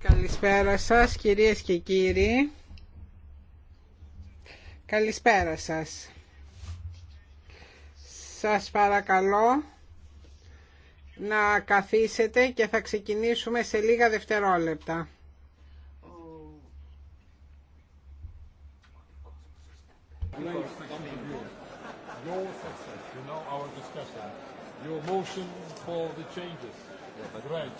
Καλησπέρα σας κυρίες και κύριοι. Καλησπέρα σας. Σας παρακαλώ να καθίσετε και θα ξεκινήσουμε σε λίγα δευτερόλεπτα. Your motion for Right.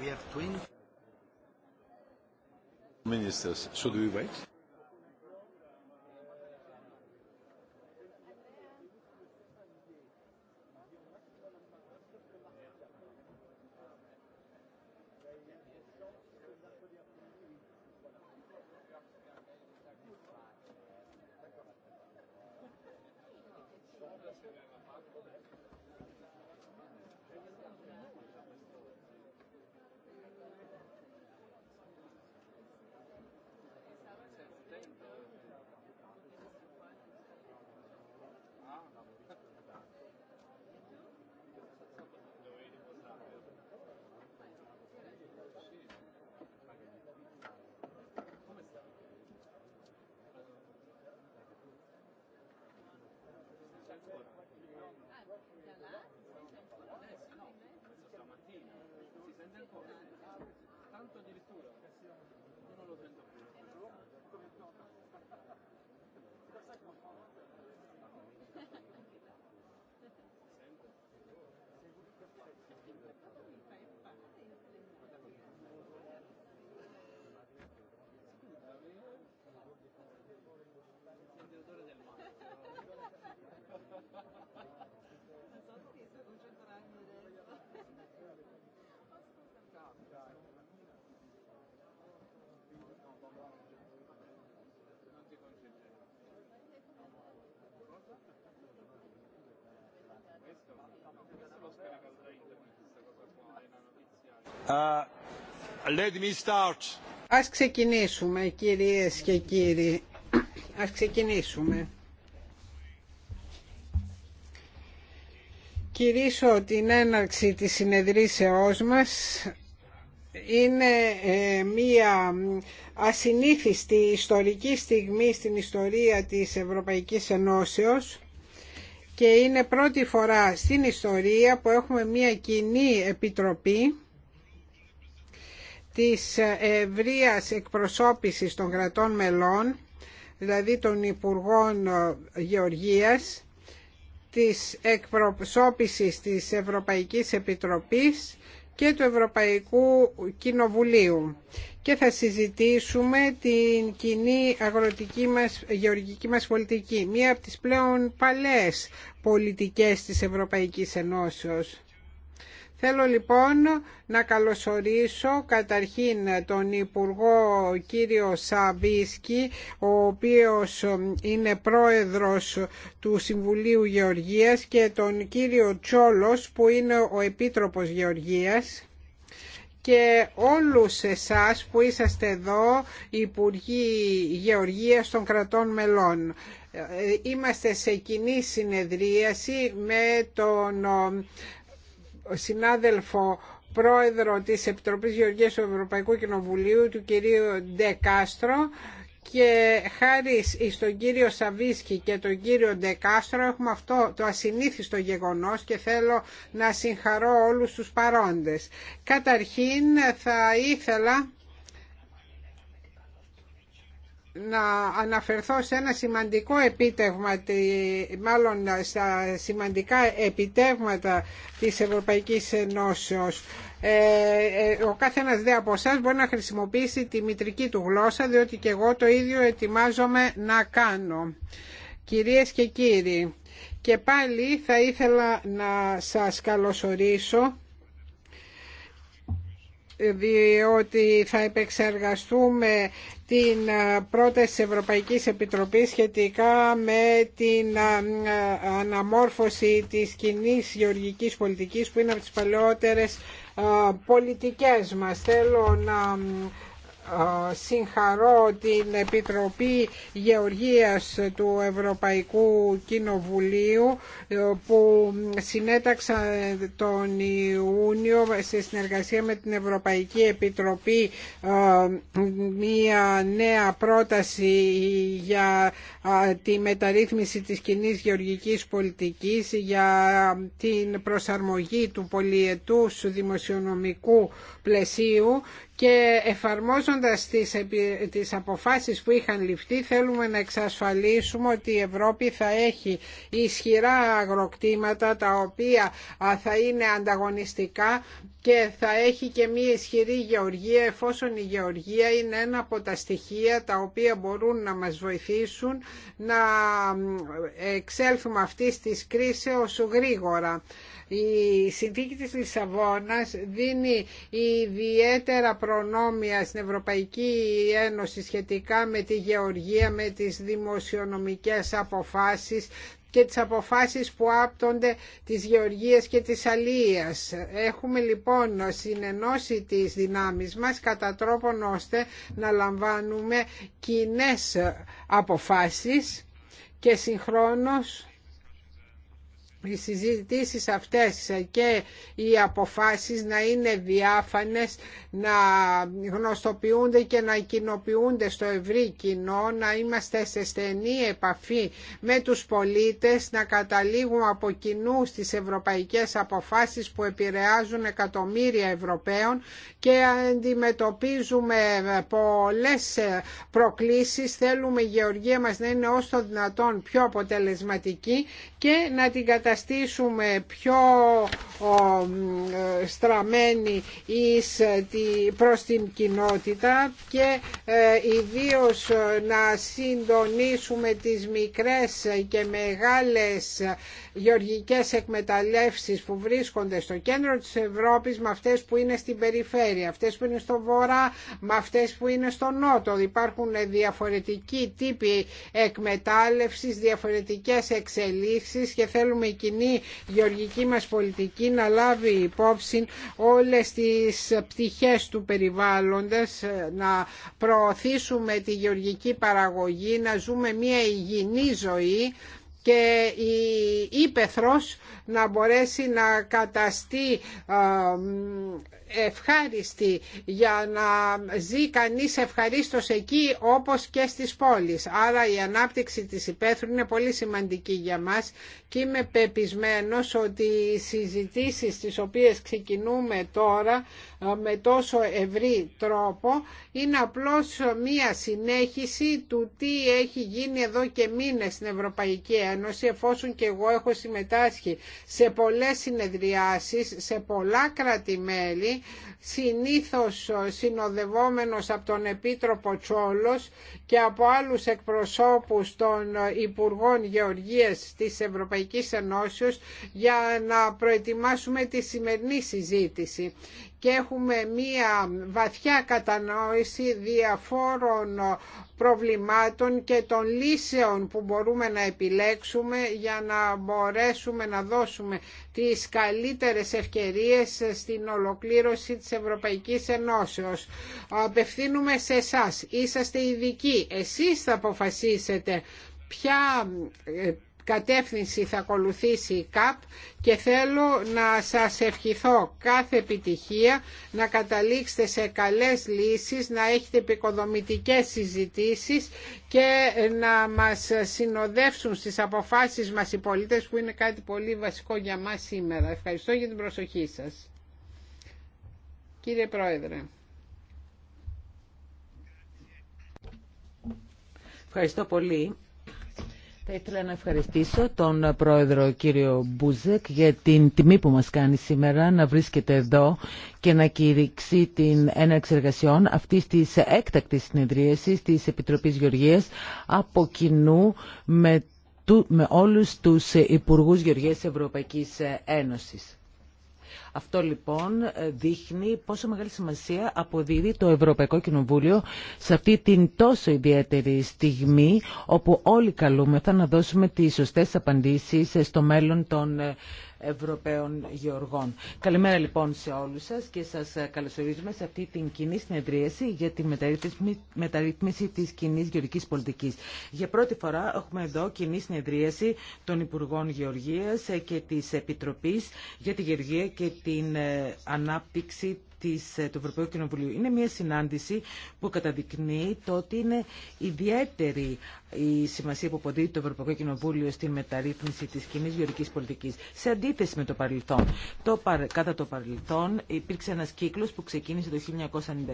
We have twin ministers. Should we wait? Uh, Ας ξεκινήσουμε κυρίες και κύριοι. Ας ξεκινήσουμε. Κυρίσω την έναρξη της συνεδρίσεώς μας. Είναι ε, μία ασυνήθιστη ιστορική στιγμή στην ιστορία της Ευρωπαϊκής Ενώσεως και είναι πρώτη φορά στην ιστορία που έχουμε μια κοινή επιτροπή της ευρείας εκπροσώπησης των κρατών μελών, δηλαδή των Υπουργών Γεωργίας, της εκπροσώπησης της Ευρωπαϊκής Επιτροπής και του Ευρωπαϊκού Κοινοβουλίου και θα συζητήσουμε την κοινή αγροτική μας, γεωργική μας πολιτική, μία από τις πλέον παλές πολιτικές της Ευρωπαϊκής Ενώσεως. Θέλω λοιπόν να καλωσορίσω καταρχήν τον Υπουργό κύριο Σαβίσκη ο οποίος είναι πρόεδρος του Συμβουλίου Γεωργίας και τον κύριο Τσόλος που είναι ο Επίτροπος Γεωργίας και όλους εσάς που είσαστε εδώ Υπουργοί Γεωργίας των κρατών μελών. Ε, είμαστε σε κοινή συνεδρίαση με τον συνάδελφο πρόεδρο της Επιτροπής Γεωργίας του Ευρωπαϊκού Κοινοβουλίου, του κυρίου Κάστρο και χάρη στον κύριο Σαβίσκη και τον κύριο Ντεκάστρο έχουμε αυτό το ασυνήθιστο γεγονός και θέλω να συγχαρώ όλους τους παρόντες. Καταρχήν θα ήθελα να αναφερθώ σε ένα σημαντικό επίτευγμα, μάλλον στα σημαντικά επιτεύγματα της Ευρωπαϊκής Ενώσεως. Ε, ε, ο καθένας δε από εσά μπορεί να χρησιμοποιήσει τη μητρική του γλώσσα, διότι και εγώ το ίδιο ετοιμάζομαι να κάνω. Κυρίες και κύριοι, και πάλι θα ήθελα να σας καλωσορίσω διότι θα επεξεργαστούμε την ε, πρόταση Ευρωπαϊκής Επιτροπής σχετικά με την ε, ε, αναμόρφωση της κοινή γεωργικής πολιτικής που είναι από τις παλαιότερες πολιτικές μας. Θέλω να ε, συγχαρώ την Επιτροπή Γεωργίας του Ευρωπαϊκού Κοινοβουλίου ε, που συνέταξα τον Ιούνιο σε συνεργασία με την Ευρωπαϊκή Επιτροπή ε, μία νέα πρόταση για τη μεταρρύθμιση της κοινή γεωργικής πολιτικής για την προσαρμογή του πολιετούς δημοσιονομικού πλαισίου και εφαρμόζοντας τις, τις αποφάσεις που είχαν ληφθεί θέλουμε να εξασφαλίσουμε ότι η Ευρώπη θα έχει ισχυρά αγροκτήματα τα οποία θα είναι ανταγωνιστικά και θα έχει και μια ισχυρή γεωργία εφόσον η γεωργία είναι ένα από τα στοιχεία τα οποία μπορούν να μας βοηθήσουν να εξέλθουμε αυτή της κρίσεως γρήγορα. Η συνθήκη της Λισαβόνας δίνει ιδιαίτερα προνόμια στην Ευρωπαϊκή Ένωση σχετικά με τη γεωργία, με τις δημοσιονομικές αποφάσεις, και τις αποφάσεις που άπτονται της γεωργίας και της αλίας. Έχουμε λοιπόν συνενώσει τις δυνάμεις μας κατά τρόπον ώστε να λαμβάνουμε κοινέ αποφάσεις και συγχρόνως οι συζητήσεις αυτές και οι αποφάσεις να είναι διάφανες, να γνωστοποιούνται και να κοινοποιούνται στο ευρύ κοινό, να είμαστε σε στενή επαφή με τους πολίτες, να καταλήγουμε από κοινού στις ευρωπαϊκές αποφάσεις που επηρεάζουν εκατομμύρια Ευρωπαίων και αντιμετωπίζουμε πολλές προκλήσεις. Θέλουμε η γεωργία μας να είναι όσο δυνατόν πιο αποτελεσματική και να την καταλήγουμε καταστήσουμε πιο ε, στραμμένη ε, προς την κοινότητα και ε, ιδίως να συντονίσουμε τις μικρές και μεγάλες γεωργικές εκμεταλλεύσεις που βρίσκονται στο κέντρο της Ευρώπης με αυτές που είναι στην περιφέρεια, αυτές που είναι στο βορρά, με αυτές που είναι στο νότο. Υπάρχουν διαφορετικοί τύποι εκμετάλλευσης, διαφορετικές εξελίξεις και θέλουμε κοινή γεωργική μας πολιτική να λάβει υπόψη όλες τις πτυχές του περιβάλλοντας, ε, να προωθήσουμε τη γεωργική παραγωγή, να ζούμε μια υγιεινή ζωή και η ύπεθρος να μπορέσει να καταστεί ε, ευχάριστη για να ζει κανείς ευχαρίστως εκεί όπως και στις πόλεις. Άρα η ανάπτυξη της υπαίθρου είναι πολύ σημαντική για μας και είμαι πεπισμένος ότι οι συζητήσεις τις οποίες ξεκινούμε τώρα με τόσο ευρύ τρόπο είναι απλώς μία συνέχιση του τι έχει γίνει εδώ και μήνες στην Ευρωπαϊκή Ένωση εφόσον και εγώ έχω συμμετάσχει σε πολλές συνεδριάσεις, σε πολλά μέλη. συνήθως συνοδευόμενος από τον Επίτροπο Τσόλος και από άλλους εκπροσώπους των Υπουργών Γεωργίας της Ευρωπαϊκής Ενώσεως για να προετοιμάσουμε τη σημερινή συζήτηση και έχουμε μία βαθιά κατανόηση διαφόρων προβλημάτων και των λύσεων που μπορούμε να επιλέξουμε για να μπορέσουμε να δώσουμε τις καλύτερες ευκαιρίες στην ολοκλήρωση της Ευρωπαϊκής Ενώσεως. Απευθύνουμε σε εσά. Είσαστε ειδικοί. Εσείς θα αποφασίσετε ποια κατεύθυνση θα ακολουθήσει η ΚΑΠ και θέλω να σας ευχηθώ κάθε επιτυχία, να καταλήξετε σε καλές λύσεις, να έχετε επικοδομητικές συζητήσεις και να μας συνοδεύσουν στις αποφάσεις μας οι πολίτες που είναι κάτι πολύ βασικό για μας σήμερα. Ευχαριστώ για την προσοχή σας. Κύριε Πρόεδρε. Ευχαριστώ πολύ θα ήθελα να ευχαριστήσω τον πρόεδρο κύριο Μπούζεκ για την τιμή που μας κάνει σήμερα να βρίσκεται εδώ και να κηρύξει την έναρξη εργασιών αυτής της έκτακτη συνεδρίαση της Επιτροπής Γεωργίας από κοινού με, του, με όλους τους Υπουργούς Γεωργίας Ευρωπαϊκής Ένωσης. Αυτό λοιπόν ε, δείχνει πόσο μεγάλη σημασία αποδίδει το Ευρωπαϊκό Κοινοβούλιο σε αυτή την τόσο ιδιαίτερη στιγμή όπου όλοι καλούμεθα να δώσουμε τις σωστές απαντήσεις ε, στο μέλλον των ε, Ευρωπαίων Γεωργών. Καλημέρα λοιπόν σε όλους σας και σας καλωσορίζουμε σε αυτή την κοινή συνεδρίαση για τη μεταρρύθμιση, μεταρρύθμιση της κοινή γεωργικής πολιτικής. Για πρώτη φορά έχουμε εδώ κοινή συνεδρίαση των Υπουργών Γεωργίας και της Επιτροπής για τη Γεωργία και την ε, ανάπτυξη ε, του Ευρωπαϊκού Κοινοβουλίου. Είναι μια συνάντηση που καταδεικνύει το ότι είναι ιδιαίτερη η σημασία που αποδίδει το Ευρωπαϊκό Κοινοβούλιο στη μεταρρύθμιση τη κοινή γεωργική πολιτική. σε αντίθεση με το παρελθόν. Το, κατά το παρελθόν υπήρξε ένα κύκλο που ξεκίνησε το 1992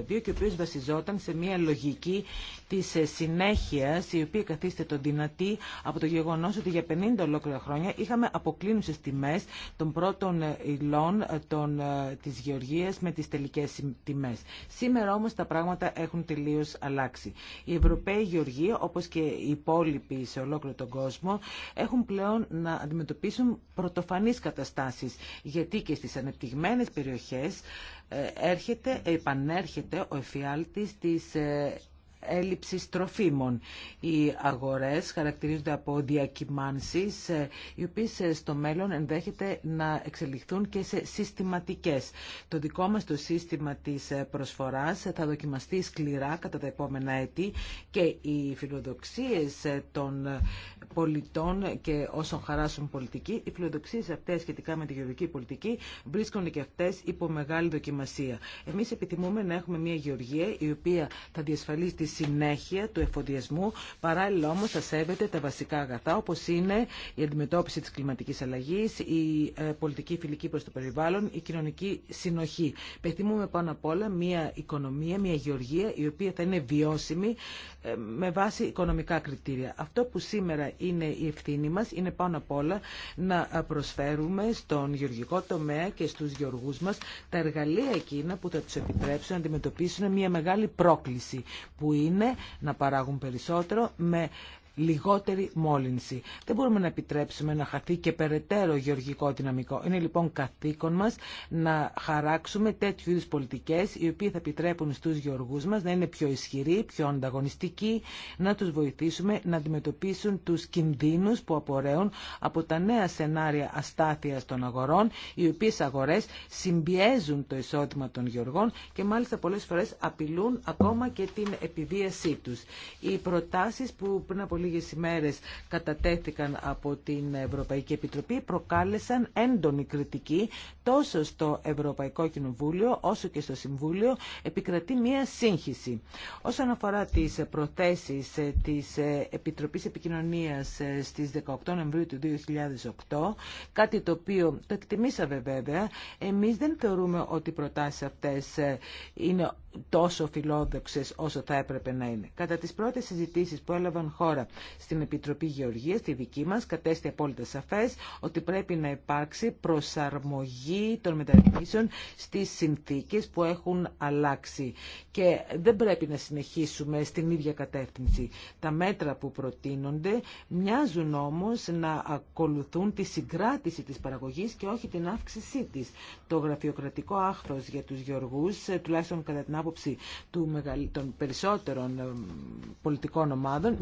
και ο οποίο βασιζόταν σε μια λογική τη συνέχεια, η οποία καθίστε το δυνατή από το γεγονό ότι για 50 ολόκληρα χρόνια είχαμε αποκλίνουσες τιμέ των πρώτων υλών τη γεωργία με τι τελικέ τιμέ. Σήμερα όμω τα πράγματα έχουν τελείω αλλάξει. Η Ευρωπαίοι γεωργοί όπω και υπόλοιποι σε ολόκληρο τον κόσμο έχουν πλέον να αντιμετωπίσουν πρωτοφανείς καταστάσεις γιατί και στις ανεπτυγμένες περιοχές ε, έρχεται, επανέρχεται ο εφιάλτης της ε, έλλειψης τροφίμων. Οι αγορές χαρακτηρίζονται από διακυμάνσεις, ε, οι οποίες ε, στο μέλλον ενδέχεται να εξελιχθούν και σε συστηματικές. Το δικό μας το σύστημα της ε, προσφοράς θα δοκιμαστεί σκληρά κατά τα επόμενα έτη και οι φιλοδοξίες των πολιτών και όσων χαράσουν πολιτική, οι φιλοδοξίες αυτές σχετικά με τη γεωργική πολιτική βρίσκονται και αυτές υπό μεγάλη δοκιμασία. Εμείς επιθυμούμε να έχουμε μια γεωργία η οποία θα διασφαλίσει συνέχεια του εφοδιασμού, παράλληλα όμω θα σέβεται τα βασικά αγαθά όπω είναι η αντιμετώπιση τη κλιματική αλλαγή, η ε, πολιτική φιλική προ το περιβάλλον, η κοινωνική συνοχή. Πεθυμούμε πάνω απ' όλα μια οικονομία, μια γεωργία η οποία θα είναι βιώσιμη ε, με βάση οικονομικά κριτήρια. Αυτό που σήμερα είναι η ευθύνη μα είναι πάνω απ' όλα να προσφέρουμε στον γεωργικό τομέα και στους γεωργού μα τα εργαλεία εκείνα που θα του επιτρέψουν να αντιμετωπίσουν μια μεγάλη πρόκληση που είναι να παράγουν περισσότερο με λιγότερη μόλυνση. Δεν μπορούμε να επιτρέψουμε να χαθεί και περαιτέρω γεωργικό δυναμικό. Είναι λοιπόν καθήκον μας να χαράξουμε τέτοιου είδους πολιτικές οι οποίοι θα επιτρέπουν στους γεωργούς μας να είναι πιο ισχυροί, πιο ανταγωνιστικοί, να τους βοηθήσουμε να αντιμετωπίσουν τους κινδύνους που απορρέουν από τα νέα σενάρια αστάθειας των αγορών, οι οποίες αγορές συμπιέζουν το εισόδημα των γεωργών και μάλιστα πολλές φορές απειλούν ακόμα και την επιβίασή τους. Οι προτάσεις που πριν από λίγες ημέρες κατατέθηκαν από την Ευρωπαϊκή Επιτροπή προκάλεσαν έντονη κριτική τόσο στο Ευρωπαϊκό Κοινοβούλιο όσο και στο Συμβούλιο επικρατεί μία σύγχυση. Όσον αφορά τις προθέσεις της Επιτροπής Επικοινωνίας στις 18 Νοεμβρίου του 2008, κάτι το οποίο το εκτιμήσαμε βέβαια, εμείς δεν θεωρούμε ότι οι προτάσεις αυτές είναι τόσο φιλόδοξες όσο θα έπρεπε να είναι. Κατά τις πρώτες συζητήσεις που έλαβαν χώρα στην Επιτροπή Γεωργίας, τη δική μας, κατέστη απόλυτα σαφές ότι πρέπει να υπάρξει προσαρμογή των μεταρρυθμίσεων στις συνθήκες που έχουν αλλάξει. Και δεν πρέπει να συνεχίσουμε στην ίδια κατεύθυνση. Τα μέτρα που προτείνονται μοιάζουν όμως να ακολουθούν τη συγκράτηση της παραγωγής και όχι την αύξησή της. Το γραφειοκρατικό άχθος για τους γεωργούς, τουλάχιστον κατά την άποψη των περισσότερων πολιτικών ομάδων,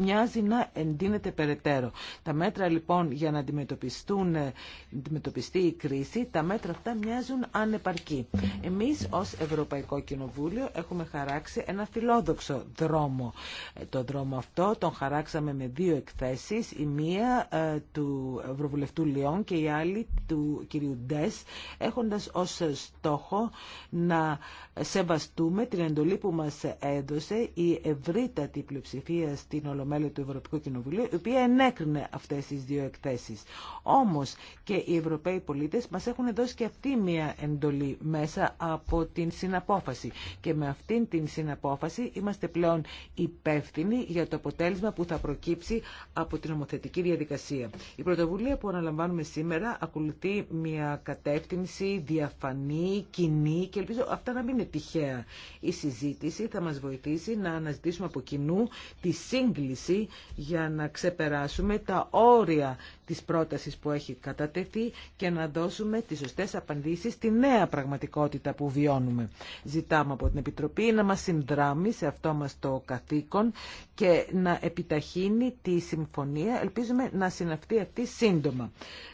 να εντείνεται περαιτέρω. Τα μέτρα λοιπόν για να αντιμετωπιστούν, ε, αντιμετωπιστεί η κρίση, τα μέτρα αυτά μοιάζουν ανεπαρκή. Εμείς ως Ευρωπαϊκό Κοινοβούλιο έχουμε χαράξει ένα φιλόδοξο δρόμο. Ε, το δρόμο αυτό τον χαράξαμε με δύο εκθέσεις, η μία ε, του Ευρωβουλευτού Λιών και η άλλη του κυρίου Ντες, έχοντας ως στόχο να σεβαστούμε την εντολή που μας έδωσε η ευρύτατη πλειοψηφία στην Ολομέλεια του Ευρωπαϊκού Ευρωπαϊκό Κοινοβουλίο, η οποία ενέκρινε αυτές τις δύο εκθέσεις. Όμως και οι Ευρωπαίοι πολίτες μας έχουν δώσει και αυτή μια εντολή μέσα από την συναπόφαση. Και με αυτήν την συναπόφαση είμαστε πλέον υπεύθυνοι για το αποτέλεσμα που θα προκύψει από την νομοθετική διαδικασία. Η πρωτοβουλία που αναλαμβάνουμε σήμερα ακολουθεί μια κατεύθυνση διαφανή, κοινή και ελπίζω αυτά να μην είναι τυχαία. Η συζήτηση θα μας βοηθήσει να αναζητήσουμε από κοινού τη σύγκληση για να ξεπεράσουμε τα όρια της πρότασης που έχει κατατεθεί και να δώσουμε τις σωστές απαντήσεις στη νέα πραγματικότητα που βιώνουμε. Ζητάμε από την Επιτροπή να μας συνδράμει σε αυτό μας το καθήκον και να επιταχύνει τη συμφωνία. Ελπίζουμε να συναυτεί αυτή σύντομα.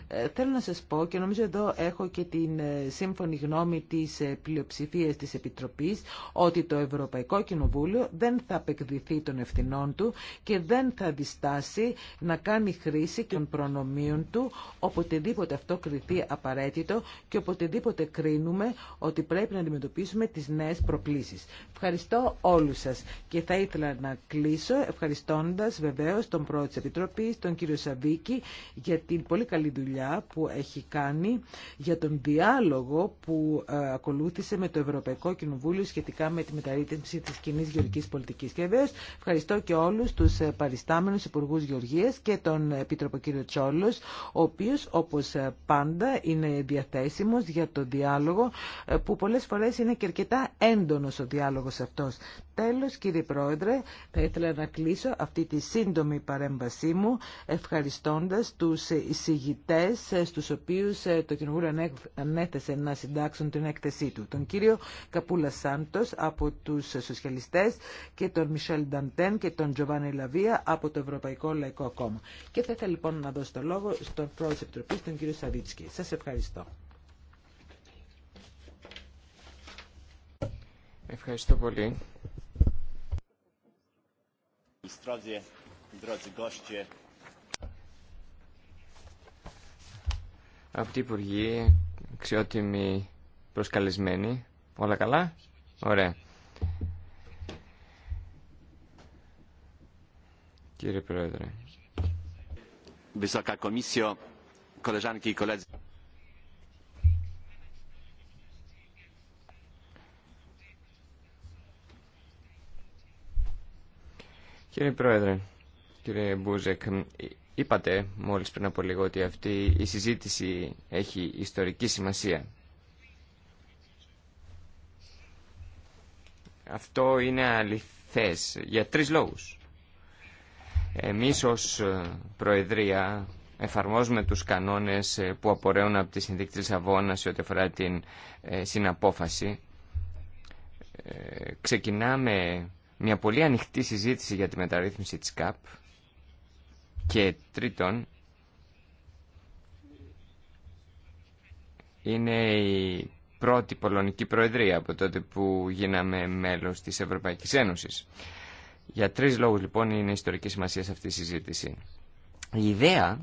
Ε, θέλω να σας πω και νομίζω εδώ έχω και την ε, σύμφωνη γνώμη της ε, πλειοψηφίας της Επιτροπής ότι το Ευρωπαϊκό Κοινοβούλιο δεν θα απεκδηθεί των ευθυνών του και δεν θα διστάσει να κάνει χρήση των προνομίων του οποτεδήποτε αυτό κριθεί απαραίτητο και οποτεδήποτε κρίνουμε ότι πρέπει να αντιμετωπίσουμε τις νέες προκλήσεις. Ευχαριστώ όλους σας και θα ήθελα να κλείσω ευχαριστώντας βεβαίως τον πρόεδρο της Επιτροπής, τον κύριο Σαβίκη, για την πολύ καλή δουλειά που έχει κάνει, για τον διάλογο που ε, ακολούθησε με το Ευρωπαϊκό Κοινοβούλιο σχετικά με τη μεταρρύθμιση της κοινή γεωργικής πολιτικής. Και βεβαίως ευχαριστώ και όλους τους ε, παριστάμενους υπουργού Γεωργίας και τον Επίτροπο κύριο Τσόλος, ο οποίος όπως ε, πάντα είναι διαθέσιμος για τον διάλογο που πολλές φορές είναι και αρκετά έντονος ο διάλογος αυτός. Τέλος κύριε Πρόεδρε, θα ήθελα να να κλείσω αυτή τη σύντομη παρέμβασή μου ευχαριστώντας τους εισηγητές στους οποίους ε, το Κοινοβούλιο ανέθεσε να συντάξουν την έκθεσή του. Τον κύριο Καπούλα Σάντος από τους Σοσιαλιστές και τον Μισελ Νταντέν και τον Τζοβάνι Λαβία από το Ευρωπαϊκό Λαϊκό Κόμμα. Και θα ήθελα λοιπόν να δώσω το λόγο στον πρόεδρο της Επιτροπής, τον κύριο Σαβίτσκι. Σας ευχαριστώ. Ευχαριστώ πολύ. Αυτοί οι υπουργοί, αξιότιμοι προσκαλεσμένοι, όλα καλά, ωραία. Κύριε Πρόεδρε. Βυσόκα Κομίσιο, και Κύριε Πρόεδρε, κύριε Μπούζεκ, είπατε μόλις πριν από λίγο ότι αυτή η συζήτηση έχει ιστορική σημασία. Αυτό είναι αληθές για τρεις λόγους. Εμείς ως Προεδρία εφαρμόζουμε τους κανόνες που απορρέουν από τη Συνδίκη της Αβώνας σε ό,τι αφορά την ε, συναπόφαση. Ε, ξεκινάμε μια πολύ ανοιχτή συζήτηση για τη μεταρρύθμιση της ΚΑΠ και τρίτον είναι η πρώτη πολωνική προεδρία από τότε που γίναμε μέλος της Ευρωπαϊκής Ένωσης. Για τρεις λόγους λοιπόν είναι ιστορική σημασία σε αυτή η συζήτηση. Η ιδέα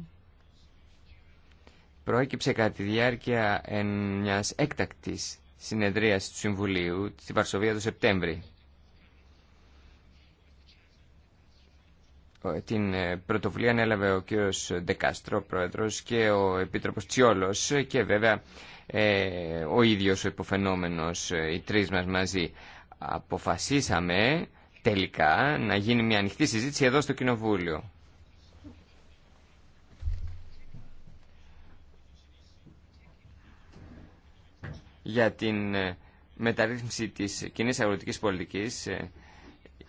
προέκυψε κατά τη διάρκεια μιας έκτακτης συνεδρίας του Συμβουλίου στη Βαρσοβία το Σεπτέμβρη Ε, την ε, πρωτοβουλία ανέλαβε ο κύριος Ντεκάστρο, πρόεδρος, και ο Επίτροπος Τσιόλος και βέβαια ε, ο ίδιος ο υποφαινόμενος, οι τρεις μας μαζί. Αποφασίσαμε τελικά να γίνει μια ανοιχτή συζήτηση εδώ στο Κοινοβούλιο. Για την μεταρρύθμιση της κοινή αγροτικής πολιτικής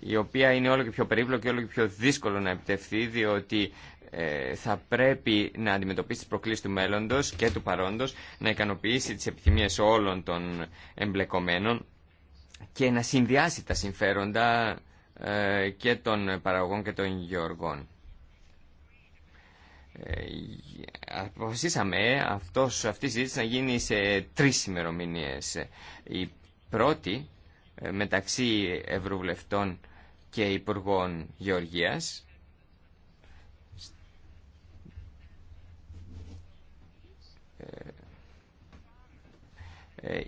η οποία είναι όλο και πιο περίπλοκη, και όλο και πιο δύσκολο να επιτευχθεί, διότι ε, θα πρέπει να αντιμετωπίσει τις προκλήσεις του μέλλοντος και του παρόντος, να ικανοποιήσει τις επιθυμίες όλων των εμπλεκομένων και να συνδυάσει τα συμφέροντα ε, και των παραγωγών και των γεωργών. Ε, αποφασίσαμε αυτός, αυτή η συζήτηση να γίνει σε τρεις ημερομηνίε. Η πρώτη μεταξύ ευρωβουλευτών και Υπουργών Γεωργίας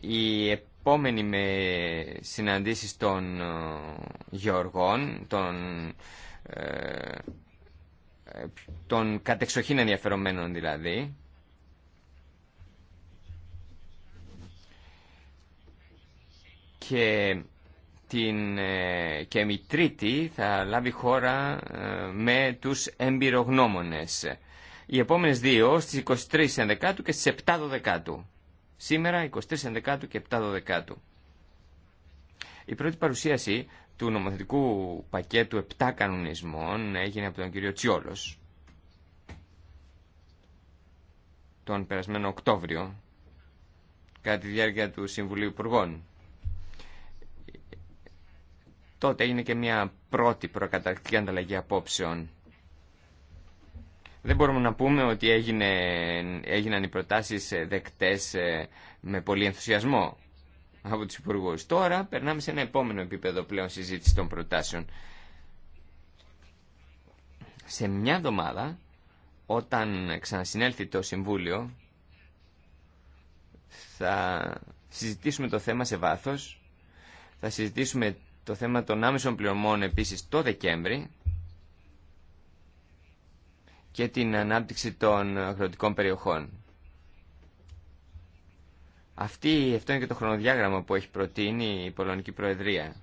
οι ε, ε, επόμενοι με συναντήσεις των ε, γεωργών, των, των κατεξοχήν ενδιαφερομένων δηλαδή, και την ε, Κεμιτρίτη τρίτη θα λάβει χώρα ε, με τους εμπειρογνώμονες. Οι επόμενες δύο στις 23 Ενδεκάτου και στις 7 Δωδεκάτου. Σήμερα 23 Ενδεκάτου και 7 Δωδεκάτου. Η πρώτη παρουσίαση του νομοθετικού πακέτου 7 κανονισμών έγινε από τον κύριο Τσιόλος τον περασμένο Οκτώβριο κατά τη διάρκεια του Συμβουλίου Υπουργών τότε έγινε και μια πρώτη προκαταρκτική ανταλλαγή απόψεων. Δεν μπορούμε να πούμε ότι έγινε, έγιναν οι προτάσεις ε, δεκτές ε, με πολύ ενθουσιασμό από τους υπουργού. Τώρα περνάμε σε ένα επόμενο επίπεδο πλέον συζήτηση των προτάσεων. Σε μια εβδομάδα, όταν ξανασυνέλθει το Συμβούλιο, θα συζητήσουμε το θέμα σε βάθος, θα συζητήσουμε το θέμα των άμεσων πληρωμών επίσης το Δεκέμβρη και την ανάπτυξη των αγροτικών περιοχών. Αυτή, αυτό είναι και το χρονοδιάγραμμα που έχει προτείνει η Πολωνική Προεδρία.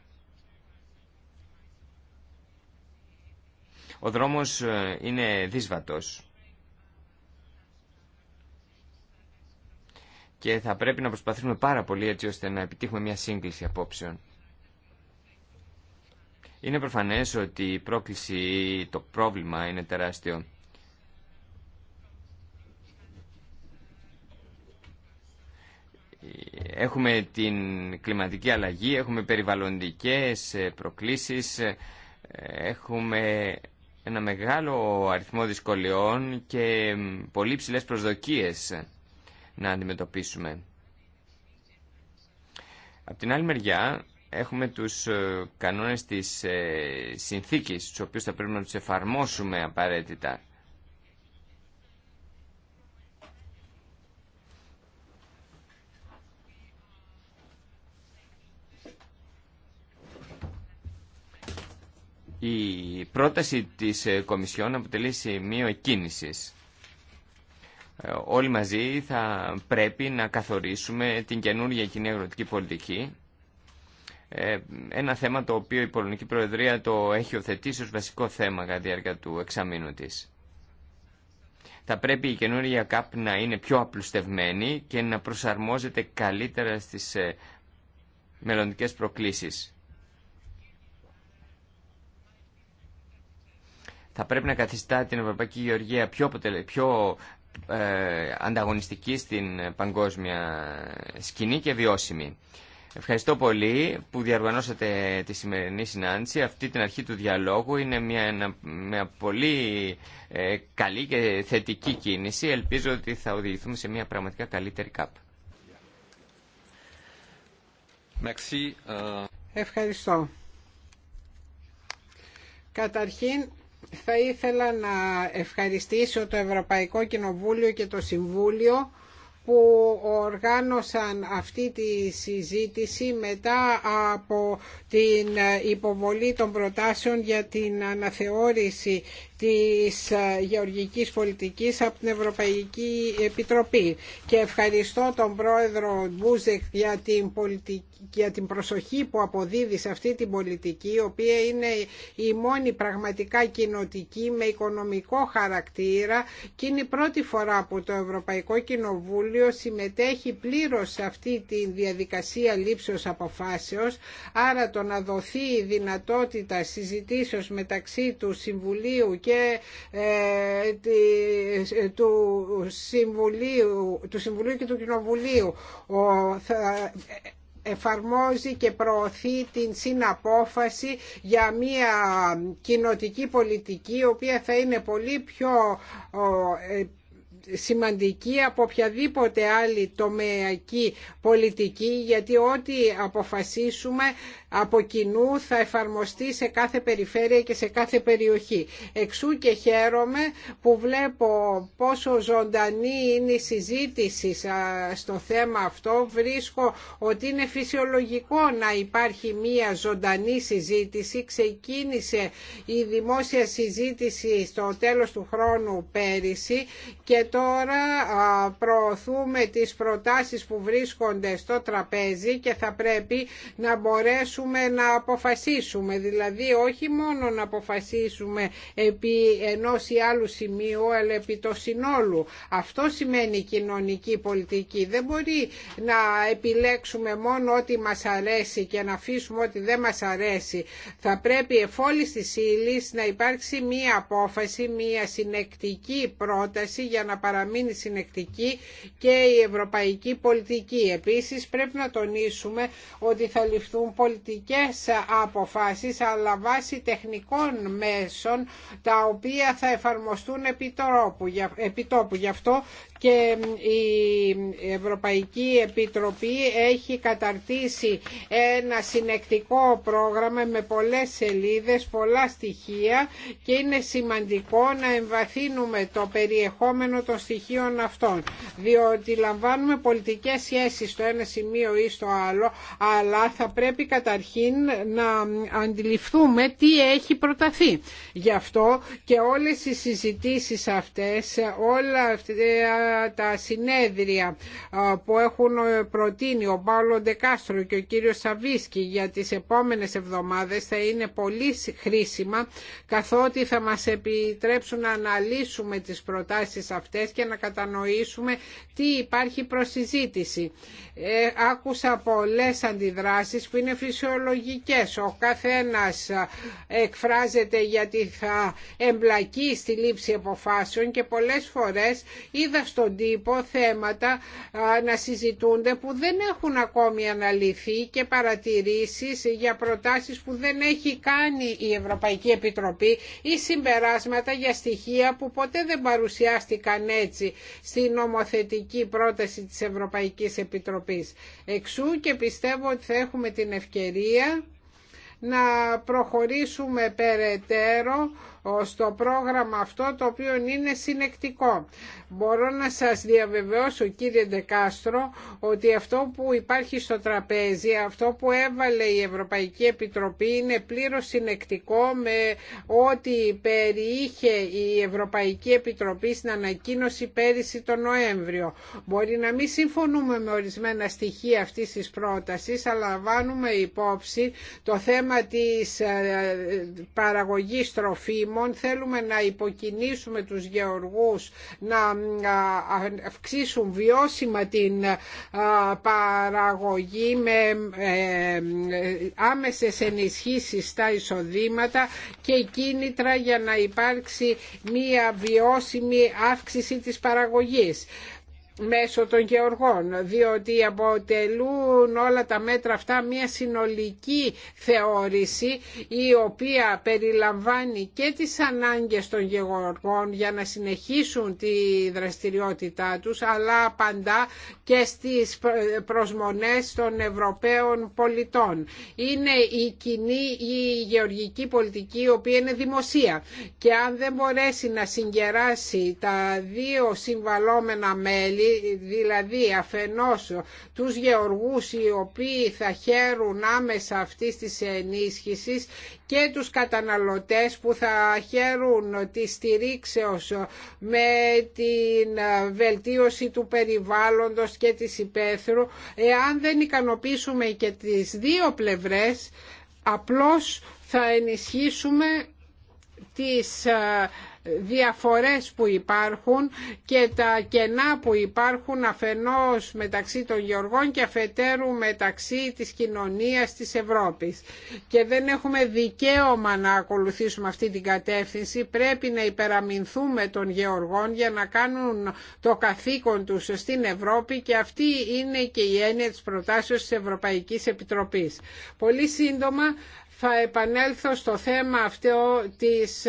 Ο δρόμος ε, είναι δύσβατος και θα πρέπει να προσπαθήσουμε πάρα πολύ έτσι ώστε να επιτύχουμε μια σύγκληση απόψεων. Είναι προφανές ότι η πρόκληση, το πρόβλημα είναι τεράστιο. Έχουμε την κλιματική αλλαγή, έχουμε περιβαλλοντικές προκλήσεις, έχουμε ένα μεγάλο αριθμό δυσκολιών και πολύ ψηλές προσδοκίες να αντιμετωπίσουμε. Απ' την άλλη μεριά, έχουμε τους ε, κανόνες της ε, συνθήκης, τους οποίους θα πρέπει να τους εφαρμόσουμε απαραίτητα. Η πρόταση της ε, Κομισιόν αποτελεί σημείο εκκίνησης. Όλοι μαζί θα πρέπει να καθορίσουμε την καινούργια κοινή αγροτική πολιτική ε, ένα θέμα το οποίο η Πολωνική Προεδρία το έχει οθετήσει ως βασικό θέμα κατά τη διάρκεια του εξαμήνου της. Θα πρέπει η καινούργια ΚΑΠ να είναι πιο απλουστευμένη και να προσαρμόζεται καλύτερα στις ε, μελλοντικές προκλήσεις. Θα πρέπει να καθιστά την Ευρωπαϊκή Γεωργία πιο, αποτελε... πιο ε, ανταγωνιστική στην παγκόσμια σκηνή και βιώσιμη. Ευχαριστώ πολύ που διαργανώσατε τη σημερινή συνάντηση. Αυτή την αρχή του διαλόγου είναι μια, μια πολύ ε, καλή και θετική κίνηση. Ελπίζω ότι θα οδηγηθούμε σε μια πραγματικά καλύτερη ΚΑΠ. Ε. Ευχαριστώ. Καταρχήν θα ήθελα να ευχαριστήσω το Ευρωπαϊκό Κοινοβούλιο και το Συμβούλιο που οργάνωσαν αυτή τη συζήτηση μετά από την υποβολή των προτάσεων για την αναθεώρηση της ε, γεωργικής πολιτικής από την Ευρωπαϊκή Επιτροπή και ευχαριστώ τον πρόεδρο Μπούζεκ για την, πολιτική, για την προσοχή που αποδίδει σε αυτή την πολιτική η οποία είναι η μόνη πραγματικά κοινοτική με οικονομικό χαρακτήρα και είναι η πρώτη φορά που το Ευρωπαϊκό Κοινοβούλιο συμμετέχει πλήρως σε αυτή τη διαδικασία λήψεως αποφάσεως άρα το να δοθεί η δυνατότητα συζητήσεως μεταξύ του Συμβουλίου και και ε, ε, του, Συμβουλίου, του Συμβουλίου και του Κοινοβουλίου θα ε, εφαρμόζει και προωθεί την συναπόφαση για μια κοινοτική πολιτική η οποία θα είναι πολύ πιο σημαντική από οποιαδήποτε άλλη τομεακή πολιτική γιατί ό,τι αποφασίσουμε από κοινού θα εφαρμοστεί σε κάθε περιφέρεια και σε κάθε περιοχή. Εξού και χαίρομαι που βλέπω πόσο ζωντανή είναι η συζήτηση στο θέμα αυτό. Βρίσκω ότι είναι φυσιολογικό να υπάρχει μία ζωντανή συζήτηση. Ξεκίνησε η δημόσια συζήτηση στο τέλος του χρόνου πέρυσι και το τώρα προωθούμε τις προτάσεις που βρίσκονται στο τραπέζι και θα πρέπει να μπορέσουμε να αποφασίσουμε. Δηλαδή όχι μόνο να αποφασίσουμε επί ενός ή άλλου σημείου αλλά επί το συνόλου. Αυτό σημαίνει κοινωνική πολιτική. Δεν μπορεί να επιλέξουμε μόνο ό,τι μας αρέσει και να αφήσουμε ό,τι δεν μας αρέσει. Θα πρέπει εφόλης της ύλη να υπάρξει μία απόφαση, μία συνεκτική πρόταση για να παραμείνει συνεκτική και η ευρωπαϊκή πολιτική. Επίσης πρέπει να τονίσουμε ότι θα ληφθούν πολιτικές αποφάσεις αλλά βάσει τεχνικών μέσων τα οποία θα εφαρμοστούν επιτόπου. Γι' αυτό και η Ευρωπαϊκή Επιτροπή έχει καταρτήσει ένα συνεκτικό πρόγραμμα με πολλές σελίδες, πολλά στοιχεία και είναι σημαντικό να εμβαθύνουμε το περιεχόμενο των στοιχείων αυτών διότι λαμβάνουμε πολιτικές σχέσεις στο ένα σημείο ή στο άλλο αλλά θα πρέπει καταρχήν να αντιληφθούμε τι έχει προταθεί. Γι' αυτό και όλες οι συζητήσεις αυτές, όλα αυτά ε, τα συνέδρια που έχουν ε, προτείνει ο Πάολο Ντεκάστρο και ο κύριος Σαβίσκι για τις επόμενες εβδομάδες θα είναι πολύ χρήσιμα καθότι θα μας επιτρέψουν να αναλύσουμε τις προτάσεις αυτές και να κατανοήσουμε τι υπάρχει προσυζήτηση. Ε, άκουσα πολλές αντιδράσεις που είναι φυσιολογικές. Ο καθένας εκφράζεται γιατί θα εμπλακεί στη λήψη αποφάσεων και πολλές φορές είδα στον θέματα να συζητούνται που δεν έχουν ακόμη αναλυθεί και παρατηρήσεις για προτάσεις που δεν έχει κάνει η Ευρωπαϊκή Επιτροπή ή συμπεράσματα για στοιχεία που ποτέ δεν παρουσιάστηκαν έτσι στην νομοθετική πρόταση της Ευρωπαϊκής Επιτροπής. Εξού και πιστεύω ότι θα έχουμε την ευκαιρία να προχωρήσουμε περαιτέρω στο πρόγραμμα αυτό το οποίο είναι συνεκτικό. Μπορώ να σας διαβεβαιώσω κύριε Ντεκάστρο ότι αυτό που υπάρχει στο τραπέζι, αυτό που έβαλε η Ευρωπαϊκή Επιτροπή είναι πλήρως συνεκτικό με ό,τι περιείχε η Ευρωπαϊκή Επιτροπή στην ανακοίνωση πέρυσι τον Νοέμβριο. Μπορεί να μην συμφωνούμε με ορισμένα στοιχεία αυτής της πρότασης, αλλά λαμβάνουμε υπόψη το θέμα της ε, παραγωγής τροφίμων θέλουμε να υποκινήσουμε τους γεωργούς να αυξήσουν βιώσιμα την παραγωγή με ε, άμεσες ενισχύσεις στα εισοδήματα και κίνητρα για να υπάρξει μία βιώσιμη αύξηση της παραγωγής μέσω των γεωργών, διότι αποτελούν όλα τα μέτρα αυτά μια συνολική θεώρηση η οποία περιλαμβάνει και τις ανάγκες των γεωργών για να συνεχίσουν τη δραστηριότητά τους, αλλά πάντα και στις προσμονές των Ευρωπαίων πολιτών. Είναι η κοινή η γεωργική πολιτική η οποία είναι δημοσία και αν δεν μπορέσει να συγκεράσει τα δύο συμβαλόμενα μέλη δηλαδή αφενός τους γεωργούς οι οποίοι θα χαίρουν άμεσα αυτή τη ενίσχυση και τους καταναλωτές που θα χαίρουν τη στηρίξεως με την βελτίωση του περιβάλλοντος και της υπαίθρου εάν δεν ικανοποιήσουμε και τις δύο πλευρές απλώς θα ενισχύσουμε τις ε, διαφορές που υπάρχουν και τα κενά που υπάρχουν αφενός μεταξύ των γεωργών και αφετέρου μεταξύ της κοινωνίας της Ευρώπης. Και δεν έχουμε δικαίωμα να ακολουθήσουμε αυτή την κατεύθυνση. Πρέπει να υπεραμεινθούμε των γεωργών για να κάνουν το καθήκον τους στην Ευρώπη και αυτή είναι και η έννοια της προτάσεως της Ευρωπαϊκής Επιτροπής. Πολύ σύντομα θα επανέλθω στο θέμα αυτό της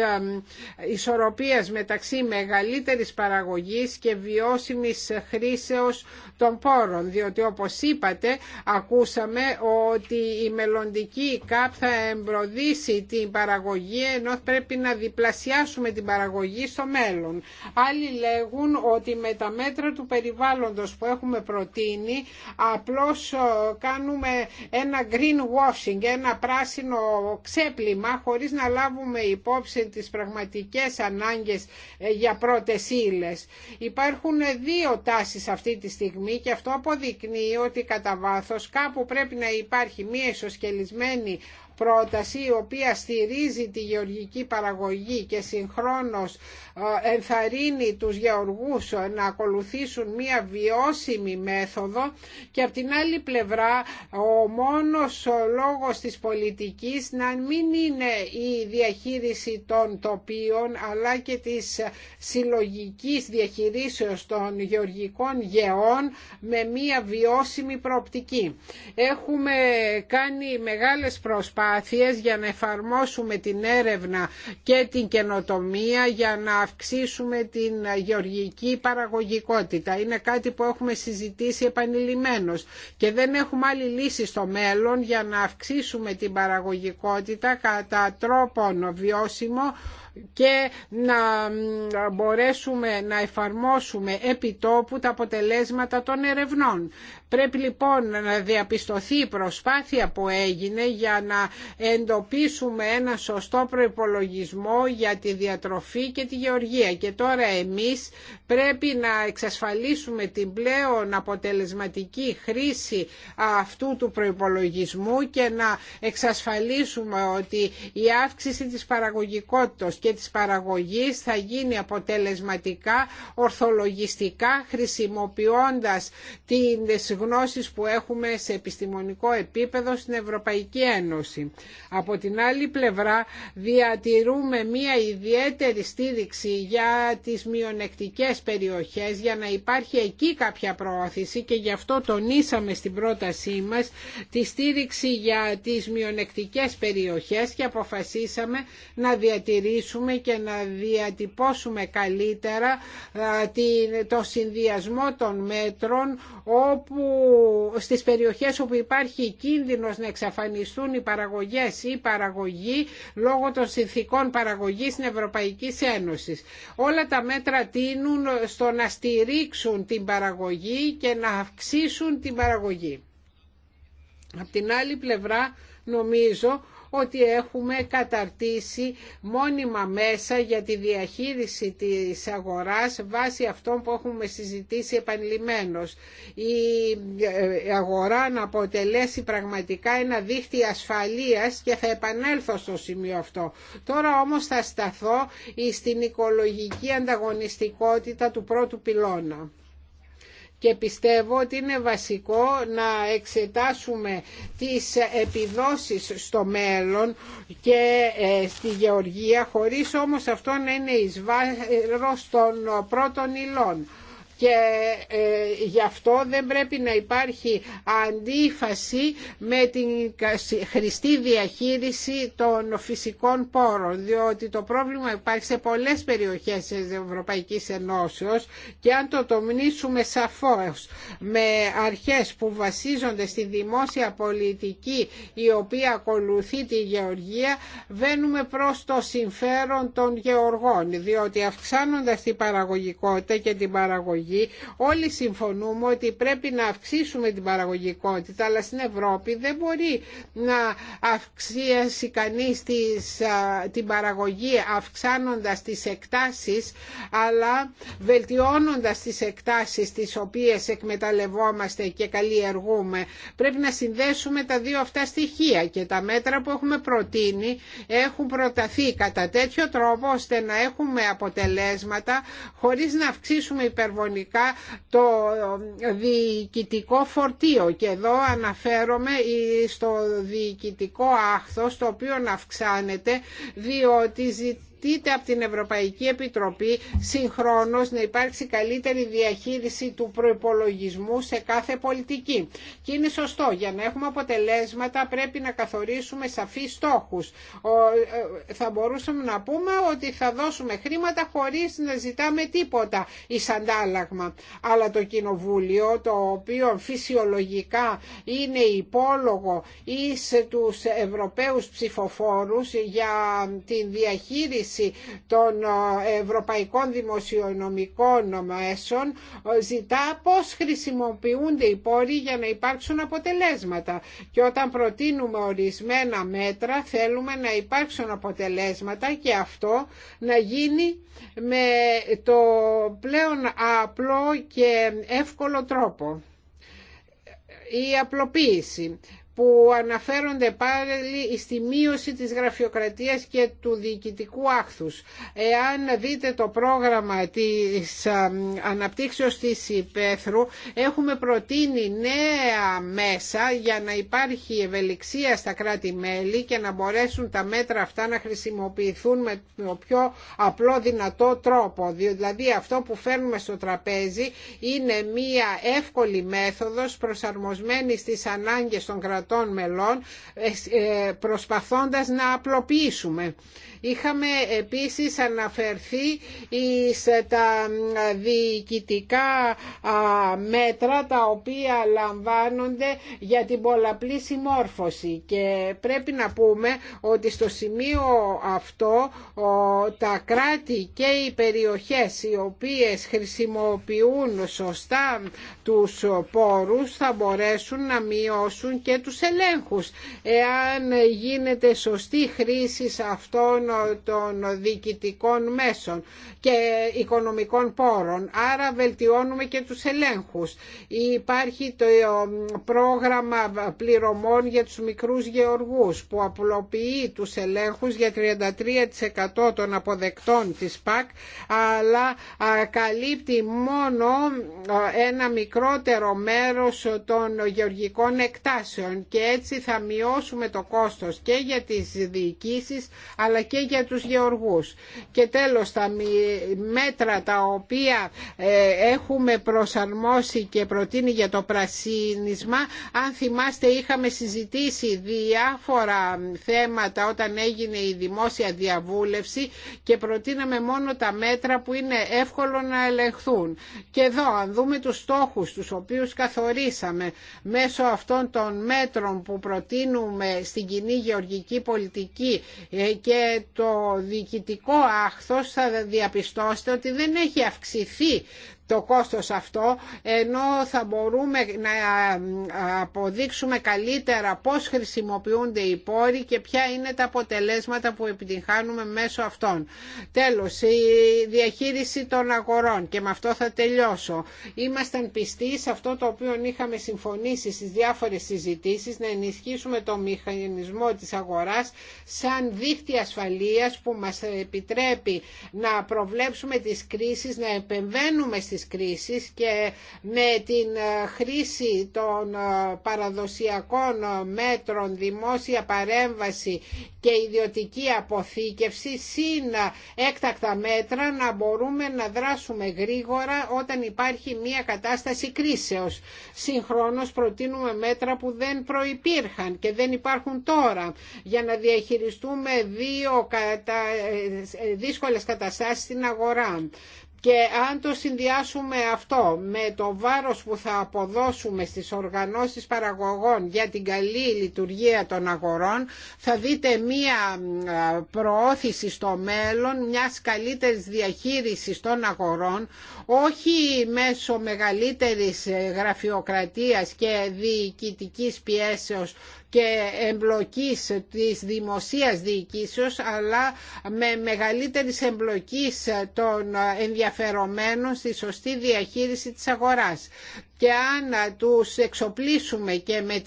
ισορροπίας μεταξύ μεγαλύτερης παραγωγής και βιώσιμης χρήσεως των πόρων, διότι όπως είπατε ακούσαμε ότι η μελλοντική ΚΑΠ θα εμπροδίσει την παραγωγή ενώ πρέπει να διπλασιάσουμε την παραγωγή στο μέλλον. Άλλοι λέγουν ότι με τα μέτρα του περιβάλλοντος που έχουμε προτείνει απλώς ε, κάνουμε ένα washing, ένα πράσινο ξέπλυμα χωρίς να λάβουμε υπόψη τις πραγματικές ανάγκες ε, για πρώτες ύλες. Υπάρχουν δύο τάσεις αυτή τη στιγμή και αυτό αποδεικνύει ότι κατά βάθο κάπου πρέπει να υπάρχει μια ισοσκελισμένη η οποία στηρίζει τη γεωργική παραγωγή και συγχρόνως ε, ενθαρρύνει τους γεωργούς να ακολουθήσουν μία βιώσιμη μέθοδο και από την άλλη πλευρά ο μόνος λόγος της πολιτικής να μην είναι η διαχείριση των τοπίων αλλά και της συλλογικής διαχειρίσεως των γεωργικών γεών με μία βιώσιμη προοπτική. Έχουμε κάνει μεγάλες προσπάθειες προσπάθειες για να εφαρμόσουμε την έρευνα και την καινοτομία για να αυξήσουμε την γεωργική παραγωγικότητα. Είναι κάτι που έχουμε συζητήσει επανειλημμένως και δεν έχουμε άλλη λύση στο μέλλον για να αυξήσουμε την παραγωγικότητα κατά τρόπον βιώσιμο και να μπορέσουμε να εφαρμόσουμε επιτόπου τα αποτελέσματα των ερευνών. Πρέπει λοιπόν να διαπιστωθεί η προσπάθεια που έγινε για να εντοπίσουμε ένα σωστό προϋπολογισμό για τη διατροφή και τη γεωργία. Και τώρα εμείς πρέπει να εξασφαλίσουμε την πλέον αποτελεσματική χρήση αυτού του προϋπολογισμού και να εξασφαλίσουμε ότι η αύξηση της παραγωγικότητας και της παραγωγής θα γίνει αποτελεσματικά, ορθολογιστικά, χρησιμοποιώντας τις γνώσεις που έχουμε σε επιστημονικό επίπεδο στην Ευρωπαϊκή Ένωση. Από την άλλη πλευρά διατηρούμε μία ιδιαίτερη στήριξη για τις μειονεκτικές περιοχές για να υπάρχει εκεί κάποια προώθηση και γι' αυτό τονίσαμε στην πρότασή μας τη στήριξη για τις μειονεκτικές περιοχές και αποφασίσαμε να διατηρήσουμε και να διατυπώσουμε καλύτερα το συνδυασμό των μέτρων όπου στις περιοχές όπου υπάρχει κίνδυνος να εξαφανιστούν οι παραγωγές ή παραγωγή λόγω των συνθήκων παραγωγής στην Ευρωπαϊκή Ένωση. Όλα τα μέτρα τίνουν στο να στηρίξουν την παραγωγή και να αυξήσουν την παραγωγή. Απ' την άλλη πλευρά νομίζω ότι έχουμε καταρτήσει μόνιμα μέσα για τη διαχείριση της αγοράς βάσει αυτών που έχουμε συζητήσει επανειλημμένως. Η ε, αγορά να αποτελέσει πραγματικά ένα δίχτυ ασφαλείας και θα επανέλθω στο σημείο αυτό. Τώρα όμως θα σταθώ στην οικολογική ανταγωνιστικότητα του πρώτου πυλώνα και πιστεύω ότι είναι βασικό να εξετάσουμε τις επιδόσεις στο μέλλον και ε, στη γεωργία χωρίς όμως αυτό να είναι εις βάρος των πρώτων υλών και ε, γι' αυτό δεν πρέπει να υπάρχει αντίφαση με την χρηστή διαχείριση των φυσικών πόρων διότι το πρόβλημα υπάρχει σε πολλές περιοχές της Ευρωπαϊκής Ενώσεως και αν το τομνήσουμε σαφώς με αρχές που βασίζονται στη δημόσια πολιτική η οποία ακολουθεί τη γεωργία βαίνουμε προς το συμφέρον των γεωργών διότι αυξάνοντας την παραγωγικότητα και την παραγωγή Όλοι συμφωνούμε ότι πρέπει να αυξήσουμε την παραγωγικότητα, αλλά στην Ευρώπη δεν μπορεί να αυξήσει κανείς την παραγωγή αυξάνοντας τις εκτάσεις, αλλά βελτιώνοντας τις εκτάσεις τις οποίες εκμεταλλευόμαστε και καλλιεργούμε. Πρέπει να συνδέσουμε τα δύο αυτά στοιχεία και τα μέτρα που έχουμε προτείνει έχουν προταθεί κατά τέτοιο τρόπο ώστε να έχουμε αποτελέσματα χωρίς να αυξήσουμε υπερβολικά το διοικητικό φορτίο και εδώ αναφέρομαι στο διοικητικό άχθος το οποίο αυξάνεται διότι είτε από την Ευρωπαϊκή Επιτροπή συγχρόνως να υπάρξει καλύτερη διαχείριση του προϋπολογισμού σε κάθε πολιτική. Και είναι σωστό, για να έχουμε αποτελέσματα πρέπει να καθορίσουμε σαφείς στόχους. Ε, θα μπορούσαμε να πούμε ότι θα δώσουμε χρήματα χωρίς να ζητάμε τίποτα εις αντάλλαγμα. Αλλά το Κοινοβούλιο, το οποίο φυσιολογικά είναι υπόλογο εις τους Ευρωπαίους ψηφοφόρους για την διαχείριση ενίσχυση των ε, ευρωπαϊκών δημοσιονομικών μέσων ε, ζητά πώς χρησιμοποιούνται οι πόροι για να υπάρξουν αποτελέσματα. Και όταν προτείνουμε ορισμένα μέτρα θέλουμε να υπάρξουν αποτελέσματα και αυτό να γίνει με το πλέον απλό και εύκολο τρόπο η απλοποίηση που αναφέρονται πάλι στη μείωση της γραφειοκρατίας και του διοικητικού άχθους. Εάν δείτε το πρόγραμμα της αναπτύξεως της υπαίθρου, έχουμε προτείνει νέα μέσα για να υπάρχει ευελιξία στα κράτη-μέλη και να μπορέσουν τα μέτρα αυτά να χρησιμοποιηθούν με το πιο απλό δυνατό τρόπο. Δηλαδή αυτό που φέρνουμε στο τραπέζι είναι μία εύκολη μέθοδος προσαρμοσμένη στις ανάγκες των κρατών των μελών ε, ε, προσπαθώντας να απλοποιήσουμε. Είχαμε επίσης αναφερθεί τα διοικητικά μέτρα τα οποία λαμβάνονται για την πολλαπλή συμμόρφωση και πρέπει να πούμε ότι στο σημείο αυτό τα κράτη και οι περιοχές οι οποίες χρησιμοποιούν σωστά τους πόρους θα μπορέσουν να μειώσουν και τους ελέγχους εάν γίνεται σωστή χρήση αυτών των διοικητικών μέσων και οικονομικών πόρων. Άρα βελτιώνουμε και τους ελέγχους. Υπάρχει το πρόγραμμα πληρωμών για τους μικρούς γεωργούς που απλοποιεί τους ελέγχους για 33% των αποδεκτών της ΠΑΚ αλλά καλύπτει μόνο ένα μικρότερο μέρος των γεωργικών εκτάσεων και έτσι θα μειώσουμε το κόστος και για τις διοικήσεις αλλά και για τους γεωργούς. Και τέλος τα μέτρα τα οποία ε, έχουμε προσαρμόσει και προτείνει για το πρασίνισμα, αν θυμάστε είχαμε συζητήσει διάφορα θέματα όταν έγινε η δημόσια διαβούλευση και προτείναμε μόνο τα μέτρα που είναι εύκολο να ελεγχθούν. Και εδώ αν δούμε τους στόχους τους οποίους καθορίσαμε μέσω αυτών των μέτρων που προτείνουμε στην κοινή γεωργική πολιτική ε, και το διοικητικό άχθος θα διαπιστώσετε ότι δεν έχει αυξηθεί το κόστος αυτό ενώ θα μπορούμε να αποδείξουμε καλύτερα πώς χρησιμοποιούνται οι πόροι και ποια είναι τα αποτελέσματα που επιτυγχάνουμε μέσω αυτών. Τέλος, η διαχείριση των αγορών και με αυτό θα τελειώσω. Ήμασταν πιστοί σε αυτό το οποίο είχαμε συμφωνήσει στις διάφορες συζητήσεις να ενισχύσουμε το μηχανισμό της αγοράς σαν δίχτυ ασφαλείας που μας επιτρέπει να προβλέψουμε τις κρίσεις, να επεμβαίνουμε στις της και με την ε, χρήση των ε, παραδοσιακών ε, μέτρων δημόσια παρέμβαση και ιδιωτική αποθήκευση συν έκτακτα μέτρα να μπορούμε να δράσουμε γρήγορα όταν υπάρχει μια κατάσταση κρίσεως. Συγχρόνως προτείνουμε μέτρα που δεν προϋπήρχαν και δεν υπάρχουν τώρα για να διαχειριστούμε δύο δύσκολες καταστάσεις στην αγορά. Και αν το συνδυάσουμε αυτό με το βάρος που θα αποδώσουμε στις οργανώσεις παραγωγών για την καλή λειτουργία των αγορών, θα δείτε μία προώθηση στο μέλλον μια καλύτερης διαχείρισης των αγορών, όχι μέσω μεγαλύτερης ε, γραφειοκρατίας και διοικητικής πιέσεως και εμπλοκής της δημοσίας διοικήσεως αλλά με μεγαλύτερης εμπλοκής των ενδιαφερομένων στη σωστή διαχείριση της αγοράς και αν τους εξοπλίσουμε και με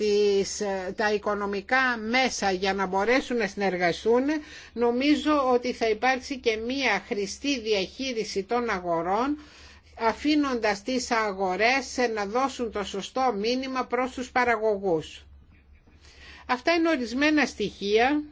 τα οικονομικά μέσα για να μπορέσουν να συνεργαστούν, νομίζω ότι θα υπάρξει και μία χρηστή διαχείριση των αγορών, αφήνοντας τις αγορές να δώσουν το σωστό μήνυμα προς τους παραγωγούς. Αυτά είναι ορισμένα στοιχεία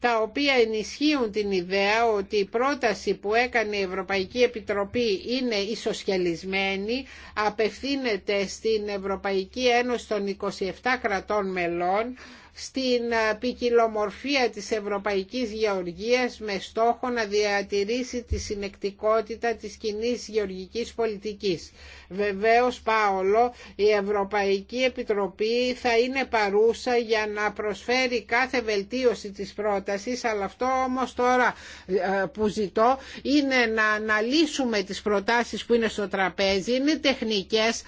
τα οποία ενισχύουν την ιδέα ότι η πρόταση που έκανε η Ευρωπαϊκή Επιτροπή είναι ισοσχελισμένη, απευθύνεται στην Ευρωπαϊκή Ένωση των 27 κρατών μελών, στην ε, ποικιλομορφία της ευρωπαϊκής γεωργίας με στόχο να διατηρήσει τη συνεκτικότητα της κοινή γεωργικής πολιτικής. Βεβαίως, Πάολο, η Ευρωπαϊκή Επιτροπή θα είναι παρούσα για να προσφέρει κάθε βελτίωση της πρότασης, αλλά αυτό όμως τώρα ε, που ζητώ είναι να αναλύσουμε τις προτάσεις που είναι στο τραπέζι, είναι τεχνικές,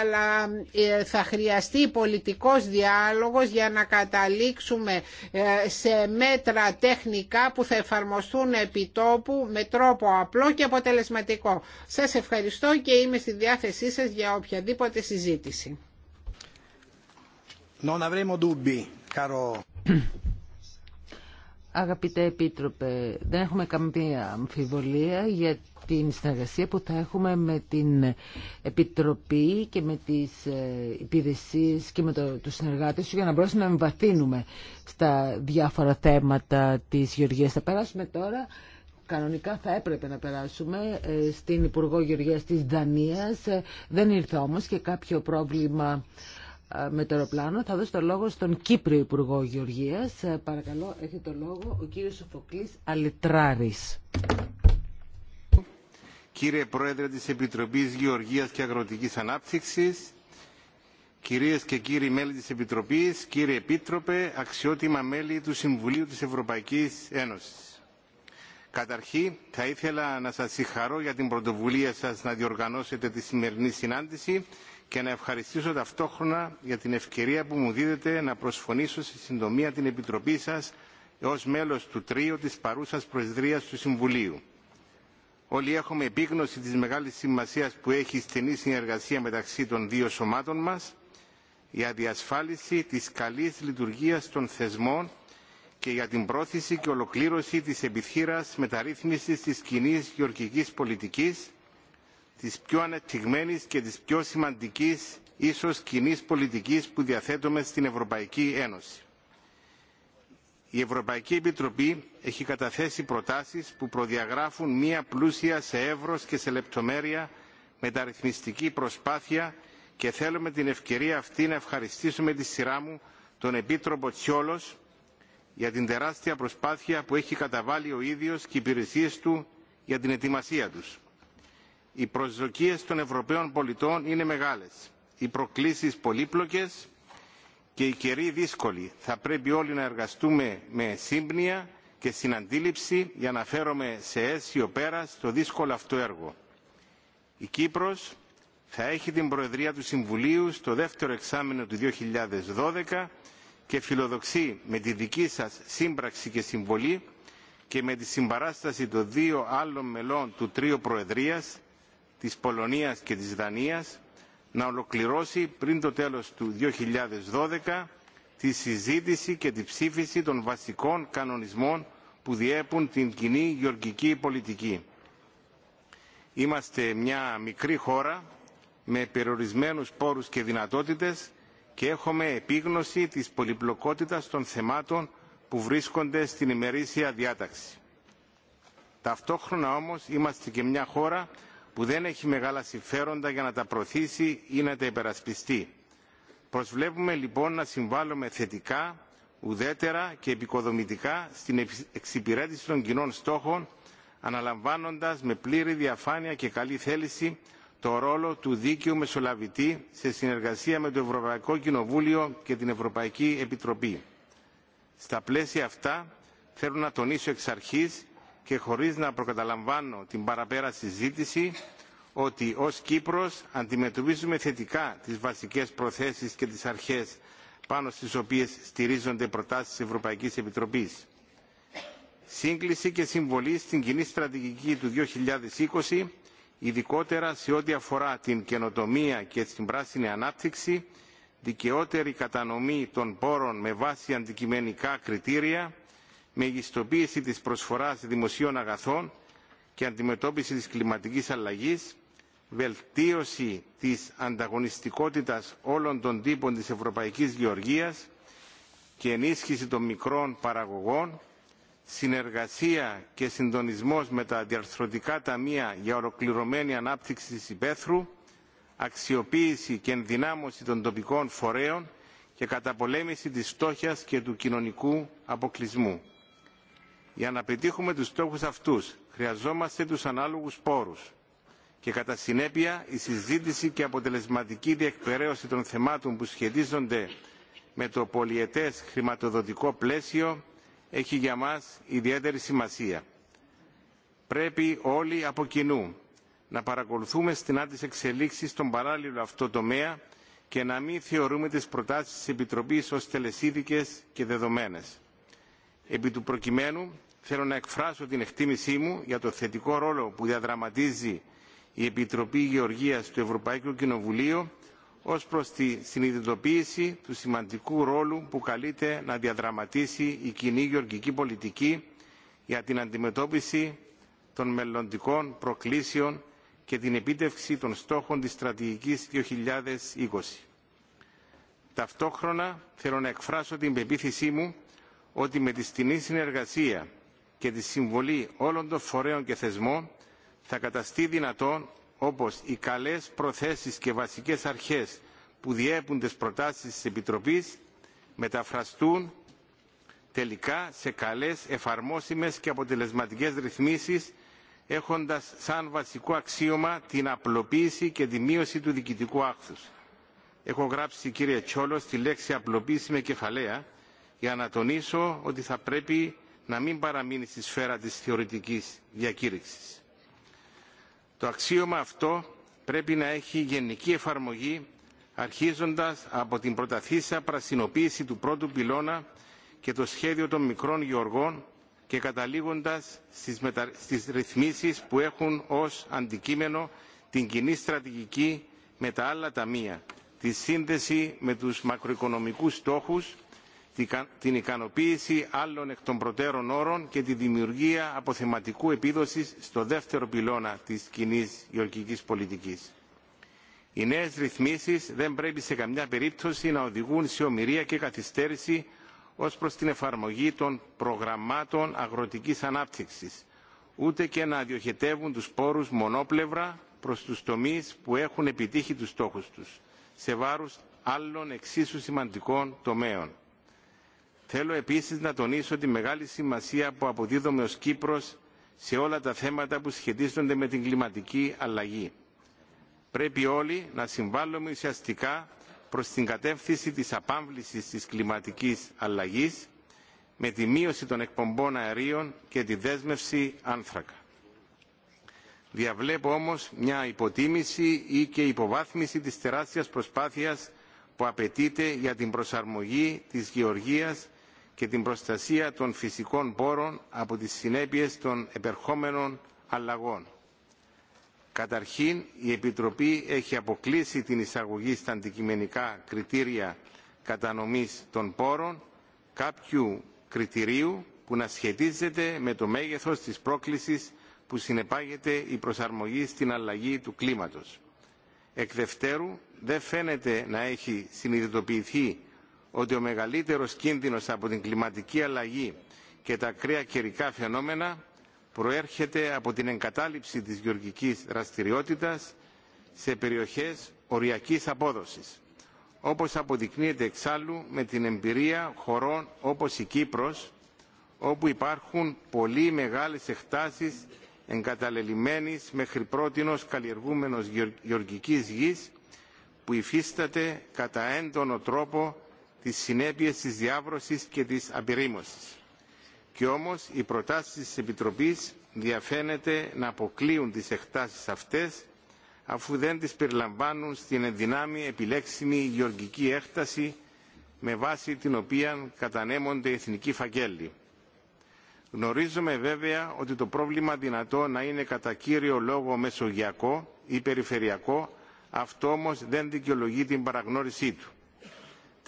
αλλά ε, θα χρειαστεί πολιτικός διάλογος για να καταλήξουμε ε, σε μέτρα τεχνικά που θα εφαρμοστούν επί τόπου με τρόπο απλό και αποτελεσματικό. Σας ευχαριστώ και είμαι στη διάθεσή σας για οποιαδήποτε συζήτηση. Non avremo Αγαπητέ Επίτροπε, δεν έχουμε καμία αμφιβολία για την συνεργασία που θα έχουμε με την Επιτροπή και με τις ε, υπηρεσίες και με το, τους συνεργάτες για να μπορέσουμε να εμβαθύνουμε στα διάφορα θέματα της Γεωργίας. Θα περάσουμε τώρα κανονικά θα έπρεπε να περάσουμε ε, στην Υπουργό Γεωργίας της Δανίας. Ε, δεν ήρθε όμως και κάποιο πρόβλημα με το αεροπλάνο. Θα δώσω το λόγο στον Κύπριο Υπουργό Γεωργίας. Παρακαλώ, έχει το λόγο ο κύριος Σοφοκλής Αλετράρης κύριε Πρόεδρε της Επιτροπής Γεωργίας και Αγροτικής Ανάπτυξης, κυρίες και κύριοι μέλη της Επιτροπής, κύριε Επίτροπε, αξιότιμα μέλη του Συμβουλίου της Ευρωπαϊκής Ένωσης. καταρχή θα ήθελα να σας συγχαρώ για την πρωτοβουλία σας να διοργανώσετε τη σημερινή συνάντηση και να ευχαριστήσω ταυτόχρονα για την ευκαιρία που μου δίδεται να προσφωνήσω στη συντομία την Επιτροπή σας ως μέλος του Τρίου της παρούσας Προεδρίας του Συμβουλίου. Όλοι έχουμε επίγνωση της μεγάλης σημασίας που έχει η στενή συνεργασία μεταξύ των δύο σωμάτων μας για διασφάλιση της καλής λειτουργίας των θεσμών και για την πρόθεση και ολοκλήρωση της επιθύρας μεταρρύθμισης της κοινή γεωργικής πολιτικής, της πιο ανεπτυγμένης και της πιο σημαντικής ίσως κοινή πολιτικής που διαθέτουμε στην Ευρωπαϊκή Ένωση η Ευρωπαϊκή Επιτροπή έχει καταθέσει προτάσεις που προδιαγράφουν μία πλούσια σε εύρος και σε λεπτομέρεια μεταρρυθμιστική προσπάθεια και θέλουμε την ευκαιρία αυτή να ευχαριστήσω με τη σειρά μου τον Επίτροπο Τσιόλος για την τεράστια προσπάθεια που έχει καταβάλει ο ίδιος και οι υπηρεσίες του για την ετοιμασία τους. Οι προσδοκίες των Ευρωπαίων πολιτών είναι μεγάλες, οι προκλήσεις πολύπλοκες και οι καιροί δύσκολοι. Θα πρέπει όλοι να εργαστούμε με σύμπνοια και συναντήληψη για να φέρουμε σε αίσιο πέρα στο δύσκολο αυτό έργο. Η Κύπρος θα έχει την Προεδρία του Συμβουλίου στο δεύτερο εξάμεινο του 2012 και φιλοδοξεί με τη δική σας σύμπραξη και συμβολή και με τη συμπαράσταση των δύο άλλων μελών του Τρίου Προεδρίας, της Πολωνίας και της Δανίας, να ολοκληρώσει πριν το τέλος του 2012 τη συζήτηση και τη ψήφιση των βασικών κανονισμών που διέπουν την κοινή γεωργική πολιτική. Είμαστε μια μικρή χώρα με περιορισμένους πόρους και δυνατότητες και έχουμε επίγνωση της πολυπλοκότητας των θεμάτων που βρίσκονται στην ημερήσια διάταξη. Ταυτόχρονα όμως είμαστε και μια χώρα που δεν έχει μεγάλα συμφέροντα για να τα προωθήσει ή να τα υπερασπιστεί. Προσβλέπουμε λοιπόν να συμβάλλουμε θετικά, ουδέτερα και επικοδομητικά στην εξυπηρέτηση των κοινών στόχων, αναλαμβάνοντας με πλήρη διαφάνεια και καλή θέληση το ρόλο του δίκαιου μεσολαβητή σε συνεργασία με το Ευρωπαϊκό Κοινοβούλιο και την Ευρωπαϊκή Επιτροπή. Στα πλαίσια αυτά θέλω να τονίσω εξ αρχής και χωρίς να προκαταλαμβάνω την παραπέρα συζήτηση ότι ως Κύπρος αντιμετωπίζουμε θετικά τις βασικές προθέσεις και τις αρχές πάνω στις οποίες στηρίζονται προτάσεις της Ευρωπαϊκής Επιτροπής. Σύγκληση και συμβολή στην κοινή στρατηγική του 2020, ειδικότερα σε ό,τι αφορά την καινοτομία και την πράσινη ανάπτυξη, δικαιότερη κατανομή των πόρων με βάση αντικειμενικά κριτήρια, μεγιστοποίηση της προσφοράς δημοσίων αγαθών και αντιμετώπιση της κλιματικής αλλαγής, βελτίωση της ανταγωνιστικότητας όλων των τύπων της ευρωπαϊκής γεωργίας και ενίσχυση των μικρών παραγωγών, συνεργασία και συντονισμός με τα διαρθρωτικά ταμεία για ολοκληρωμένη ανάπτυξη της υπαίθρου, αξιοποίηση και ενδυνάμωση των τοπικών φορέων και καταπολέμηση της φτώχειας και του κοινωνικού αποκλεισμού. Για να πετύχουμε τους στόχους αυτούς χρειαζόμαστε τους ανάλογους πόρους και κατά συνέπεια η συζήτηση και αποτελεσματική διεκπαιρέωση των θεμάτων που σχετίζονται με το πολιετές χρηματοδοτικό πλαίσιο έχει για μας ιδιαίτερη σημασία. Πρέπει όλοι από κοινού να παρακολουθούμε στενά τις εξελίξεις στον παράλληλο αυτό τομέα και να μην θεωρούμε τις προτάσεις της Επιτροπής ως τελεσίδικες και δεδομένες. Επί του προκειμένου, θέλω να εκφράσω την εκτίμησή μου για το θετικό ρόλο που διαδραματίζει η Επιτροπή Γεωργίας του Ευρωπαϊκού Κοινοβουλίου ως προς τη συνειδητοποίηση του σημαντικού ρόλου που καλείται να διαδραματίσει η κοινή γεωργική πολιτική για την αντιμετώπιση των μελλοντικών προκλήσεων και την επίτευξη των στόχων της στρατηγικής 2020. Ταυτόχρονα θέλω να εκφράσω την πεποίθησή μου ότι με τη στενή συνεργασία και τη συμβολή όλων των φορέων και θεσμών θα καταστεί δυνατόν όπως οι καλές προθέσεις και βασικές αρχές που διέπουν τις προτάσεις της Επιτροπής μεταφραστούν τελικά σε καλές, εφαρμόσιμες και αποτελεσματικές ρυθμίσεις έχοντας σαν βασικό αξίωμα την απλοποίηση και τη μείωση του διοικητικού άκθους. Έχω γράψει, κύριε Τσόλο, τη λέξη απλοποίηση με κεφαλαία για να τονίσω ότι θα πρέπει να μην παραμείνει στη σφαίρα της θεωρητικής διακήρυξης. Το αξίωμα αυτό πρέπει να έχει γενική εφαρμογή αρχίζοντας από την προταθήσα πρασινοποίηση του πρώτου πυλώνα και το σχέδιο των μικρών γεωργών και καταλήγοντας στις, μετα... στις ρυθμίσεις που έχουν ως αντικείμενο την κοινή στρατηγική με τα άλλα ταμεία, τη σύνδεση με τους μακροοικονομικούς στόχους την ικανοποίηση άλλων εκ των προτέρων όρων και τη δημιουργία αποθεματικού επίδοσης στο δεύτερο πυλώνα της κοινή γεωργικής πολιτικής. Οι νέες ρυθμίσεις δεν πρέπει σε καμιά περίπτωση να οδηγούν σε ομοιρία και καθυστέρηση ως προς την εφαρμογή των προγραμμάτων αγροτικής ανάπτυξης, ούτε και να διοχετεύουν τους πόρους μονόπλευρα προς τους τομείς που έχουν επιτύχει τους στόχους τους, σε βάρος άλλων εξίσου σημαντικών τομέων. Θέλω επίσης να τονίσω τη μεγάλη σημασία που αποδίδουμε ως Κύπρος σε όλα τα θέματα που σχετίζονται με την κλιματική αλλαγή. Πρέπει όλοι να συμβάλλουμε ουσιαστικά προς την κατεύθυνση της απάμβλησης της κλιματικής αλλαγής με τη μείωση των εκπομπών αερίων και τη δέσμευση άνθρακα. Διαβλέπω όμως μια υποτίμηση ή και υποβάθμιση της τεράστιας προσπάθειας που απαιτείται για την προσαρμογή της γεωργίας και την προστασία των φυσικών πόρων από τις συνέπειες των επερχόμενων αλλαγών. Καταρχήν, η Επιτροπή έχει αποκλείσει την εισαγωγή στα αντικειμενικά κριτήρια κατανομής των πόρων κάποιου κριτηρίου που να σχετίζεται με το μέγεθος της πρόκλησης που συνεπάγεται η προσαρμογή στην αλλαγή του κλίματος. Εκ δευτέρου, δεν φαίνεται να έχει συνειδητοποιηθεί ότι ο μεγαλύτερος κίνδυνος από την κλιματική αλλαγή και τα ακραία καιρικά φαινόμενα προέρχεται από την εγκατάλειψη της γεωργικής δραστηριότητας σε περιοχές οριακής απόδοσης, όπως αποδεικνύεται εξάλλου με την εμπειρία χωρών όπως η Κύπρος, όπου υπάρχουν πολύ μεγάλες εκτάσεις εγκαταλελειμμένης μέχρι πρότινος καλλιεργούμενος γεωργικής γης που υφίσταται κατά έντονο τρόπο τις συνέπειες της διάβρωσης και της απειρήμωσης. Κι όμως οι προτάσεις της Επιτροπής διαφαίνεται να αποκλείουν τις εκτάσεις αυτές αφού δεν τις περιλαμβάνουν στην ενδυνάμει επιλέξιμη γεωργική έκταση με βάση την οποία κατανέμονται εθνικοί φακέλοι. Γνωρίζουμε βέβαια ότι το πρόβλημα δυνατό να είναι κατά κύριο λόγο μεσογειακό ή περιφερειακό, αυτό όμως δεν δικαιολογεί την παραγνώρισή του.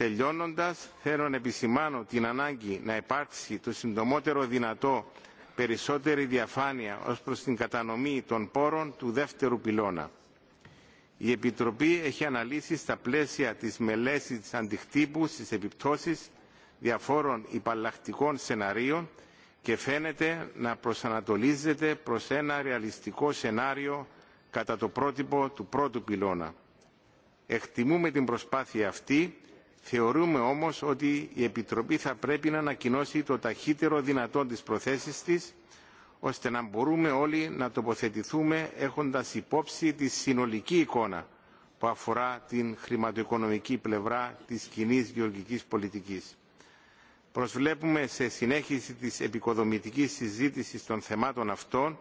Τελειώνοντας, θέλω να επισημάνω την ανάγκη να υπάρξει το συντομότερο δυνατό περισσότερη διαφάνεια ως προς την κατανομή των πόρων του δεύτερου πυλώνα. Η Επιτροπή έχει αναλύσει στα πλαίσια της μελέσης της αντιχτύπου στις επιπτώσεις διαφόρων υπαλλακτικών σεναρίων και φαίνεται να προσανατολίζεται προς ένα ρεαλιστικό σενάριο κατά το πρότυπο του πρώτου πυλώνα. Εκτιμούμε την προσπάθεια αυτή Θεωρούμε όμως ότι η Επιτροπή θα πρέπει να ανακοινώσει το ταχύτερο δυνατόν τις προθέσεις της, ώστε να μπορούμε όλοι να τοποθετηθούμε έχοντας υπόψη τη συνολική εικόνα που αφορά την χρηματοοικονομική πλευρά της κοινή γεωργικής πολιτικής. Προσβλέπουμε σε συνέχιση της επικοδομητικής συζήτησης των θεμάτων αυτών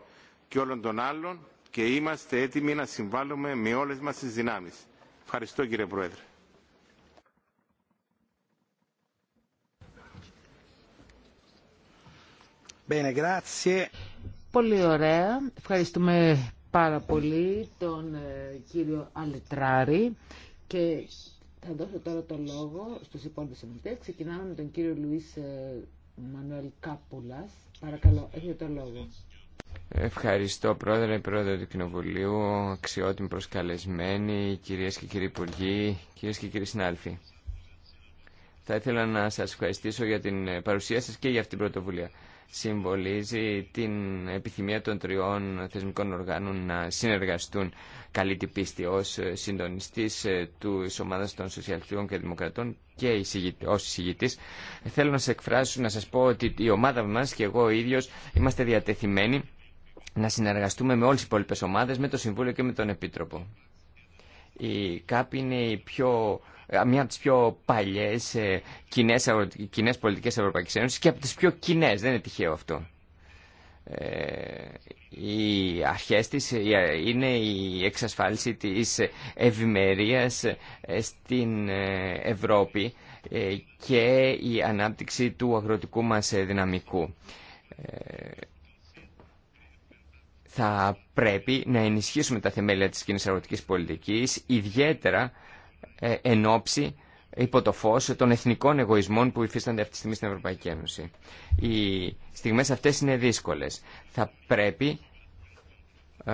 και όλων των άλλων και είμαστε έτοιμοι να συμβάλλουμε με όλες μας τις δυνάμεις. Ευχαριστώ κύριε Πρόεδρε. Πολύ ωραία. Ευχαριστούμε πάρα πολύ τον ε, κύριο Αλετράρη και θα δώσω τώρα το λόγο στους υπόλοιπους ομιλητές. Ξεκινάμε με τον κύριο Λουίς ε, Μανουέλ Κάπουλας. Παρακαλώ, έχετε το λόγο. Ευχαριστώ πρόεδρε, πρόεδρε του Κοινοβουλίου, αξιότιμοι προσκαλεσμένοι, κυρίες και κύριοι υπουργοί, κυρίες και κύριοι συνάλφοι. Θα ήθελα να σας ευχαριστήσω για την ε, παρουσία σας και για αυτή την πρωτοβουλία συμβολίζει την επιθυμία των τριών θεσμικών οργάνων να συνεργαστούν καλή την πίστη ως συντονιστής ε, του ομάδας των Σοσιαλιστικών και Δημοκρατών και ως εισηγητής. Θέλω να σας εκφράσω, να σας πω ότι η ομάδα μας και εγώ ίδιος είμαστε διατεθειμένοι να συνεργαστούμε με όλες τι υπόλοιπες ομάδες, με το Συμβούλιο και με τον Επίτροπο. Η ΚΑΠ είναι η πιο ε, μια από τις πιο παλιές κοινέ ε, πολιτικέ κοινές και από τις πιο κοινέ, δεν είναι τυχαίο αυτό. Ε, οι αρχέ τη είναι η εξασφάλιση της ευημερία στην Ευρώπη και η ανάπτυξη του αγροτικού μας δυναμικού. Θα πρέπει να ενισχύσουμε τα θεμέλια της κοινής αγροτικής πολιτικής, ιδιαίτερα ε, εν ώψη υπό το φως των εθνικών εγωισμών που υφίστανται αυτή τη στιγμή στην Ευρωπαϊκή Ένωση. Οι στιγμές αυτές είναι δύσκολες. Θα πρέπει ε,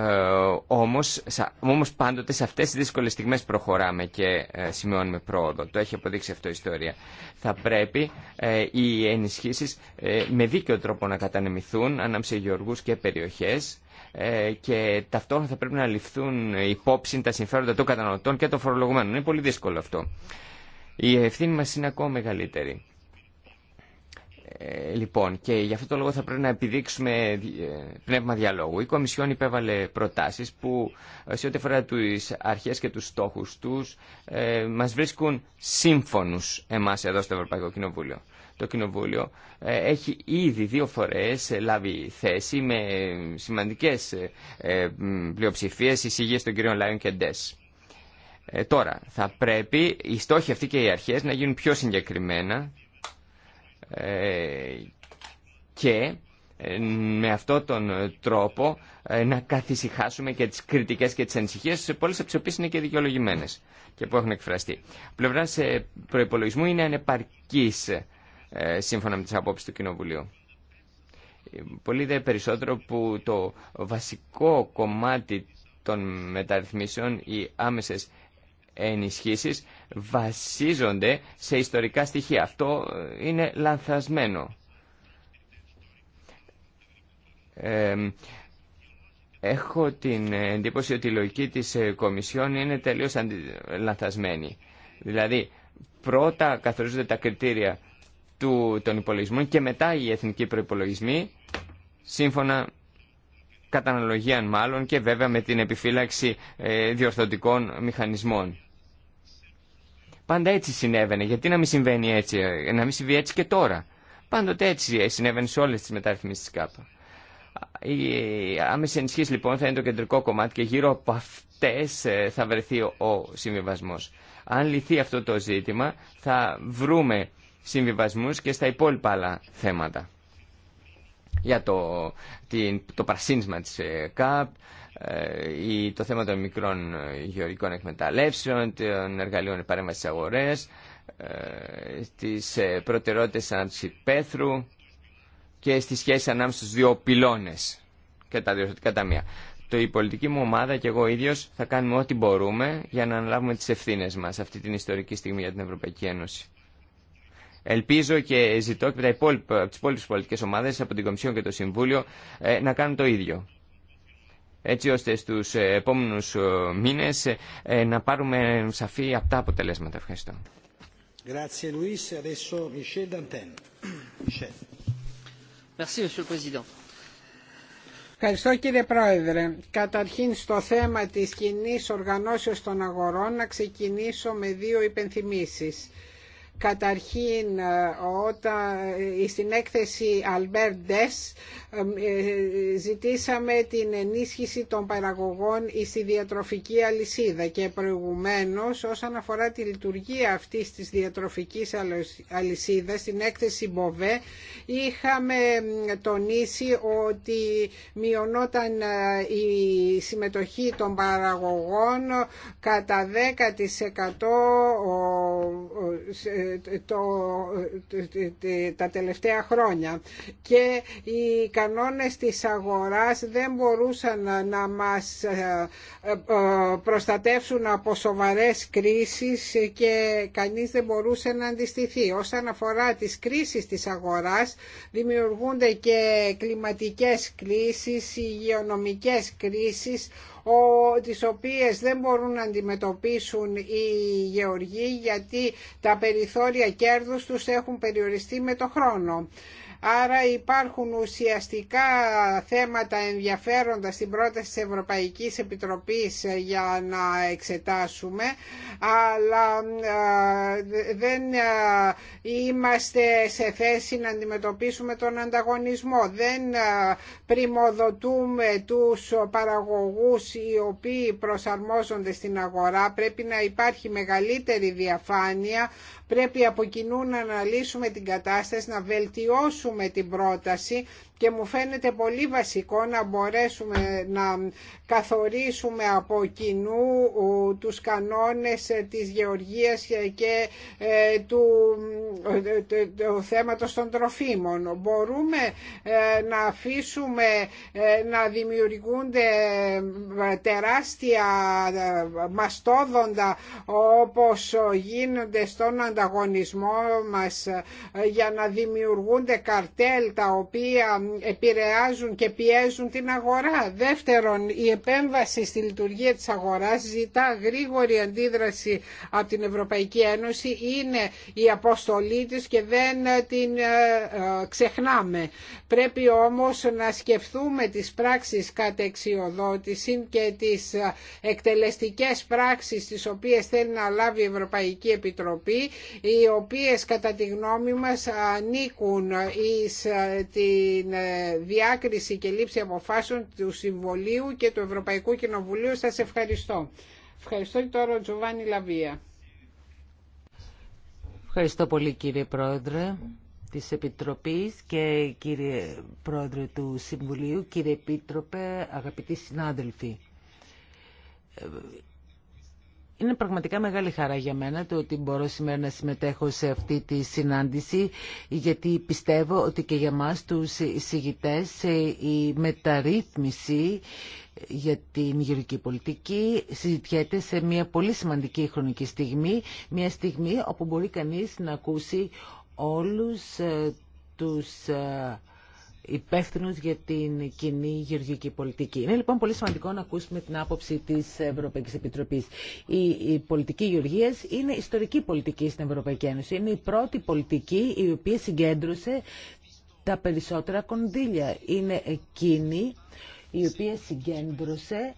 όμως, όμως πάντοτε σε αυτές τις δύσκολες στιγμές προχωράμε και ε, σημειώνουμε πρόοδο. Το έχει αποδείξει αυτό η ιστορία. Θα πρέπει ε, οι ενισχύσεις με δίκαιο τρόπο να κατανεμηθούν ανάμεσα γεωργούς και περιοχές ε, και ταυτόχρονα θα πρέπει να ληφθούν υπόψη τα συμφέροντα των καταναλωτών και των φορολογουμένων. Είναι πολύ δύσκολο αυτό. Η ευθύνη μας είναι ακόμα μεγαλύτερη. Ε, λοιπόν, και γι' αυτό το λόγο θα πρέπει να επιδείξουμε ε, πνεύμα διαλόγου. Η Κομισιόν υπέβαλε προτάσεις που ε, σε ό,τι αφορά τις αρχές και τους στόχους τους ε, μας βρίσκουν σύμφωνους εμάς εδώ στο Ευρωπαϊκό Κοινοβούλιο το Κοινοβούλιο ε, έχει ήδη δύο φορές ε, λάβει θέση με σημαντικές ε, πλειοψηφίες εισηγίες των κυρίων Λάιον και Ντες. Τώρα, θα πρέπει οι στόχοι αυτοί και οι αρχές να γίνουν πιο συγκεκριμένα και με αυτόν τον τρόπο να καθησυχάσουμε και τις κριτικές και τις ανησυχίες σε πολλές από τις οποίες είναι και δικαιολογημένες και που έχουν εκφραστεί. Πλευράς προπολογισμού είναι ανεπαρκής ε, σύμφωνα με τις απόψεις του Κοινοβουλίου. Πολύ δε περισσότερο που το βασικό κομμάτι των μεταρρυθμίσεων, οι άμεσες ενισχύσεις, βασίζονται σε ιστορικά στοιχεία. Αυτό ε, είναι λανθασμένο. Ε, έχω την εντύπωση ότι η λογική της Κομισιόν είναι τελείως λανθασμένη. Δηλαδή, πρώτα καθορίζονται τα κριτήρια του, των υπολογισμών και μετά οι εθνικοί προϋπολογισμοί σύμφωνα κατά αναλογία μάλλον και βέβαια με την επιφύλαξη ε, διορθωτικών μηχανισμών. Πάντα έτσι συνέβαινε. Γιατί να μην συμβαίνει έτσι, ε, να μην συμβεί έτσι και τώρα. Πάντοτε έτσι ε, συνέβαινε σε όλες τις μεταρρυθμίσεις της ΚΑΠΑ. Η άμεση ενισχύση λοιπόν θα είναι το κεντρικό κομμάτι και γύρω από αυτές θα βρεθεί ο συμβιβασμός. Αν λυθεί αυτό το ζήτημα θα βρούμε Συμβιβασμού και στα υπόλοιπα άλλα θέματα. Για το, την, το της ε, ΚΑΠ, ε, το θέμα των μικρών ε, γεωργικών εκμεταλλεύσεων, των εργαλείων παρέμβασης στις αγορές, τις προτεραιότητες ανάπτυξης πέθρου και στη σχέση ανάμεσα στους δύο πυλώνες και τα διορθωτικά ταμεία. Το η πολιτική μου ομάδα και εγώ ίδιος θα κάνουμε ό,τι μπορούμε για να αναλάβουμε τις ευθύνες μας αυτή την ιστορική στιγμή για την Ευρωπαϊκή Ένωση. Ελπίζω και ζητώ και από, τι υπόλοιπε πολιτικέ ομάδε, από την Κομισιόν και το Συμβούλιο, ε, να κάνουν το ίδιο. Έτσι ώστε στους ε, επόμενους ε, μήνες να πάρουμε σαφή αυτά αποτελέσματα. Ευχαριστώ. Ευχαριστώ κύριε Πρόεδρε. Καταρχήν στο θέμα της κοινή οργανώσεως των αγορών να ξεκινήσω με δύο υπενθυμίσεις. Καταρχήν, ε, όταν, ε, στην έκθεση Albert Des ε, ζητήσαμε την ενίσχυση των παραγωγών στη διατροφική αλυσίδα και προηγουμένως όσον αφορά τη λειτουργία αυτής της διατροφικής αλυσίδας στην έκθεση Μποβέ είχαμε τονίσει ότι μειωνόταν η συμμετοχή των παραγωγών κατά 10% τα τελευταία χρόνια και οι κανόνες της αγοράς δεν μπορούσαν να μας ε, ε, προστατεύσουν από σοβαρές κρίσεις και κανείς δεν μπορούσε να αντιστηθεί. Όσον αφορά τις κρίσεις της αγοράς δημιουργούνται και κλιματικές κρίσεις, υγειονομικές κρίσεις ο, τις οποίες δεν μπορούν να αντιμετωπίσουν οι γεωργοί γιατί τα περιθώρια κέρδους τους έχουν περιοριστεί με το χρόνο. Άρα υπάρχουν ουσιαστικά θέματα ενδιαφέροντα στην πρόταση της Ευρωπαϊκής Επιτροπής ε, για να εξετάσουμε, αλλά ε, δεν ε, είμαστε σε θέση να αντιμετωπίσουμε τον ανταγωνισμό. Δεν πρημοδοτούμε τους παραγωγούς οι οποίοι προσαρμόζονται στην αγορά. Πρέπει να υπάρχει μεγαλύτερη διαφάνεια Πρέπει από κοινού να αναλύσουμε την κατάσταση, να βελτιώσουμε την πρόταση και μου φαίνεται πολύ βασικό να μπορέσουμε να καθορίσουμε από κοινού τους κανόνες ε, της γεωργίας και ε, του ε, θέματος των τροφίμων. Μπορούμε να αφήσουμε να δημιουργούνται τεράστια μαστόδοντα όπως γίνονται στον ανταγωνισμό μας για να δημιουργούνται καρτέλ τα οποία επηρεάζουν και πιέζουν την αγορά. Δεύτερον, η επέμβαση στη λειτουργία της αγοράς ζητά γρήγορη αντίδραση από την Ευρωπαϊκή Ένωση. Είναι η αποστολή της και δεν την ε, ξεχνάμε. Πρέπει όμως να σκεφτούμε τις πράξεις κατεξιοδότηση και τις ε, εκτελεστικές πράξεις τις οποίες θέλει να λάβει η Ευρωπαϊκή Επιτροπή, οι οποίες κατά τη γνώμη μας ανήκουν ε, την ε, διάκριση και λήψη αποφάσεων του Συμβολίου και του Ευρωπαϊκού Κοινοβουλίου. Σας ευχαριστώ. Ευχαριστώ και τώρα ο Τζοβάνι Λαβία. Ευχαριστώ πολύ κύριε Πρόεδρε της Επιτροπής και κύριε Πρόεδρε του Συμβουλίου, κύριε Επίτροπε, αγαπητοί συνάδελφοι. Είναι πραγματικά μεγάλη χαρά για μένα το ότι μπορώ σήμερα να συμμετέχω σε αυτή τη συνάντηση γιατί πιστεύω ότι και για μας τους συγητές ε, η μεταρρύθμιση για την γεωργική πολιτική συζητιέται σε μια πολύ σημαντική χρονική στιγμή, μια στιγμή όπου μπορεί κανείς να ακούσει όλους ε, τους ε, υπεύθυνο για την κοινή γεωργική πολιτική. Είναι λοιπόν πολύ σημαντικό να ακούσουμε την άποψη τη Ευρωπαϊκή Επιτροπή. Η, η πολιτική γεωργία είναι ιστορική πολιτική στην Ευρωπαϊκή Ένωση. Είναι η πρώτη πολιτική η οποία συγκέντρωσε τα περισσότερα κονδύλια. Είναι εκείνη η οποία συγκέντρωσε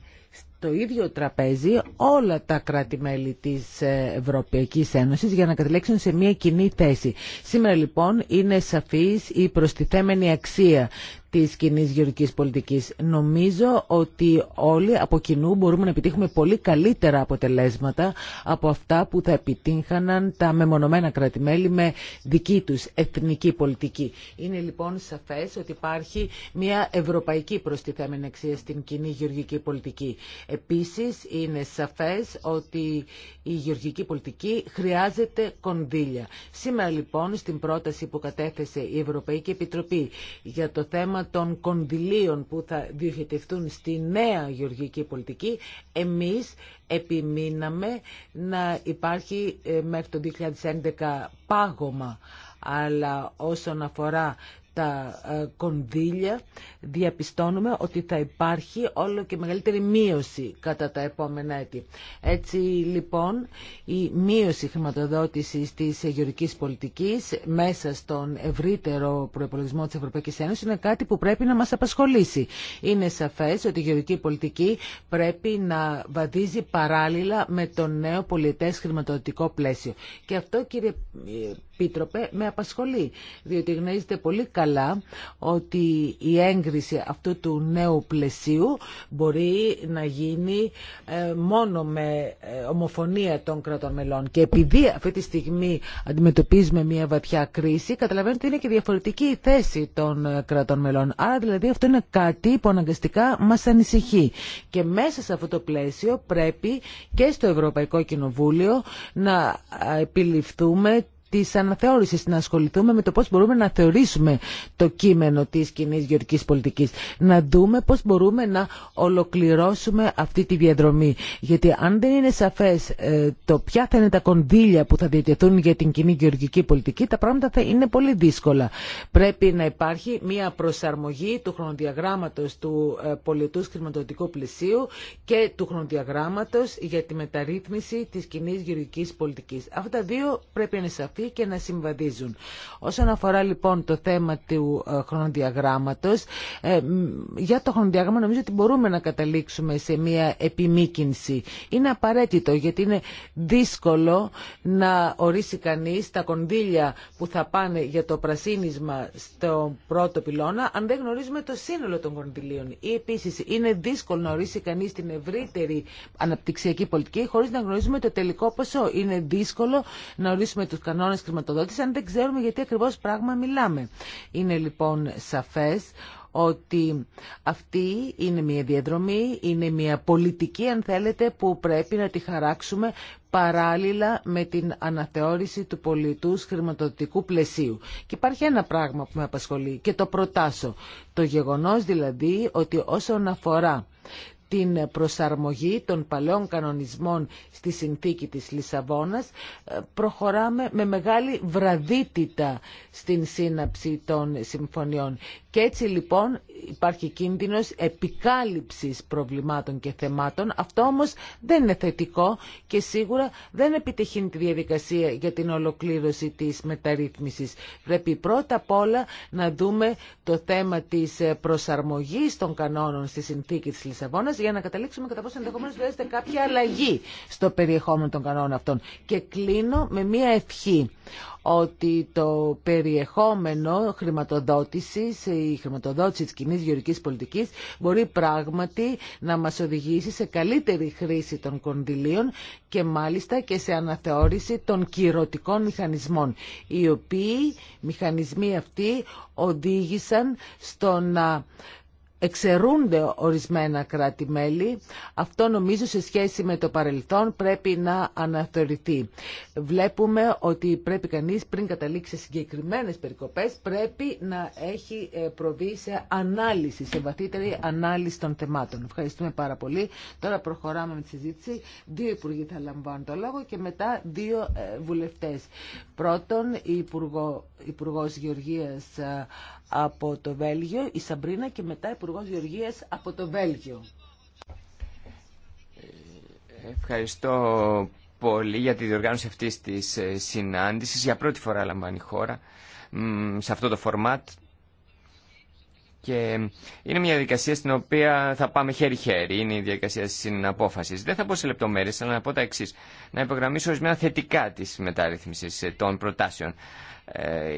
το ίδιο τραπέζι όλα τα κράτη-μέλη της ε, Ευρωπαϊκής Ένωσης για να καταλέξουν σε μια κοινή θέση. Σήμερα λοιπόν είναι σαφής η προστιθέμενη αξία της κοινή γεωργική πολιτικής. Νομίζω ότι όλοι από κοινού μπορούμε να επιτύχουμε πολύ καλύτερα αποτελέσματα από αυτά που θα επιτύχαναν τα μεμονωμένα κρατημέλη με δική τους εθνική πολιτική. Είναι λοιπόν σαφές ότι υπάρχει μια ευρωπαϊκή προστιθέμενη αξία στην κοινή γεωργική πολιτική. Επίσης είναι σαφές ότι η γεωργική πολιτική χρειάζεται κονδύλια. Σήμερα λοιπόν στην πρόταση που κατέθεσε η Ευρωπαϊκή Επιτροπή για το θέμα των κονδυλίων που θα διοχετευτούν στη νέα γεωργική πολιτική, εμείς επιμείναμε να υπάρχει ε, μέχρι το 2011 πάγωμα αλλά όσον αφορά τα ε, κονδύλια διαπιστώνουμε ότι θα υπάρχει όλο και μεγαλύτερη μείωση κατά τα επόμενα έτη. Έτσι λοιπόν η μείωση χρηματοδότησης της γεωργικής πολιτικής μέσα στον ευρύτερο προπολογισμό της Ευρωπαϊκής Ένωσης είναι κάτι που πρέπει να μας απασχολήσει. Είναι σαφές ότι η γεωργική πολιτική πρέπει να βαδίζει παράλληλα με το νέο πολιτές χρηματοδοτικό πλαίσιο. Και αυτό κύριε Επίτροπε, με απασχολεί, διότι γνωρίζετε πολύ καλά ότι η έγκριση αυτού του νέου πλαισίου μπορεί να γίνει ε, μόνο με ε, ομοφωνία των κρατών μελών. Και επειδή αυτή τη στιγμή αντιμετωπίζουμε μια βαθιά κρίση, καταλαβαίνετε ότι είναι και διαφορετική η θέση των ε, κρατών μελών. Άρα δηλαδή αυτό είναι κάτι που αναγκαστικά μας ανησυχεί. Και μέσα σε αυτό το πλαίσιο πρέπει και στο Ευρωπαϊκό Κοινοβούλιο να επιληφθούμε Τη αναθεώρηση, να ασχοληθούμε με το πώ μπορούμε να θεωρήσουμε το κείμενο τη κοινή γεωργικής πολιτική. Να δούμε πώ μπορούμε να ολοκληρώσουμε αυτή τη διαδρομή. Γιατί αν δεν είναι σαφές ε, το ποια θα είναι τα κονδύλια που θα διατεθούν για την κοινή γεωργική πολιτική, τα πράγματα θα είναι πολύ δύσκολα. Πρέπει να υπάρχει μια προσαρμογή του χρονοδιαγράμματος του ε, πολιτού χρηματοδοτικού πλαισίου και του χρονοδιαγράμματος για τη μεταρρύθμιση τη κοινή γεωργική πολιτική. Αυτά δύο πρέπει να είναι σαφές και να συμβαδίζουν. Όσον αφορά λοιπόν το θέμα του ε, χρονοδιαγράμματος, ε, για το χρονοδιάγραμμα νομίζω ότι μπορούμε να καταλήξουμε σε μια επιμήκυνση. Είναι απαραίτητο γιατί είναι δύσκολο να ορίσει κανείς τα κονδύλια που θα πάνε για το πρασίνισμα στο πρώτο πυλώνα αν δεν γνωρίζουμε το σύνολο των κονδυλίων. Ή επίσης είναι δύσκολο να ορίσει κανείς την ευρύτερη αναπτυξιακή πολιτική χωρίς να γνωρίζουμε το τελικό ποσό. Είναι δύσκολο να ορίσουμε τους αν δεν ξέρουμε γιατί ακριβώς πράγμα μιλάμε. Είναι λοιπόν σαφές ότι αυτή είναι μια διαδρομή, είναι μια πολιτική αν θέλετε που πρέπει να τη χαράξουμε παράλληλα με την αναθεώρηση του πολιτού χρηματοδοτικού πλαισίου. Και υπάρχει ένα πράγμα που με απασχολεί και το προτάσω. Το γεγονός δηλαδή ότι όσον αφορά την προσαρμογή των παλαιών κανονισμών στη συνθήκη της Λισαβόνας. Ε, προχωράμε με μεγάλη βραδύτητα στην σύναψη των συμφωνιών. Και έτσι λοιπόν υπάρχει κίνδυνος επικάλυψης προβλημάτων και θεμάτων. Αυτό όμως δεν είναι θετικό και σίγουρα δεν επιτυχεί τη διαδικασία για την ολοκλήρωση της μεταρρύθμισης. Πρέπει πρώτα απ' όλα να δούμε το θέμα της προσαρμογής των κανόνων στη συνθήκη της Λισαβόνας για να καταλήξουμε κατά πόσο ενδεχομένω χρειάζεται κάποια αλλαγή στο περιεχόμενο των κανόνων αυτών. Και κλείνω με μία ευχή ότι το περιεχόμενο χρηματοδότηση, η χρηματοδότηση τη κοινή γεωρικής πολιτικής μπορεί πράγματι να μας οδηγήσει σε καλύτερη χρήση των κονδυλίων και μάλιστα και σε αναθεώρηση των κυρωτικών μηχανισμών, οι οποίοι μηχανισμοί αυτοί οδήγησαν στο να εξαιρούνται ορισμένα κράτη-μέλη. Αυτό νομίζω σε σχέση με το παρελθόν πρέπει να αναθεωρηθεί. Βλέπουμε ότι πρέπει κανείς πριν καταλήξει σε συγκεκριμένες περικοπές πρέπει να έχει ε, προβεί σε ανάλυση, σε βαθύτερη ανάλυση των θεμάτων. Ευχαριστούμε πάρα πολύ. Τώρα προχωράμε με τη συζήτηση. Δύο υπουργοί θα λαμβάνουν το λόγο και μετά δύο ε, βουλευτές. Πρώτον, η Υπουργό, Υπουργός Γεωργίας ε, από το Βέλγιο, η Σαμπρίνα και μετά Υπουργό Γεωργία από το Βέλγιο. Ευχαριστώ πολύ για τη διοργάνωση αυτής της ε, συνάντησης. Για πρώτη φορά λαμβάνει η χώρα σε αυτό το φορμάτ και είναι μια διαδικασία στην οποία θα πάμε χέρι-χέρι. Είναι η διαδικασία τη συναπόφαση. Δεν θα πω σε λεπτομέρειε, αλλά να πω τα εξή. Να υπογραμμίσω ορισμένα θετικά τη μεταρρύθμιση ε, των προτάσεων. Ε,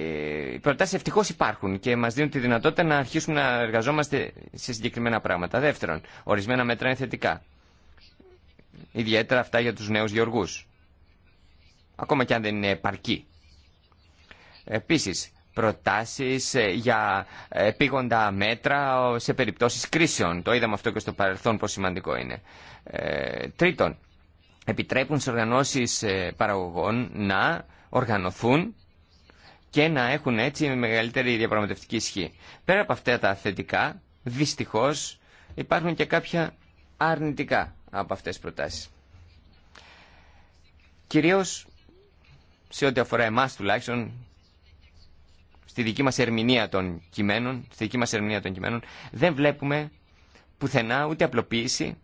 οι προτάσει ευτυχώ υπάρχουν και μα δίνουν τη δυνατότητα να αρχίσουμε να εργαζόμαστε σε συγκεκριμένα πράγματα. Δεύτερον, ορισμένα μέτρα είναι θετικά. Ιδιαίτερα αυτά για του νέου γεωργού. Ακόμα και αν δεν είναι επαρκή. Επίση, προτάσεις ε, για επίγοντα μέτρα σε περιπτώσεις κρίσεων. Το είδαμε αυτό και στο παρελθόν πόσο σημαντικό είναι. Ε, τρίτον, επιτρέπουν σε οργανώσεις ε, παραγωγών να οργανωθούν και να έχουν έτσι μεγαλύτερη διαπραγματευτική ισχύ. Πέρα από αυτά τα θετικά, δυστυχώς υπάρχουν και κάποια αρνητικά από αυτές τις προτάσεις. Κυρίως σε ό,τι αφορά εμάς τουλάχιστον στη δική μας ερμηνεία των κειμένων, στη δική μας ερμηνεία των κειμένων, δεν βλέπουμε πουθενά ούτε απλοποίηση,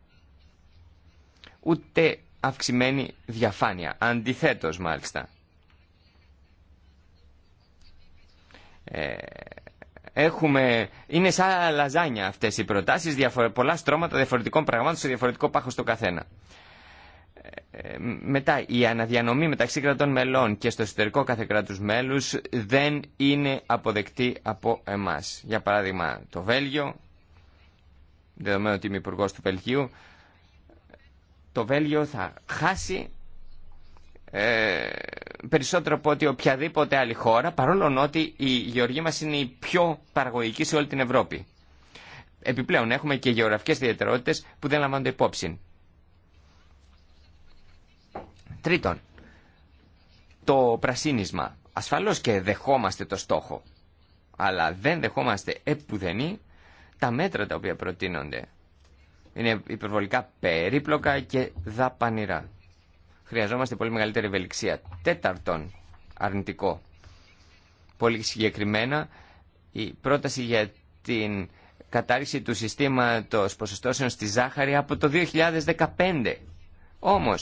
ούτε αυξημένη διαφάνεια. Αντιθέτως μάλιστα. Ε, έχουμε, είναι σαν λαζάνια αυτές οι προτάσεις, διαφορε, πολλά στρώματα διαφορετικών πραγμάτων σε διαφορετικό πάχος το καθένα μετά η αναδιανομή μεταξύ κρατών μελών και στο εσωτερικό κάθε κράτους μέλους δεν είναι αποδεκτή από εμάς. Για παράδειγμα το Βέλγιο, δεδομένου ότι είμαι υπουργό του Βελγίου, το Βέλγιο θα χάσει ε, περισσότερο από ότι οποιαδήποτε άλλη χώρα, παρόλο ότι η γεωργία μας είναι η πιο παραγωγική σε όλη την Ευρώπη. Επιπλέον έχουμε και γεωγραφικές ιδιαιτερότητες που δεν λαμβάνονται υπόψη. Τρίτον, το πρασίνισμα. Ασφαλώς και δεχόμαστε το στόχο, αλλά δεν δεχόμαστε επουδενή τα μέτρα τα οποία προτείνονται. Είναι υπερβολικά περίπλοκα και δαπανηρά. Χρειαζόμαστε πολύ μεγαλύτερη ευελιξία. Τέταρτον, αρνητικό. Πολύ συγκεκριμένα, η πρόταση για την κατάρριξη του συστήματος ποσοστώσεων στη ζάχαρη από το 2015. Όμω,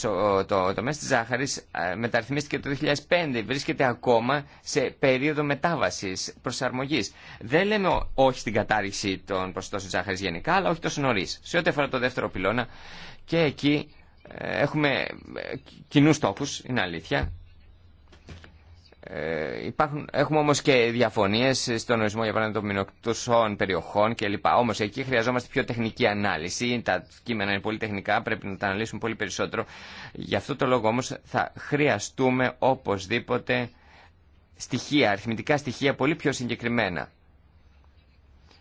το, το τη της ζάχαρης ε, μεταρρυθμίστηκε το 2005, βρίσκεται ακόμα σε περίοδο μετάβαση προσαρμογή. Δεν λέμε όχι στην κατάρριξη των ποσοστών ζάχαρης γενικά, αλλά όχι τόσο νωρί. Σε ό,τι αφορά το δεύτερο πυλώνα, και εκεί ε, έχουμε ε, κοινού στόχου, είναι αλήθεια. Ε, έχουμε όμως και διαφωνίες στον ορισμό για παράδειγμα των μηνοκτωσών περιοχών κλπ. Όμως εκεί χρειαζόμαστε πιο τεχνική ανάλυση. Τα κείμενα είναι πολύ τεχνικά, πρέπει να τα αναλύσουμε πολύ περισσότερο. Γι' αυτό το λόγο όμως θα χρειαστούμε οπωσδήποτε στοιχεία, αριθμητικά στοιχεία πολύ πιο συγκεκριμένα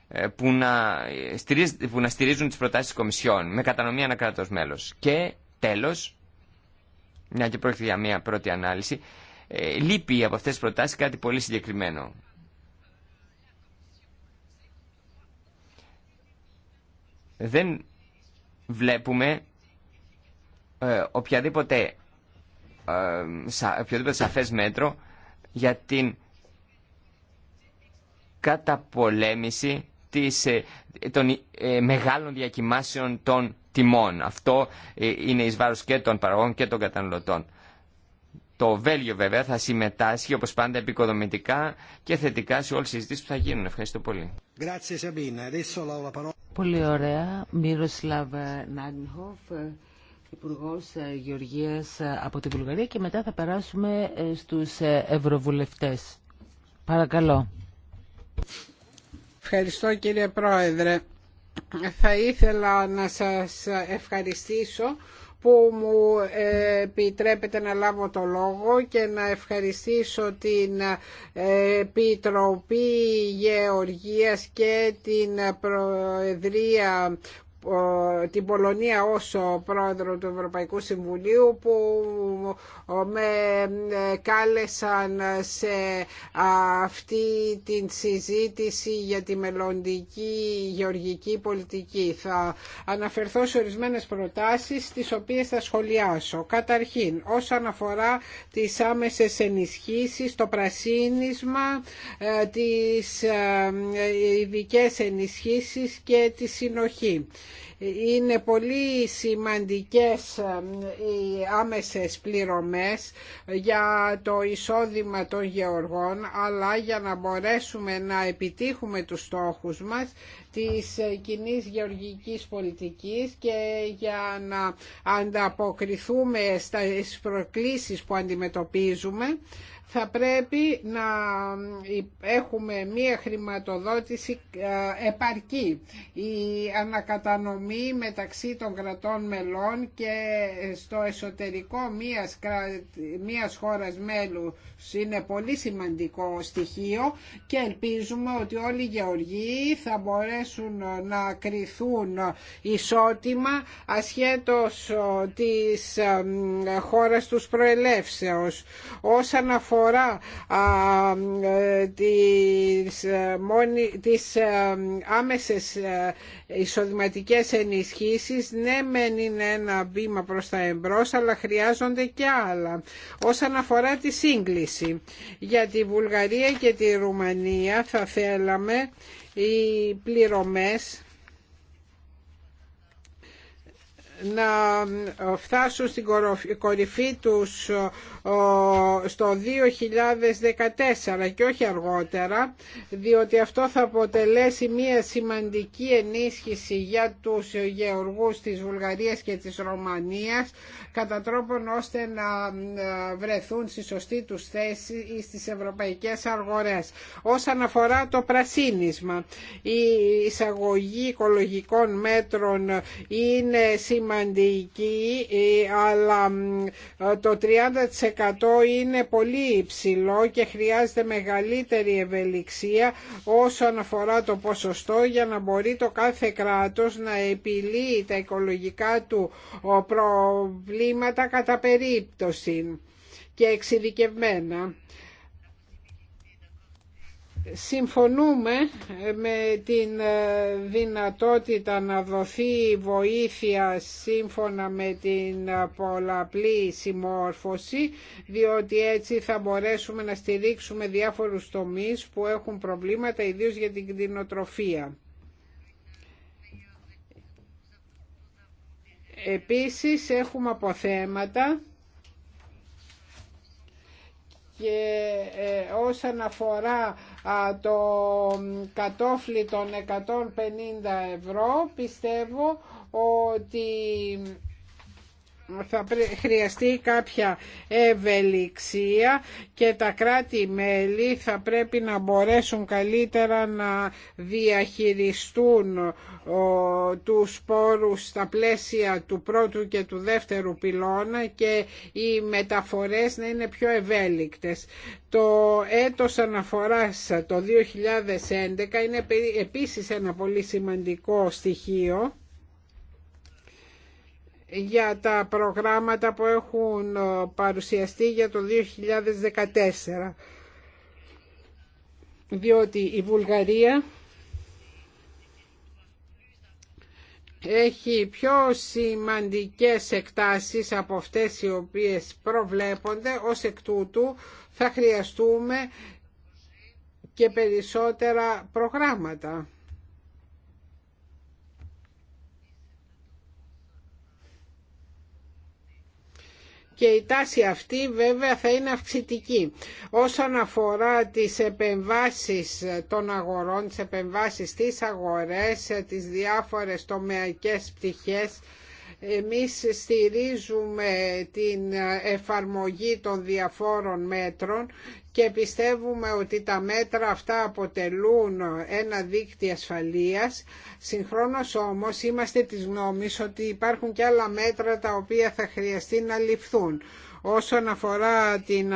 ε, που να, στηρίζουν, που να στηρίζουν τις προτάσεις της Κομισιόν με κατανομή ανακράτως μέλος. Και τέλος, μια και πρόκειται για μια πρώτη ανάλυση, ε, λείπει από αυτές τις προτάσεις κάτι πολύ συγκεκριμένο. Δεν βλέπουμε ε, οποιαδήποτε, ε, σα, οποιοδήποτε σαφές μέτρο για την καταπολέμηση της, ε, των ε, μεγάλων διακοιμάσεων των τιμών. Αυτό είναι εις βάρος και των παραγών και των καταναλωτών. Το Βέλγιο βέβαια θα συμμετάσχει όπως πάντα επικοδομητικά και θετικά σε όλες τις συζητήσεις που θα γίνουν. Ευχαριστώ πολύ. Πολύ ωραία. Μύροσλαβ Νάγκνχοφ, Υπουργό Γεωργίας από τη Βουλγαρία και μετά θα περάσουμε ε, στους ε, Ευρωβουλευτές. Παρακαλώ. Ευχαριστώ κύριε Πρόεδρε. Θα ήθελα να σας ευχαριστήσω που μου ε, επιτρέπετε να λάβω το λόγο και να ευχαριστήσω την ε, Επιτροπή Γεωργίας και την Προεδρία την Πολωνία όσο πρόεδρο του Ευρωπαϊκού Συμβουλίου που με ε, κάλεσαν σε αυτή την συζήτηση για τη μελλοντική γεωργική πολιτική. Θα αναφερθώ σε ορισμένες προτάσεις τις οποίες θα σχολιάσω. Καταρχήν, όσον αφορά τις άμεσες ενισχύσεις, το πρασίνισμα, ε, τις ε, ειδικέ ενισχύσεις και τη συνοχή. Είναι πολύ σημαντικές ε, οι άμεσες πληρωμές για το εισόδημα των γεωργών αλλά για να μπορέσουμε να επιτύχουμε τους στόχους μας της ε, κοινή γεωργικής πολιτικής και για να ανταποκριθούμε στις προκλήσεις που αντιμετωπίζουμε θα πρέπει να έχουμε μία χρηματοδότηση ε, επαρκή. Η ανακατανομή μεταξύ των κρατών μελών και στο εσωτερικό μίας, μίας χώρας μέλου είναι πολύ σημαντικό στοιχείο και ελπίζουμε ότι όλοι οι γεωργοί θα μπορέσουν να κριθούν ισότιμα ασχέτως ε, της ε, χώρας τους προελεύσεως. Όσον αφορά αφορά ε, τις, ε, τις ε, άμεσες εισοδηματικές ενισχύσεις ναι μεν είναι ένα βήμα προς τα εμπρός αλλά χρειάζονται και άλλα όσον αφορά τη σύγκληση για τη Βουλγαρία και τη Ρουμανία θα θέλαμε οι πληρωμές να φτάσουν στην κορυφή τους στο 2014 και όχι αργότερα διότι αυτό θα αποτελέσει μια σημαντική ενίσχυση για τους γεωργούς της Βουλγαρίας και της Ρωμανίας κατά τρόπον ώστε να ε, βρεθούν στη σωστή τους θέση στις ευρωπαϊκές αργορές. Όσον αφορά το πρασίνισμα, η εισαγωγή οικολογικών μέτρων είναι σημαντική ε, αλλά ε, το 30% είναι πολύ υψηλό και χρειάζεται μεγαλύτερη ευελιξία όσον αφορά το ποσοστό για να μπορεί το κάθε κράτος να επιλύει τα οικολογικά του προβλήματα κατά περίπτωση και εξειδικευμένα. Συμφωνούμε ε, με την ε, δυνατότητα να δοθεί βοήθεια σύμφωνα με την ε, πολλαπλή συμμόρφωση, διότι έτσι θα μπορέσουμε να στηρίξουμε διάφορους τομείς που έχουν προβλήματα, ιδίως για την κτηνοτροφία. Επίσης έχουμε αποθέματα και ε, όσον αφορά το κατόφλι των 150 ευρώ πιστεύω ότι θα χρειαστεί κάποια ευελιξία και τα κράτη-μέλη θα πρέπει να μπορέσουν καλύτερα να διαχειριστούν τους σπόρους στα πλαίσια του πρώτου και του δεύτερου πυλώνα και οι μεταφορές να είναι πιο ευέλικτες. Το έτος αναφοράς το 2011 είναι επίσης ένα πολύ σημαντικό στοιχείο για τα προγράμματα που έχουν ε, παρουσιαστεί για το 2014 διότι η Βουλγαρία έχει πιο σημαντικές εκτάσεις από αυτές οι οποίες προβλέπονται, ως εκ τούτου θα χρειαστούμε και περισσότερα προγράμματα. και η τάση αυτή βέβαια θα είναι αυξητική. Όσον αφορά τις επεμβάσεις των αγορών, τις επεμβάσεις στις αγορές, τις διάφορες τομεακές πτυχές, εμείς στηρίζουμε την εφαρμογή των διαφόρων μέτρων και πιστεύουμε ότι τα μέτρα αυτά αποτελούν ένα δίκτυο ασφαλείας. Συγχρόνως όμως είμαστε της γνώμης ότι υπάρχουν και άλλα μέτρα τα οποία θα χρειαστεί να ληφθούν όσον αφορά την,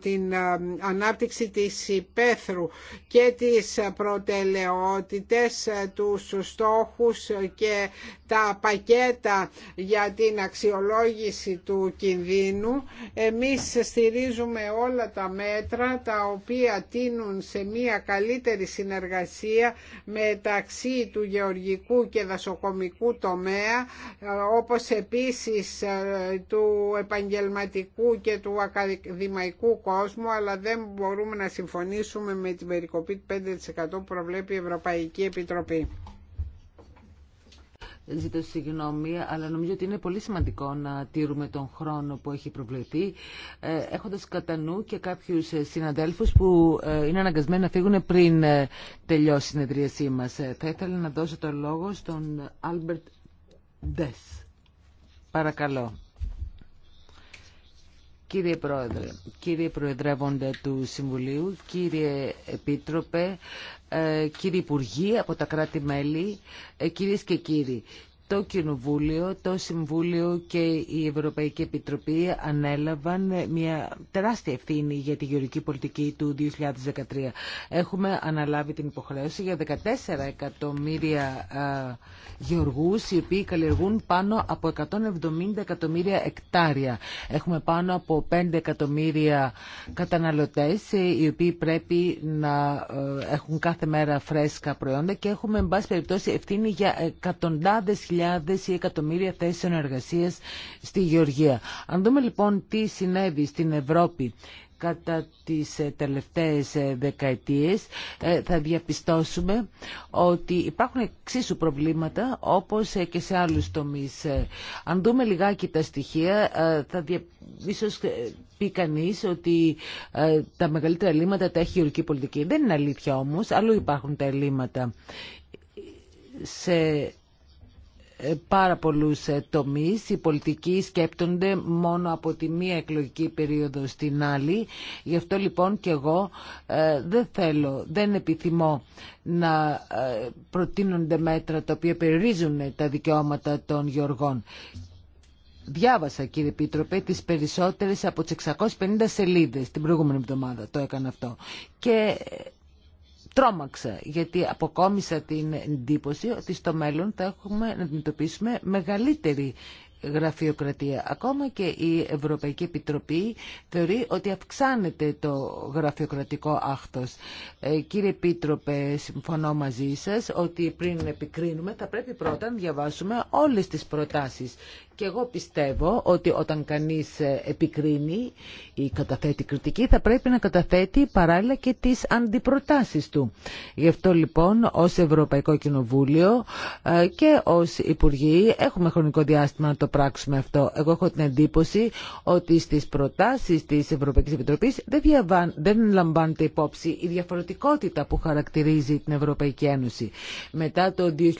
την ανάπτυξη της υπαίθρου και τις προτελεότητες, ε, του στόχους και τα πακέτα για την αξιολόγηση του κινδύνου. Εμείς στηρίζουμε όλα τα μέτρα τα οποία τίνουν σε μια καλύτερη συνεργασία μεταξύ του γεωργικού και δασοκομικού τομέα, ε, όπως επίσης ε, του επαγγελματικού επαγγελματικού και του ακαδημαϊκού κόσμου, αλλά δεν μπορούμε να συμφωνήσουμε με την περικοπή 5% που προβλέπει η Ευρωπαϊκή Επιτροπή. Ζητώ συγγνώμη, αλλά νομίζω ότι είναι πολύ σημαντικό να τήρουμε τον χρόνο που έχει προβλεπτεί ε, έχοντας κατά νου και κάποιους ε, συναδέλφους που ε, είναι αναγκασμένοι να φύγουν πριν τελειώσει η συνεδρίασή μας. Θα ήθελα να δώσω το λόγο στον Άλμπερτ Ντες. Παρακαλώ. Κύριε Πρόεδρε, κύριε Προεδρεύοντα του Συμβουλίου, κύριε Επίτροπε, κυρίε Υπουργοί από τα κράτη-μέλη, ε, κυρίες και κύριοι το Κοινοβούλιο, το Συμβούλιο και η Ευρωπαϊκή Επιτροπή ανέλαβαν μια τεράστια ευθύνη για τη γεωργική πολιτική του 2013. Έχουμε αναλάβει την υποχρέωση για 14 εκατομμύρια γεωργούς οι οποίοι καλλιεργούν πάνω από 170 εκατομμύρια εκτάρια. Έχουμε πάνω από 5 εκατομμύρια καταναλωτές οι οποίοι πρέπει να ε, έχουν κάθε μέρα φρέσκα προϊόντα και έχουμε εν πάση περιπτώσει ευθύνη για εκατοντάδες χιλιάδες ή εκατομμύρια θέσεων εργασίας στη Γεωργία. Αν δούμε λοιπόν τι συνέβη στην Ευρώπη κατά τις ε, τελευταίες ε, δεκαετίες ε, θα διαπιστώσουμε ότι υπάρχουν εξίσου προβλήματα όπως και σε άλλους τομείς. Αν δούμε λιγάκι τα στοιχεία θα δια... ίσως πει κανεί ότι τα μεγαλύτερα ελλείμματα τα έχει η ορική πολιτική. Δεν είναι αλήθεια όμως, αλλού υπάρχουν τα ελλείμματα. Σε ε, πάρα πολλούς ε, τομείς. Οι πολιτικοί σκέπτονται μόνο από τη μία εκλογική περίοδο στην άλλη. Γι' αυτό λοιπόν και εγώ ε, δεν θέλω, δεν επιθυμώ να προτείνονται μέτρα τα οποία περιορίζουν τα δικαιώματα των γεωργών. Διάβασα κύριε Επίτροπε τις περισσότερες από τις 650 σελίδες την προηγούμενη εβδομάδα το έκανα αυτό και τρόμαξα γιατί αποκόμισα την εντύπωση ότι στο μέλλον θα έχουμε να αντιμετωπίσουμε μεγαλύτερη γραφειοκρατία. Ακόμα και η Ευρωπαϊκή Επιτροπή θεωρεί ότι αυξάνεται το γραφειοκρατικό άκτος. Ε, κύριε Επίτροπε, συμφωνώ μαζί σας ότι πριν επικρίνουμε θα πρέπει πρώτα να διαβάσουμε όλες τις προτάσεις. Και εγώ πιστεύω ότι όταν κανείς ε, επικρίνει ή καταθέτει κριτική θα πρέπει να καταθέτει παράλληλα και τις αντιπροτάσεις του. Γι' αυτό λοιπόν ως Ευρωπαϊκό Κοινοβούλιο ε, και ως Υπουργοί έχουμε χρονικό διάστημα πράξουμε αυτό. Εγώ έχω την εντύπωση ότι στις προτάσεις τη Ευρωπαϊκή Επιτροπή δεν, διαβάν, δεν λαμβάνεται υπόψη η διαφορετικότητα που χαρακτηρίζει την Ευρωπαϊκή Ένωση. Μετά το 2013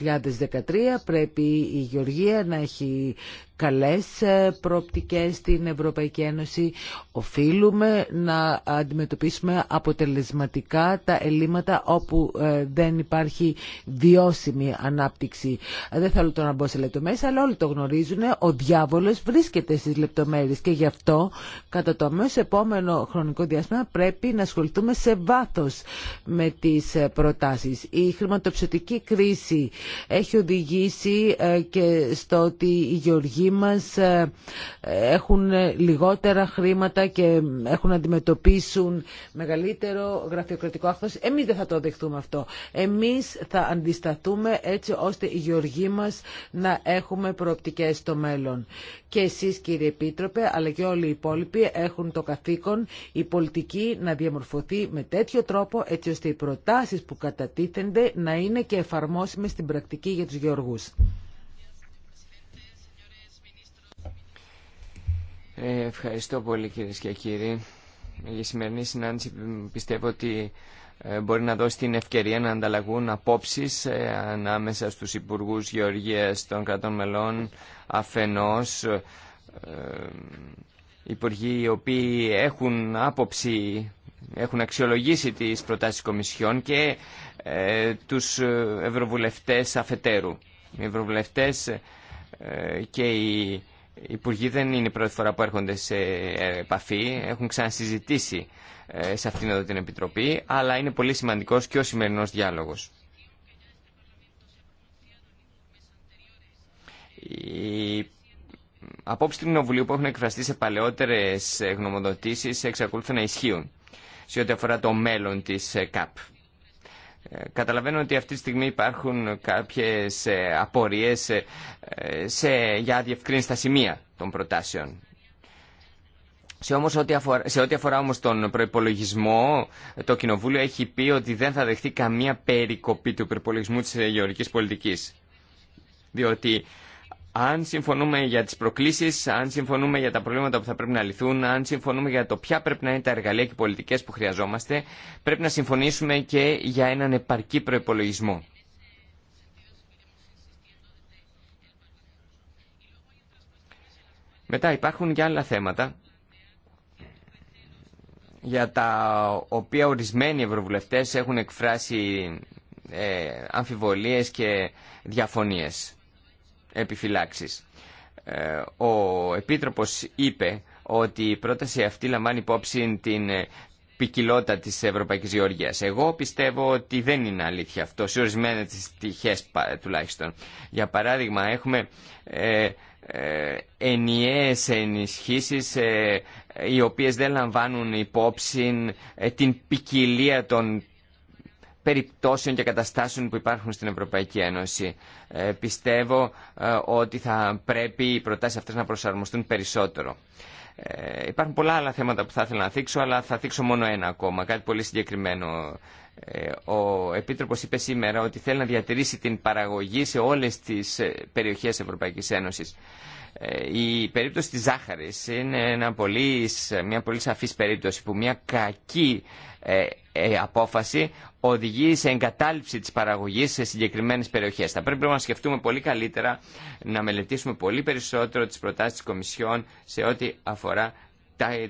πρέπει η Γεωργία να έχει καλές ε, προοπτικές στην Ευρωπαϊκή Ένωση. Οφείλουμε να αντιμετωπίσουμε αποτελεσματικά τα ελλείμματα όπου ε, δεν υπάρχει βιώσιμη ανάπτυξη. Δεν θέλω το να μπω σε λεπτομέρειες, αλλά όλοι το γνωρίζουν. Ο διάβολος βρίσκεται στις λεπτομέρειες και γι' αυτό κατά το αμέσως επόμενο χρονικό διάστημα πρέπει να ασχοληθούμε σε βάθος με τις ε, προτάσεις. Η χρηματοψηφιακή κρίση έχει οδηγήσει και στο ότι η γεωργία δικοί μας ε, έχουν λιγότερα χρήματα και έχουν αντιμετωπίσουν μεγαλύτερο γραφειοκρατικό άχθος. Εμείς δεν θα το δεχτούμε αυτό. Εμείς θα αντισταθούμε έτσι ώστε οι γεωργοί μας να έχουμε προοπτικές στο μέλλον. Και εσείς κύριε Επίτροπε αλλά και όλοι οι υπόλοιποι έχουν το καθήκον η πολιτική να διαμορφωθεί με τέτοιο τρόπο έτσι ώστε οι προτάσεις που κατατίθενται να είναι και εφαρμόσιμες στην πρακτική για τους γεωργούς. Ε, ευχαριστώ πολύ κύριε και κύριοι. Η σημερινή συνάντηση πιστεύω ότι ε, μπορεί να δώσει την ευκαιρία να ανταλλαγούν απόψεις ε, ανάμεσα στους Υπουργούς Γεωργίας των κρατών μελών αφενός υπουργοί οι οποίοι έχουν άποψη, έχουν αξιολογήσει τις προτάσεις Κομισιών και τους ευρωβουλευτές αφετέρου. Οι ευρωβουλευτές και οι οι υπουργοί δεν είναι η πρώτη φορά που έρχονται σε επαφή, έχουν ξανασυζητήσει ε, σε αυτήν εδώ την Επιτροπή, αλλά είναι πολύ σημαντικός και ο σημερινός διάλογος. Οι απόψεις του Κοινοβουλίου που έχουν εκφραστεί σε παλαιότερες γνωμοδοτήσεις εξακολουθούν να ισχύουν σε ό,τι αφορά το μέλλον της ΚΑΠ. Καταλαβαίνω ότι αυτή τη στιγμή υπάρχουν κάποιες ε, απορίες ε, σε, για διευκρίνηση στα σημεία των προτάσεων. Σε, ό,τι αφορά, σε όμως τον προϋπολογισμό, το Κοινοβούλιο έχει πει ότι δεν θα δεχτεί καμία περικοπή του προϋπολογισμού της γεωρικής πολιτικής. Διότι αν συμφωνούμε για τις προκλήσεις, αν συμφωνούμε για τα προβλήματα που θα πρέπει να λυθούν, αν συμφωνούμε για το ποια πρέπει να είναι τα εργαλεία και οι πολιτικές που χρειαζόμαστε, πρέπει να συμφωνήσουμε και για έναν επαρκή προπολογισμό. Μετά υπάρχουν και άλλα θέματα για τα οποία ορισμένοι ευρωβουλευτές έχουν εκφράσει ε, αμφιβολίες και διαφωνίες επιφυλάξεις. Ε, ο Επίτροπος είπε ότι η πρόταση αυτή λαμβάνει υπόψη την ε, ποικιλότητα της Ευρωπαϊκής Γεωργίας. Εγώ πιστεύω ότι δεν είναι αλήθεια αυτό, σε ορισμένε τυχές τουλάχιστον. Για παράδειγμα, έχουμε ε, ε, ενιαίες ενισχύσεις ε, οι οποίες δεν λαμβάνουν υπόψη την ποικιλία των περιπτώσεων και καταστάσεων που υπάρχουν στην Ευρωπαϊκή Ένωση. Ε, πιστεύω ε, ότι θα πρέπει οι προτάσεις αυτές να προσαρμοστούν περισσότερο. Ε, υπάρχουν πολλά άλλα θέματα που θα ήθελα να θίξω, αλλά θα θίξω μόνο ένα ακόμα, κάτι πολύ συγκεκριμένο. Ο Επίτροπος είπε σήμερα ότι θέλει να διατηρήσει την παραγωγή σε όλες τις περιοχές Ευρωπαϊκής Ένωσης. Ε, η περίπτωση της ζάχαρης είναι μια πολύ σαφής περίπτωση που μια κακή ε, ε, απόφαση οδηγεί σε εγκατάλειψη της παραγωγής σε συγκεκριμένες περιοχές. Θα πρέπει να σκεφτούμε πολύ καλύτερα, να μελετήσουμε πολύ περισσότερο τις προτάσεις της Κομισιόν σε ό,τι αφορά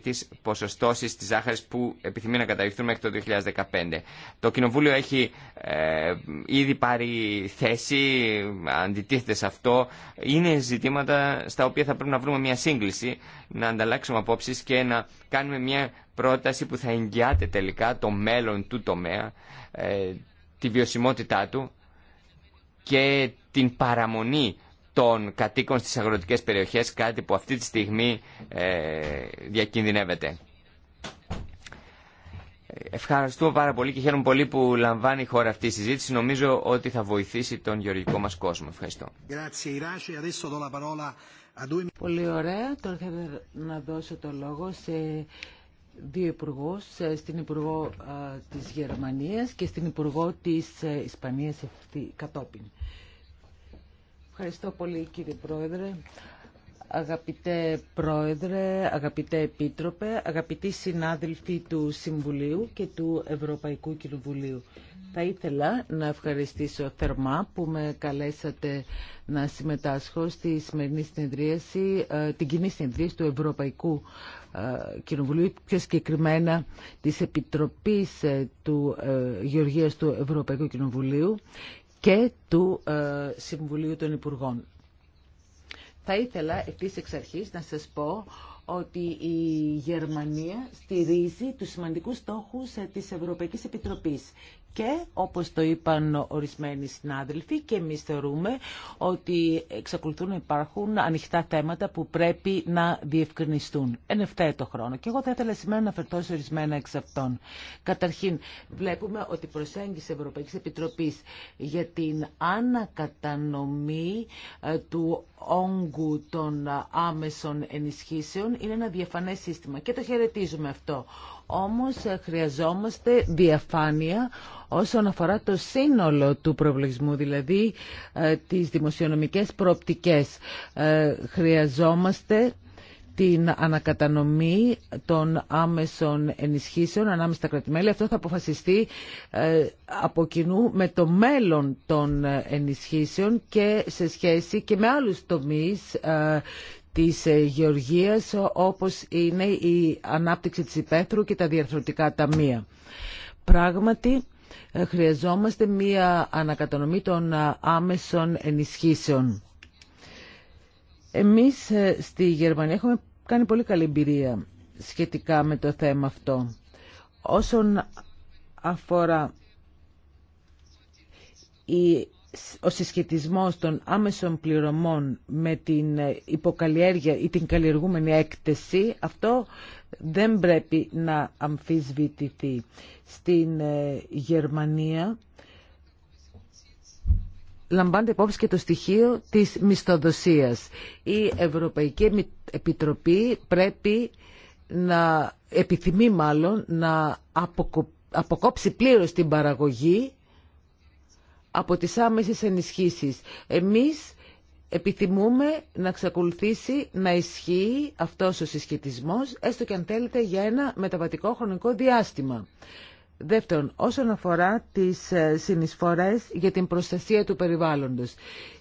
τι ποσοστώσεις της ζάχαρης που επιθυμεί να καταληφθούν μέχρι το 2015. Το Κοινοβούλιο έχει ε, ήδη πάρει θέση, αντιτίθεται σε αυτό. Είναι ζητήματα στα οποία θα πρέπει να βρούμε μια σύγκληση, να ανταλλάξουμε απόψεις και να κάνουμε μια πρόταση που θα εγγυάται τελικά το μέλλον του τομέα, ε, τη βιωσιμότητά του και την παραμονή των κατοίκων στις αγροτικές περιοχές, κάτι που αυτή τη στιγμή ε, διακινδυνεύεται. Ευχαριστούμε πάρα πολύ και χαίρομαι πολύ που λαμβάνει η χώρα αυτή η συζήτηση. Νομίζω ότι θα βοηθήσει τον γεωργικό μας κόσμο. Ευχαριστώ. Πολύ ωραία. Τώρα θα να δώσω το λόγο σε δύο υπουργού, ε, στην Υπουργό ε, της Γερμανίας και στην Υπουργό της Ισπανίας κατόπιν. Ευχαριστώ πολύ κύριε Πρόεδρε. Αγαπητέ Πρόεδρε, αγαπητέ Επίτροπε, αγαπητοί συνάδελφοι του Συμβουλίου και του Ευρωπαϊκού Κοινοβουλίου. Θα ήθελα να ευχαριστήσω θερμά που με καλέσατε να συμμετάσχω στη σημερινή συνεδρίαση, ε, την κοινή συνεδρίαση του Ευρωπαϊκού ε, Κοινοβουλίου, πιο συγκεκριμένα της Επιτροπής ε, του Γεωργίας του Ευρωπαϊκού Κοινοβουλίου και του ε, Συμβουλίου των Υπουργών. Θα ήθελα επίσης εξ αρχής να σας πω ότι η Γερμανία στηρίζει τους σημαντικούς στόχους ε, της Ευρωπαϊκής Επιτροπής και όπως το είπαν ορισμένοι συνάδελφοι και εμείς θεωρούμε ότι εξακολουθούν να υπάρχουν ανοιχτά θέματα που πρέπει να διευκρινιστούν. Εν ευθέτω χρόνο. Και εγώ θα ήθελα σήμερα να αφαιρθώ σε ορισμένα εξ αυτών. Καταρχήν βλέπουμε ότι η προσέγγιση Ευρωπαϊκής Επιτροπής για την ανακατανομή ε, του όγκου των άμεσων ενισχύσεων είναι ένα διαφανές σύστημα και το χαιρετίζουμε αυτό. Όμως ε, χρειαζόμαστε διαφάνεια όσον αφορά το σύνολο του προβλησμού, δηλαδή ε, τις δημοσιονομικές προοπτικές. Ε, χρειαζόμαστε την ανακατανομή των άμεσων ενισχύσεων ανάμεσα στα κρατημέλη. Αυτό θα αποφασιστεί από κοινού με το μέλλον των ενισχύσεων και σε σχέση και με άλλους τομείς της ε, γεωργίας όπως είναι η ανάπτυξη της υπαίθρου και τα διαρθρωτικά ταμεία. Πράγματι, ε, χρειαζόμαστε μία ανακατανομή των ε, άμεσων ενισχύσεων. Εμείς στη Γερμανία έχουμε κάνει πολύ καλή εμπειρία σχετικά με το θέμα αυτό. Όσον αφορά η ο συσχετισμός των άμεσων πληρωμών με την ε, υποκαλλιέργεια ή την καλλιεργούμενη έκτεση, αυτό δεν πρέπει να αμφισβητηθεί. Στην ε, Γερμανία λαμβάνεται υπόψη και το στοιχείο της μισθοδοσίας. Η Ευρωπαϊκή Επιτροπή πρέπει να επιθυμεί μάλλον να αποκόψει πλήρως την παραγωγή από τις άμεσες ενισχύσεις. Εμείς επιθυμούμε να ξεκολουθήσει να ισχύει αυτός ο συσχετισμός, έστω και αν θέλετε για ένα μεταβατικό χρονικό διάστημα. Δεύτερον, όσον αφορά τις ε, συνεισφορές για την προστασία του περιβάλλοντος.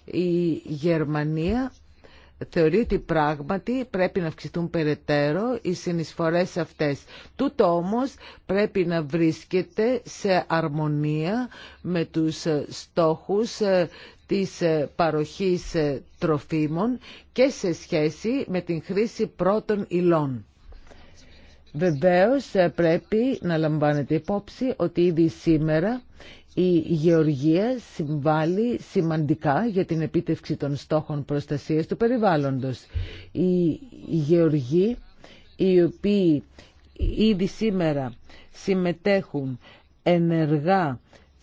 Η Γερμανία θεωρεί ότι πράγματι πρέπει να αυξηθούν περαιτέρω οι συνεισφορές αυτές. Τούτο όμως πρέπει να βρίσκεται σε αρμονία με τους στόχους ε, της ε, παροχής ε, τροφίμων και σε σχέση με την χρήση πρώτων υλών. Βεβαίως πρέπει να λαμβάνετε υπόψη ότι ήδη σήμερα η γεωργία συμβάλλει σημαντικά για την επίτευξη των στόχων προστασίας του περιβάλλοντος. Οι γεωργοί οι οποίοι ήδη σήμερα συμμετέχουν ενεργά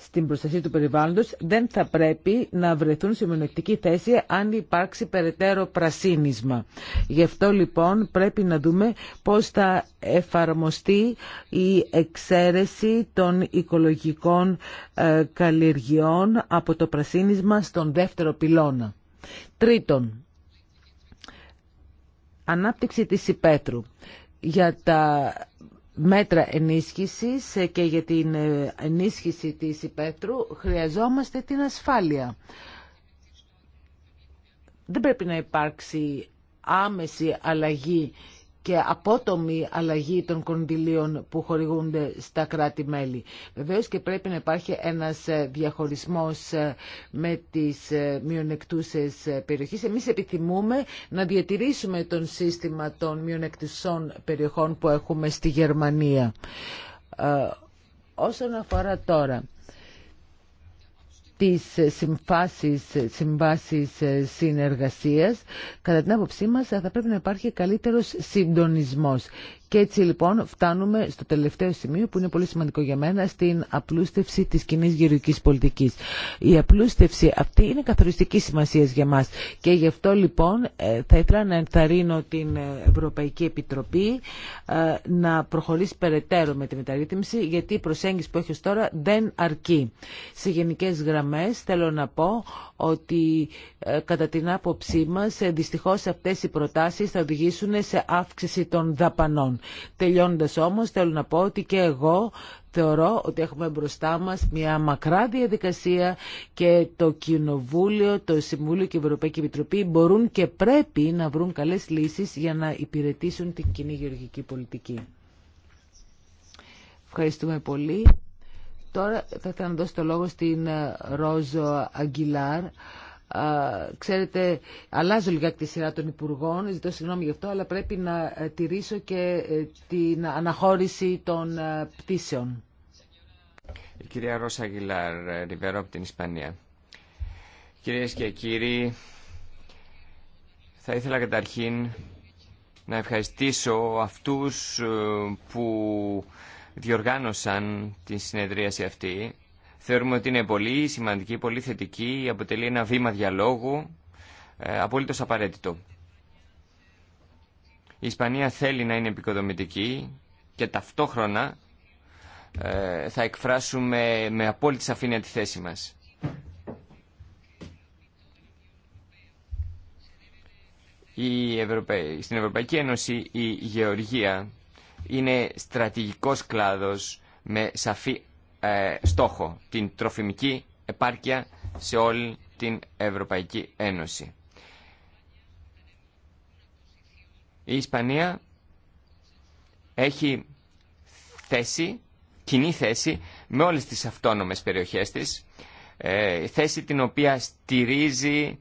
στην προστασία του περιβάλλοντος δεν θα πρέπει να βρεθούν σε μειονεκτική θέση αν υπάρξει περαιτέρω πρασίνισμα. Γι' αυτό λοιπόν πρέπει να δούμε πώς θα εφαρμοστεί η εξαίρεση των οικολογικών ε, καλλιεργιών από το πρασίνισμα στον δεύτερο πυλώνα. Τρίτον, ανάπτυξη της υπέτρου για τα μέτρα ενίσχυσης και για την ενίσχυση της υπέτρου χρειαζόμαστε την ασφάλεια. Δεν πρέπει να υπάρξει άμεση αλλαγή και απότομη αλλαγή των κονδυλίων που χορηγούνται στα κράτη-μέλη. Βεβαίως και πρέπει να υπάρχει ένας ε, διαχωρισμός ε, με τις ε, μειονεκτούσες περιοχές. Εμείς επιθυμούμε να διατηρήσουμε τον σύστημα των μειονεκτουσών περιοχών που έχουμε στη Γερμανία. Όσον αφορά τώρα τις ε, συμφάσεις, ε, συμβάσεις ε, συνεργασίας, κατά την άποψή μας θα πρέπει να υπάρχει καλύτερος συντονισμός και έτσι λοιπόν φτάνουμε στο τελευταίο σημείο που είναι πολύ σημαντικό για μένα, στην απλούστευση της κοινή γεωργικής πολιτικής. Η απλούστευση αυτή είναι καθοριστική σημασία για μας και γι' αυτό λοιπόν ε, θα ήθελα να ενθαρρύνω την Ευρωπαϊκή Επιτροπή ε, να προχωρήσει περαιτέρω με τη μεταρρύθμιση γιατί η προσέγγιση που έχει τώρα δεν αρκεί. Σε γενικές γραμμές θέλω να πω ότι ε, κατά την άποψή μας δυστυχώς αυτές οι προτάσεις θα οδηγήσουν σε αύξηση των δαπανών. Τελειώνοντας όμως θέλω να πω ότι και εγώ θεωρώ ότι έχουμε μπροστά μας μια μακρά διαδικασία και το Κοινοβούλιο, το Συμβούλιο και η Ευρωπαϊκή Επιτροπή μπορούν και πρέπει να βρουν καλές λύσεις για να υπηρετήσουν την κοινή γεωργική πολιτική. Ευχαριστούμε πολύ. Τώρα θα ήθελα να δώσω το λόγο στην ε, Ρόζο Αγγιλάρ ξέρετε, αλλάζω λιγάκι τη σειρά των Υπουργών, ζητώ συγγνώμη γι' αυτό, αλλά πρέπει να ε, τηρήσω και ε, την αναχώρηση των ε, πτήσεων. Η κυρία Ρώσα Αγγιλάρ, Ριβέρο από την Ισπανία. Κυρίες και κύριοι, θα ήθελα καταρχήν να ευχαριστήσω αυτούς που διοργάνωσαν την συνεδρίαση αυτή Θεωρούμε ότι είναι πολύ σημαντική, πολύ θετική, αποτελεί ένα βήμα διαλόγου, ε, απολύτως απαραίτητο. Η Ισπανία θέλει να είναι επικοδομητική και ταυτόχρονα ε, θα εκφράσουμε με απόλυτη σαφήνεια τη θέση μας. Η Στην Ευρωπαϊκή Ένωση η γεωργία είναι στρατηγικός κλάδος με σαφή ε, στόχο την τροφιμική επάρκεια σε όλη την Ευρωπαϊκή Ένωση. Η Ισπανία έχει θέση, κοινή θέση με όλες τις αυτόνομες περιοχές της, ε, θέση την οποία στηρίζει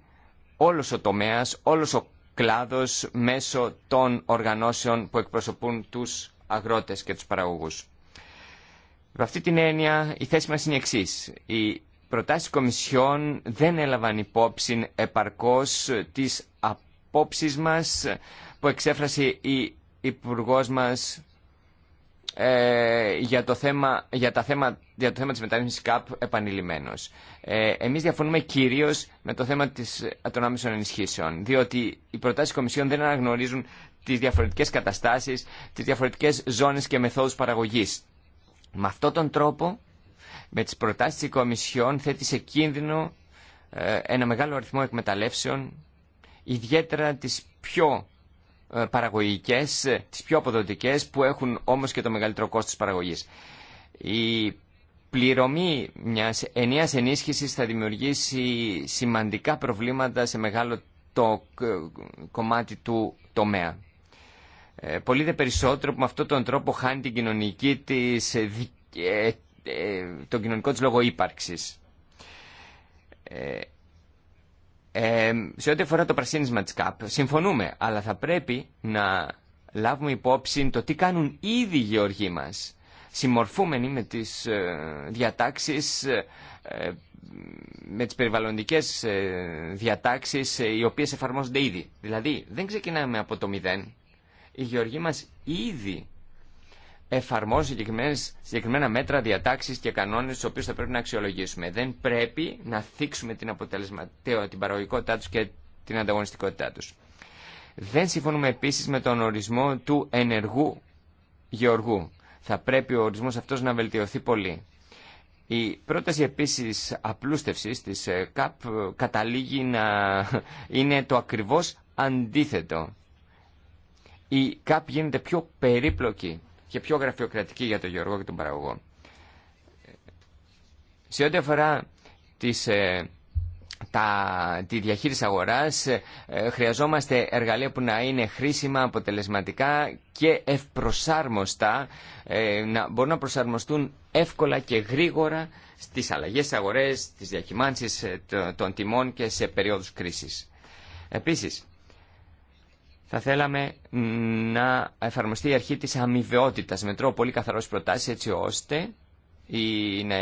όλος ο τομέας, όλος ο κλάδος μέσω των οργανώσεων που εκπροσωπούν τους αγρότες και τους παραγωγούς. Με αυτή την έννοια η θέση μας είναι η Οι προτάσεις Κομισιόν δεν έλαβαν υπόψη επαρκώς τις απόψεις μας που εξέφρασε η υπουργό μας ε, για, το θέμα, για, τα θέμα, για το θέμα της μεταρρύθμισης ΚΑΠ επανειλημμένος. Ε, εμείς διαφωνούμε κυρίως με το θέμα της, των άμεσων ενισχύσεων, διότι οι προτάσεις Κομισιόν δεν αναγνωρίζουν τις διαφορετικές καταστάσεις, τις διαφορετικές ζώνες και μεθόδους παραγωγής με αυτόν τον τρόπο, με τις προτάσεις της Κομισιόν, θέτει σε κίνδυνο ε, ένα μεγάλο αριθμό εκμεταλλεύσεων, ιδιαίτερα τις πιο ε, παραγωγικές, ε, τις πιο αποδοτικές, που έχουν όμως και το μεγαλύτερο κόστος παραγωγής. Η πληρωμή μιας ενίας ενίσχυσης θα δημιουργήσει σημαντικά προβλήματα σε μεγάλο το κομμάτι του τομέα. Ε, πολύ δε περισσότερο που με αυτόν τον τρόπο χάνει την κοινωνική της, ε, ε, τον κοινωνικό της λόγο ύπαρξης. Ε, σε ό,τι αφορά το πρασίνισμα της ΚΑΠ, συμφωνούμε, αλλά θα πρέπει να λάβουμε υπόψη το τι κάνουν ήδη οι γεωργοί μας, συμμορφούμενοι με τις διατάξεις, με τις περιβαλλοντικές διατάξεις οι οποίες εφαρμόζονται ήδη. Δηλαδή, δεν ξεκινάμε από το μηδέν, η γεωργή μας ήδη εφαρμόζει συγκεκριμένα μέτρα, διατάξεις και κανόνες στους οποίους θα πρέπει να αξιολογήσουμε. Δεν πρέπει να θίξουμε την την παραγωγικότητά τους και την ανταγωνιστικότητά τους. Δεν συμφωνούμε επίσης με τον ορισμό του ενεργού γεωργού. Θα πρέπει ο ορισμός αυτός να βελτιωθεί πολύ. Η πρόταση επίσης απλούστευσης της ε, ΚΑΠ ε, καταλήγει να είναι το ακριβώς αντίθετο η ΚΑΠ γίνεται πιο περίπλοκη και πιο γραφειοκρατική για τον Γεωργό και τον παραγωγό. Σε ό,τι αφορά τις, ε, τη διαχείριση αγοράς, ε, χρειαζόμαστε εργαλεία που να είναι χρήσιμα, αποτελεσματικά και ευπροσάρμοστα, ε, να μπορούν να προσαρμοστούν εύκολα και γρήγορα στις αλλαγές στις αγορές, στις διακυμάνσεις των τιμών και σε περίοδους κρίσης. Επίσης, θα θέλαμε να εφαρμοστεί η αρχή της αμοιβαιότητα με τρόπο πολύ καθαρός προτάσεις έτσι ώστε να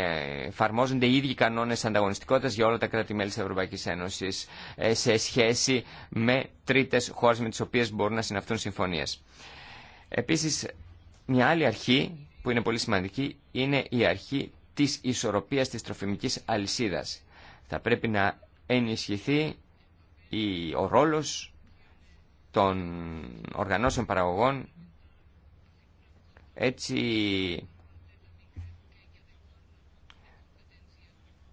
εφαρμόζονται οι ίδιοι κανόνες ανταγωνιστικότητας για όλα τα κράτη-μέλη της Ευρωπαϊκής Ένωσης ε, σε σχέση με τρίτες χώρες με τις οποίες μπορούν να συναυτούν συμφωνίες. Επίσης, μια άλλη αρχή που είναι πολύ σημαντική είναι η αρχή της ισορροπίας της τροφιμικής αλυσίδας. Θα πρέπει να ενισχυθεί ο ρόλος των οργανώσεων παραγωγών έτσι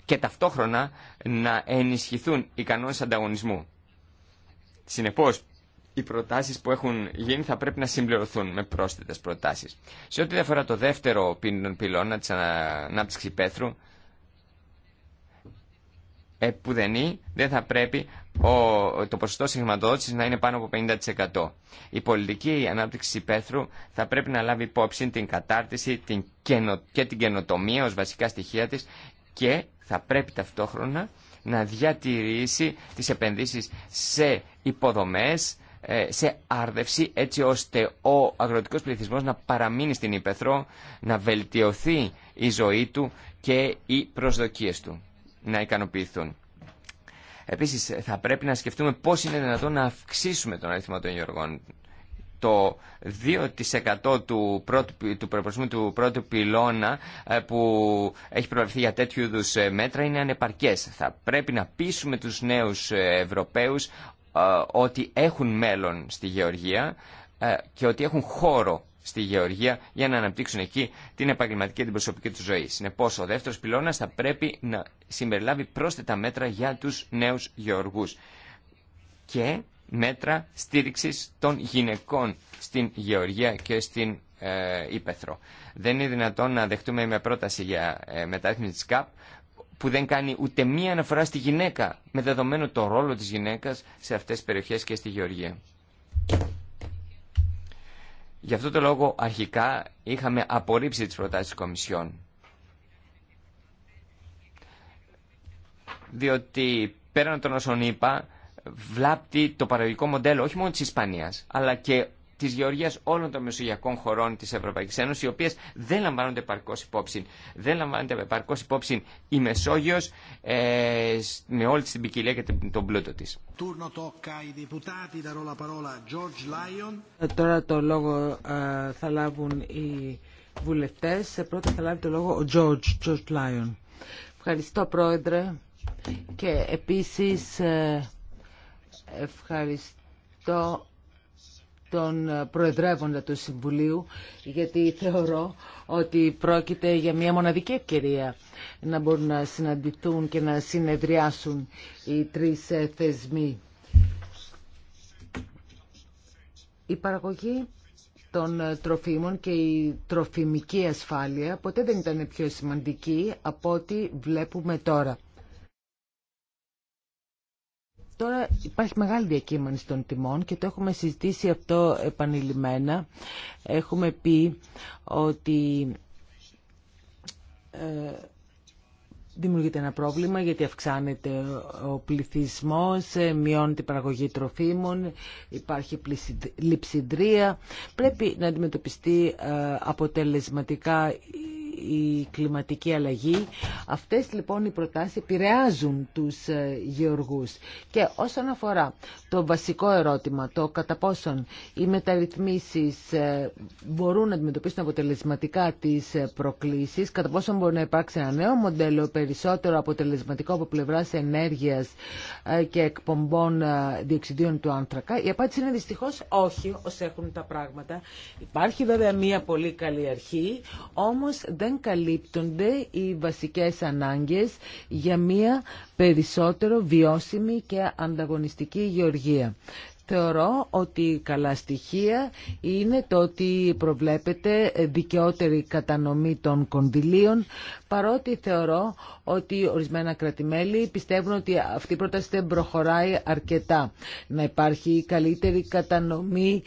και ταυτόχρονα να ενισχυθούν οι κανόνες ανταγωνισμού. Συνεπώς, οι προτάσεις που έχουν γίνει θα πρέπει να συμπληρωθούν με πρόσθετες προτάσεις. Σε ό,τι αφορά το δεύτερο πυλώνα της ανάπτυξης πέθρου, επουδενή δεν θα πρέπει ο, το ποσοστό συγχρηματοδότηση να είναι πάνω από 50%. Η πολιτική ανάπτυξη υπαίθρου θα πρέπει να λάβει υπόψη την κατάρτιση την και την καινοτομία ως βασικά στοιχεία της και θα πρέπει ταυτόχρονα να διατηρήσει τις επενδύσεις σε υποδομές, ε, σε άρδευση έτσι ώστε ο αγροτικός πληθυσμός να παραμείνει στην Ήπεθρο, να βελτιωθεί η ζωή του και οι προσδοκίες του να ικανοποιηθούν. Επίσης θα πρέπει να σκεφτούμε πώς είναι δυνατόν να αυξήσουμε τον αριθμό των γεωργών. Το 2% του, πρώτου, του προπορισμού του πρώτου πυλώνα ε, που έχει προβληθεί για τέτοιου είδου ε, μέτρα είναι ανεπαρκές. Θα πρέπει να πείσουμε τους νέους ε, Ευρωπαίους ότι έχουν μέλλον στη γεωργία και ότι έχουν χώρο στη γεωργία για να αναπτύξουν εκεί την επαγγελματική και την προσωπική του ζωή. Συνεπώ, ο δεύτερο πυλώνα θα πρέπει να συμπεριλάβει πρόσθετα μέτρα για του νέου γεωργού και μέτρα στήριξης των γυναικών στην γεωργία και στην ε, Ήπεθρο. Δεν είναι δυνατόν να δεχτούμε μια πρόταση για ε, μεταρρύθμιση της ΚΑΠ που δεν κάνει ούτε μία αναφορά στη γυναίκα, με δεδομένο το ρόλο της γυναίκας σε αυτές τις περιοχές και στη γεωργία. Γι' αυτό το λόγο αρχικά είχαμε απορρίψει τις προτάσεις της Κομισιόν. Διότι πέραν των όσων είπα, βλάπτει το παραγωγικό μοντέλο όχι μόνο της Ισπανίας, αλλά και Τη γεωργίας όλων των μεσογειακών χωρών της Ευρωπαϊκής Ένωση, οι οποίες δεν λαμβάνονται παρκώ υπόψη. Δεν λαμβάνονται παρκώ υπόψη η Μεσόγειος ε, με όλη την ποικιλία και τον πλούτο της. Ε, τώρα το λόγο ε, θα λάβουν οι βουλευτές. Πρώτα θα λάβει το λόγο ο George, George Lyon. Ευχαριστώ πρόεδρε και επίσης ευχαριστώ των Προεδρεύοντα του Συμβουλίου, γιατί θεωρώ ότι πρόκειται για μια μοναδική ευκαιρία να μπορούν να συναντηθούν και να συνεδριάσουν οι τρεις ε, θεσμοί. Η παραγωγή των ε, τροφίμων και η τροφιμική ασφάλεια ποτέ δεν ήταν πιο σημαντική από ό,τι βλέπουμε τώρα. Τώρα υπάρχει μεγάλη διακύμανση των τιμών και το έχουμε συζητήσει αυτό επανειλημμένα. Έχουμε πει ότι ε, δημιουργείται ένα πρόβλημα γιατί αυξάνεται ο πληθυσμός, ε, μειώνεται η παραγωγή τροφίμων, υπάρχει λειψιδρία. Πρέπει να αντιμετωπιστεί ε, αποτελεσματικά η κλιματική αλλαγή. Αυτές λοιπόν οι προτάσεις επηρεάζουν τους ε, γεωργούς. Και όσον αφορά το βασικό ερώτημα, το κατά πόσον οι μεταρρυθμίσεις ε, μπορούν να αντιμετωπίσουν αποτελεσματικά τις ε, προκλήσεις, κατά πόσον μπορεί να υπάρξει ένα νέο μοντέλο περισσότερο αποτελεσματικό από πλευράς ενέργειας και εκπομπών διεξιδίων του άνθρακα, η απάντηση είναι δυστυχώς όχι, ως έχουν τα πράγματα. Υπάρχει βέβαια μία πολύ καλή αρχή, όμως δεν δεν καλύπτονται οι βασικές ανάγκες για μια περισσότερο βιώσιμη και ανταγωνιστική γεωργία. Θεωρώ ότι καλά στοιχεία είναι το ότι προβλέπεται δικαιότερη κατανομή των κονδυλίων, παρότι θεωρώ ότι ορισμένα κρατημέλη πιστεύουν ότι αυτή η πρόταση δεν προχωράει αρκετά. Να υπάρχει καλύτερη κατανομή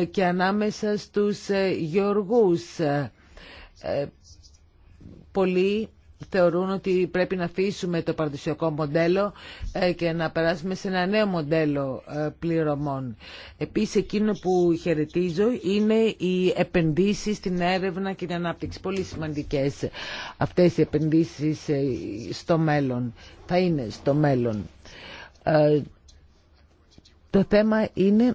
ε, και ανάμεσα στους ε, γεωργούς ε, πολλοί θεωρούν ότι πρέπει να αφήσουμε το παραδοσιακό μοντέλο ε, και να περάσουμε σε ένα νέο μοντέλο ε, πληρωμών. Επίσης, εκείνο που χαιρετίζω είναι οι επενδύσεις στην έρευνα και την ανάπτυξη. Πολύ σημαντικές αυτές οι επενδύσεις ε, στο μέλλον. Θα είναι στο μέλλον. Το θέμα είναι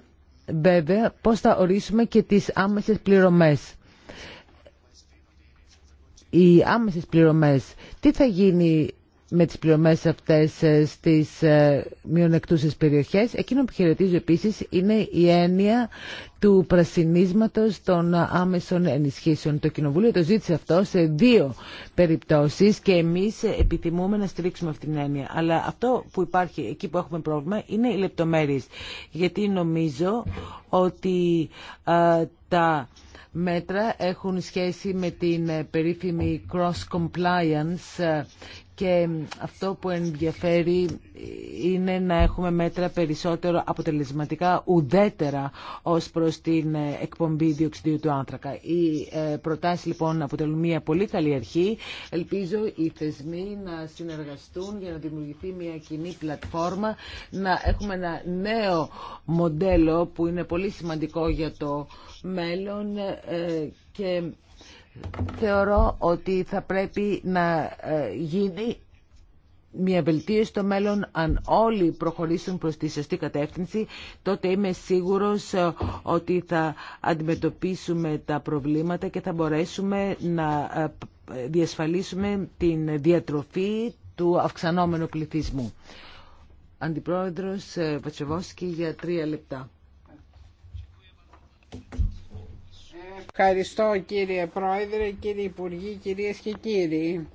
βέβαια πώς θα ορίσουμε και τις άμεσες πληρωμές οι άμεσες πληρωμές. Τι θα γίνει με τις πληρωμές αυτές ε, στις ε, μειονεκτούσες περιοχές. Εκείνο που χαιρετίζω επίσης είναι η έννοια του πρασινίσματος των άμεσων ενισχύσεων. Το Κοινοβούλιο το ζήτησε αυτό σε δύο περιπτώσεις και εμείς επιθυμούμε να στηρίξουμε αυτή την έννοια. Αλλά αυτό που υπάρχει εκεί που έχουμε πρόβλημα είναι οι λεπτομέρειες. Γιατί νομίζω ότι ε, τα μέτρα έχουν σχέση με την ε, περίφημη cross-compliance ε, και αυτό που ενδιαφέρει είναι να έχουμε μέτρα περισσότερο αποτελεσματικά ουδέτερα ως προς την εκπομπή διοξιδίου του άνθρακα. Οι ε, προτάσεις λοιπόν αποτελούν μια πολύ καλή αρχή. Ελπίζω οι θεσμοί να συνεργαστούν για να δημιουργηθεί μια κοινή πλατφόρμα, να έχουμε ένα νέο μοντέλο που είναι πολύ σημαντικό για το μέλλον ε, και θεωρώ ότι θα πρέπει να ε, γίνει μια βελτίωση στο μέλλον αν όλοι προχωρήσουν προς τη σωστή κατεύθυνση τότε είμαι σίγουρος ε, ότι θα αντιμετωπίσουμε τα προβλήματα και θα μπορέσουμε να ε, διασφαλίσουμε την διατροφή του αυξανόμενου πληθυσμού. Αντιπρόεδρος Βατσεβόσκη για τρία λεπτά. Ευχαριστώ κύριε Πρόεδρε, κύριε Υπουργοί, κυρίες και κύριοι.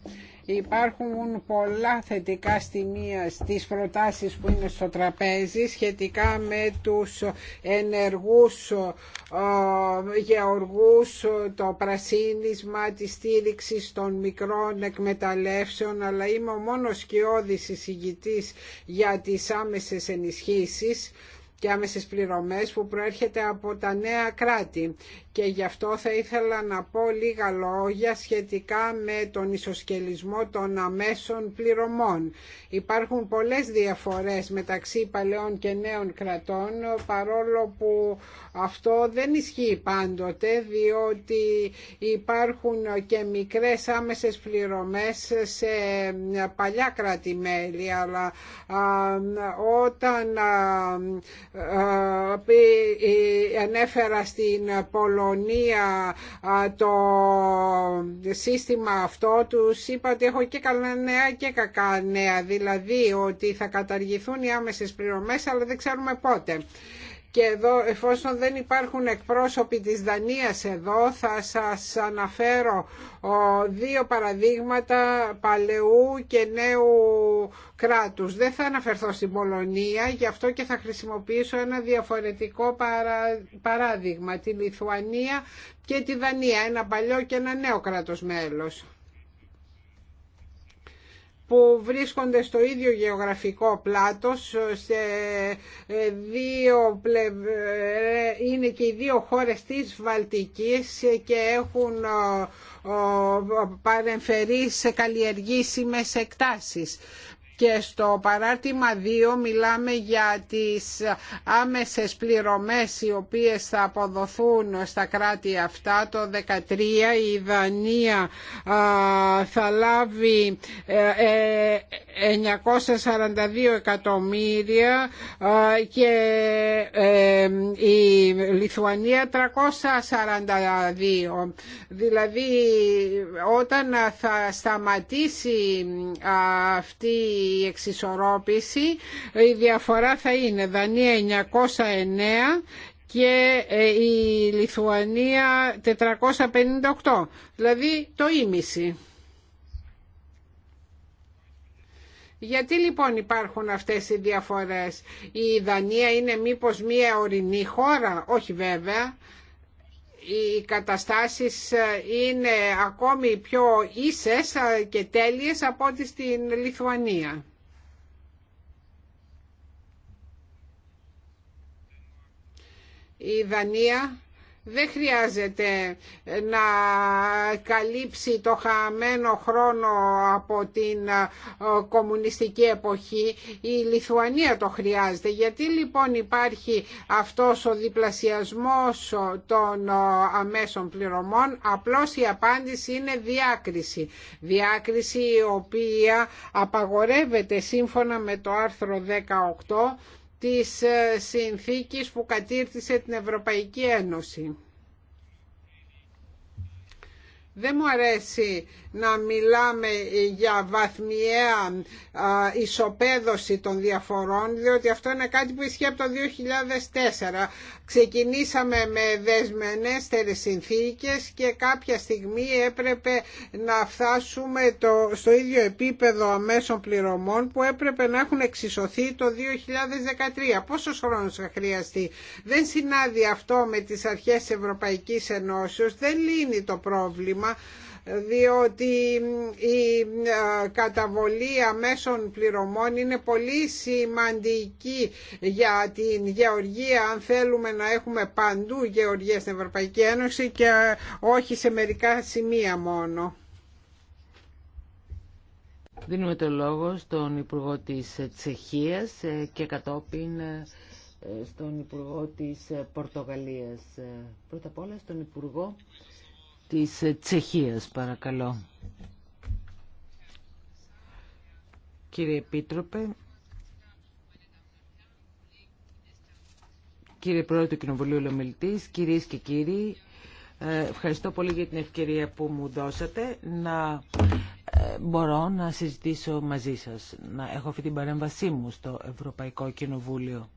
Υπάρχουν πολλά θετικά στιμία στις προτάσεις που είναι στο τραπέζι σχετικά με τους ενεργούς ε, γεωργούς, το πρασίνισμα, τη στήριξη των μικρών εκμεταλλεύσεων, αλλά είμαι ο μόνος σκιώδης εισηγητής για τις άμεσες ενισχύσεις και άμεσες πληρωμές που προέρχεται από τα νέα κράτη και γι' αυτό θα ήθελα να πω λίγα λόγια σχετικά με τον ισοσκελισμό των αμέσων πληρωμών. Υπάρχουν πολλές διαφορές μεταξύ παλαιών και νέων κρατών παρόλο που αυτό δεν ισχύει πάντοτε διότι υπάρχουν και μικρές άμεσες πληρωμές σε παλιά κράτη-μέλη αλλά όταν ε, ανέφερα στην Πολωνία κοινωνία το σύστημα αυτό του, είπα ότι έχω και καλά νέα και κακά νέα δηλαδή ότι θα καταργηθούν οι άμεσες πληρωμές αλλά δεν ξέρουμε πότε. Και εδώ, εφόσον δεν υπάρχουν εκπρόσωποι της Δανίας εδώ, θα σας αναφέρω δύο παραδείγματα παλαιού και νέου κράτους. Δεν θα αναφερθώ στην Πολωνία, γι' αυτό και θα χρησιμοποιήσω ένα διαφορετικό παράδειγμα, τη Λιθουανία και τη Δανία, ένα παλιό και ένα νέο κράτος μέλος που βρίσκονται στο ίδιο γεωγραφικό πλάτος σε ε, δύο ε, είναι και οι δύο χώρες της Βαλτικής και έχουν ε, παρεμφερεί σε καλλιεργήσιμες εκτάσεις και στο παράρτημα 2 μιλάμε για τις άμεσες πληρωμές οι οποίες θα αποδοθούν στα κράτη αυτά. Το 2013 η Δανία θα λάβει 942 ε, ε, εκατομμύρια και ε, η Λιθουανία 342. Δηλαδή όταν θα σταματήσει αυτή η εξισορρόπηση. Η διαφορά θα είναι Δανία 909 και ε, η Λιθουανία 458, δηλαδή το ίμιση. Γιατί λοιπόν υπάρχουν αυτές οι διαφορές. Η Δανία είναι μήπως μία ορεινή χώρα, όχι βέβαια, οι καταστάσεις ε, είναι ακόμη πιο ίσες ε, και τέλειες από ό,τι στην Λιθουανία. Η Δανία δεν χρειάζεται να καλύψει το χαμένο χρόνο από την ε, κομμουνιστική εποχή. Η Λιθουανία το χρειάζεται. Γιατί λοιπόν υπάρχει αυτός ο διπλασιασμός των ε, αμέσων πληρωμών. Απλώς η απάντηση είναι διάκριση. Διάκριση η οποία απαγορεύεται σύμφωνα με το άρθρο 18 της ε, συνθήκης που κατήρτισε την Ευρωπαϊκή Ένωση. Δεν μου αρέσει να μιλάμε για βαθμιαία ισοπαίδωση των διαφορών, διότι αυτό είναι κάτι που ισχύει από το 2004. Ξεκινήσαμε με δεσμενέστερες συνθήκες και κάποια στιγμή έπρεπε να φτάσουμε το, στο ίδιο επίπεδο αμέσων πληρωμών που έπρεπε να έχουν εξισωθεί το 2013. Πόσο χρόνος θα χρειαστεί. Δεν συνάδει αυτό με τις αρχές Ευρωπαϊκής Ενώσεως, δεν λύνει το πρόβλημα διότι η ε, καταβολή αμέσων πληρωμών είναι πολύ σημαντική για την γεωργία αν θέλουμε να έχουμε παντού γεωργία στην Ευρωπαϊκή Ένωση και όχι σε μερικά σημεία μόνο. Δίνουμε το λόγο στον Υπουργό της Τσεχίας ε, και κατόπιν ε, στον Υπουργό της Πορτογαλίας. Πρώτα απ' όλα στον Υπουργό της Τσεχίας, παρακαλώ. Κύριε Επίτροπε, κύριε Πρόεδρε του Κοινοβουλίου Λομιλτής, κυρίες και κύριοι, ε, ευχαριστώ πολύ για την ευκαιρία που μου δώσατε να ε, μπορώ να συζητήσω μαζί σας, να έχω αυτή την παρέμβασή μου στο Ευρωπαϊκό Κοινοβούλιο.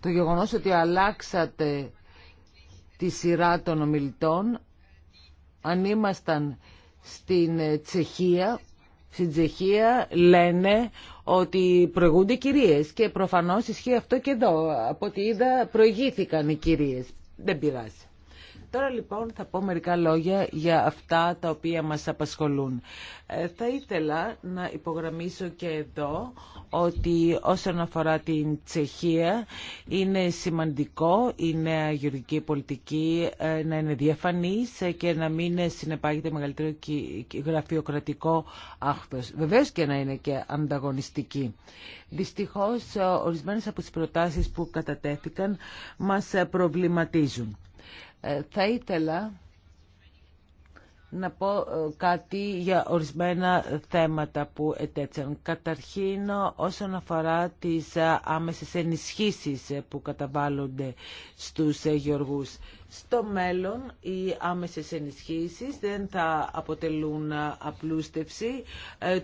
Το γεγονός ότι αλλάξατε τη σειρά των ομιλητών, αν ήμασταν στην Τσεχία, στην Τσεχία λένε ότι προηγούνται οι κυρίες και προφανώς ισχύει αυτό και εδώ. Από ό,τι είδα προηγήθηκαν οι κυρίες. Δεν πειράζει. Τώρα λοιπόν θα πω μερικά λόγια για αυτά τα οποία μας απασχολούν. Ε, θα ήθελα να υπογραμμίσω και εδώ ότι όσον αφορά την Τσεχία είναι σημαντικό η νέα γεωργική πολιτική ε, να είναι διαφανής ε, και να μην συνεπάγεται μεγαλύτερο γραφειοκρατικό άχθος. Βεβαίως και να είναι και ανταγωνιστική. Δυστυχώς ορισμένες από τις προτάσεις που κατατέθηκαν μας προβληματίζουν. Ε, θα ήθελα να πω ε, κάτι για ορισμένα θέματα που ετέτσαν. Καταρχήν όσον αφορά τις ε, άμεσες ενισχύσεις που καταβάλλονται στους γεωργούς. Στο μέλλον οι άμεσες ενισχύσεις δεν θα αποτελούν απλούστευση.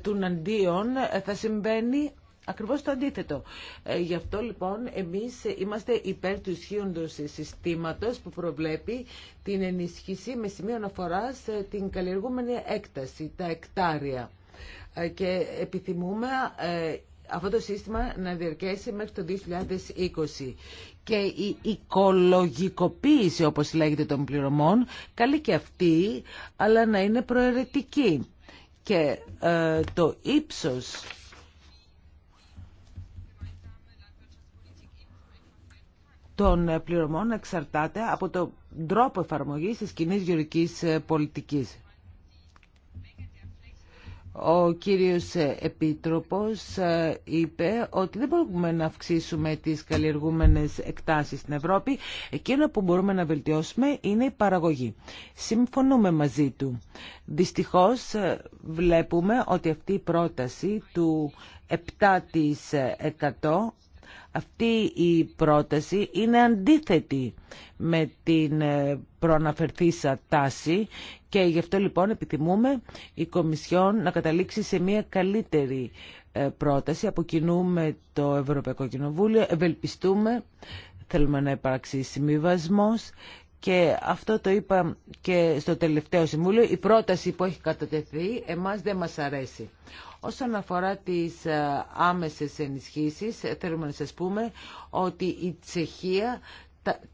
Τουναντίον θα συμβαίνει Ακριβώς το αντίθετο. Ε, γι' αυτό λοιπόν εμείς είμαστε υπέρ του ισχύοντος συστήματος που προβλέπει την ενισχύση με σημείο αναφορά την καλλιεργούμενη έκταση, τα εκτάρια. Ε, και επιθυμούμε ε, αυτό το σύστημα να διαρκέσει μέχρι το 2020. Και η οικολογικοποίηση, όπως λέγεται, των πληρωμών, καλή και αυτή, αλλά να είναι προαιρετική. Και το ύψος των πληρωμών εξαρτάται από τον τρόπο εφαρμογής της κοινή γεωρικής ε, πολιτικής. Ο κύριος ε, Επίτροπος ε, είπε ότι δεν μπορούμε να αυξήσουμε τις καλλιεργούμενες εκτάσεις στην Ευρώπη. Εκείνο που μπορούμε να βελτιώσουμε είναι η παραγωγή. Συμφωνούμε μαζί του. Δυστυχώς βλέπουμε ότι αυτή η πρόταση του 7% αυτή η πρόταση είναι αντίθετη με την ε, προαναφερθήσα τάση και γι' αυτό λοιπόν επιθυμούμε η Κομισιόν να καταλήξει σε μια καλύτερη ε, πρόταση. Από το Ευρωπαϊκό Κοινοβούλιο ευελπιστούμε, θέλουμε να υπάρξει συμβιβασμός και αυτό το είπα και στο τελευταίο συμβούλιο. Η πρόταση που έχει κατατεθεί εμάς δεν μας αρέσει. Όσον αφορά τις ε, άμεσες ενισχύσεις, θέλουμε να σας πούμε ότι η Τσεχία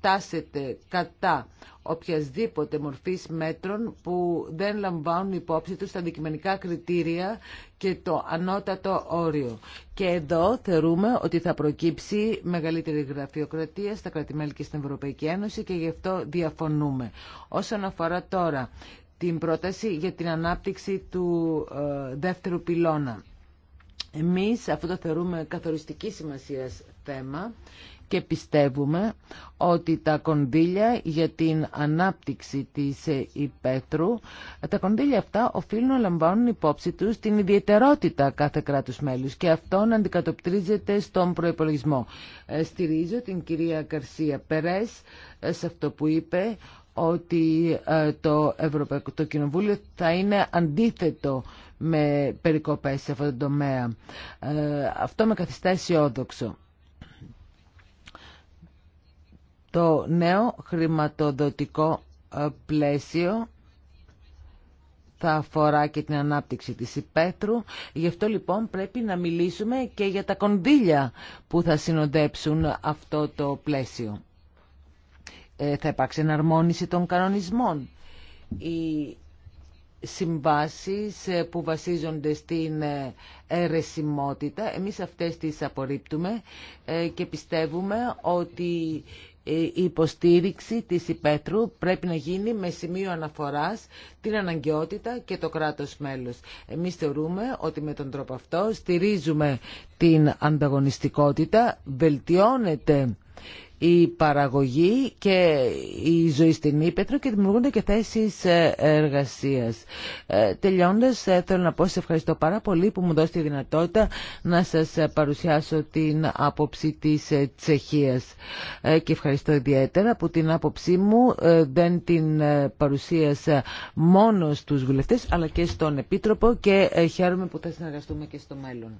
τάσεται κατά οποιασδήποτε μορφής μέτρων που δεν λαμβάνουν υπόψη τους τα αντικειμενικά κριτήρια και το ανώτατο όριο. Και εδώ θεωρούμε ότι θα προκύψει μεγαλύτερη γραφειοκρατία στα κρατημέλη και στην Ευρωπαϊκή Ένωση και γι' αυτό διαφωνούμε. Όσον αφορά τώρα την πρόταση για την ανάπτυξη του ε, δεύτερου πυλώνα. Εμείς αυτό το θεωρούμε καθοριστική σημασίας θέμα και πιστεύουμε ότι τα κονδύλια για την ανάπτυξη της ε, υπέτρου, τα κονδύλια αυτά οφείλουν να λαμβάνουν υπόψη τους την ιδιαιτερότητα κάθε κράτους μέλους και αυτό να αντικατοπτρίζεται στον προϋπολογισμό. Ε, στηρίζω την κυρία Καρσία Περές ε, σε αυτό που είπε ότι το, Ευρωπαϊκό, το Κοινοβούλιο θα είναι αντίθετο με περικοπές σε αυτό το τομέα. Αυτό με καθιστά αισιόδοξο. Το νέο χρηματοδοτικό ε, πλαίσιο θα αφορά και την ανάπτυξη της υπαίθρου. Γι' αυτό λοιπόν πρέπει να μιλήσουμε και για τα κονδύλια που θα συνοδέψουν αυτό το πλαίσιο. Ε, θα υπάρξει εναρμόνιση των κανονισμών. Οι συμβάσεις ε, που βασίζονται στην αιρεσιμότητα, εμείς αυτές τις απορρίπτουμε και πιστεύουμε ότι ε, η υποστήριξη της υπέτρου πρέπει να γίνει με σημείο αναφοράς την αναγκαιότητα και το κράτος μέλος. Εμείς θεωρούμε ότι με τον τρόπο αυτό στηρίζουμε την ανταγωνιστικότητα, βελτιώνεται η παραγωγή και η ζωή στην Ήπετρο και δημιουργούνται και θέσεις ε, εργασίας. Ε, τελειώντας, ε, θέλω να πω σε ευχαριστώ πάρα πολύ που μου δώσετε τη δυνατότητα να σας παρουσιάσω την άποψη της Τσεχίας. Και ευχαριστώ ιδιαίτερα που την άποψή μου δεν την παρουσίασα μόνο στους βουλευτές αλλά και στον Επίτροπο και χαίρομαι που θα συνεργαστούμε και στο μέλλον.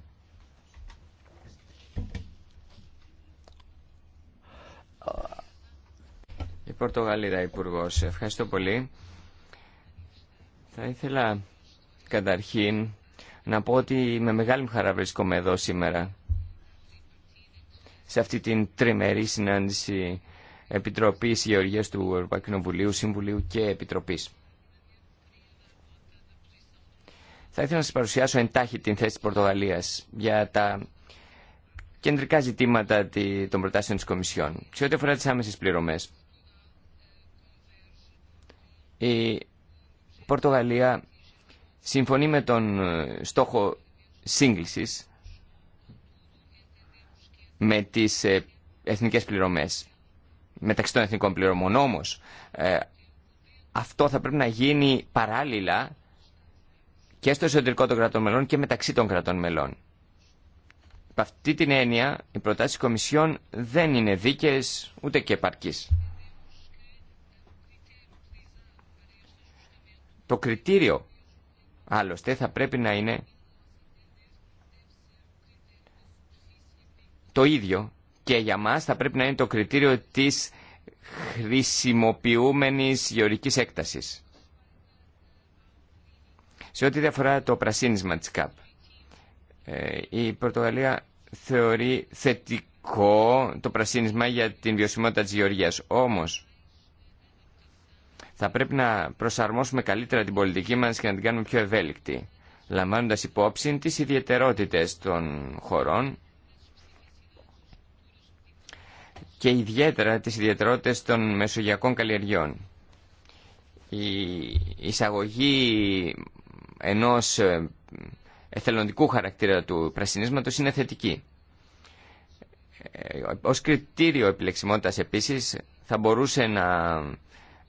Η Πορτογαλίδα Υπουργό. Ευχαριστώ πολύ. Θα ήθελα καταρχήν να πω ότι με μεγάλη μου χαρά βρίσκομαι εδώ σήμερα σε αυτή την τριμερή συνάντηση Επιτροπής Γεωργίας του Ευρωπαϊκού Κοινοβουλίου, Συμβουλίου και Επιτροπής. Θα ήθελα να σας παρουσιάσω εντάχει την θέση της Πορτογαλίας για τα κεντρικά ζητήματα των προτάσεων της Κομισιόν. Σε ό,τι αφορά τις άμεσες πληρωμές, η Πορτογαλία συμφωνεί με τον ε, στόχο σύγκλησης με τις ε, εθνικές πληρωμές, μεταξύ των εθνικών πληρωμών. Όμως, ε, αυτό θα πρέπει να γίνει παράλληλα και στο εσωτερικό των κρατών μελών και μεταξύ των κρατών μελών. Υπ' αυτή την έννοια, οι προτάσει τη Κομισιόν δεν είναι δίκαιε ούτε και επαρκεί. Το κριτήριο, άλλωστε, θα πρέπει να είναι το ίδιο και για μας θα πρέπει να είναι το κριτήριο της χρησιμοποιούμενης γεωρικής έκτασης. Σε ό,τι διαφορά το πρασίνισμα της ΚΑΠ, ε, η Πορτογαλία θεωρεί θετικό το πρασίνισμα για την βιωσιμότητα της γεωργίας. Όμως, θα πρέπει να προσαρμόσουμε καλύτερα την πολιτική μας και να την κάνουμε πιο ευέλικτη, λαμβάνοντας υπόψη τις ιδιαιτερότητες των χωρών και ιδιαίτερα τις ιδιαιτερότητες των μεσογειακών καλλιεργιών. Η εισαγωγή ενός εθελοντικού χαρακτήρα του πρασινίσματος είναι θετική. Ε, Ω κριτήριο επιλεξιμότητας επίσης θα μπορούσε να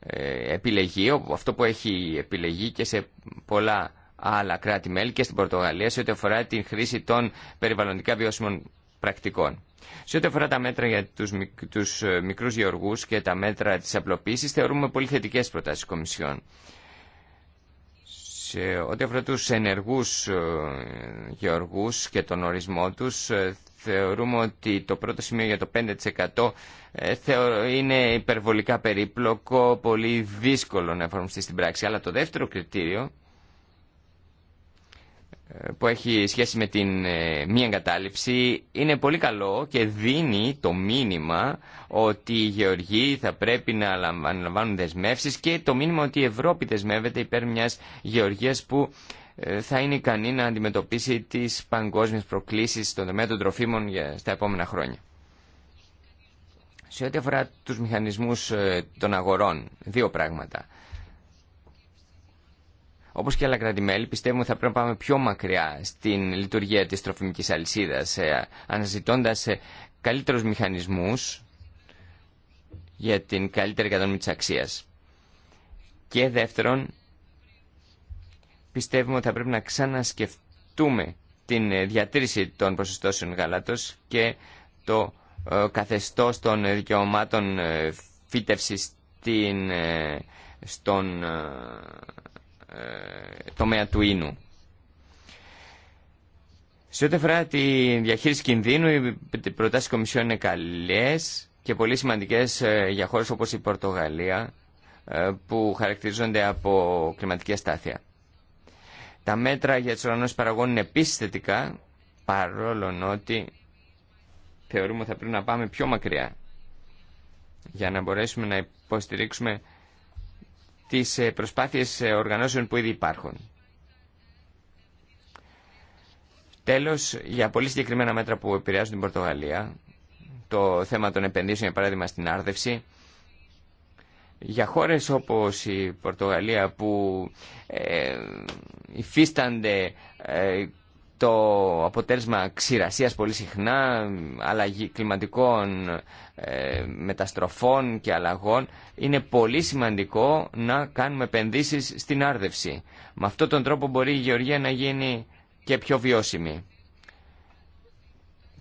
ε, επιλεγεί αυτό που έχει επιλεγεί και σε πολλά άλλα κράτη-μέλη και στην Πορτογαλία σε ό,τι αφορά την χρήση των περιβαλλοντικά βιώσιμων πρακτικών. Σε ό,τι αφορά τα μέτρα για τους, τους ε, μικρούς γεωργούς και τα μέτρα της απλοποίησης θεωρούμε πολύ θετικές προτάσεις Κομισιόν. Ε, ό,τι αφορά τους ενεργούς ε, γεωργούς και τον ορισμό τους, ε, θεωρούμε ότι το πρώτο σημείο για το 5% είναι υπερβολικά περίπλοκο, πολύ δύσκολο να εφαρμοστεί στην πράξη. Αλλά το δεύτερο κριτήριο που έχει σχέση με την ε, μη εγκατάλειψη είναι πολύ καλό και δίνει το μήνυμα ότι οι γεωργοί θα πρέπει να αναλαμβάνουν δεσμεύσεις και το μήνυμα ότι η Ευρώπη δεσμεύεται υπέρ μιας γεωργίας που ε, θα είναι ικανή να αντιμετωπίσει τις παγκόσμιες προκλήσεις στον τομέα των τροφίμων στα επόμενα χρόνια. Σε ό,τι αφορά τους μηχανισμούς ε, των αγορών, δύο πράγματα. Όπως και άλλα κράτη-μέλη, πιστεύουμε ότι θα πρέπει να πάμε πιο μακριά στην λειτουργία της τροφιμικής αλυσίδας, ε, αναζητώντας ε, καλύτερου μηχανισμούς για την καλύτερη κατανομή της αξίας. Και δεύτερον, πιστεύουμε ότι θα πρέπει να ξανασκεφτούμε την ε, διατήρηση των ποσοστώσεων γάλατος και το καθεστώς των δικαιωμάτων φύτευσης στην, στον, ε, τομέα του ίνου. Σε ό,τι αφορά τη διαχείριση κινδύνου, οι προτάσει Κομισιόν είναι καλέ και πολύ σημαντικέ ε, για χώρε όπω η Πορτογαλία, ε, που χαρακτηρίζονται από κλιματική αστάθεια. Τα μέτρα για τι οργανώσει παραγών είναι επίση θετικά, παρόλο ότι θεωρούμε ότι θα πρέπει να πάμε πιο μακριά για να μπορέσουμε να υποστηρίξουμε τις ε, προσπάθειες ε, οργανώσεων που ήδη υπάρχουν. Τέλος, για πολύ συγκεκριμένα μέτρα που επηρεάζουν την Πορτογαλία, το θέμα των επενδύσεων, για παράδειγμα, στην άρδευση, για χώρες όπως η Πορτογαλία που ε, υφίστανται ε, το αποτέλεσμα ξηρασίας πολύ συχνά, αλλαγή κλιματικών ε, μεταστροφών και αλλαγών, είναι πολύ σημαντικό να κάνουμε επενδύσεις στην άρδευση. Με αυτόν τον τρόπο μπορεί η γεωργία να γίνει και πιο βιώσιμη.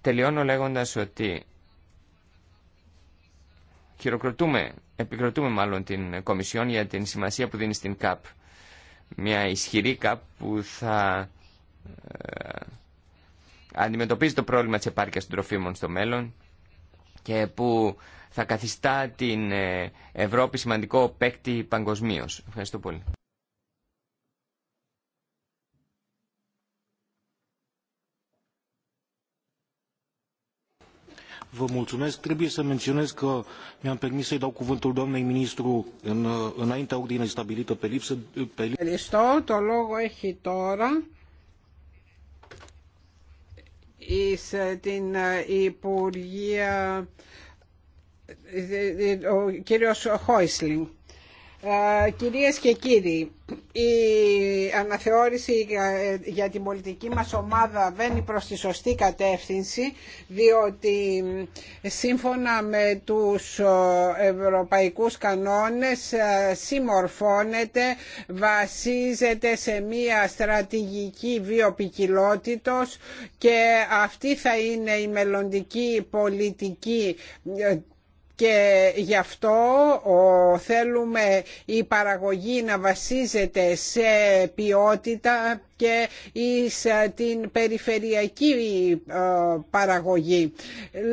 Τελειώνω λέγοντας ότι χειροκροτούμε, επικροτούμε μάλλον την Κομισιόν για την σημασία που δίνει στην ΚΑΠ. Μια ισχυρή ΚΑΠ που θα ε, αντιμετωπίζει το πρόβλημα της επάρκειας των τροφίμων στο μέλλον και που θα καθιστά την ε, Ευρώπη σημαντικό παίκτη παγκοσμίω. Ευχαριστώ πολύ. Vă mulțumesc. Trebuie să menționez că mi-am permis să-i dau cuvântul doamnei ministru în, înaintea ordinei stabilită pe lipsă. Pe... lipsă εις ε, την ε, Υπουργεία ε, ο κύριος Χόισλινγκ. Κυρίες και κύριοι, η αναθεώρηση για την πολιτική μας ομάδα βαίνει προς τη σωστή κατεύθυνση διότι σύμφωνα με τους ε, ευρωπαϊκούς κανόνες ε, συμμορφώνεται, βασίζεται σε μία στρατηγική βιοπικιλότητος και αυτή θα είναι η μελλοντική πολιτική ε, και γι' αυτό θέλουμε η παραγωγή να βασίζεται σε ποιότητα, και εις ε, την περιφερειακή ε, παραγωγή.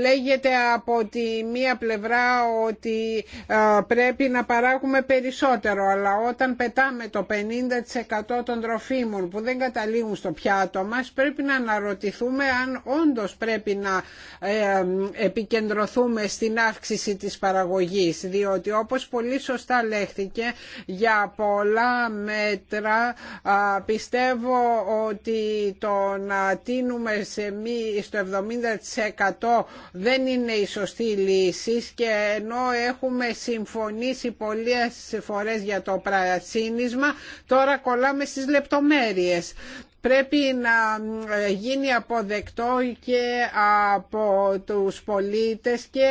Λέγεται από τη μία πλευρά ότι ε, πρέπει να παράγουμε περισσότερο, αλλά όταν πετάμε το 50% των τροφίμων που δεν καταλήγουν στο πιάτο μας, πρέπει να αναρωτηθούμε αν όντως πρέπει να επικεντρωθούμε στην αύξηση της παραγωγής, διότι όπως πολύ σωστά λέχθηκε για πολλά μέτρα πιστεύω ότι το να τίνουμε σε μη, στο 70% δεν είναι η σωστή λύση και ενώ έχουμε συμφωνήσει πολλές φορές για το πρασίνισμα τώρα κολλάμε στις λεπτομέρειες πρέπει να ε, γίνει αποδεκτό και από τους πολίτες και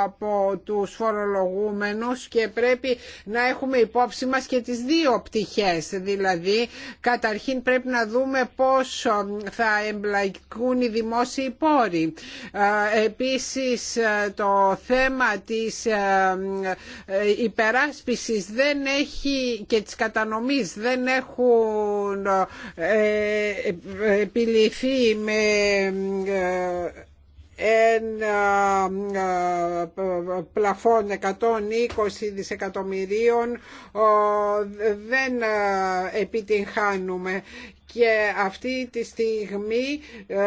από τους φορολογούμενους και πρέπει να έχουμε υπόψη μας και τις δύο πτυχές. Δηλαδή, καταρχήν πρέπει να δούμε πώς ε, θα εμπλακούν οι δημόσιοι πόροι. Ε, επίσης, το θέμα της υπεράσπισης δεν έχει και της κατανομής δεν έχουν επιληθεί με ε, ένα ε, πλαφόν 120 δισεκατομμυρίων δεν ε, επιτυγχάνουμε και αυτή τη στιγμή ε,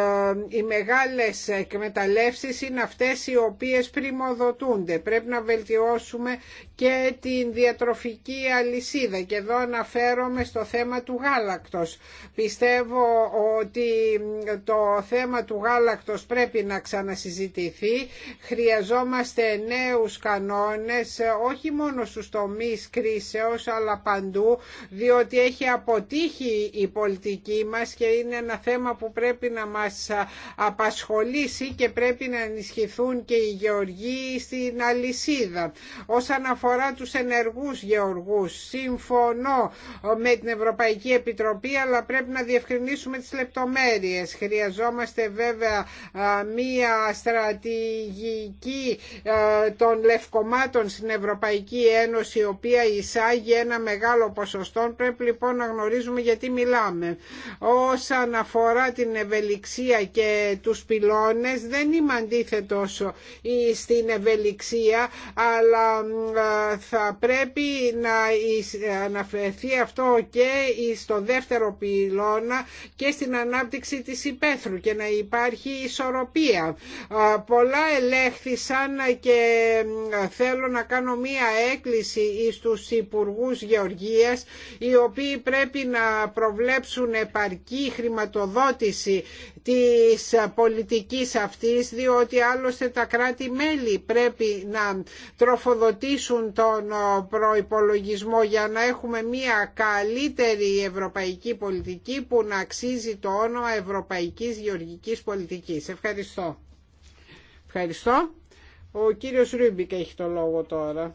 οι μεγάλες εκμεταλλεύσεις είναι αυτές οι οποίες πρημοδοτούνται. Πρέπει να βελτιώσουμε και την διατροφική αλυσίδα και εδώ αναφέρομαι στο θέμα του γάλακτος. Πιστεύω ότι το θέμα του γάλακτος πρέπει να ξανασυζητηθεί. Χρειαζόμαστε νέους κανόνες όχι μόνο στους τομείς κρίσεως αλλά παντού διότι έχει αποτύχει η πολιτική μας και είναι ένα θέμα που πρέπει να μας απασχολήσει και πρέπει να ενισχυθούν και οι γεωργοί στην αλυσίδα. Όσον αφορά τους ενεργούς γεωργούς, συμφωνώ με την Ευρωπαϊκή Επιτροπή αλλά πρέπει να διευκρινίσουμε τις λεπτομέρειες. Χρειαζόμαστε βέβαια μία στρατηγική των λευκομάτων στην Ευρωπαϊκή Ένωση η οποία εισάγει ένα μεγάλο ποσοστό. Πρέπει λοιπόν να γνωρίζουμε γιατί μιλάμε. Όσον αφορά την ευελιξία και τους πυλώνες δεν είμαι αντίθετο στην ευελιξία αλλά θα πρέπει να αναφερθεί αυτό και στο δεύτερο πυλώνα και στην ανάπτυξη της υπαίθρου και να υπάρχει ισορροπία. Πολλά ελέγχθησαν και θέλω να κάνω μία έκκληση στους Υπουργούς Γεωργίας οι οποίοι πρέπει να προβλέψουν επαρκή χρηματοδότηση της πολιτικής αυτής διότι άλλωστε τα κράτη-μέλη πρέπει να τροφοδοτήσουν τον προϋπολογισμό για να έχουμε μια καλύτερη ευρωπαϊκή πολιτική που να αξίζει το όνομα ευρωπαϊκής γεωργικής πολιτικής. Ευχαριστώ. Ευχαριστώ. Ο κύριος Ρούμπικ έχει το λόγο τώρα.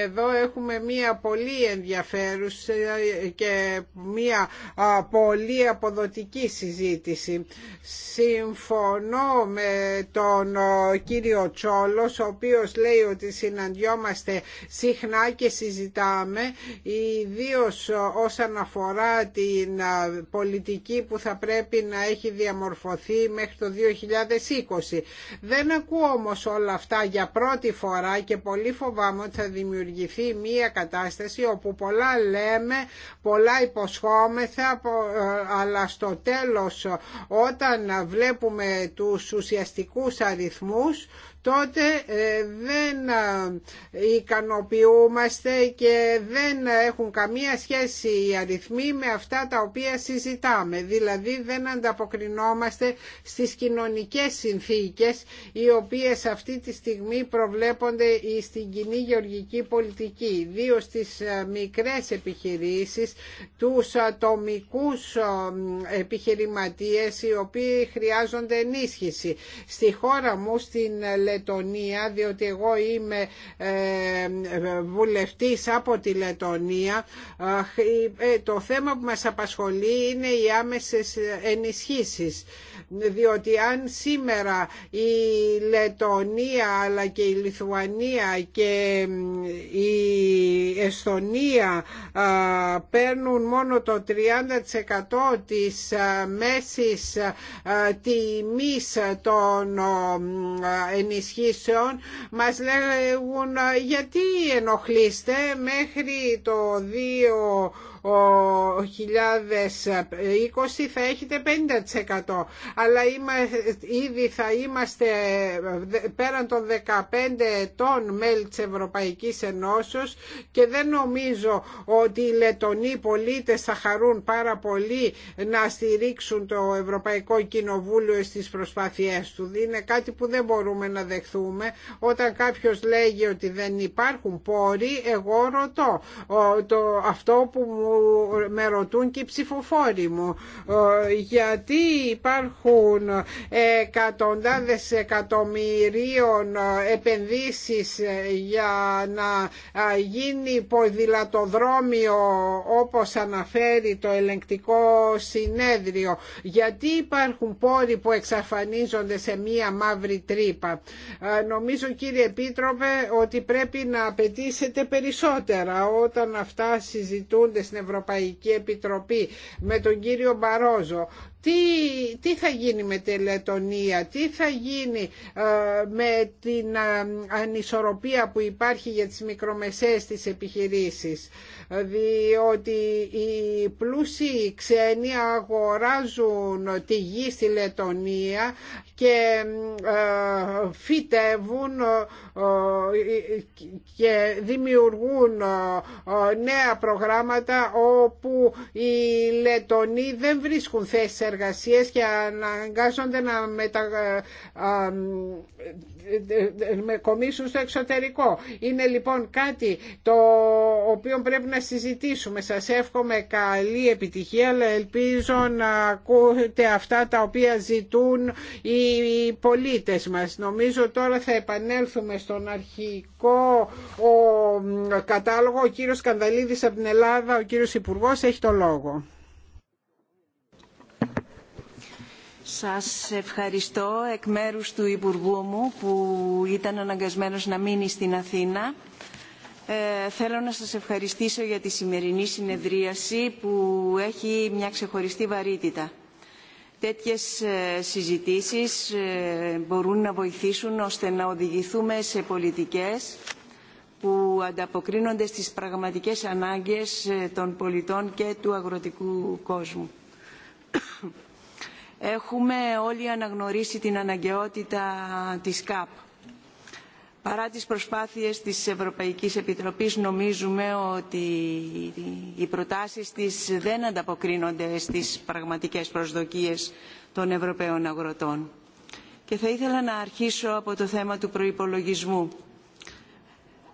Εδώ έχουμε μία πολύ ενδιαφέρουσα και μία πολύ αποδοτική συζήτηση. Συμφωνώ με τον κύριο Τσόλος, ο οποίος λέει ότι συναντιόμαστε συχνά και συζητάμε, ιδίω όσον αφορά την πολιτική που θα πρέπει να έχει διαμορφωθεί μέχρι το 2020. Δεν ακούω όμως όλα αυτά για πρώτη φορά και πολύ φοβάμαι ότι θα δημιουργήσουμε δημιουργηθεί μία κατάσταση όπου πολλά λέμε, πολλά υποσχόμεθα, ε, αλλά στο τέλος όταν βλέπουμε τους ουσιαστικούς αριθμούς τότε ε, δεν ε, ικανοποιούμαστε και δεν έχουν καμία σχέση οι αριθμοί με αυτά τα οποία συζητάμε. Δηλαδή δεν ανταποκρινόμαστε στις κοινωνικές συνθήκες οι οποίες αυτή τη στιγμή προβλέπονται στην κοινή γεωργική πολιτική, ιδίω στις ε, μικρές επιχειρήσεις, τους ατομικούς επιχειρηματίες οι οποίοι χρειάζονται ενίσχυση. Στη χώρα μου, στην Λετωνία διότι εγώ είμαι ε, βουλευτής από τη Λετωνία ε, το θέμα που μας απασχολεί είναι οι άμεσες ενισχύσεις διότι αν σήμερα η Λετωνία αλλά και η Λιθουανία και η Εσθονία παίρνουν μόνο το 30% της μέσης τιμής των ενισχύσεων ενισχύσεων μας λέγουν «Ε, γιατί ενοχλείστε μέχρι το 2 2020 θα έχετε 50% αλλά ήδη θα είμαστε πέραν των 15 ετών μέλη της Ευρωπαϊκής Ενώσεως και δεν νομίζω ότι οι λετωνοί πολίτες θα χαρούν πάρα πολύ να στηρίξουν το Ευρωπαϊκό Κοινοβούλιο στις προσπάθειές του. Είναι κάτι που δεν μπορούμε να δεχθούμε. Όταν κάποιος λέγει ότι δεν υπάρχουν πόροι, εγώ ρωτώ αυτό που μου με ρωτούν και οι ψηφοφόροι μου ε, γιατί υπάρχουν εκατοντάδες εκατομμυρίων επενδύσεις για να ε, γίνει ποδηλατοδρόμιο όπως αναφέρει το ελεγκτικό συνέδριο γιατί υπάρχουν πόροι που εξαφανίζονται σε μία μαύρη τρύπα ε, νομίζω κύριε Επίτροπε ότι πρέπει να απαιτήσετε περισσότερα όταν αυτά συζητούνται στην Ευρωπαϊκή Επιτροπή, με τον κύριο Μπαρόζο. Τι, τι θα γίνει με τη Λετωνία, τι θα γίνει ε, με την ε, ανισορροπία που υπάρχει για τις μικρομεσαίες της επιχειρήσεις. Διότι οι πλούσιοι ξένοι αγοράζουν τη γη στη Λετωνία και ε, φυτεύουν ε, και δημιουργούν ε, νέα προγράμματα όπου οι Λετονοί δεν βρίσκουν θέσεις εργασίας και αναγκάζονται να μετα με κομίσουν στο εξωτερικό. Είναι λοιπόν κάτι το οποίο πρέπει να συζητήσουμε. Σας εύχομαι καλή επιτυχία, αλλά ελπίζω να ακούτε αυτά τα οποία ζητούν οι πολίτες μας. Νομίζω τώρα θα επανέλθουμε στον αρχικό ο κατάλογο. Ο κύριος Κανδαλίδης από την Ελλάδα, ο κύριος Υπουργός, έχει το λόγο. Σας ευχαριστώ εκ μέρους του Υπουργού μου που ήταν αναγκασμένος να μείνει στην Αθήνα. Ε, θέλω να σας ευχαριστήσω για τη σημερινή συνεδρίαση που έχει μια ξεχωριστή βαρύτητα. Τέτοιες ε, συζητήσεις ε, μπορούν να βοηθήσουν ώστε να οδηγηθούμε σε πολιτικές που ανταποκρίνονται στις πραγματικές ανάγκες ε, των πολιτών και του αγροτικού κόσμου έχουμε όλοι αναγνωρίσει την αναγκαιότητα της ΚΑΠ. Παρά τις προσπάθειες της Ευρωπαϊκής Επιτροπής νομίζουμε ότι οι προτάσεις της δεν ανταποκρίνονται στις πραγματικές προσδοκίες των Ευρωπαίων αγροτών. Και θα ήθελα να αρχίσω από το θέμα του προϋπολογισμού.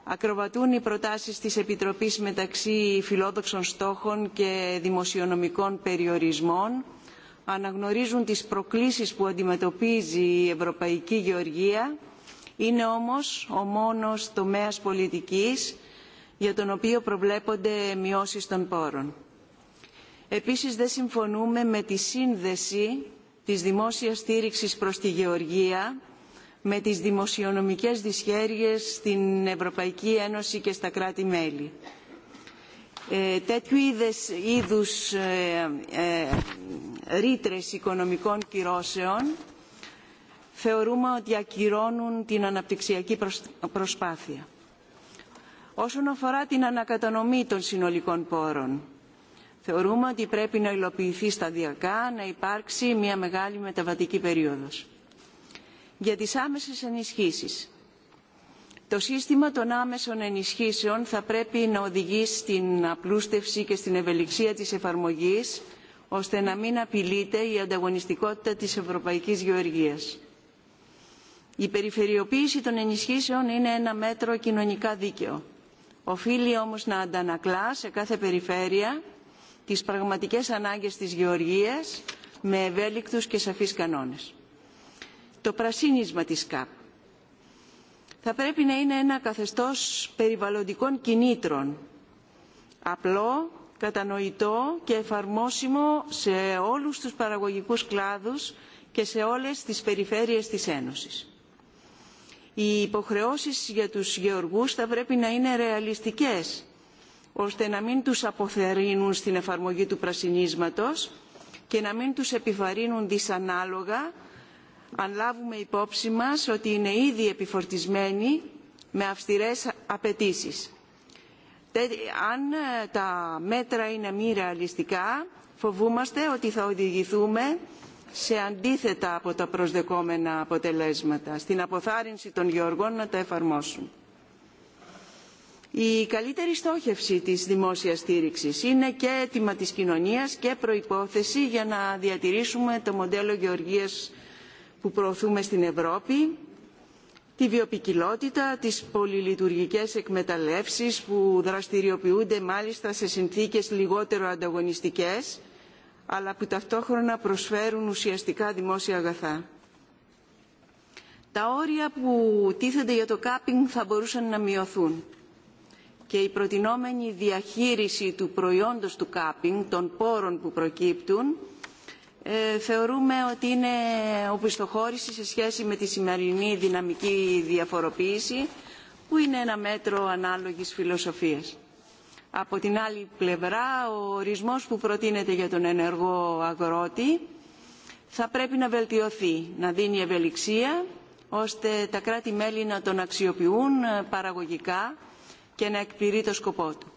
Ακροβατούν οι προτάσεις της Επιτροπής μεταξύ φιλόδοξων στόχων και δημοσιονομικών περιορισμών αναγνωρίζουν τις προκλήσεις που αντιμετωπίζει η ευρωπαϊκή γεωργία είναι όμως ο μόνος τομέας πολιτικής για τον οποίο προβλέπονται μειώσεις των πόρων. Επίσης δεν συμφωνούμε με τη σύνδεση της δημόσιας στήριξης προς τη γεωργία με τις δημοσιονομικές δυσχέρειες στην Ευρωπαϊκή Ένωση και στα κράτη-μέλη. Ε, τέτοιου είδες, είδους ε, ε, ρήτρες οικονομικών κυρώσεων θεωρούμε ότι ακυρώνουν την αναπτυξιακή προσπάθεια. Όσον αφορά την ανακατανομή των συνολικών πόρων, θεωρούμε ότι πρέπει να υλοποιηθεί σταδιακά, να υπάρξει μια μεγάλη μεταβατική περίοδος. Για τις άμεσες ενισχύσεις, το σύστημα των άμεσων ενισχύσεων θα πρέπει να οδηγεί στην απλούστευση και στην ευελιξία της εφαρμογής ώστε να μην απειλείται η ανταγωνιστικότητα της ευρωπαϊκής γεωργίας. Η περιφερειοποίηση των ενισχύσεων είναι ένα μέτρο κοινωνικά δίκαιο. Οφείλει όμως να αντανακλά σε κάθε περιφέρεια τις πραγματικές ανάγκες της γεωργίας με ευέλικτους και σαφείς κανόνες. Το πρασίνισμα της ΚΑΠ θα πρέπει να είναι ένα καθεστώς περιβαλλοντικών κινήτρων. Απλό, κατανοητό και εφαρμόσιμο σε όλους τους παραγωγικούς κλάδους και σε όλες τις περιφέρειες της Ένωσης. Οι υποχρεώσεις για τους γεωργούς θα πρέπει να είναι ρεαλιστικές, ώστε να μην τους αποθερίνουν στην εφαρμογή του πρασινίσματος και να μην τους επιβαρύνουν δυσανάλογα αν λάβουμε υπόψη μας ότι είναι ήδη επιφορτισμένοι με αυστηρές απαιτήσεις. Αν ε, τα μέτρα είναι μη ρεαλιστικά, φοβούμαστε ότι θα οδηγηθούμε σε αντίθετα από τα προσδεκόμενα αποτελέσματα, στην αποθάρρυνση των γεωργών να τα εφαρμόσουν. Η καλύτερη στόχευση της δημόσιας στήριξης είναι και αίτημα της κοινωνίας και προϋπόθεση για να διατηρήσουμε το μοντέλο γεωργίας που προωθούμε στην Ευρώπη, τη βιοπικιλότητα, τις πολυλειτουργικές εκμεταλλεύσεις που δραστηριοποιούνται μάλιστα σε συνθήκες λιγότερο ανταγωνιστικές, αλλά που ταυτόχρονα προσφέρουν ουσιαστικά δημόσια αγαθά. Τα όρια που τίθενται για το κάπινγκ θα μπορούσαν να μειωθούν και η προτινόμενη διαχείριση του προϊόντος του κάπινγκ, των πόρων που προκύπτουν, ε, θεωρούμε ότι είναι οπισθοχώρηση σε σχέση με τη σημερινή δυναμική διαφοροποίηση που είναι ένα μέτρο ανάλογης φιλοσοφίας. Από την άλλη πλευρά, ο ορισμός που προτείνεται για τον ενεργό αγρότη θα πρέπει να βελτιωθεί, να δίνει ευελιξία, ώστε τα κράτη-μέλη να τον αξιοποιούν παραγωγικά και να εκπληρεί το σκοπό του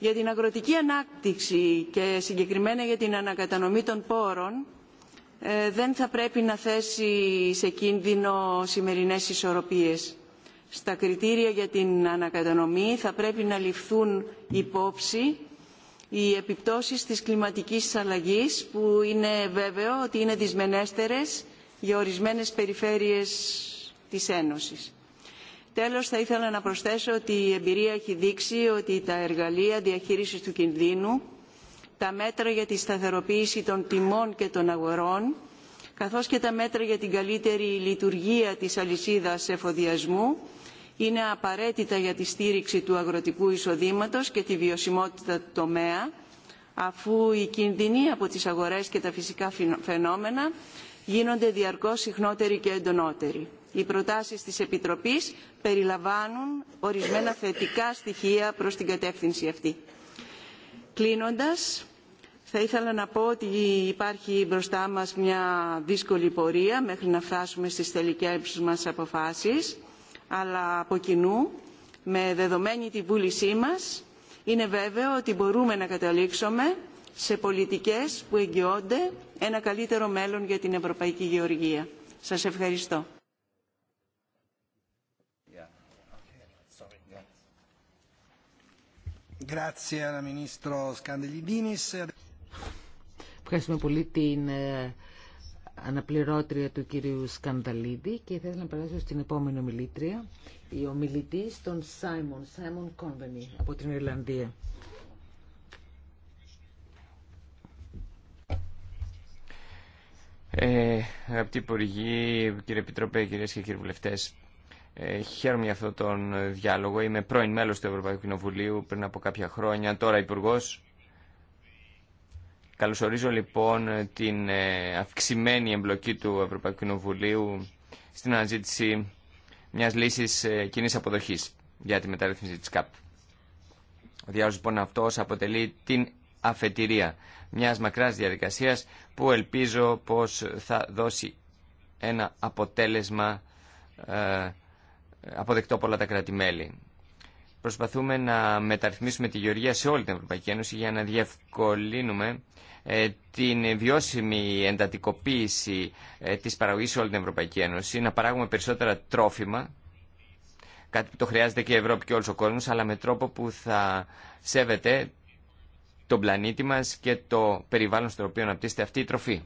για την αγροτική ανάπτυξη και συγκεκριμένα για την ανακατανομή των πόρων ε, δεν θα πρέπει να θέσει σε κίνδυνο σημερινές ισορροπίες. Στα κριτήρια για την ανακατανομή θα πρέπει να ληφθούν υπόψη οι επιπτώσεις της κλιματικής αλλαγής που είναι βέβαιο ότι είναι δυσμενέστερες για ορισμένες περιφέρειες της Ένωσης Τέλος, θα ήθελα να προσθέσω ότι η εμπειρία έχει δείξει ότι τα εργαλεία διαχείρισης του κινδύνου, τα μέτρα για τη σταθεροποίηση των τιμών και των αγορών, καθώς και τα μέτρα για την καλύτερη λειτουργία της αλυσίδας εφοδιασμού, είναι απαραίτητα για τη στήριξη του αγροτικού εισοδήματος και τη βιωσιμότητα του τομέα, αφού οι κινδυνοί από τις αγορές και τα φυσικά φαινόμενα γίνονται διαρκώς συχνότεροι και εντονότεροι οι προτάσεις της Επιτροπής περιλαμβάνουν ορισμένα θετικά στοιχεία προς την κατεύθυνση αυτή. Κλείνοντας, θα ήθελα να πω ότι υπάρχει μπροστά μας μια δύσκολη πορεία μέχρι να φτάσουμε στις τελικές μας αποφάσεις, αλλά από κοινού, με δεδομένη τη βούλησή μας, είναι βέβαιο ότι μπορούμε να καταλήξουμε σε πολιτικές που εγγυώνται ένα καλύτερο μέλλον για την Ευρωπαϊκή Γεωργία. Σας ευχαριστώ. Ευχαριστούμε πολύ την ε, αναπληρώτρια του κυρίου Σκανδαλίδη και θα ήθελα να περάσω στην επόμενη ομιλήτρια, η ομιλητή των Σάιμον, Σάιμον Κόνβενι από την Ιρλανδία. Ε, αγαπητοί υπουργοί, κύριε Επιτροπέ, κυρίες και κύριοι βουλευτές. Ε, χαίρομαι για αυτόν τον διάλογο. Είμαι πρώην μέλος του Ευρωπαϊκού Κοινοβουλίου πριν από κάποια χρόνια, τώρα υπουργό. Καλωσορίζω λοιπόν την ε, αυξημένη εμπλοκή του Ευρωπαϊκού Κοινοβουλίου στην αναζήτηση μιας λύσης ε, κοινή αποδοχής για τη μεταρρύθμιση της ΚΑΠ. Ο διάλογος λοιπόν αυτός αποτελεί την αφετηρία μιας μακράς διαδικασίας που ελπίζω πως θα δώσει ένα αποτέλεσμα αποδεκτό από όλα τα κράτη-μέλη. Προσπαθούμε να μεταρρυθμίσουμε τη γεωργία σε όλη την Ευρωπαϊκή Ένωση για να διευκολύνουμε ε, την βιώσιμη εντατικοποίηση ε, της παραγωγής σε όλη την Ευρωπαϊκή Ένωση, να παράγουμε περισσότερα τρόφιμα, κάτι που το χρειάζεται και η Ευρώπη και όλος ο κόσμος, αλλά με τρόπο που θα σέβεται τον πλανήτη μας και το περιβάλλον στο οποίο αναπτύσσεται αυτή η τροφή.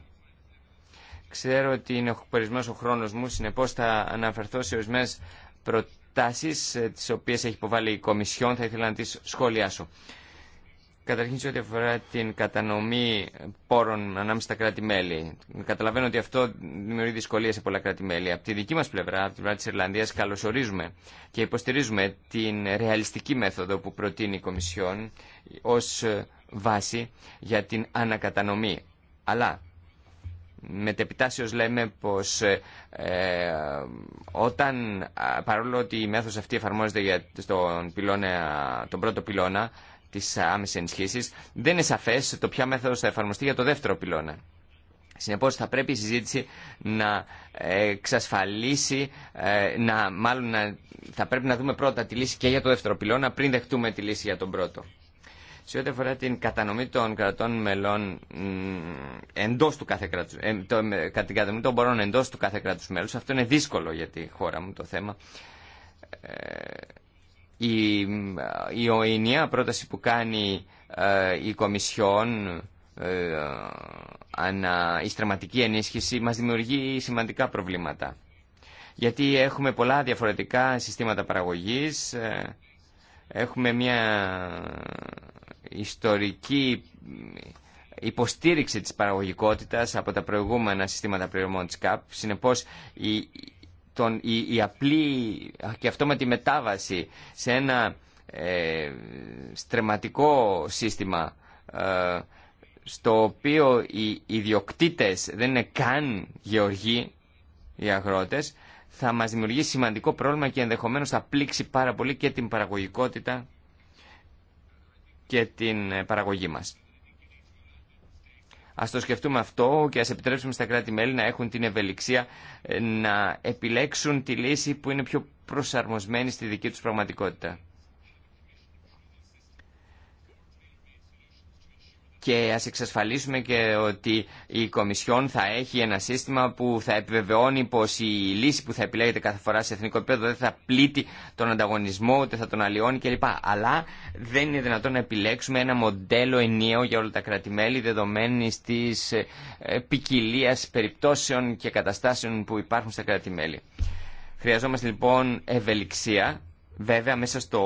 Ξέρω ότι είναι περιορισμένο ο χρόνος μου, συνεπώς θα αναφερθώ σε ορισμένες Προτάσει ε, τι οποίε έχει υποβάλει η Κομισιόν θα ήθελα να τι σχολιάσω. Καταρχήν σε ό,τι αφορά την κατανομή πόρων ανάμεσα στα κράτη-μέλη. Καταλαβαίνω ότι αυτό δημιουργεί δυσκολίε σε πολλά κράτη-μέλη. Από τη δική μα πλευρά, από την πλευρά τη Ιρλανδία, καλωσορίζουμε και υποστηρίζουμε την ρεαλιστική μέθοδο που προτείνει η Κομισιόν ω ε, βάση για την ανακατανομή. Αλλά με μετεπιτάσεως λέμε πως ε, όταν, παρόλο ότι η μέθοδος αυτή εφαρμόζεται για τον, πυλώνα, τον πρώτο πυλώνα της άμεσης ενισχύσης, δεν είναι σαφές το ποια μέθοδος θα εφαρμοστεί για το δεύτερο πυλώνα. Συνεπώς θα πρέπει η συζήτηση να εξασφαλίσει, ε, να, μάλλον να, θα πρέπει να δούμε πρώτα τη λύση και για το δεύτερο πυλώνα πριν δεχτούμε τη λύση για τον πρώτο. Σε ό,τι αφορά την κατανομή των κρατών μελών εντό του κάθε κράτους, ε, την πόρων εντό του κάθε κράτου μέλους, αυτό είναι δύσκολο για τη χώρα μου το θέμα. Ε, η, η πρόταση που κάνει ε, η Κομισιόν ανα, η στραματική ενίσχυση μας δημιουργεί σημαντικά προβλήματα. Γιατί έχουμε πολλά διαφορετικά συστήματα παραγωγής, έχουμε μια ιστορική υποστήριξη της παραγωγικότητας από τα προηγούμενα συστήματα πληρωμών της ΚΑΠ. Συνεπώς, η, τον, η, απλή και αυτόματη μετάβαση σε ένα ε, στρεματικό σύστημα ε, στο οποίο οι ιδιοκτήτες δεν είναι καν γεωργοί οι αγρότες, θα μας δημιουργήσει σημαντικό πρόβλημα και ενδεχομένως θα πλήξει πάρα πολύ και την παραγωγικότητα και την ε, παραγωγή μας. Ας το σκεφτούμε αυτό και ας επιτρέψουμε στα κράτη-μέλη να έχουν την ευελιξία ε, να επιλέξουν τη λύση που είναι πιο προσαρμοσμένη στη δική τους πραγματικότητα. και ας εξασφαλίσουμε και ότι η Κομισιόν θα έχει ένα σύστημα που θα επιβεβαιώνει πως η λύση που θα επιλέγεται κάθε φορά σε εθνικό επίπεδο δεν θα πλήττει τον ανταγωνισμό, ούτε θα τον αλλοιώνει κλπ. Αλλά δεν είναι δυνατόν να επιλέξουμε ένα μοντέλο ενιαίο για όλα τα κρατημέλη δεδομένη τη ε, ποικιλία περιπτώσεων και καταστάσεων που υπάρχουν στα κρατημέλη. Χρειαζόμαστε λοιπόν ευελιξία Βέβαια, μέσα στο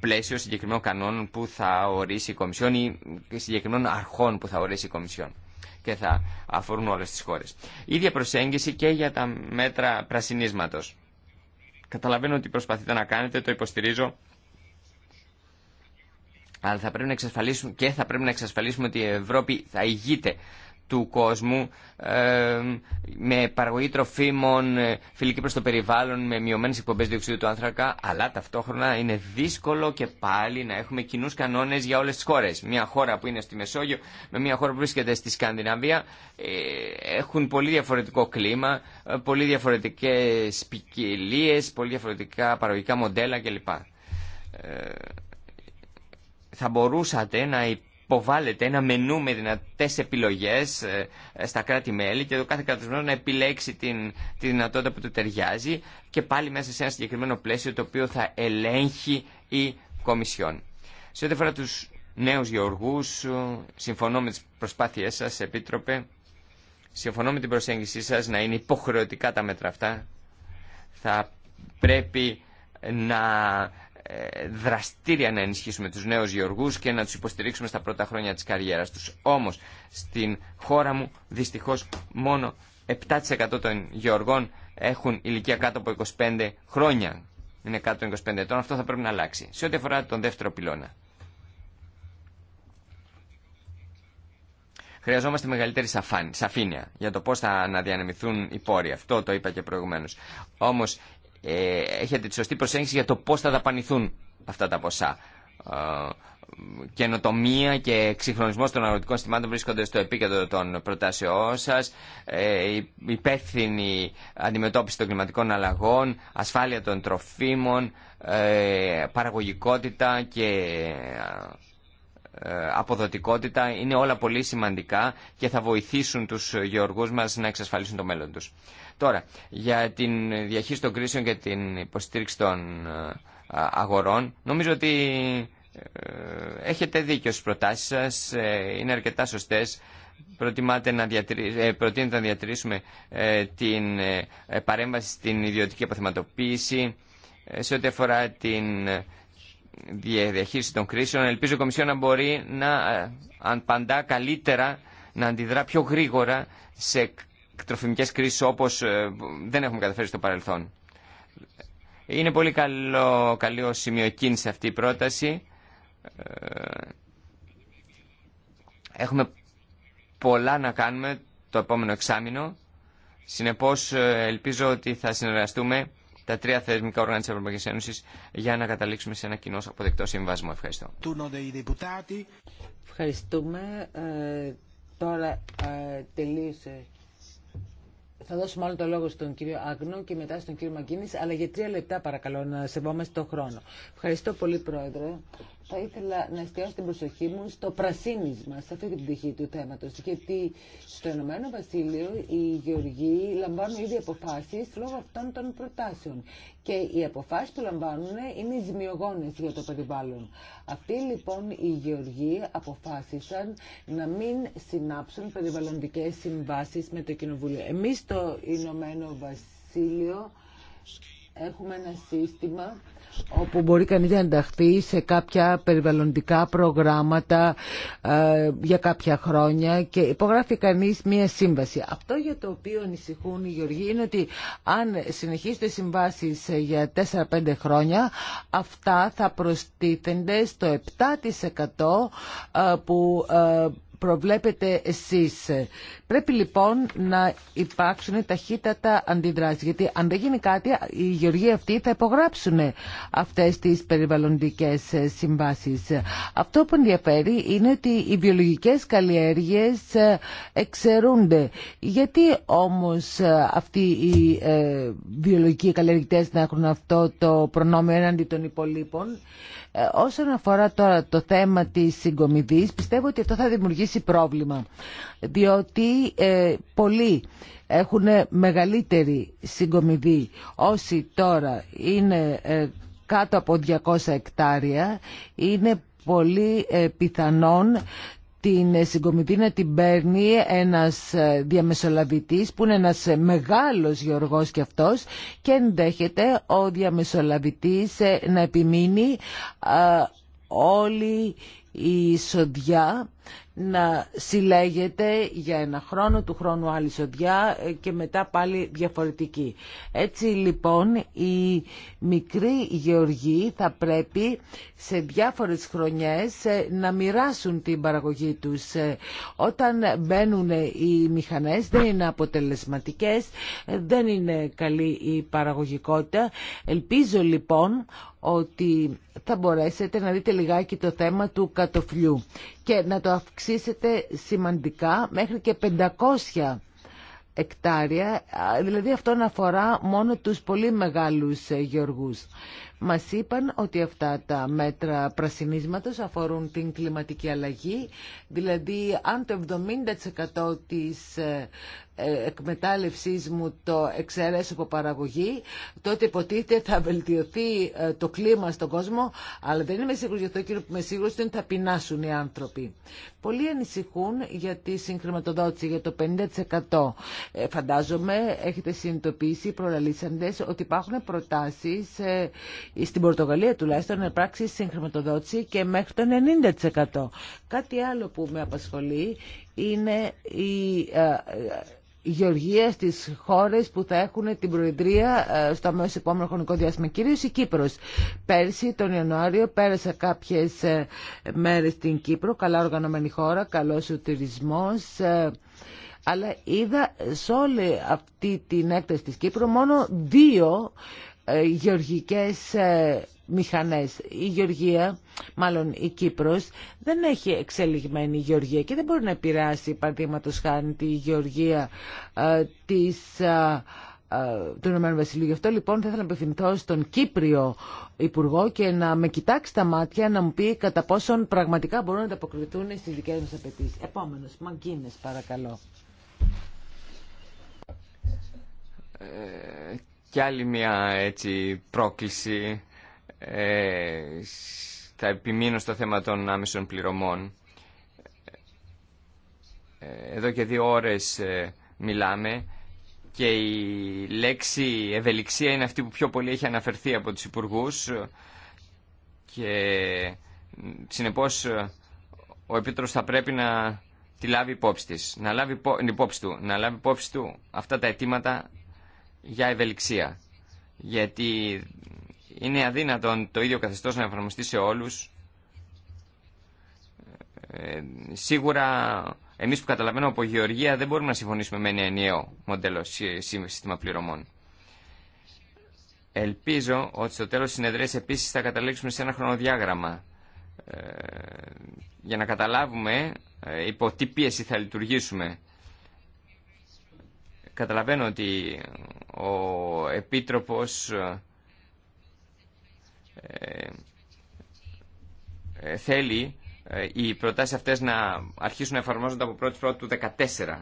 πλαίσιο συγκεκριμένων κανόνων που θα ορίσει η Κομισιόν ή συγκεκριμένων αρχών που θα ορίσει η Κομισιόν και θα αφορούν όλες τις χώρες. Ίδια προσέγγιση και για τα μέτρα πρασινίσματος. Καταλαβαίνω ότι προσπαθείτε να κάνετε, το υποστηρίζω, αλλά θα πρέπει να εξασφαλίσουμε και θα πρέπει να εξασφαλίσουμε ότι η Ευρώπη θα ηγείται του κόσμου με παραγωγή τροφίμων ε, φιλική προς το περιβάλλον με μειωμένες εκπομπές διοξειδίου του άνθρακα αλλά ταυτόχρονα είναι δύσκολο και πάλι να έχουμε κοινού κανόνες για όλες τις χώρες. Μια χώρα που είναι στη Μεσόγειο με μια χώρα που βρίσκεται στη Σκανδιναβία ε, έχουν πολύ διαφορετικό κλίμα, ε, πολύ διαφορετικές ποικιλίε, πολύ διαφορετικά παραγωγικά μοντέλα κλπ. Θα μπορούσατε να υποβάλλεται ένα μενού με δυνατές επιλογές ε, στα κράτη-μέλη και το κάθε κράτος να επιλέξει την, τη δυνατότητα που του ταιριάζει και πάλι μέσα σε ένα συγκεκριμένο πλαίσιο το οποίο θα ελέγχει η Κομισιόν. Σε ό,τι αφορά τους νέους γεωργού, συμφωνώ με τις προσπάθειές σας, Επίτροπε, συμφωνώ με την προσέγγιση σα να είναι υποχρεωτικά τα μέτρα αυτά. Θα πρέπει να δραστήρια να ενισχύσουμε τους νέους γεωργούς και να τους υποστηρίξουμε στα πρώτα χρόνια της καριέρας τους. Όμως, στην χώρα μου, δυστυχώς, μόνο 7% των γεωργών έχουν ηλικία κάτω από 25 χρόνια. Είναι κάτω των 25 ετών. Αυτό θα πρέπει να αλλάξει. Σε ό,τι αφορά τον δεύτερο πυλώνα. Χρειαζόμαστε μεγαλύτερη σαφήνεια για το πώ θα αναδιανεμηθούν οι πόροι. Αυτό το είπα και προηγουμένω. Όμω ε, έχετε τη σωστή προσέγγιση για το πώ θα δαπανηθούν αυτά τα ποσά. Ε, καινοτομία και ξυγχρονισμό των αγροτικών συστημάτων βρίσκονται στο επίκεντρο των προτάσεών σα. Ε, υπεύθυνη αντιμετώπιση των κλιματικών αλλαγών, ασφάλεια των τροφίμων, παραγωγικότητα και αποδοτικότητα είναι όλα πολύ σημαντικά και θα βοηθήσουν τους γεωργούς μας να εξασφαλίσουν το μέλλον τους. Τώρα, για την διαχείριση των κρίσεων και την υποστήριξη των ε, αγορών, νομίζω ότι ε, έχετε δίκιο στις προτάσεις σας, ε, είναι αρκετά σωστές. Προτιμάτε να προτείνετε να διατηρήσουμε την παρέμβαση στην ιδιωτική αποθεματοποίηση σε ό,τι αφορά την διαχείριση των κρίσεων. Ελπίζω η Κομισιόν να μπορεί να, απαντά καλύτερα, να αντιδρά πιο γρήγορα σε τροφιμικές κρίσεις όπως ε, δεν έχουμε καταφέρει στο παρελθόν. Είναι πολύ καλό, καλό σημείο κίνηση αυτή η πρόταση. Ε, έχουμε πολλά να κάνουμε το επόμενο εξάμεινο. Συνεπώς ε, ελπίζω ότι θα συνεργαστούμε τα τρία θεσμικά όργανα τη Ευρωπαϊκή Ένωση για να καταλήξουμε σε ένα κοινό αποδεκτό συμβάσμα. Ευχαριστώ. Ευχαριστούμε. τώρα τελείωσε θα δώσω μάλλον το λόγο στον κύριο Άγνο και μετά στον κύριο Μαγκίνης, αλλά για τρία λεπτά παρακαλώ να σεβόμαστε τον χρόνο. Ευχαριστώ πολύ, Πρόεδρε θα ήθελα να εστιάσω την προσοχή μου στο πρασίνισμα, σε αυτή την πτυχή του θέματος. Γιατί στο Ηνωμένο Βασίλειο οι γεωργοί λαμβάνουν ήδη αποφάσεις λόγω αυτών των προτάσεων. Και οι αποφάσεις που λαμβάνουν είναι ζημιογόνες για το περιβάλλον. Αυτοί λοιπόν οι γεωργοί αποφάσισαν να μην συνάψουν περιβαλλοντικές συμβάσεις με το Κοινοβούλιο. Εμείς στο Ηνωμένο Βασίλειο έχουμε ένα σύστημα όπου μπορεί κανείς να ενταχθεί σε κάποια περιβαλλοντικά προγράμματα ε, για κάποια χρόνια και υπογράφει κανείς μία σύμβαση. Αυτό για το οποίο ανησυχούν οι Γεωργοί είναι ότι αν συνεχίσετε συμβάσεις για 4-5 χρόνια αυτά θα προστίθενται στο 7% ε, που ε, προβλέπετε εσείς. Πρέπει λοιπόν να υπάρξουν ταχύτατα αντιδράσεις, γιατί αν δεν γίνει κάτι, οι γεωργοί αυτοί θα υπογράψουν αυτές τις περιβαλλοντικές συμβάσεις. Αυτό που ενδιαφέρει είναι ότι οι βιολογικές καλλιέργειες ε, εξαιρούνται. Γιατί όμως ε, αυτοί οι ε, βιολογικοί καλλιεργητές να έχουν αυτό το προνόμιο έναντι των υπολείπων. Ε, όσον αφορά τώρα το θέμα της συγκομιδής, πιστεύω ότι αυτό θα δημιουργήσει πρόβλημα, διότι ε, πολλοί έχουν μεγαλύτερη συγκομιδή. Όσοι τώρα είναι ε, κάτω από 200 εκτάρια, είναι πολύ ε, πιθανόν την συγκομιδή να την παίρνει ένας ε, διαμεσολαβητής που είναι ένας ε, μεγάλος γεωργός και αυτός και ενδέχεται ο διαμεσολαβητής ε, να επιμείνει όλη η σοδιά να συλλέγεται για ένα χρόνο, του χρόνου άλλη σοδιά ε, και μετά πάλι διαφορετική. Έτσι λοιπόν οι μικροί γεωργοί θα πρέπει σε διάφορες χρονιές ε, να μοιράσουν την παραγωγή τους. Ε, όταν μπαίνουν οι μηχανές δεν είναι αποτελεσματικές, δεν είναι καλή η παραγωγικότητα. Ελπίζω λοιπόν ότι θα μπορέσετε να δείτε λιγάκι το θέμα του κατοφλιού και να το αυξήσετε σημαντικά μέχρι και 500 εκτάρια, δηλαδή αυτό αφορά μόνο τους πολύ μεγάλους ε, γεωργούς. Μας είπαν ότι αυτά τα μέτρα πρασινίσματος αφορούν την κλιματική αλλαγή, δηλαδή αν το 70% της ε, εκμετάλλευσής μου το εξαιρέσω από παραγωγή, τότε υποτίθεται θα βελτιωθεί ε, το κλίμα στον κόσμο, αλλά δεν είμαι σίγουρη για αυτό, κύριο, που είμαι σίγουρη ότι θα πεινάσουν οι άνθρωποι. Πολλοί ανησυχούν για τη συγχρηματοδότηση, για το 50%. Ε, φαντάζομαι, έχετε συνειδητοποιήσει, οι προλαλήσαντες, ότι υπάρχουν προτάσεις, ε, στην Πορτογαλία τουλάχιστον, να υπάρξει συγχρηματοδότηση και μέχρι το 90%. Κάτι άλλο που με απασχολεί είναι η γεωργία στις χώρες που θα έχουν την Προεδρία ε, στο μέσο επόμενο χρονικό διάστημα, κυρίως η Κύπρος. Πέρσι τον Ιανουάριο πέρασα κάποιες ε, μέρες στην Κύπρο, καλά οργανωμένη χώρα, καλός ο τουρισμός, ε, αλλά είδα σε όλη αυτή την έκταση της Κύπρου μόνο δύο γεωργικές μηχανές. Η Γεωργία, μάλλον η Κύπρος, δεν έχει εξελιγμένη Γεωργία και δεν μπορεί να επηρεάσει, παραδείγματο χάνει τη Γεωργία ε, της, ε, ε, του Ηνωμένου Βασιλείου. Γι' αυτό λοιπόν θα ήθελα να απευθυνθώ στον Κύπριο Υπουργό και να με κοιτάξει τα μάτια να μου πει κατά πόσον πραγματικά μπορούν να ανταποκριθούν στις δικές μας απαιτήσεις. Επόμενος, Μαγκίνες παρακαλώ. Ε, και άλλη μια έτσι πρόκληση ε, θα επιμείνω στο θέμα των άμεσων πληρωμών. Ε, εδώ και δύο ώρες ε, μιλάμε και η λέξη ευελιξία είναι αυτή που πιο πολύ έχει αναφερθεί από τους υπουργούς και συνεπώς ο Επίτρος θα πρέπει να τη λάβει υπόψη της, να λάβει υπόψη του, να λάβει υπόψη του αυτά τα αιτήματα για ευελιξία. Γιατί είναι αδύνατον το ίδιο καθεστώς να εφαρμοστεί σε όλους. Ε, σίγουρα εμείς που καταλαβαίνουμε από γεωργία δεν μπορούμε να συμφωνήσουμε με ένα ενιαίο μοντέλο σύστημα πληρωμών. Ελπίζω ότι στο τέλος της συνεδρίας επίσης θα καταλήξουμε σε ένα χρονοδιάγραμμα ε, για να καταλάβουμε ε, υπό τι πίεση θα λειτουργήσουμε. Καταλαβαίνω ότι ο Επίτροπος ε, ε, θέλει ε, οι προτάσεις αυτές να αρχίσουν να εφαρμόζονται πρώτη 1η του 2014.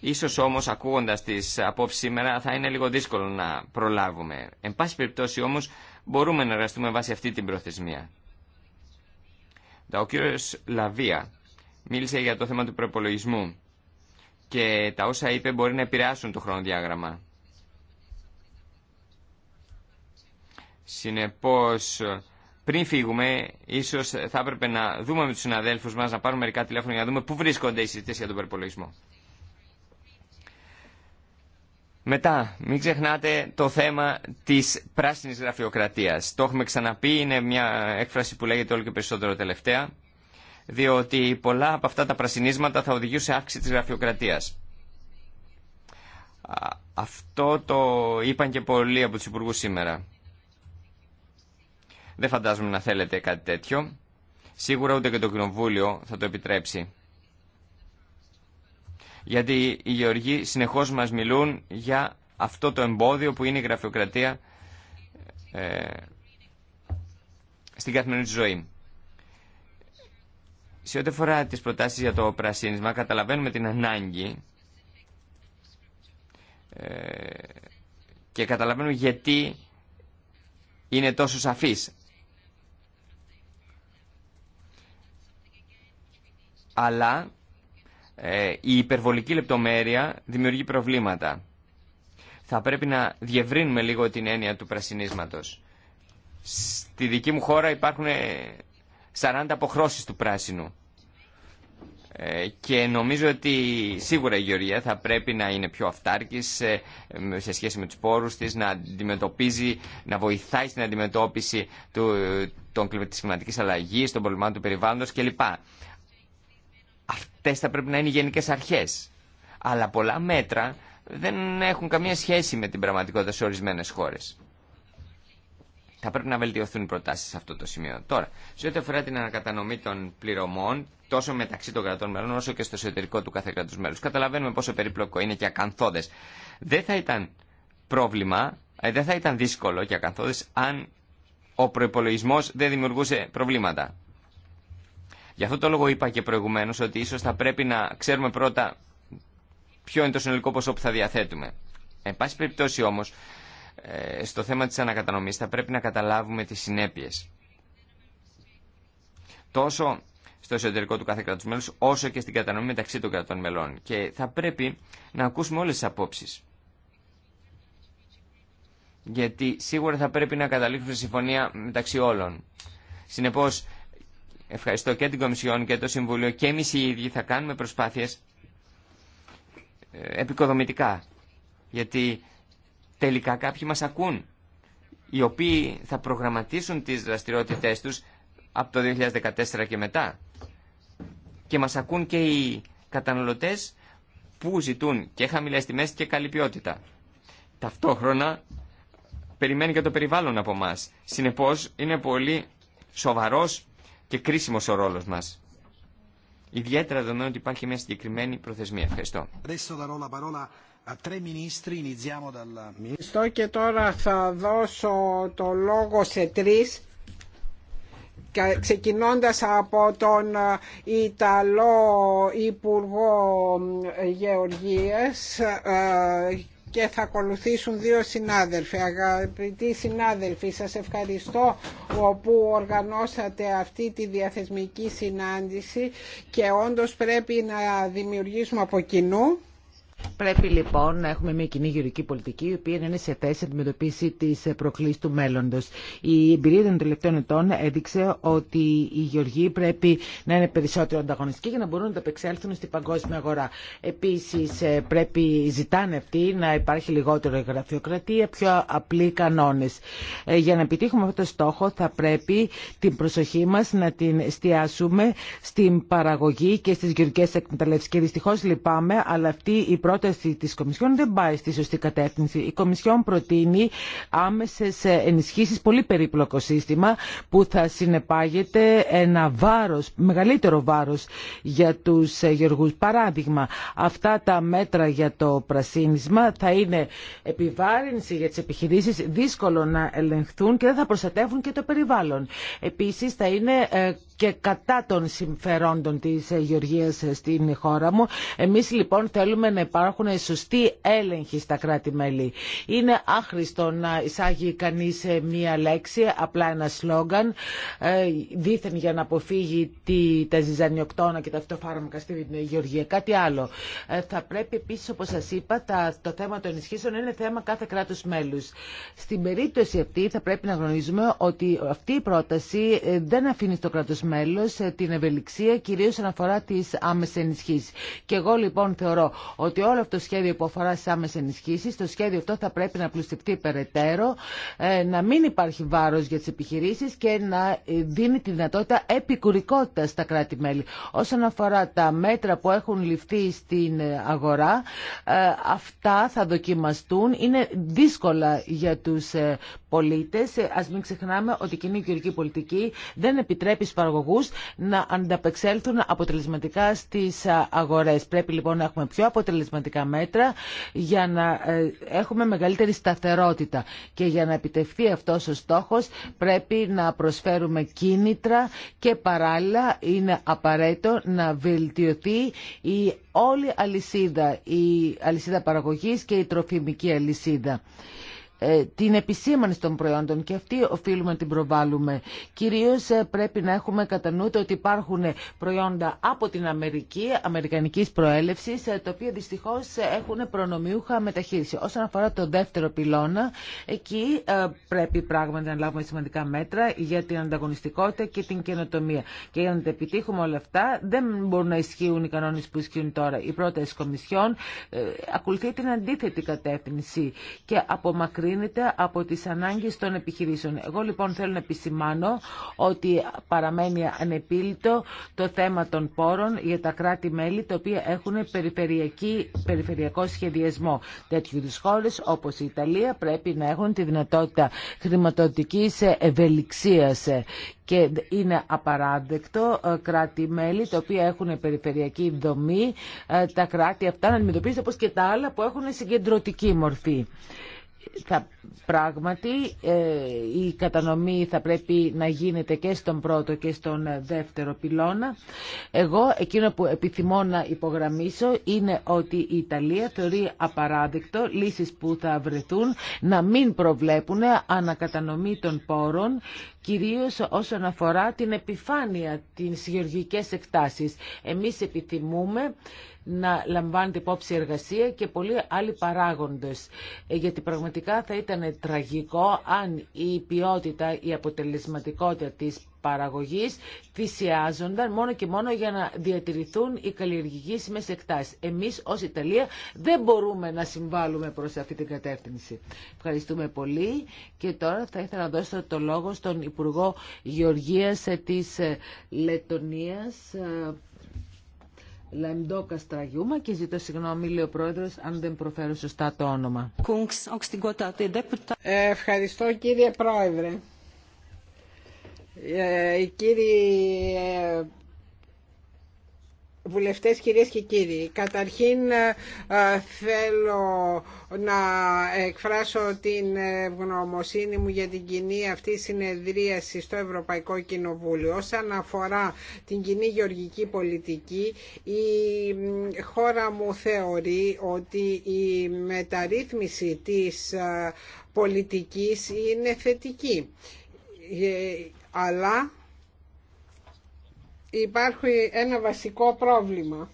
Ίσως όμως ακούγοντας τις απόψεις σήμερα θα είναι λίγο δύσκολο να προλάβουμε. Εν πάση περιπτώσει όμως μπορούμε να εργαστούμε βάσει αυτή την προθεσμία. Ο κύριος Λαβία μίλησε για το θέμα του προπολογισμού και τα όσα είπε μπορεί να επηρεάσουν το χρονοδιάγραμμα. Συνεπώς, πριν φύγουμε, ίσως θα έπρεπε να δούμε με τους συναδέλφους μας, να πάρουμε μερικά τηλέφωνα για να δούμε πού βρίσκονται οι συζητήσεις για τον περιπολογισμό. Μετά, μην ξεχνάτε το θέμα της πράσινης γραφειοκρατίας. Το έχουμε ξαναπεί, είναι μια έκφραση που λέγεται όλο και περισσότερο τελευταία, διότι πολλά από αυτά τα πρασινίσματα θα οδηγούν σε αύξηση της γραφειοκρατίας. Αυτό το είπαν και πολλοί από τους υπουργούς σήμερα. Δεν φαντάζομαι να θέλετε κάτι τέτοιο. Σίγουρα ούτε και το Κοινοβούλιο θα το επιτρέψει. Γιατί οι γεωργοί συνεχώς μας μιλούν για αυτό το εμπόδιο που είναι η γραφειοκρατία ε, στην καθημερινή ζωή. Σε ό,τι αφορά τις προτάσεις για το πρασίνισμα, καταλαβαίνουμε την ανάγκη ε, και καταλαβαίνουμε γιατί είναι τόσο σαφής αλλά ε, η υπερβολική λεπτομέρεια δημιουργεί προβλήματα. Θα πρέπει να διευρύνουμε λίγο την έννοια του πρασινίσματος. Στη δική μου χώρα υπάρχουν 40 ε, αποχρώσεις του πράσινου. Ε, και νομίζω ότι σίγουρα η Γεωργία θα πρέπει να είναι πιο αυτάρκης σε σχέση με τους πόρους της, να αντιμετωπίζει, να βοηθάει στην αντιμετώπιση του, των, της κλιματικής αλλαγής, των προβλημάτων του περιβάλλοντος κλπ. Αυτές θα πρέπει να είναι οι γενικές αρχές. Αλλά πολλά μέτρα δεν έχουν καμία σχέση με την πραγματικότητα σε ορισμένες χώρες. Θα πρέπει να βελτιωθούν οι προτάσει σε αυτό το σημείο. Τώρα, σε ό,τι αφορά την ανακατανομή των πληρωμών, τόσο μεταξύ των κρατών μελών, όσο και στο εσωτερικό του κάθε κράτου μέλου. Καταλαβαίνουμε πόσο περίπλοκο είναι και ακαθόδε. Δεν θα ήταν πρόβλημα, ε, δεν θα ήταν δύσκολο και ακαθόδε αν ο προπολογισμό δεν δημιουργούσε προβλήματα. Γι' αυτό το λόγο είπα και προηγουμένω ότι ίσω θα πρέπει να ξέρουμε πρώτα ποιο είναι το συνολικό ποσό που θα διαθέτουμε. Εν πάση περιπτώσει όμω, ε, στο θέμα τη ανακατανομή θα πρέπει να καταλάβουμε τι συνέπειε. Τόσο στο εσωτερικό του κάθε κράτου μέλου, όσο και στην κατανομή μεταξύ των κρατών μελών. Και θα πρέπει να ακούσουμε όλε τι απόψει. Γιατί σίγουρα θα πρέπει να καταλήξουμε συμφωνία μεταξύ όλων. Συνεπώς Ευχαριστώ και την Κομισιόν και το Συμβούλιο και εμείς οι ίδιοι θα κάνουμε προσπάθειες ε, επικοδομητικά. Γιατί τελικά κάποιοι μας ακούν, οι οποίοι θα προγραμματίσουν τις δραστηριότητές τους από το 2014 και μετά. Και μας ακούν και οι καταναλωτές που ζητούν και χαμηλές τιμές και καλή ποιότητα. Ταυτόχρονα περιμένει και το περιβάλλον από μας. Συνεπώς είναι πολύ σοβαρός και κρίσιμο ο ρόλο μα. Ιδιαίτερα δεδομένου ότι υπάρχει μια συγκεκριμένη προθεσμία. Ευχαριστώ. Ευχαριστώ και τώρα θα δώσω το λόγο σε τρεις ξεκινώντας από τον ε, Ιταλό Υπουργό ε, Γεωργίας ε, και θα ακολουθήσουν δύο συνάδελφοι. Αγαπητοί συνάδελφοι, σας ευχαριστώ που οργανώσατε αυτή τη διαθεσμική συνάντηση και όντως πρέπει να δημιουργήσουμε από κοινού Πρέπει λοιπόν να έχουμε μια κοινή γεωργική πολιτική, η οποία είναι σε θέση να αντιμετωπίσει προκλήση του μέλλοντο. Η εμπειρία των τελευταίων ετών έδειξε ότι οι γεωργοί πρέπει να είναι περισσότερο ανταγωνιστικοί για να μπορούν να ταπεξέλθουν στην παγκόσμια αγορά. Επίση, ε, πρέπει, ζητάνε αυτοί να υπάρχει λιγότερο γραφειοκρατία, πιο απλοί κανόνε. Ε, για να επιτύχουμε αυτό το στόχο, θα πρέπει την προσοχή μα να την εστιάσουμε στην παραγωγή και στι γεωργικέ εκμεταλλεύσει. Και δυστυχώ λυπάμαι, αλλά αυτή η πρόταση της Κομισιόν δεν πάει στη σωστή κατεύθυνση. Η Κομισιόν προτείνει άμεσες ενισχύσεις, πολύ περίπλοκο σύστημα που θα συνεπάγεται ένα βάρος, μεγαλύτερο βάρος για τους γεωργούς. Παράδειγμα, αυτά τα μέτρα για το πρασίνισμα θα είναι επιβάρυνση για τις επιχειρήσεις, δύσκολο να ελεγχθούν και δεν θα προστατεύουν και το περιβάλλον. Επίσης θα είναι ε, και κατά των συμφερόντων της ε, Γεωργίας ε, στην χώρα μου. Εμείς λοιπόν θέλουμε να υπάρχουν σωστοί έλεγχοι στα κράτη-μέλη. Είναι άχρηστο να εισάγει κανείς ε, μία λέξη, απλά ένα σλόγγαν, δήθεν για να αποφύγει τα ζυζανιοκτώνα και τα αυτοφάρμακα στην Γεωργία. Κάτι άλλο. Θα πρέπει επίσης, όπως σας είπα, το θέμα των ενισχύσεων είναι θέμα κάθε κράτους μέλους. Στην περίπτωση αυτή θα πρέπει να γνωρίζουμε ότι αυτή η πρόταση δεν αφήνει στο κράτος μέλος ε, την ευελιξία κυρίως όσον αφορά τις άμεσες ενισχύσεις. Και εγώ λοιπόν θεωρώ ότι όλο αυτό το σχέδιο που αφορά τις άμεσες ενισχύσεις, το σχέδιο αυτό θα πρέπει να πλουστευτεί περαιτέρω, ε, να μην υπάρχει βάρος για τις επιχειρήσεις και να ε, δίνει τη δυνατότητα επικουρικότητα στα κράτη-μέλη. Όσον αφορά τα μέτρα που έχουν ληφθεί στην αγορά, αυτά θα δοκιμαστούν. Είναι δύσκολα για τους πολίτες. Ε, ας μην ξεχνάμε ότι η κοινή κυρική πολιτική δεν επιτρέπει στους παραγωγούς να ανταπεξέλθουν αποτελεσματικά στις ε, αγορές. Πρέπει λοιπόν να έχουμε πιο αποτελεσματικά μέτρα για να ε, έχουμε μεγαλύτερη σταθερότητα. Και για να επιτευχθεί αυτός ο στόχος πρέπει να προσφέρουμε κίνητρα και παράλληλα είναι απαραίτητο να βελτιωθεί η όλη αλυσίδα, η αλυσίδα παραγωγής και η τροφιμική αλυσίδα. Ε, την επισήμανση των προϊόντων και αυτή οφείλουμε να την προβάλλουμε. Κυρίως ε, πρέπει να έχουμε κατά νου ότι υπάρχουν προϊόντα από την Αμερική, αμερικανικής προέλευσης, ε, τα οποία δυστυχώς έχουν προνομιούχα μεταχείριση. Όσον αφορά το δεύτερο πυλώνα, εκεί πρέπει πράγματι να λάβουμε σημαντικά μέτρα για την ανταγωνιστικότητα και την καινοτομία. Και για να τα επιτύχουμε όλα αυτά, δεν μπορούν να ισχύουν οι κανόνες που ισχύουν τώρα. Η πρόταση Κομισιόν ακολουθεί την αντίθετη κατεύθυνση και απομακρύνει διευρύνεται από τις ανάγκες των επιχειρήσεων. Εγώ λοιπόν θέλω να επισημάνω ότι παραμένει ανεπίλητο το θέμα των πόρων για τα κράτη-μέλη τα οποία έχουν περιφερειακό σχεδιασμό. Τέτοιου είδους χώρε, όπως η Ιταλία πρέπει να έχουν τη δυνατότητα χρηματοδοτικής ευελιξίας και είναι απαράδεκτο ε, κράτη-μέλη τα οποία έχουν περιφερειακή δομή, ε, τα κράτη αυτά να αντιμετωπίζονται όπως και τα άλλα που έχουν συγκεντρωτική μορφή θα πράγματι ε, η κατανομή θα πρέπει να γίνεται και στον πρώτο και στον δεύτερο πυλώνα. Εγώ εκείνο που επιθυμώ να υπογραμμίσω είναι ότι η Ιταλία θεωρεί απαράδεκτο λύσεις που θα βρεθούν να μην προβλέπουν ανακατανομή των πόρων κυρίως όσον αφορά την επιφάνεια, τις γεωργικές εκτάσεις. Εμείς επιθυμούμε να λαμβάνεται υπόψη εργασία και πολλοί άλλοι παράγοντες. Ε, γιατί πραγματικά θα ήταν τραγικό αν η ποιότητα, η αποτελεσματικότητα της παραγωγής θυσιάζονταν μόνο και μόνο για να διατηρηθούν οι καλλιεργήσιμες εκτάσεις. Εμείς ως Ιταλία δεν μπορούμε να συμβάλλουμε προς αυτή την κατεύθυνση. Ευχαριστούμε πολύ και τώρα θα ήθελα να δώσω το λόγο στον Υπουργό Γεωργίας της ε, Λετωνίας ε, Λέμντο Στραγιούμα και ζητώ συγγνώμη, λέει ο πρόεδρος, αν δεν προφέρω σωστά το όνομα. Ευχαριστώ κύριε πρόεδρε. Ε, κύριε Βουλευτές, κυρίες και κύριοι, καταρχήν ε, ε, θέλω να εκφράσω την ευγνωμοσύνη μου για την κοινή αυτή συνεδρίαση στο Ευρωπαϊκό Κοινοβούλιο. Όσον αφορά την κοινή γεωργική πολιτική, η χώρα μου θεωρεί ότι η μεταρρύθμιση της ε, πολιτικής είναι θετική. Αλλά υπάρχει ένα βασικό πρόβλημα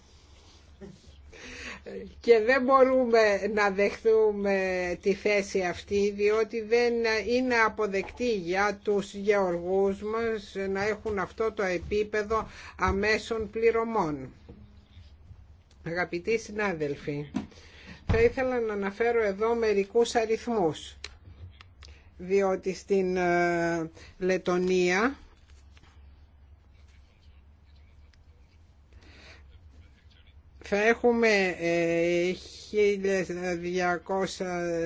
και δεν μπορούμε να δεχθούμε τη θέση αυτή διότι δεν είναι αποδεκτή για τους γεωργούς μας να έχουν αυτό το επίπεδο αμέσων πληρωμών. Αγαπητοί συνάδελφοι, θα ήθελα να αναφέρω εδώ μερικούς αριθμούς διότι στην ε, Λετωνία θα έχουμε ε, 1.200 αναεκτάριο ε,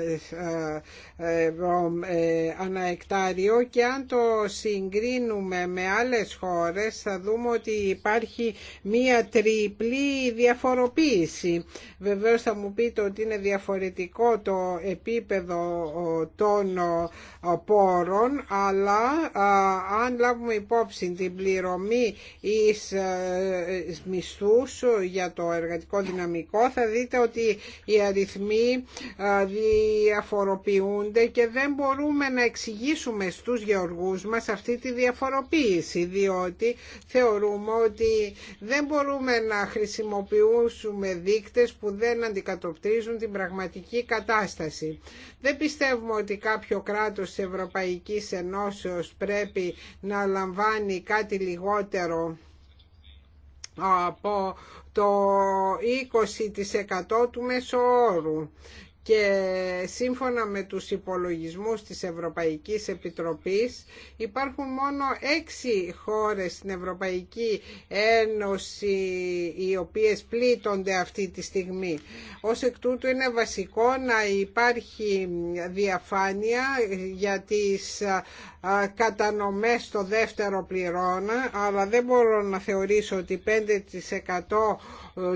ε, ανά εκτάριο και αν το συγκρίνουμε με άλλες χώρες θα δούμε ότι υπάρχει μία τριπλή διαφοροποίηση. Βεβαίως θα μου πείτε ότι είναι διαφορετικό το επίπεδο των πόρων αλλά αν λάβουμε υπόψη την πληρωμή ε, εις μισθούς για το εργατικό δυναμικό θα δείτε ότι οι αριθμοί διαφοροποιούνται και δεν μπορούμε να εξηγήσουμε στους γεωργούς μας αυτή τη διαφοροποίηση διότι θεωρούμε ότι δεν μπορούμε να χρησιμοποιήσουμε δείκτες που δεν αντικατοπτρίζουν την πραγματική κατάσταση. Δεν πιστεύουμε ότι κάποιο κράτος της Ευρωπαϊκής Ενώσεως πρέπει να λαμβάνει κάτι λιγότερο από το 20% του μεσοόρου και σύμφωνα με τους υπολογισμούς της Ευρωπαϊκής Επιτροπής υπάρχουν μόνο έξι χώρες στην Ευρωπαϊκή Ένωση οι οποίες πλήττονται αυτή τη στιγμή. Ως εκ τούτου είναι βασικό να υπάρχει διαφάνεια για τις κατανομές στο δεύτερο πληρώνα αλλά δεν μπορώ να θεωρήσω ότι 5%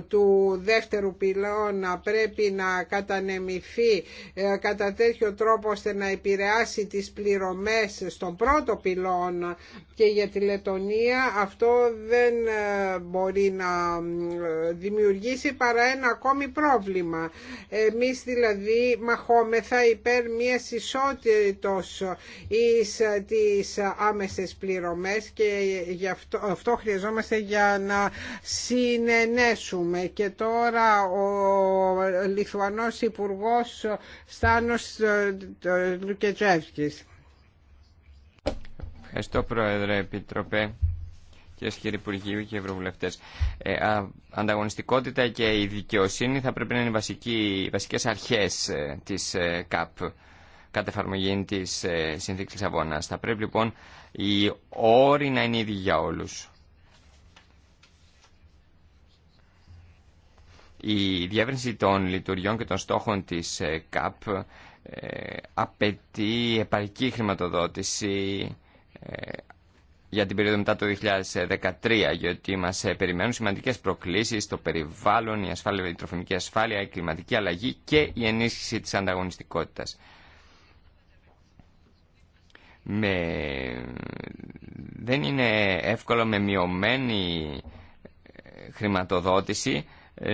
του δεύτερου πυλώνα πρέπει να κατανεμηθεί ε, κατά τέτοιο τρόπο ώστε να επηρεάσει τις πληρωμές στον πρώτο πυλώνα και για τη Λετωνία αυτό δεν ε, μπορεί να δημιουργήσει παρά ένα ακόμη πρόβλημα. Εμείς δηλαδή μαχόμεθα υπέρ μια ισότητος εις ε, τις άμεσες πληρωμές και γι αυτό, αυτό χρειαζόμαστε για να συνενέσουμε και τώρα ο Λιθουανός Υπουργός Στάνος ε, ε, Λουκετζεύσκης. Ευχαριστώ Πρόεδρε Επιτροπέ κυρίε και κύριοι Υπουργοί και Ευρωβουλευτέ. Ε, ανταγωνιστικότητα και η δικαιοσύνη θα πρέπει να είναι οι βασικές αρχές ε, της ΚΑΠ κατά εφαρμογή της ε, Συνθήκης Λισαβόνας. Θα πρέπει λοιπόν οι όροι να είναι ίδιοι για όλους. Η διεύρυνση των λειτουργιών και των στόχων της ε, ΚΑΠ ε, απαιτεί επαρκή χρηματοδότηση ε, για την περίοδο μετά το 2013, γιατί μας περιμένουν σημαντικές προκλήσεις στο περιβάλλον, η, ασφάλεια, η τροφιμική ασφάλεια, η κλιματική αλλαγή και η ενίσχυση της ανταγωνιστικότητας. Με... Δεν είναι εύκολο με μειωμένη χρηματοδότηση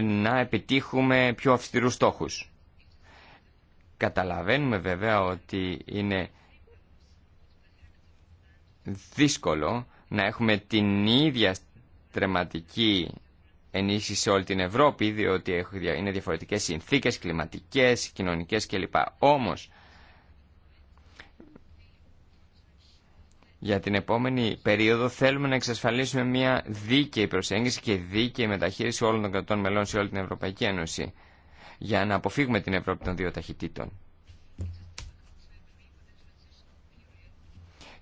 να επιτύχουμε πιο αυστηρούς στόχους. Καταλαβαίνουμε βέβαια ότι είναι δύσκολο να έχουμε την ίδια στρεματική ενίσχυση σε όλη την Ευρώπη, διότι είναι διαφορετικές συνθήκες, κλιματικές, κοινωνικές κλπ. Όμως, για την επόμενη περίοδο θέλουμε να εξασφαλίσουμε μια δίκαιη προσέγγιση και δίκαιη μεταχείριση όλων των κρατών μελών σε όλη την Ευρωπαϊκή Ένωση για να αποφύγουμε την Ευρώπη των δύο ταχυτήτων.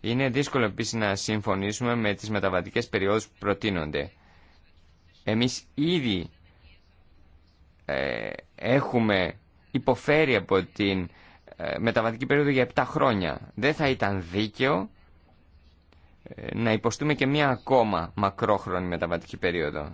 Είναι δύσκολο επίση να συμφωνήσουμε με τις μεταβατικές περιόδους που προτείνονται. Εμείς ήδη ε, έχουμε υποφέρει από την ε, μεταβατική περίοδο για 7 χρόνια. Δεν θα ήταν δίκαιο ε, να υποστούμε και μία ακόμα μακρόχρονη μεταβατική περίοδο.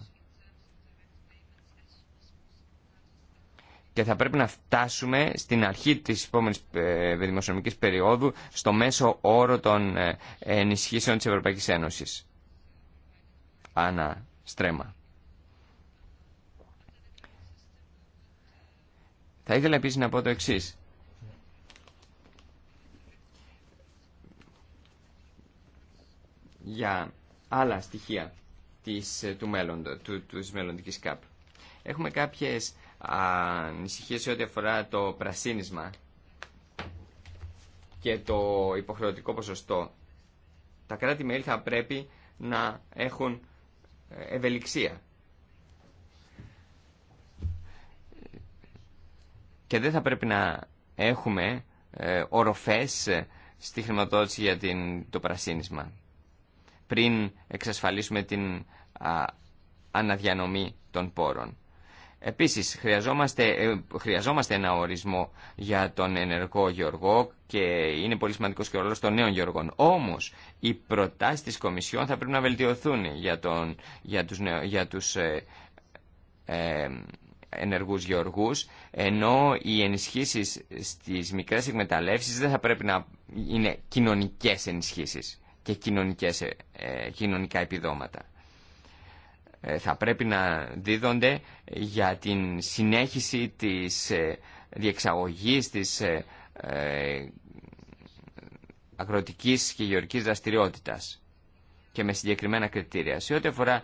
Και θα πρέπει να φτάσουμε στην αρχή της επόμενης ε, δημοσιονομικής περίοδου στο μέσο όρο των ε, ενισχύσεων της Ευρωπαϊκής Ένωσης. Ανά στρέμα. Θα ήθελα επίσης να πω το εξής. για άλλα στοιχεία της, ε, του μέλλοντο, του, της μελλοντικής ΚΑΠ. Έχουμε κάποιες ανησυχίε σε ό,τι αφορά το πρασίνισμα και το υποχρεωτικό ποσοστό. Τα κράτη-μέλη θα πρέπει να έχουν ε, ευελιξία. Και δεν θα πρέπει να έχουμε ε, οροφές στη χρηματοδότηση για την, το πρασίνισμα πριν εξασφαλίσουμε την αναδιανομή των πόρων. Επίσης, χρειαζόμαστε, ε, χρειαζόμαστε ένα ορισμό για τον ενεργό γεωργό και είναι πολύ σημαντικός και ο ρόλος των νέων γεωργών. Όμως, οι προτάσεις της Κομισιόν θα πρέπει να βελτιωθούν για, τον, για τους, για τους ε, ε, ενεργούς γεωργούς, ενώ οι ενισχύσεις στις μικρές εκμεταλλεύσεις δεν θα πρέπει να είναι κοινωνικές ενισχύσεις και κοινωνικές, ε, κοινωνικά επιδόματα. Ε, θα πρέπει να δίδονται για την συνέχιση της ε, διεξαγωγής της αγροτικής και γεωργικής δραστηριότητας και με συγκεκριμένα κριτήρια. Σε ό,τι αφορά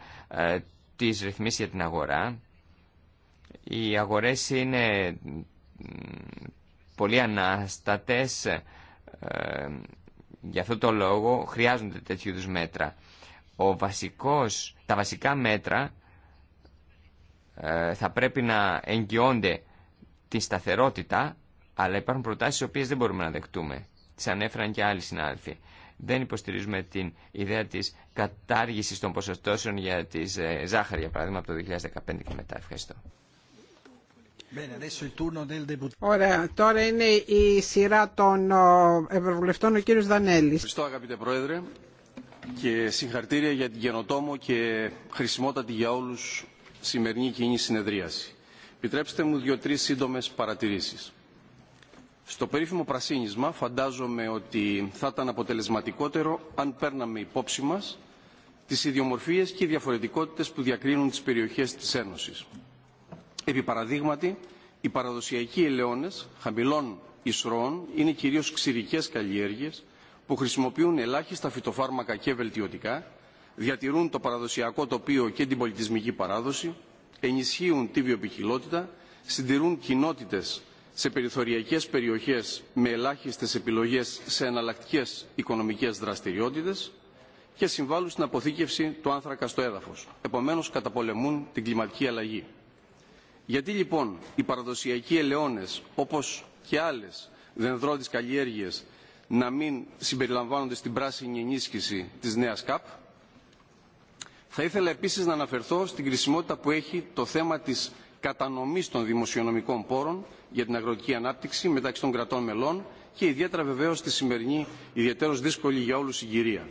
τις ρυθμίσεις για την αγορά, οι αγορές είναι πολύ ανάστατες για αυτό το λόγο χρειάζονται τέτοιου είδους μέτρα. Ο βασικός, τα βασικά μέτρα ε, θα πρέπει να εγγυώνται τη σταθερότητα, αλλά υπάρχουν προτάσεις οι οποίες δεν μπορούμε να δεχτούμε. Τι ανέφεραν και άλλοι συνάδελφοι. Δεν υποστηρίζουμε την ιδέα της κατάργησης των ποσοστώσεων για τη ε, ζάχαρη, για παράδειγμα, από το 2015 και μετά. Ευχαριστώ. Ωραία, τώρα είναι η σειρά των Ευρωβουλευτών, ο κύριος Δανέλης. Ευχαριστώ αγαπητέ Πρόεδρε και συγχαρητήρια για την καινοτόμο και χρησιμότατη για όλους σημερινή κοινή συνεδρίαση. Επιτρέψτε μου δύο-τρεις σύντομες παρατηρήσεις. Στο περίφημο πρασίνισμα φαντάζομαι ότι θα ήταν αποτελεσματικότερο αν παίρναμε υπόψη μας τις ιδιομορφίες και διαφορετικότητες που διακρίνουν τις περιοχές της Ένωσης. Επί παραδείγματι, οι παραδοσιακοί ελαιώνες χαμηλών ισρώων είναι κυρίως ξηρικές καλλιέργειες που χρησιμοποιούν ελάχιστα φυτοφάρμακα και βελτιωτικά, διατηρούν το παραδοσιακό τοπίο και την πολιτισμική παράδοση, ενισχύουν τη βιοπικιλότητα, συντηρούν κοινότητες σε περιθωριακές περιοχές με ελάχιστες επιλογές σε εναλλακτικέ οικονομικές δραστηριότητες και συμβάλλουν στην αποθήκευση του άνθρακα στο έδαφος. Επομένως, καταπολεμούν την κλιματική αλλαγή. Γιατί λοιπόν οι παραδοσιακοί ελαιώνες όπως και άλλες δενδρώτες καλλιέργειες να μην συμπεριλαμβάνονται στην πράσινη ενίσχυση της νέας ΚΑΠ. Θα ήθελα επίσης να αναφερθώ στην κρισιμότητα που έχει το θέμα της κατανομής των δημοσιονομικών πόρων για την αγροτική ανάπτυξη μεταξύ των κρατών μελών και ιδιαίτερα βεβαίως στη σημερινή ιδιαίτερως δύσκολη για όλους συγκυρία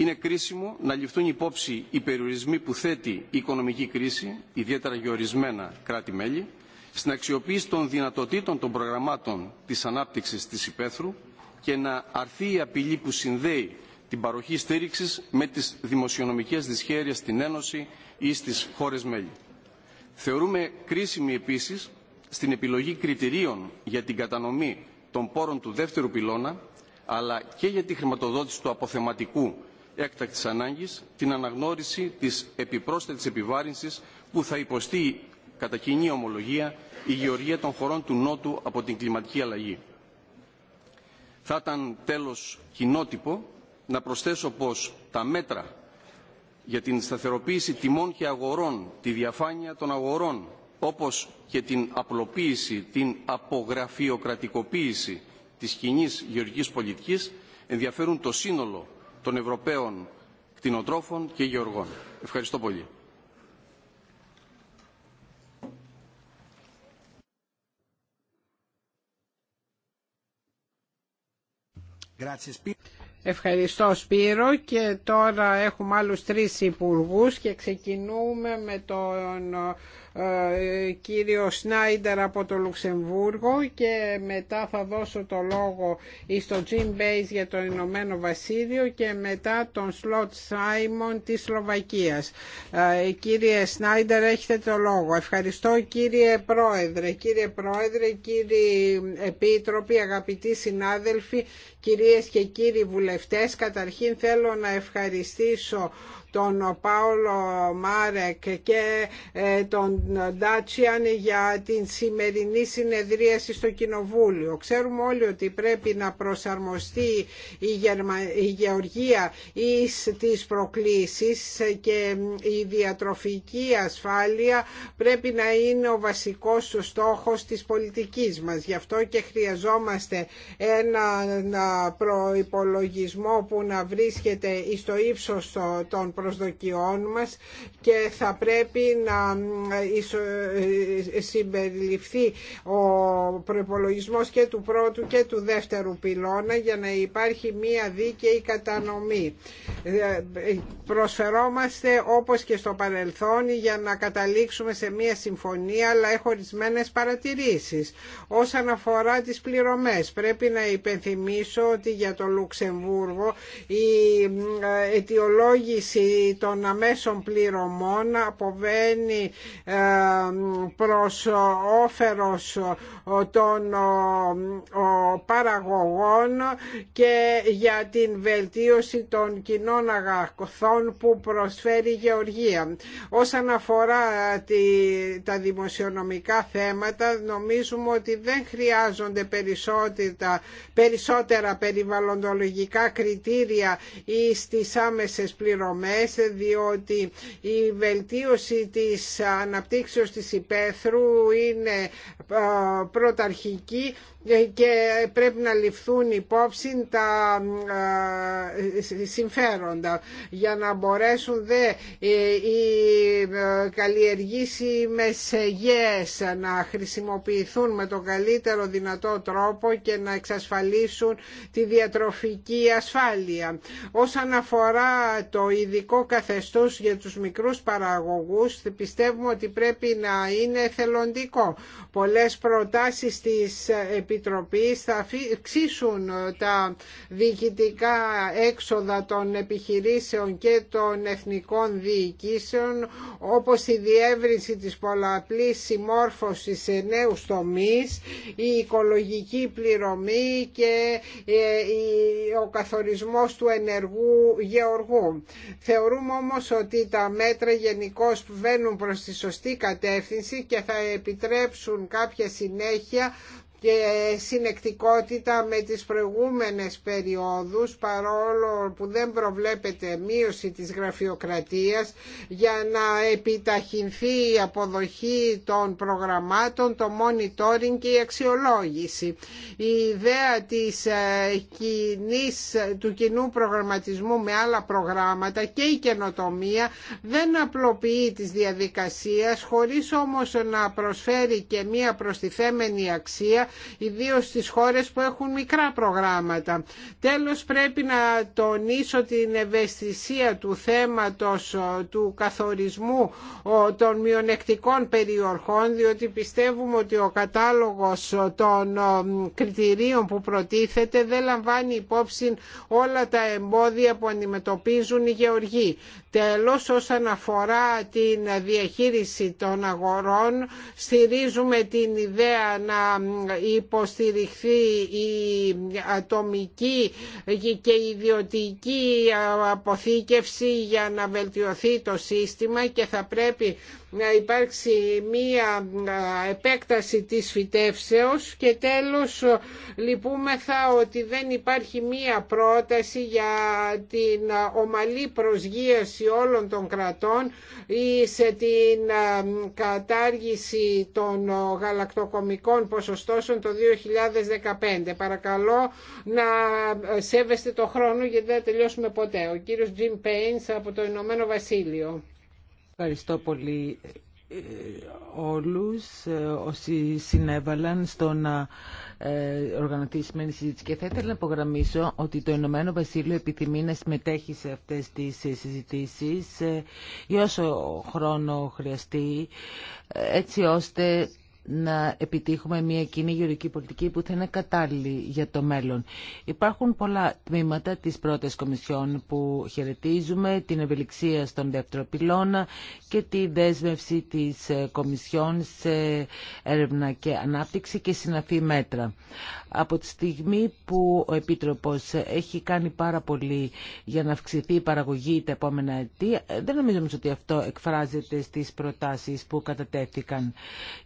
είναι κρίσιμο να ληφθούν υπόψη οι περιορισμοί που θέτει η οικονομική κρίση, ιδιαίτερα για ορισμένα κράτη-μέλη, στην αξιοποίηση των δυνατοτήτων των προγραμμάτων της ανάπτυξης της υπαίθρου και να αρθεί η απειλή που συνδέει την παροχή στήριξης με τις δημοσιονομικές δυσχέρειες στην Ένωση ή στις χώρες μέλη. Θεωρούμε κρίσιμη επίσης στην επιλογή κριτηρίων για την κατανομή των πόρων του δεύτερου πυλώνα αλλά και για τη χρηματοδότηση του αποθεματικού έκτακτης ανάγκης την αναγνώριση της επιπρόσθετης επιβάρυνσης που θα υποστεί κατά κοινή ομολογία η γεωργία των χωρών του Νότου από την κλιματική αλλαγή. Θα ήταν τέλος κοινότυπο να προσθέσω πως τα μέτρα για την σταθεροποίηση τιμών και αγορών, τη διαφάνεια των αγορών, όπως και την απλοποίηση, την απογραφειοκρατικοποίηση της κοινή γεωργικής πολιτικής ενδιαφέρουν το σύνολο των Ευρωπαίων κτηνοτρόφων και γεωργών. Ευχαριστώ πολύ. Ευχαριστώ Σπύρο και τώρα έχουμε άλλους τρεις υπουργούς και ξεκινούμε με τον ε, κύριο Σνάιντερ από το Λουξεμβούργο και μετά θα δώσω το λόγο στο Jim Μπέις για το Ηνωμένο Βασίλειο και μετά τον Σλότ Σάιμον της Σλοβακίας. Ε, κύριε Σνάιντερ έχετε το λόγο. Ευχαριστώ κύριε Πρόεδρε, κύριε Πρόεδρε, κύριοι Επίτροποι, αγαπητοί συνάδελφοι, κυρίες και κύριοι βουλευτές. Καταρχήν θέλω να ευχαριστήσω τον Πάολο Μάρεκ και ε, τον Ντάτσιαν για την σημερινή συνεδρίαση στο Κοινοβούλιο. Ξέρουμε όλοι ότι πρέπει να προσαρμοστεί η, η γεωργία εις τις προκλήσεις και η διατροφική ασφάλεια πρέπει να είναι ο βασικός στόχος της πολιτικής μας. Γι' αυτό και χρειαζόμαστε ένα ε, προϋπολογισμό που να βρίσκεται στο ύψος των προσδοκιών μας και θα πρέπει να ε, ε, συμπεριληφθεί ο προπολογισμό και του πρώτου και του δεύτερου πυλώνα για να υπάρχει μία δίκαιη κατανομή. Ε, προσφερόμαστε όπως και στο παρελθόν για να καταλήξουμε σε μία συμφωνία αλλά έχω ορισμένε παρατηρήσεις. Όσον αφορά τις πληρωμές πρέπει να υπενθυμίσω ότι για το Λουξεμβούργο η αιτιολόγηση των αμέσων πληρωμών αποβαίνει ε, προς όφερος ε, των ε, παραγωγών και για την βελτίωση των κοινών αγαθών που προσφέρει η γεωργία. Όσον αφορά τα δημοσιονομικά θέματα νομίζουμε ότι δεν χρειάζονται περισσότερα περιβαλλοντολογικά κριτήρια ή στις άμεσες πληρωμές διότι η βελτίωση της αναπτύξεως της υπαίθρου είναι πρωταρχική και πρέπει να ληφθούν υπόψη τα συμφέροντα για να μπορέσουν δε οι με σεγές να χρησιμοποιηθούν με τον καλύτερο δυνατό τρόπο και να εξασφαλίσουν τη διατροφική ασφάλεια. Όσον αφορά το ειδικό καθεστώς για τους μικρούς παραγωγούς πιστεύουμε ότι πρέπει να είναι θελοντικό. Πολλές πολλές προτάσεις της Επιτροπής θα αυξήσουν τα διοικητικά έξοδα των επιχειρήσεων και των εθνικών διοικήσεων όπως η διεύρυνση της πολλαπλής συμμόρφωσης σε νέους τομείς, η οικολογική πληρωμή και ε, ο καθορισμός του ενεργού γεωργού. Θεωρούμε όμως ότι τα μέτρα γενικώ βαίνουν προς τη σωστή κατεύθυνση και θα επιτρέψουν κάποιες κάποια συνέχεια και συνεκτικότητα με τις προηγούμενες περιόδους παρόλο που δεν προβλέπεται μείωση της γραφειοκρατίας για να επιταχυνθεί η αποδοχή των προγραμμάτων, το monitoring και η αξιολόγηση. Η ιδέα της ε, κοινής, του κοινού προγραμματισμού με άλλα προγράμματα και η καινοτομία δεν απλοποιεί τις διαδικασίες χωρίς όμως να προσφέρει και μία προστιθέμενη αξία ιδίως στις χώρες που έχουν μικρά προγράμματα. Τέλος πρέπει να τονίσω την ευαισθησία του θέματος του καθορισμού των μειονεκτικών περιοχών διότι πιστεύουμε ότι ο κατάλογος των κριτηρίων που προτίθεται δεν λαμβάνει υπόψη όλα τα εμπόδια που αντιμετωπίζουν οι γεωργοί. Τέλος, όσον αφορά την διαχείριση των αγορών, στηρίζουμε την ιδέα να υποστηριχθεί η ατομική και ιδιωτική αποθήκευση για να βελτιωθεί το σύστημα και θα πρέπει να υπάρξει μία επέκταση της φυτεύσεως και τέλος λυπούμεθα ότι δεν υπάρχει μία πρόταση για την ομαλή προσγείωση όλων των κρατών ή σε την κατάργηση των γαλακτοκομικών ποσοστώσεων το 2015. Παρακαλώ να σέβεστε το χρόνο γιατί δεν τελειώσουμε ποτέ. Ο κύριος Jim Paynes από το Ηνωμένο Βασίλειο. Ευχαριστώ πολύ ε, όλους ε, όσοι συνέβαλαν στο να ε, οργανωθεί η σημερινή συζήτηση. Και θα ήθελα να υπογραμμίσω ότι το Ηνωμένο Βασίλειο επιθυμεί να συμμετέχει σε αυτές τις συζητήσεις για όσο χρόνο χρειαστεί, έτσι ώστε να επιτύχουμε μια κοινή γεωρική πολιτική που θα είναι κατάλληλη για το μέλλον. Υπάρχουν πολλά τμήματα της πρώτης Κομισιόν που χαιρετίζουμε, την ευελιξία στον δεύτερο πυλώνα και τη δέσμευση της ε, Κομισιόν σε έρευνα και ανάπτυξη και συναφή μέτρα. Από τη στιγμή που ο Επίτροπος έχει κάνει πάρα πολύ για να αυξηθεί η παραγωγή τα επόμενα αιτία, ε, δεν νομίζω ότι αυτό εκφράζεται στις προτάσεις που κατατέθηκαν.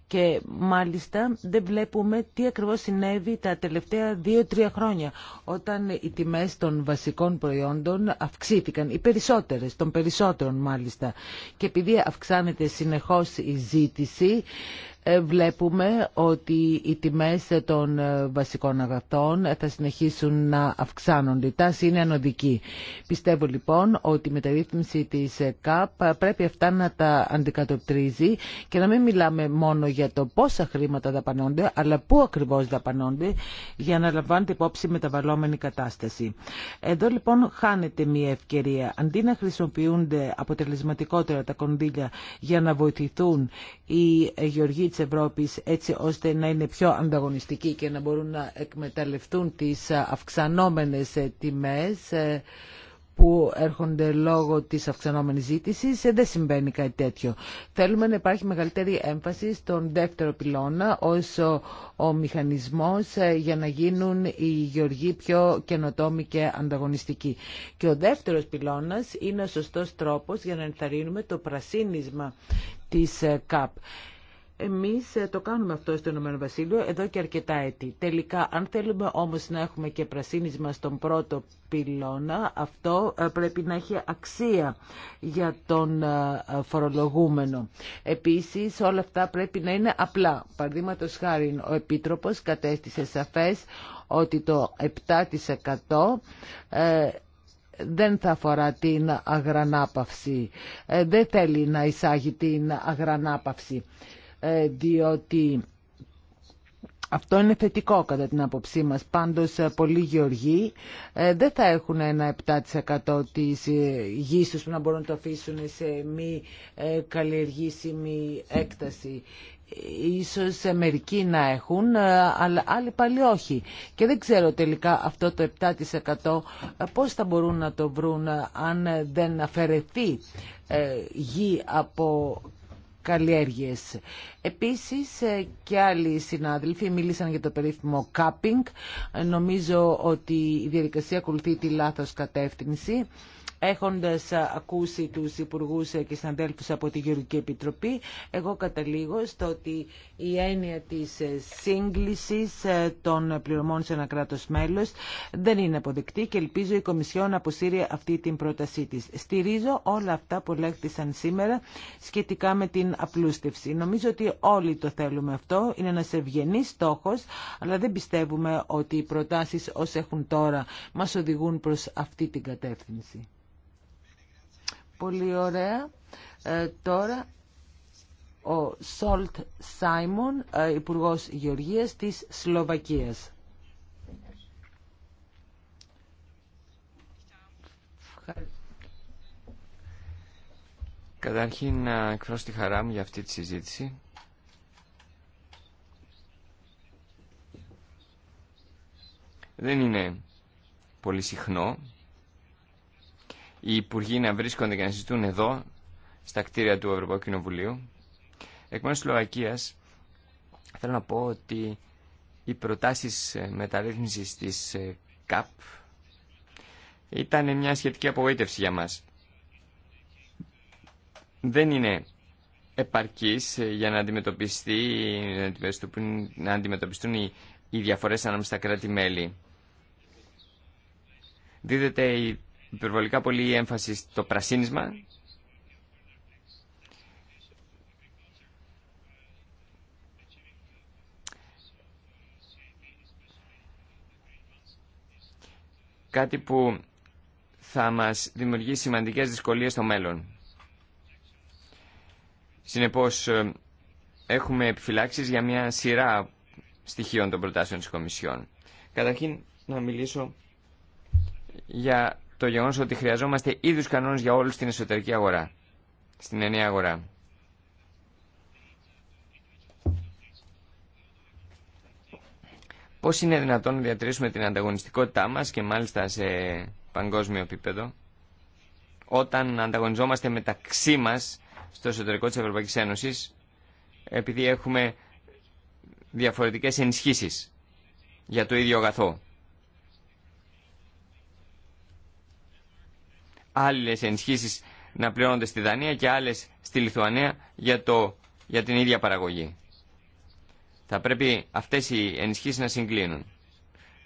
Και μάλιστα δεν βλέπουμε τι ακριβώς συνέβη τα τελευταία δύο-τρία χρόνια όταν οι τιμές των βασικών προϊόντων αυξήθηκαν, οι περισσότερες, των περισσότερων μάλιστα. Και επειδή αυξάνεται συνεχώς η ζήτηση, ε, βλέπουμε ότι οι τιμές των ε, βασικών αγαθών ε, θα συνεχίσουν να αυξάνονται. Η τάση είναι ανωδική. Πιστεύω λοιπόν ότι η μεταρρύθμιση της ΚΑΠ πρέπει αυτά να τα αντικατοπτρίζει και να μην μιλάμε μόνο για το πόσα χρήματα δαπανώνται, αλλά πού ακριβώς δαπανώνται για να λαμβάνεται υπόψη μεταβαλλόμενη κατάσταση. Εδώ λοιπόν χάνεται μια ευκαιρία. Αντί να χρησιμοποιούνται αποτελεσματικότερα τα κονδύλια για να βοηθηθούν οι γεωργοί της έτσι ώστε να είναι πιο ανταγωνιστικοί και να μπορούν να εκμεταλλευτούν τις αυξανόμενες τιμές ε, που έρχονται λόγω της αυξανόμενης ζήτησης, ε, δεν συμβαίνει κάτι τέτοιο. Θέλουμε να υπάρχει μεγαλύτερη έμφαση στον δεύτερο πυλώνα ως ο, μηχανισμός ε, για να γίνουν οι γεωργοί πιο καινοτόμοι και ανταγωνιστικοί. Και ο δεύτερος πυλώνας είναι ο σωστός τρόπος για να ενθαρρύνουμε το πρασίνισμα της ΚΑΠ. Εμείς ε, το κάνουμε αυτό στο Ηνωμένο Βασίλειο εδώ και αρκετά έτη. Τελικά, αν θέλουμε όμως να έχουμε και πρασίνισμα στον πρώτο πυλώνα, αυτό ε, πρέπει να έχει αξία για τον ε, φορολογούμενο. Επίσης, όλα αυτά πρέπει να είναι απλά. Παραδείγματο χάρη, ο Επίτροπος κατέστησε σαφές ότι το 7% δεν θα αφορά την αγρανάπαυση. Δεν θέλει να εισάγει την αγρανάπαυση. Ε, διότι αυτό είναι θετικό κατά την άποψή μας. Πάντως ε, πολλοί γεωργοί ε, δεν θα έχουν ένα 7% της γης τους που να μπορούν να το αφήσουν σε μη καλλιεργήσιμη έκταση. Ίσως μερικοί να έχουν, αλλά άλλοι πάλι όχι. Και δεν ξέρω τελικά αυτό το 7% πώς θα μπορούν να το βρουν αν δεν αφαιρεθεί γη από καλλιέργειες. Επίσης ε, και άλλοι συνάδελφοι μίλησαν για το περίφημο κάπινγκ. Ε, νομίζω ότι η διαδικασία ακολουθεί τη λάθος κατεύθυνση. Έχοντας ακούσει τους υπουργούς και συναντέλφους από τη Γεωργική Επιτροπή, εγώ καταλήγω στο ότι η έννοια της σύγκλησης των πληρωμών σε ένα κράτος μέλος δεν είναι αποδεκτή και ελπίζω η Κομισιό να αποσύρει αυτή την πρότασή της. Στηρίζω όλα αυτά που λέχθησαν σήμερα σχετικά με την απλούστευση. Νομίζω ότι όλοι το θέλουμε αυτό. Είναι ένας ευγενής στόχος, αλλά δεν πιστεύουμε ότι οι προτάσεις όσες έχουν τώρα μας οδηγούν προς αυτή την κατεύθυνση. Πολύ ωραία. Ε, τώρα ο Σόλτ Σάιμον, ε, Υπουργό Γεωργίας της Σλοβακίας. Καταρχήν να εκφράσω τη χαρά μου για αυτή τη συζήτηση. Δεν είναι πολύ συχνό οι υπουργοί να βρίσκονται και να συζητούν εδώ, στα κτίρια του Ευρωπαϊκού Κοινοβουλίου. Εκ μέρου της θέλω να πω ότι οι προτάσει ε, μεταρρύθμισης της ε, ΚΑΠ ήταν μια σχετική απογοήτευση για μας. Δεν είναι επαρκής ε, για να, αντιμετωπιστεί, να αντιμετωπιστούν οι, οι διαφορές ανάμεσα στα κράτη-μέλη. Δίδεται η υπερβολικά πολύ έμφαση στο πρασίνισμα κάτι που θα μας δημιουργήσει σημαντικές δυσκολίες στο μέλλον. Συνεπώς, ε, έχουμε επιφυλάξεις για μια σειρά στοιχείων των προτάσεων της Κομισιόν. Καταρχήν, να μιλήσω για το γεγονός ότι χρειαζόμαστε ίδιους κανόνες για όλους στην εσωτερική αγορά, στην ενιαία αγορά. Πώς είναι δυνατόν να διατηρήσουμε την ανταγωνιστικότητά μας και μάλιστα σε παγκόσμιο επίπεδο όταν ανταγωνιζόμαστε μεταξύ μας στο εσωτερικό της Ευρωπαϊκής Ένωσης επειδή έχουμε διαφορετικές ενισχύσεις για το ίδιο αγαθό. άλλες ενισχύσεις να πληρώνονται στη Δανία και άλλες στη Λιθουανία για, το, για την ίδια παραγωγή. Θα πρέπει αυτές οι ενισχύσεις να συγκλίνουν.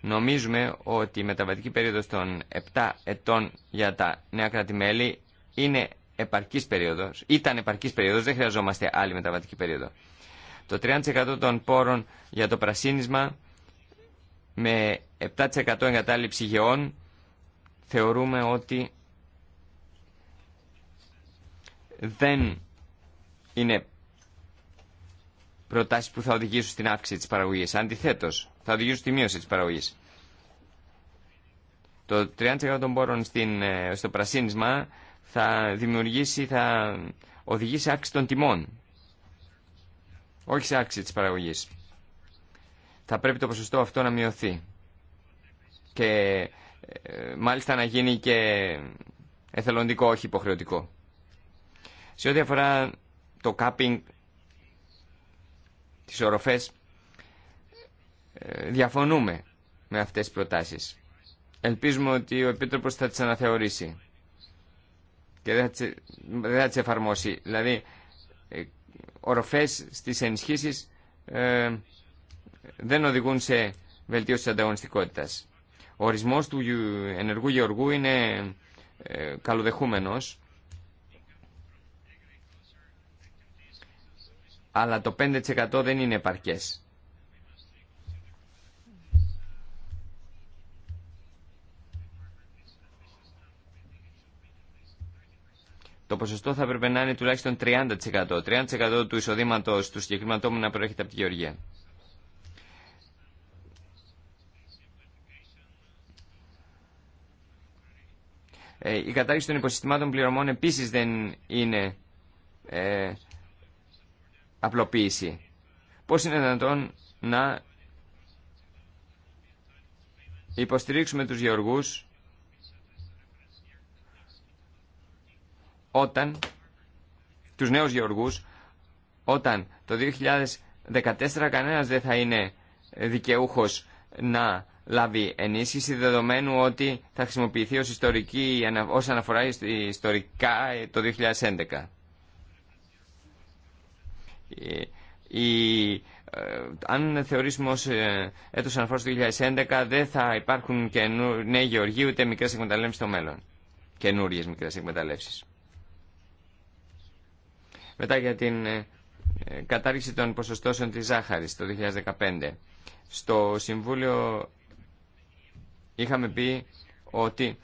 Νομίζουμε ότι η μεταβατική περίοδος των 7 ετών για τα νέα κράτη-μέλη είναι επαρκής περίοδος, ήταν επαρκής περίοδος, δεν χρειαζόμαστε άλλη μεταβατική περίοδο. Το 30% των πόρων για το πρασίνισμα με 7% εγκατάλειψη γεών θεωρούμε ότι δεν είναι προτάσεις που θα οδηγήσουν στην αύξηση της παραγωγής. Αντιθέτως, θα οδηγήσουν στη μείωση της παραγωγής. Το 30% των πόρων στην, ε, στο πρασίνισμα θα δημιουργήσει, θα οδηγήσει σε αύξηση των τιμών. Όχι σε αύξηση της παραγωγής. Θα πρέπει το ποσοστό αυτό να μειωθεί. Και ε, μάλιστα να γίνει και εθελοντικό, όχι υποχρεωτικό. Σε ό,τι αφορά το κάπινγκ, τις οροφές, ε, διαφωνούμε με αυτές τις προτάσεις. Ελπίζουμε ότι ο Επίτροπος θα τις αναθεωρήσει και δεν θα τις, εφαρμόσει. Δηλαδή, ε, οροφές στις ενισχύσεις ε, δεν οδηγούν σε βελτίωση της ανταγωνιστικότητας. Ο ορισμός του ενεργού γεωργού είναι καλοδεχούμενος αλλά το 5% δεν είναι επαρκές. Το ποσοστό θα έπρεπε να είναι τουλάχιστον 30%. 30% του εισοδήματος του συγκεκριμένου να προέρχεται από τη Γεωργία. Ε, η κατάργηση των υποσυστημάτων πληρωμών επίσης δεν είναι ε, απλοποίηση. Πώς είναι δυνατόν να υποστηρίξουμε τους γεωργούς όταν τους νέους γεωργούς όταν το 2014 κανένας δεν θα είναι δικαιούχος να λάβει ενίσχυση δεδομένου ότι θα χρησιμοποιηθεί ως, ιστορική, ως αναφορά ιστορικά ε, το 2011. Ε, ε, αν θεωρήσουμε ως ε, έτος αναφοράς του 2011 δεν θα υπάρχουν και νέοι γεωργοί ούτε μικρές εκμεταλλεύσεις στο μέλλον. Καινούριες μικρές εκμεταλλεύσεις. Μετά για την ε, κατάργηση των ποσοστώσεων της ζάχαρης το 2015. Στο Συμβούλιο είχαμε πει ότι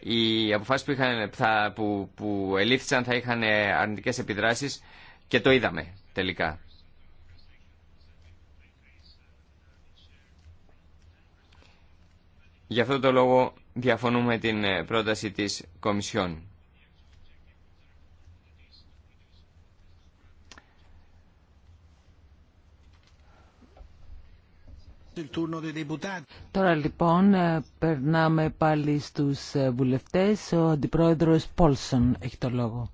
οι αποφάσεις που, είχαν, που, που ελήφθησαν θα είχαν αρνητικές επιδράσεις και το είδαμε τελικά. Γι' αυτό το λόγο διαφωνούμε την ε, πρόταση της Κομισιόν. Τώρα λοιπόν ε, περνάμε πάλι στους ε, βουλευτές. Ο Αντιπρόεδρος Πόλσον έχει το λόγο.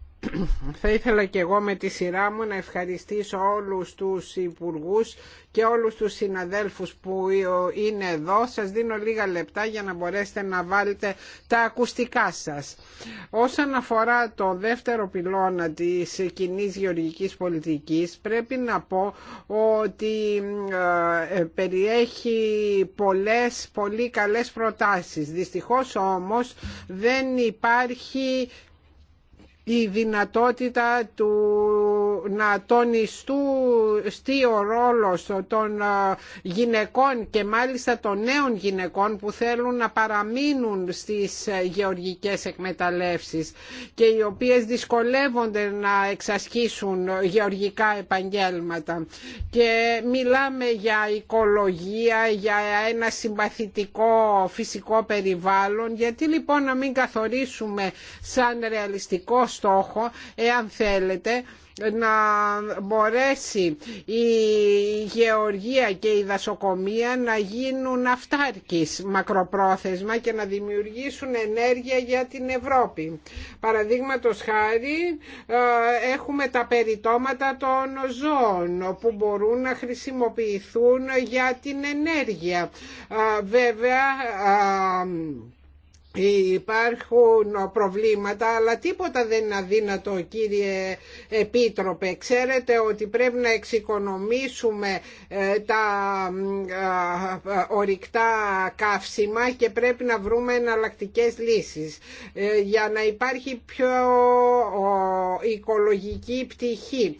Θα ήθελα και εγώ με τη σειρά μου να ευχαριστήσω όλους τους υπουργούς και όλους τους συναδέλφους που είναι εδώ. Σας δίνω λίγα λεπτά για να μπορέσετε να βάλετε τα ακουστικά σας. Όσον αφορά το δεύτερο πυλώνα της κοινή γεωργικής πολιτικής, πρέπει να πω ότι ε, περιέχει πολλές, πολύ καλές προτάσεις. Δυστυχώς όμως δεν υπάρχει η δυνατότητα του να τονιστού στη ο ρόλος των γυναικών και μάλιστα των νέων γυναικών που θέλουν να παραμείνουν στις ε, γεωργικές εκμεταλλεύσεις και οι οποίες δυσκολεύονται να εξασκήσουν γεωργικά επαγγέλματα και μιλάμε για οικολογία, για ένα συμπαθητικό φυσικό περιβάλλον γιατί λοιπόν να μην καθορίσουμε σαν ρεαλιστικό στόχο, εάν θέλετε, να μπορέσει η γεωργία και η δασοκομεία να γίνουν αυτάρκης μακροπρόθεσμα και να δημιουργήσουν ενέργεια για την Ευρώπη. Παραδείγματος χάρη ε, έχουμε τα περιτώματα των ζώων που μπορούν να χρησιμοποιηθούν για την ενέργεια. Ε, βέβαια ε, Υπάρχουν προβλήματα, αλλά τίποτα δεν είναι αδύνατο κύριε Επίτροπε. Ξέρετε ότι πρέπει να εξοικονομήσουμε ε, τα ε, ορυκτά καύσιμα και πρέπει να βρούμε εναλλακτικέ λύσεις ε, για να υπάρχει πιο οικολογική πτυχή.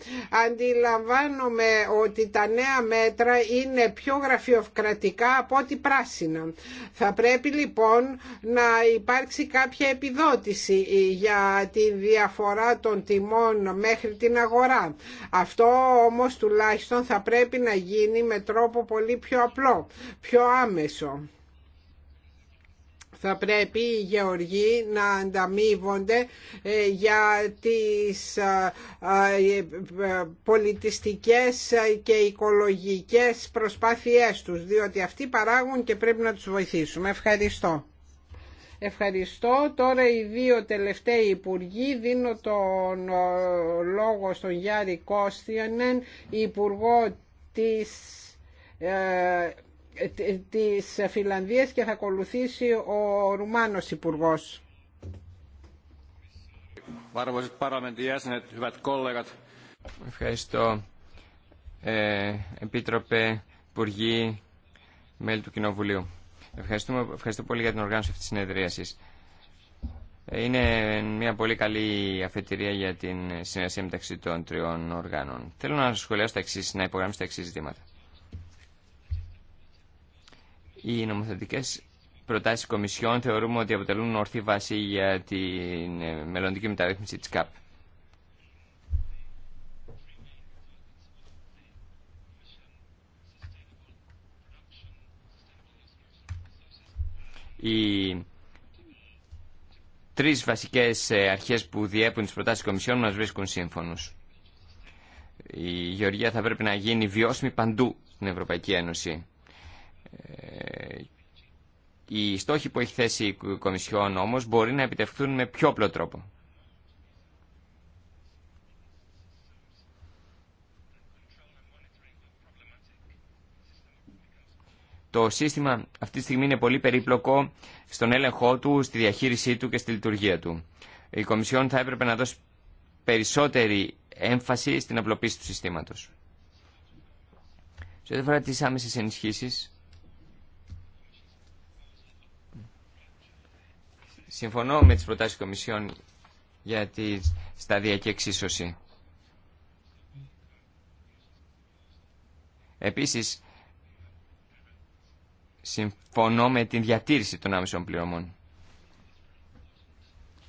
Αντιλαμβάνομαι ότι τα νέα μέτρα είναι πιο γραφειοκρατικά από ό,τι πράσινα. Θα πρέπει λοιπόν να υπάρξει κάποια επιδότηση ε, για τη διαφορά των τιμών μέχρι την αγορά. Αυτό όμως τουλάχιστον θα πρέπει να γίνει με τρόπο πολύ πιο απλό, πιο άμεσο θα πρέπει οι γεωργοί να ανταμείβονται ε, για τις ε, πολιτιστικές και οικολογικές προσπάθειές τους, διότι αυτοί παράγουν και πρέπει να τους βοηθήσουμε. Ευχαριστώ. Ευχαριστώ. Τώρα οι δύο τελευταίοι υπουργοί. Δίνω τον ε, λόγο στον Γιάρη Κώστιανεν, υπουργό της ε, της Φιλανδίας και θα ακολουθήσει ο Ρουμάνος Υπουργός. Ευχαριστώ. Ε, Επίτροπε, Υπουργοί, μέλη του Κοινοβουλίου. Ευχαριστούμε, ευχαριστώ πολύ για την οργάνωση αυτής της συνεδρίασης. Είναι μια πολύ καλή αφετηρία για την συνεργασία μεταξύ των τριών οργάνων. Θέλω να σχολιάσω τα εξής, να υπογραμμίσω τα εξής ζητήματα. Οι νομοθετικές προτάσεις κομισιών θεωρούμε ότι αποτελούν ορθή βάση για τη μελλοντική μεταρρύθμιση της ΚΑΠ. οι τρεις βασικές ε, αρχές που διέπουν τις προτάσεις Κομισιόν μας βρίσκουν σύμφωνους. Η γεωργία θα πρέπει να γίνει βιώσιμη παντού στην Ευρωπαϊκή Ένωση. Ε, οι στόχοι που έχει θέσει η Κομισιόν όμως μπορεί να επιτευχθούν με πιο απλό τρόπο. Το σύστημα αυτή τη στιγμή είναι πολύ περίπλοκο στον έλεγχό του, στη διαχείρισή του και στη λειτουργία του. Η Κομισιόν θα έπρεπε να δώσει περισσότερη έμφαση στην απλοποίηση του συστήματος. Σε ό,τι αφορά τις άμεσες ενισχύσεις, συμφωνώ με τις προτάσεις της Κομισιόν για τη σταδιακή εξίσωση. Επίσης, συμφωνώ με την διατήρηση των άμεσων πληρωμών.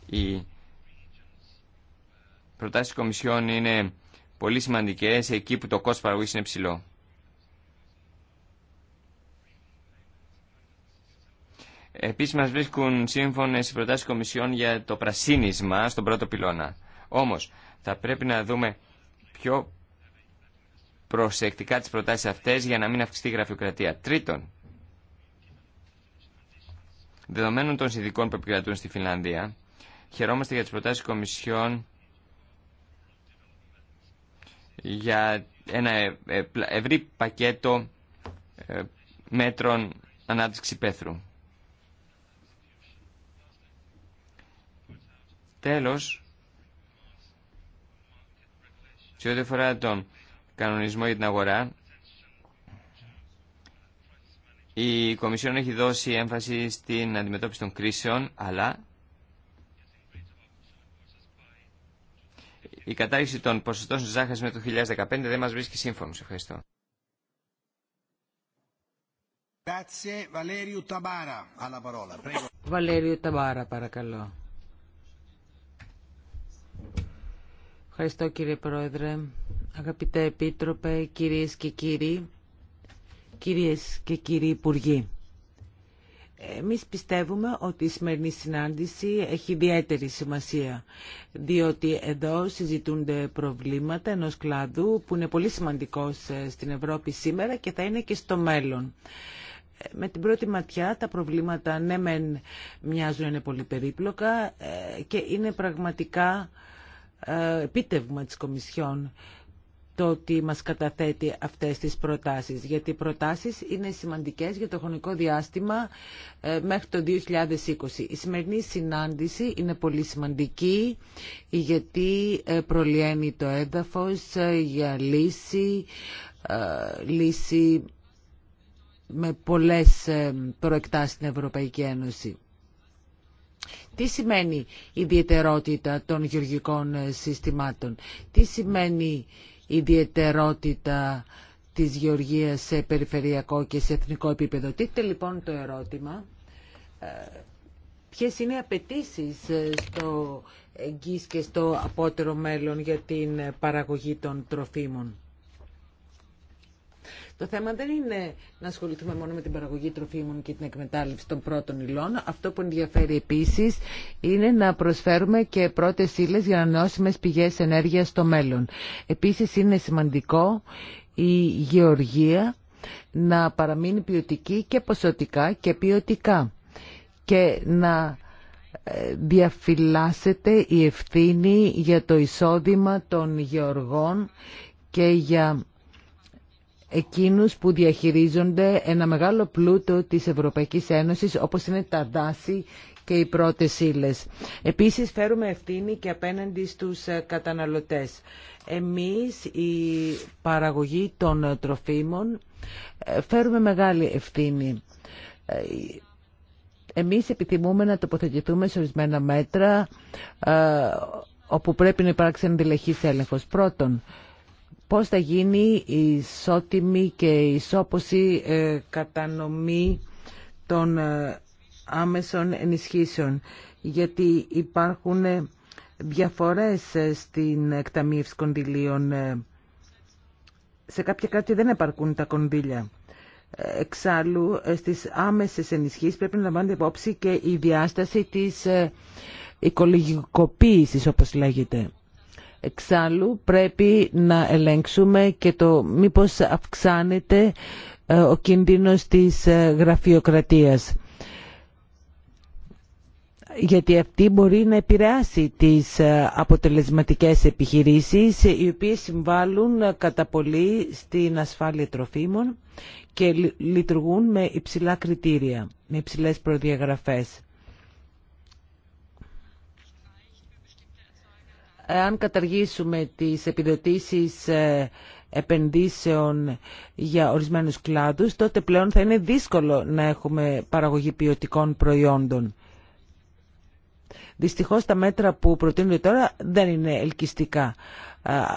Οι προτάσεις της Κομισιόν είναι πολύ σημαντικές εκεί που το κόστος παραγωγής είναι ψηλό. Επίσης μας βρίσκουν σύμφωνες οι προτάσεις Κομισιόν για το πρασίνισμα στον πρώτο πυλώνα. Όμως θα πρέπει να δούμε πιο προσεκτικά τις προτάσεις αυτές για να μην αυξηθεί η γραφειοκρατία. Τρίτον, Δεδομένων των συνδικών που επικρατούν στη Φιλανδία, χαιρόμαστε για τις προτάσεις Κομισιόν για ένα ε, ε, ευρύ πακέτο ε, μέτρων ανάπτυξη πέθρου. Τέλος, σε ό,τι αφορά τον κανονισμό για την αγορά, η Κομισιόν έχει δώσει έμφαση στην αντιμετώπιση των κρίσεων, αλλά η κατάργηση των ποσοστών ζάχαρης με το 2015 δεν μας βρίσκει σύμφωνος. Ευχαριστώ. παρακαλώ. Ευχαριστώ κύριε Πρόεδρε, αγαπητέ Επίτροπε, κυρίες και κύριοι. Κυρίες και κύριοι Υπουργοί, εμείς πιστεύουμε ότι η σημερινή συνάντηση έχει ιδιαίτερη σημασία, διότι εδώ συζητούνται προβλήματα ενός κλάδου που είναι πολύ σημαντικός ε, στην Ευρώπη σήμερα και θα είναι και στο μέλλον. Ε, με την πρώτη ματιά τα προβλήματα ναι μεν μοιάζουν είναι πολύ περίπλοκα ε, και είναι πραγματικά επίτευγμα της Κομισιόν το ότι μας καταθέτει αυτές τις προτάσεις. Γιατί οι προτάσεις είναι σημαντικές για το χρονικό διάστημα ε, μέχρι το 2020. Η σημερινή συνάντηση είναι πολύ σημαντική γιατί ε, προλυαίνει το έδαφος ε, για λύση, λύση με πολλές προεκτάσεις στην Ευρωπαϊκή Ένωση. Τι σημαίνει η ιδιαιτερότητα των γεωργικών συστημάτων, τι σημαίνει ιδιαιτερότητα της γεωργίας σε περιφερειακό και σε εθνικό επίπεδο. Τίθεται λοιπόν το ερώτημα ε, ποιες είναι οι απαιτήσει ε, στο εγγύς και στο απότερο μέλλον για την παραγωγή των τροφίμων. Το θέμα δεν είναι να ασχοληθούμε μόνο με την παραγωγή τροφίμων και την εκμετάλλευση των πρώτων υλών. Αυτό που ενδιαφέρει επίση είναι να προσφέρουμε και πρώτε ύλε για ανανεώσιμε πηγέ ενέργεια στο μέλλον. Επίση είναι σημαντικό η γεωργία να παραμείνει ποιοτική και ποσοτικά και ποιοτικά και να ε, διαφυλάσσεται η ευθύνη για το εισόδημα των γεωργών και για εκείνους που διαχειρίζονται ένα μεγάλο πλούτο της Ευρωπαϊκής Ένωσης όπως είναι τα δάση και οι πρώτες ύλε. Επίσης φέρουμε ευθύνη και απέναντι στους ε, καταναλωτές. Εμείς η παραγωγή των ε, τροφίμων ε, φέρουμε μεγάλη ευθύνη. Εμείς επιθυμούμε να τοποθετηθούμε σε ορισμένα μέτρα όπου πρέπει να υπάρξει αντιλεχής έλεγχος. Πρώτον, πώς θα γίνει η ισότιμη και η ισόποση ε, κατανομή των ε, άμεσων ενισχύσεων. Γιατί υπάρχουν ε, διαφορές στην εκταμείευση κονδυλίων. Σε κάποια κράτη δεν επαρκούν τα κονδύλια. Εξάλλου, στις άμεσες ενισχύσεις πρέπει να λαμβάνεται υπόψη και η διάσταση της οικολογικοποίησης, όπως λέγεται. Εξάλλου πρέπει να ελέγξουμε και το μήπως αυξάνεται ε, ο κίνδυνος της ε, γραφειοκρατίας γιατί αυτή μπορεί να επηρεάσει τις ε, αποτελεσματικές επιχειρήσεις οι οποίες συμβάλλουν κατά πολύ στην ασφάλεια τροφίμων και λειτουργούν με υψηλά κριτήρια, με υψηλές προδιαγραφές. αν καταργήσουμε τις επιδοτήσεις ε, επενδύσεων για ορισμένους κλάδους, τότε πλέον θα είναι δύσκολο να έχουμε παραγωγή ποιοτικών προϊόντων. Δυστυχώς τα μέτρα που προτείνονται τώρα δεν είναι ελκυστικά.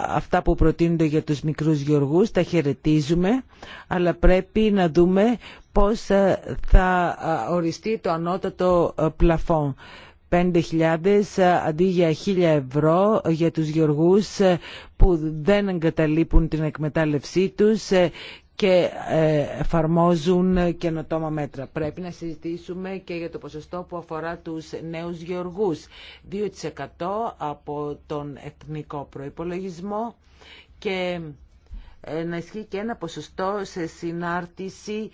Αυτά που προτείνονται για τους μικρούς γεωργούς τα χαιρετίζουμε, αλλά πρέπει να δούμε πώς ε, θα οριστεί το ανώτατο ε, πλαφόν. 5.000 ε, αντί για 1.000 ευρώ για τους γεωργούς ε, που δεν εγκαταλείπουν την εκμετάλλευσή τους ε, και εφαρμόζουν καινοτόμα μέτρα. Πρέπει να συζητήσουμε και για το ποσοστό που αφορά τους νέους γεωργούς. 2% από τον εθνικό προϋπολογισμό και να ισχύει και ένα ποσοστό σε συνάρτηση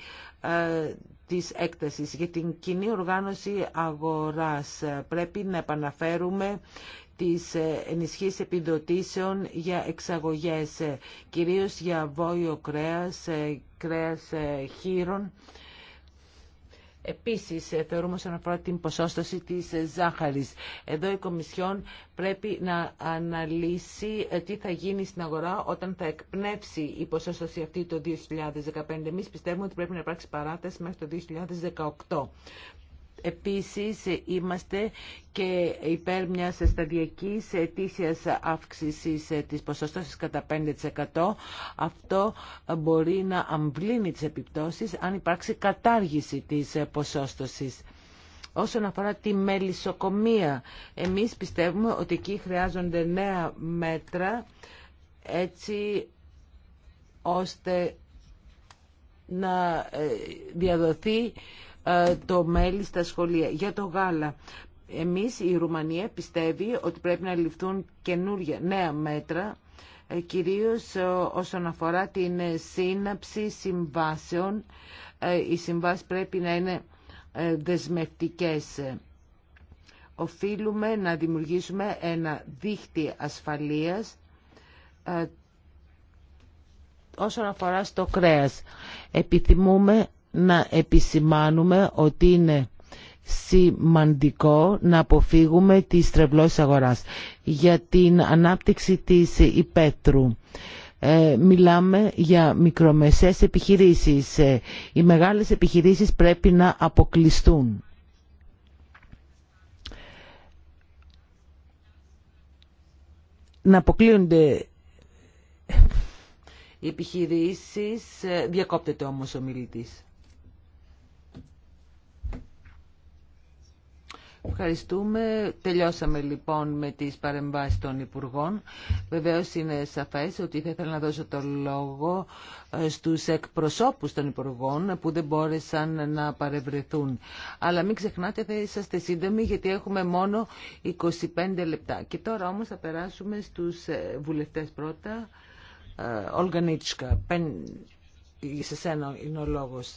της έκτασης για την κοινή οργάνωση αγοράς. Πρέπει να επαναφέρουμε τις ενισχύσεις επιδοτήσεων για εξαγωγές, κυρίως για βόλιο κρέας, ε, κρέας ε, χείρων Επίσης, ε, θεωρούμε όσον αφορά την ποσόστοση της ε, ζάχαρης. Εδώ η Κομισιόν πρέπει να αναλύσει ε, τι θα γίνει στην αγορά όταν θα εκπνεύσει η ποσόστοση αυτή το 2015. Εμείς πιστεύουμε ότι πρέπει να υπάρξει παράταση μέχρι το 2018. Επίσης είμαστε και υπέρ μιας σταδιακής αιτήσιας αύξησης της ποσόστοσης κατά 5%. Αυτό μπορεί να αμβλύνει τις επιπτώσεις αν υπάρξει κατάργηση της ποσόστοσης. Όσον αφορά τη μελισσοκομεία, εμείς πιστεύουμε ότι εκεί χρειάζονται νέα μέτρα έτσι ώστε να ε, διαδοθεί ε, το μέλι στα σχολεία. Για το γάλα. Εμείς η Ρουμανία πιστεύει ότι πρέπει να ληφθούν καινούργια νέα μέτρα ε, κυρίως ε, όσον αφορά την σύναψη συμβάσεων. Οι συμβάσεις πρέπει να είναι δεσμευτικές. Οφείλουμε να δημιουργήσουμε ένα δίχτυ ασφαλείας όσον αφορά στο κρέας. Επιθυμούμε να επισημάνουμε ότι είναι σημαντικό να αποφύγουμε τις στρεβλώση αγοράς για την ανάπτυξη της υπέτρου. Ε, μιλάμε για μικρομεσαίες επιχειρήσεις. Ε, οι μεγάλες επιχειρήσεις πρέπει να αποκλειστούν. Να αποκλείονται οι επιχειρήσεις. Ε, διακόπτεται όμως ο μιλητής. Ευχαριστούμε. Τελειώσαμε λοιπόν με τις παρεμβάσεις των Υπουργών. Βεβαίως είναι σαφές ότι θα ήθελα να δώσω το λόγο ε, στους εκπροσώπους των Υπουργών που δεν μπόρεσαν να παρευρεθούν. Αλλά μην ξεχνάτε θα είσαστε σύντομοι γιατί έχουμε μόνο 25 λεπτά. Και τώρα όμως θα περάσουμε στους ε, βουλευτές πρώτα. Ε, Όλγα σε σένα είναι ο λόγος.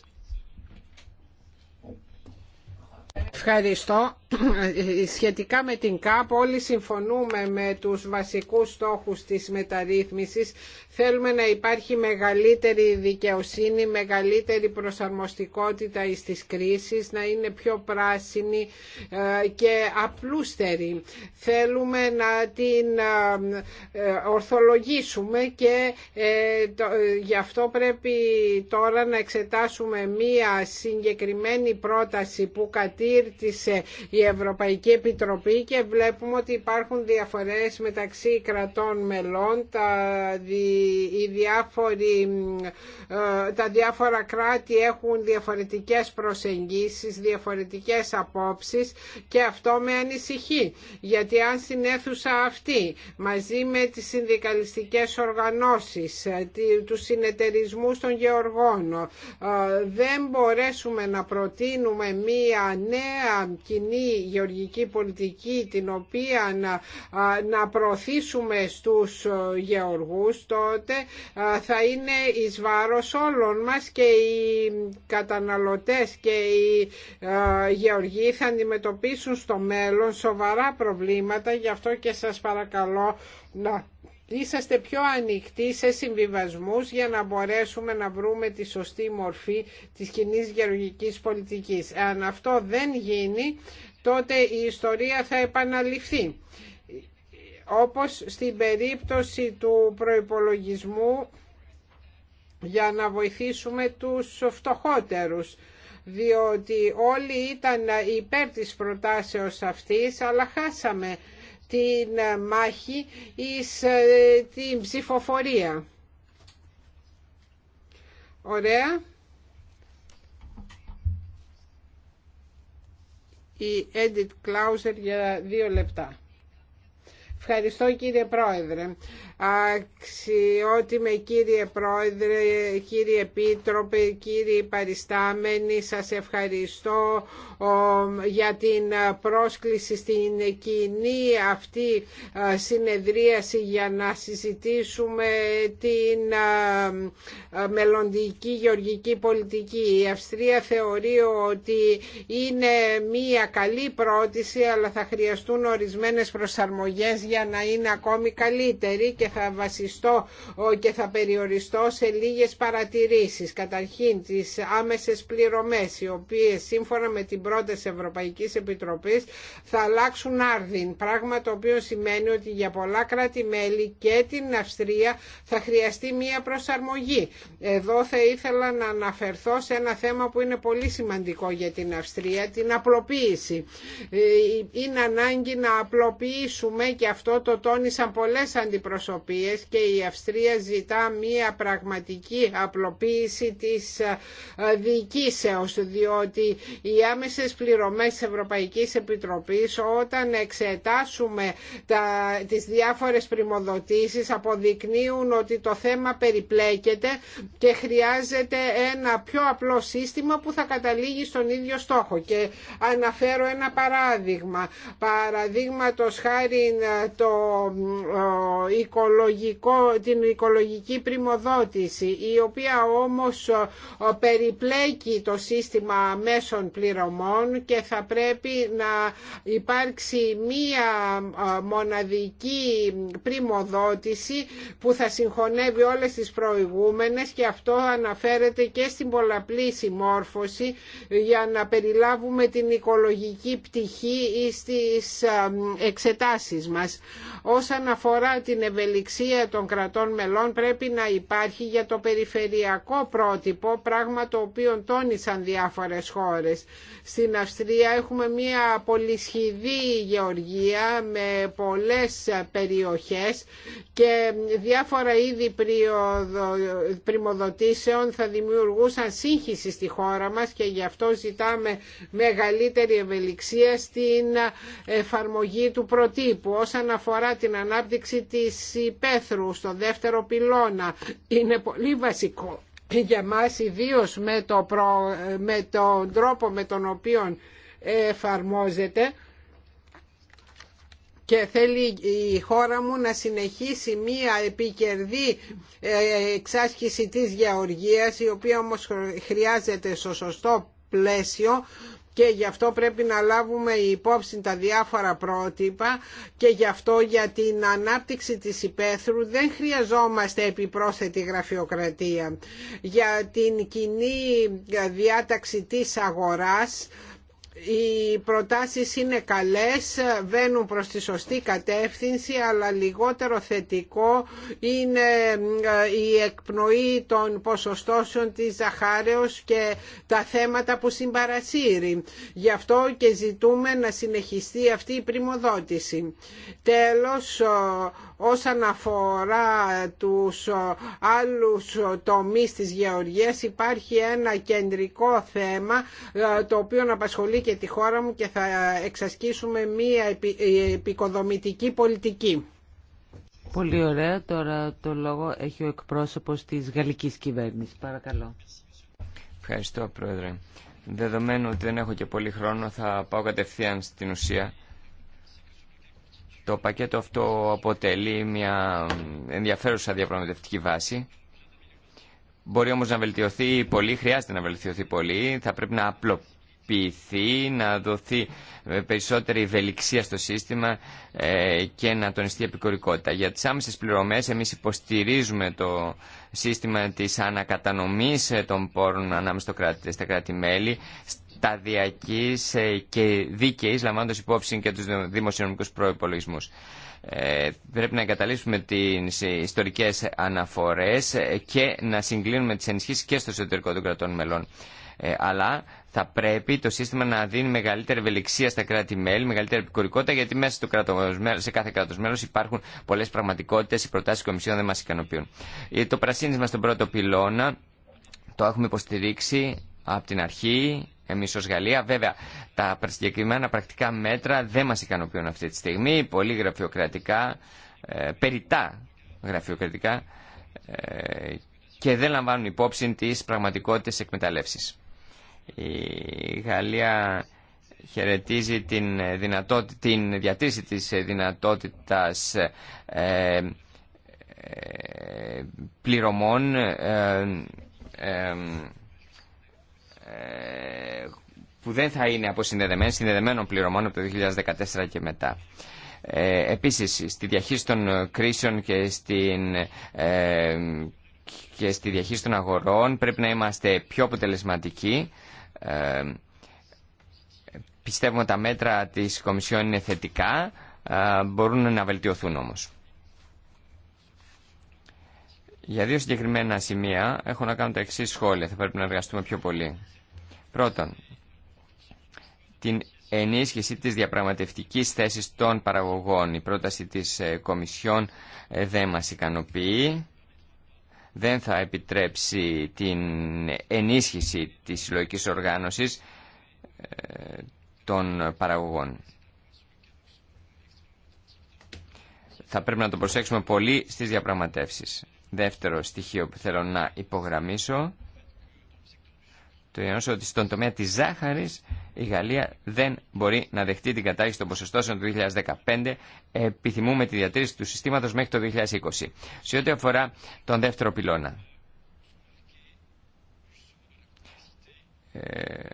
Ευχαριστώ. Σχετικά με την ΚΑΠ όλοι συμφωνούμε με τους βασικούς στόχους της μεταρρύθμισης. Θέλουμε να υπάρχει μεγαλύτερη δικαιοσύνη, μεγαλύτερη προσαρμοστικότητα τις κρίσεις, να είναι πιο πράσινη ε, και απλούστερη. Θέλουμε να την ε, ε, ορθολογήσουμε και γι' αυτό πρέπει τώρα να εξετάσουμε μία συγκεκριμένη πρόταση που διατήρησε η Ευρωπαϊκή Επιτροπή και βλέπουμε ότι υπάρχουν διαφορές μεταξύ κρατών μελών, τα, οι ε, τα διάφορα κράτη έχουν διαφορετικές προσεγγίσεις, διαφορετικές απόψεις και αυτό με ανησυχεί. Γιατί αν στην αίθουσα αυτή μαζί με τις συνδικαλιστικές οργανώσεις, ε, του συνεταιρισμού των γεωργών, ε, δεν μπορέσουμε να προτείνουμε μία νέα κοινή γεωργική πολιτική την οποία να, να προωθήσουμε στους ε, γεωργούς τότε θα είναι εις βάρος όλων μας και οι καταναλωτές και οι ε, γεωργοί θα αντιμετωπίσουν στο μέλλον σοβαρά προβλήματα γι' αυτό και σας παρακαλώ να είσαστε πιο ανοιχτοί σε συμβιβασμούς για να μπορέσουμε να βρούμε τη σωστή μορφή της κοινή γεωργικής πολιτικής. Αν αυτό δεν γίνει, τότε η ιστορία θα επαναληφθεί. Όπως στην περίπτωση του προϋπολογισμού για να βοηθήσουμε τους φτωχότερους διότι όλοι ήταν υπέρ της προτάσεως αυτής αλλά χάσαμε την μάχη εις ε, την ψηφοφορία. Ωραία. Η Edit Klauser για δύο λεπτά. Ευχαριστώ κύριε Πρόεδρε. Αξιότιμε κύριε Πρόεδρε, κύριε Επίτροπε, κύριοι παριστάμενοι, σας ευχαριστώ για την πρόσκληση στην κοινή αυτή ε, συνεδρίαση για να συζητήσουμε την ε, ε, μελλοντική γεωργική πολιτική. Η Αυστρία θεωρεί ότι είναι μία καλή πρότηση αλλά θα χρειαστούν ορισμένες προσαρμογές για να είναι ακόμη καλύτερη και θα βασιστώ και θα περιοριστώ σε λίγες παρατηρήσεις. Καταρχήν τις άμεσες πληρωμές οι οποίες σύμφωνα με την πρώτη Ευρωπαϊκή Επιτροπή θα αλλάξουν άρδιν. Πράγμα το οποίο σημαίνει ότι για πολλά κράτη-μέλη και την Αυστρία θα χρειαστεί μία προσαρμογή. Εδώ θα ήθελα να αναφερθώ σε ένα θέμα που είναι πολύ σημαντικό για την Αυστρία, την απλοποίηση. Ε, είναι ανάγκη να απλοποιήσουμε και αυτό το τόνισαν πολλές αντιπροσωπές και η Αυστρία ζητά μία πραγματική απλοποίηση της ε, διοικήσεως διότι οι άμεσες πληρωμές της Ευρωπαϊκής Επιτροπής όταν εξετάσουμε τα, τις διάφορες πρημοδοτήσεις αποδεικνύουν ότι το θέμα περιπλέκεται και χρειάζεται ένα πιο απλό σύστημα που θα καταλήγει στον ίδιο στόχο και αναφέρω ένα παράδειγμα παραδείγματος χάρη ε, το ε, την οικολογική πρημοδότηση η οποία όμως περιπλέκει το σύστημα μέσων πληρωμών και θα πρέπει να υπάρξει μία μοναδική πρημοδότηση που θα συγχωνεύει όλες τις προηγούμενες και αυτό αναφέρεται και στην πολλαπλή συμμόρφωση για να περιλάβουμε την οικολογική πτυχή στις εξετάσεις μας. Όσον αφορά την ευελιξία των κρατών μελών πρέπει να υπάρχει για το περιφερειακό πρότυπο, πράγμα το οποίο τόνισαν διάφορες χώρες. Στην Αυστρία έχουμε μια πολυσχηδή γεωργία με πολλές περιοχές και διάφορα είδη πριμοδοτήσεων θα δημιουργούσαν σύγχυση στη χώρα μας και γι' αυτό ζητάμε μεγαλύτερη ευελιξία στην εφαρμογή του προτύπου. Όσον αφορά την ανάπτυξη της υπαίθρου στο δεύτερο πυλώνα είναι πολύ βασικό για μας ιδίω με, το με τον τρόπο με τον οποίο εφαρμόζεται και θέλει η χώρα μου να συνεχίσει μία επικερδή ε, εξάσκηση της γεωργίας η οποία όμως χρειάζεται στο σωστό πλαίσιο και γι' αυτό πρέπει να λάβουμε υπόψη τα διάφορα πρότυπα και γι' αυτό για την ανάπτυξη της υπαίθρου δεν χρειαζόμαστε επιπρόσθετη γραφειοκρατία. Για την κοινή διάταξη της αγοράς οι προτάσεις είναι καλές, βαίνουν προς τη σωστή κατεύθυνση, αλλά λιγότερο θετικό είναι ε, η εκπνοή των ποσοστώσεων της Ζαχάρεως και τα θέματα που συμπαρασύρει. Γι' αυτό και ζητούμε να συνεχιστεί αυτή η πρημοδότηση. Τέλος, Όσον αφορά τους άλλους τομείς της γεωργίας υπάρχει ένα κεντρικό θέμα ε, το οποίο απασχολεί και τη χώρα μου και θα εξασκήσουμε μία ε, επικοδομητική πολιτική. Πολύ ωραία. Τώρα το λόγο έχει ο εκπρόσωπος της γαλλικής κυβέρνησης. Παρακαλώ. Ευχαριστώ, Πρόεδρε. Δεδομένου ότι δεν έχω και πολύ χρόνο, θα πάω κατευθείαν στην ουσία το πακέτο αυτό αποτελεί μια ενδιαφέρουσα διαπραγματευτική βάση. Μπορεί όμως να βελτιωθεί πολύ, χρειάζεται να βελτιωθεί πολύ. Θα πρέπει να απλοποιηθεί, να δοθεί ε, περισσότερη ευελιξία στο σύστημα ε, και να τονιστεί η επικορικότητα. Για τις άμεσες πληρωμές εμείς υποστηρίζουμε το σύστημα της ανακατανομής ε, των πόρων ανάμεσα στα κράτη-μέλη σταδιακή ε, και δίκαιη λαμβάνοντα υπόψη και του δημοσιονομικού προπολογισμού. Ε, πρέπει να εγκαταλείψουμε τι ιστορικέ αναφορέ ε, και να συγκλίνουμε τι ενισχύσει και στο εσωτερικό των κρατών μελών. Ε, αλλά θα πρέπει το σύστημα να δίνει μεγαλύτερη ευελιξία στα κράτη-μέλη, μεγαλύτερη επικουρικότητα, γιατί μέσα στο κράτος, σε κάθε κράτο μέλο υπάρχουν πολλέ πραγματικότητε, οι προτάσει Κομισιόν δεν μα ικανοποιούν. Το πρασίνισμα στον πρώτο πυλώνα το έχουμε υποστηρίξει από την αρχή, εμείς ως Γαλλία. Βέβαια, τα συγκεκριμένα πρακτικά μέτρα δεν μας ικανοποιούν αυτή τη στιγμή, πολύ γραφειοκρατικά, ε, περιτά γραφειοκρατικά ε, και δεν λαμβάνουν υπόψη τις πραγματικότητες εκμεταλλεύσεις. Η Γαλλία χαιρετίζει την, δυνατότη, την διατήρηση της δυνατότητας ε, ε πληρωμών ε, που δεν θα είναι από συνδεδεμένων πληρωμών από το 2014 και μετά. Ε, επίσης, στη διαχείριση των κρίσεων ε, και, στη διαχείριση των αγορών πρέπει να είμαστε πιο αποτελεσματικοί. Ε, πιστεύουμε ότι τα μέτρα της Κομισιόν είναι θετικά, ε, μπορούν να βελτιωθούν όμως. Για δύο συγκεκριμένα σημεία έχω να κάνω τα εξή σχόλια. Θα πρέπει να εργαστούμε πιο πολύ. Πρώτον, την ενίσχυση της διαπραγματευτικής θέσης των παραγωγών. Η πρόταση της ε, Κομισιόν ε, δεν μας ικανοποιεί. Δεν θα επιτρέψει την ενίσχυση της συλλογική οργάνωσης ε, των παραγωγών. Θα πρέπει να το προσέξουμε πολύ στις διαπραγματεύσεις. Δεύτερο στοιχείο που θέλω να υπογραμμίσω το γεγονό ότι στον τομέα τη ζάχαρη η Γαλλία δεν μπορεί να δεχτεί την κατάργηση των ποσοστώσεων του 2015. Επιθυμούμε τη διατήρηση του συστήματο μέχρι το 2020. Σε ό,τι αφορά τον δεύτερο πυλώνα. Ε,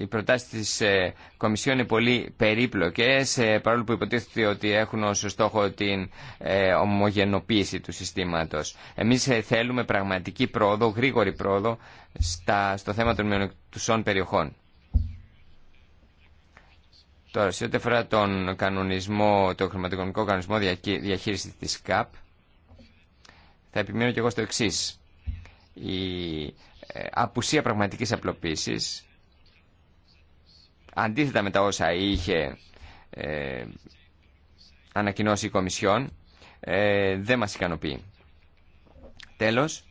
οι προτάσει τη ε, Κομισιόν είναι πολύ περίπλοκε, ε, παρόλο που υποτίθεται ότι έχουν ω στόχο την ε, ομογενοποίηση του συστήματο. Εμεί θέλουμε πραγματική πρόοδο, γρήγορη πρόοδο στα, στο θέμα των μειονεκτουσών περιοχών. Τώρα, σε ό,τι αφορά τον κανονισμό, το χρηματοοικονομικό κανονισμό διαχείριση τη ΚΑΠ, θα επιμείνω και εγώ στο εξή. Η απουσία πραγματικής απλοποίηση αντίθετα με τα όσα είχε ε, ανακοινώσει η Κομισιόν, ε, δεν μας ικανοποιεί. Τέλος,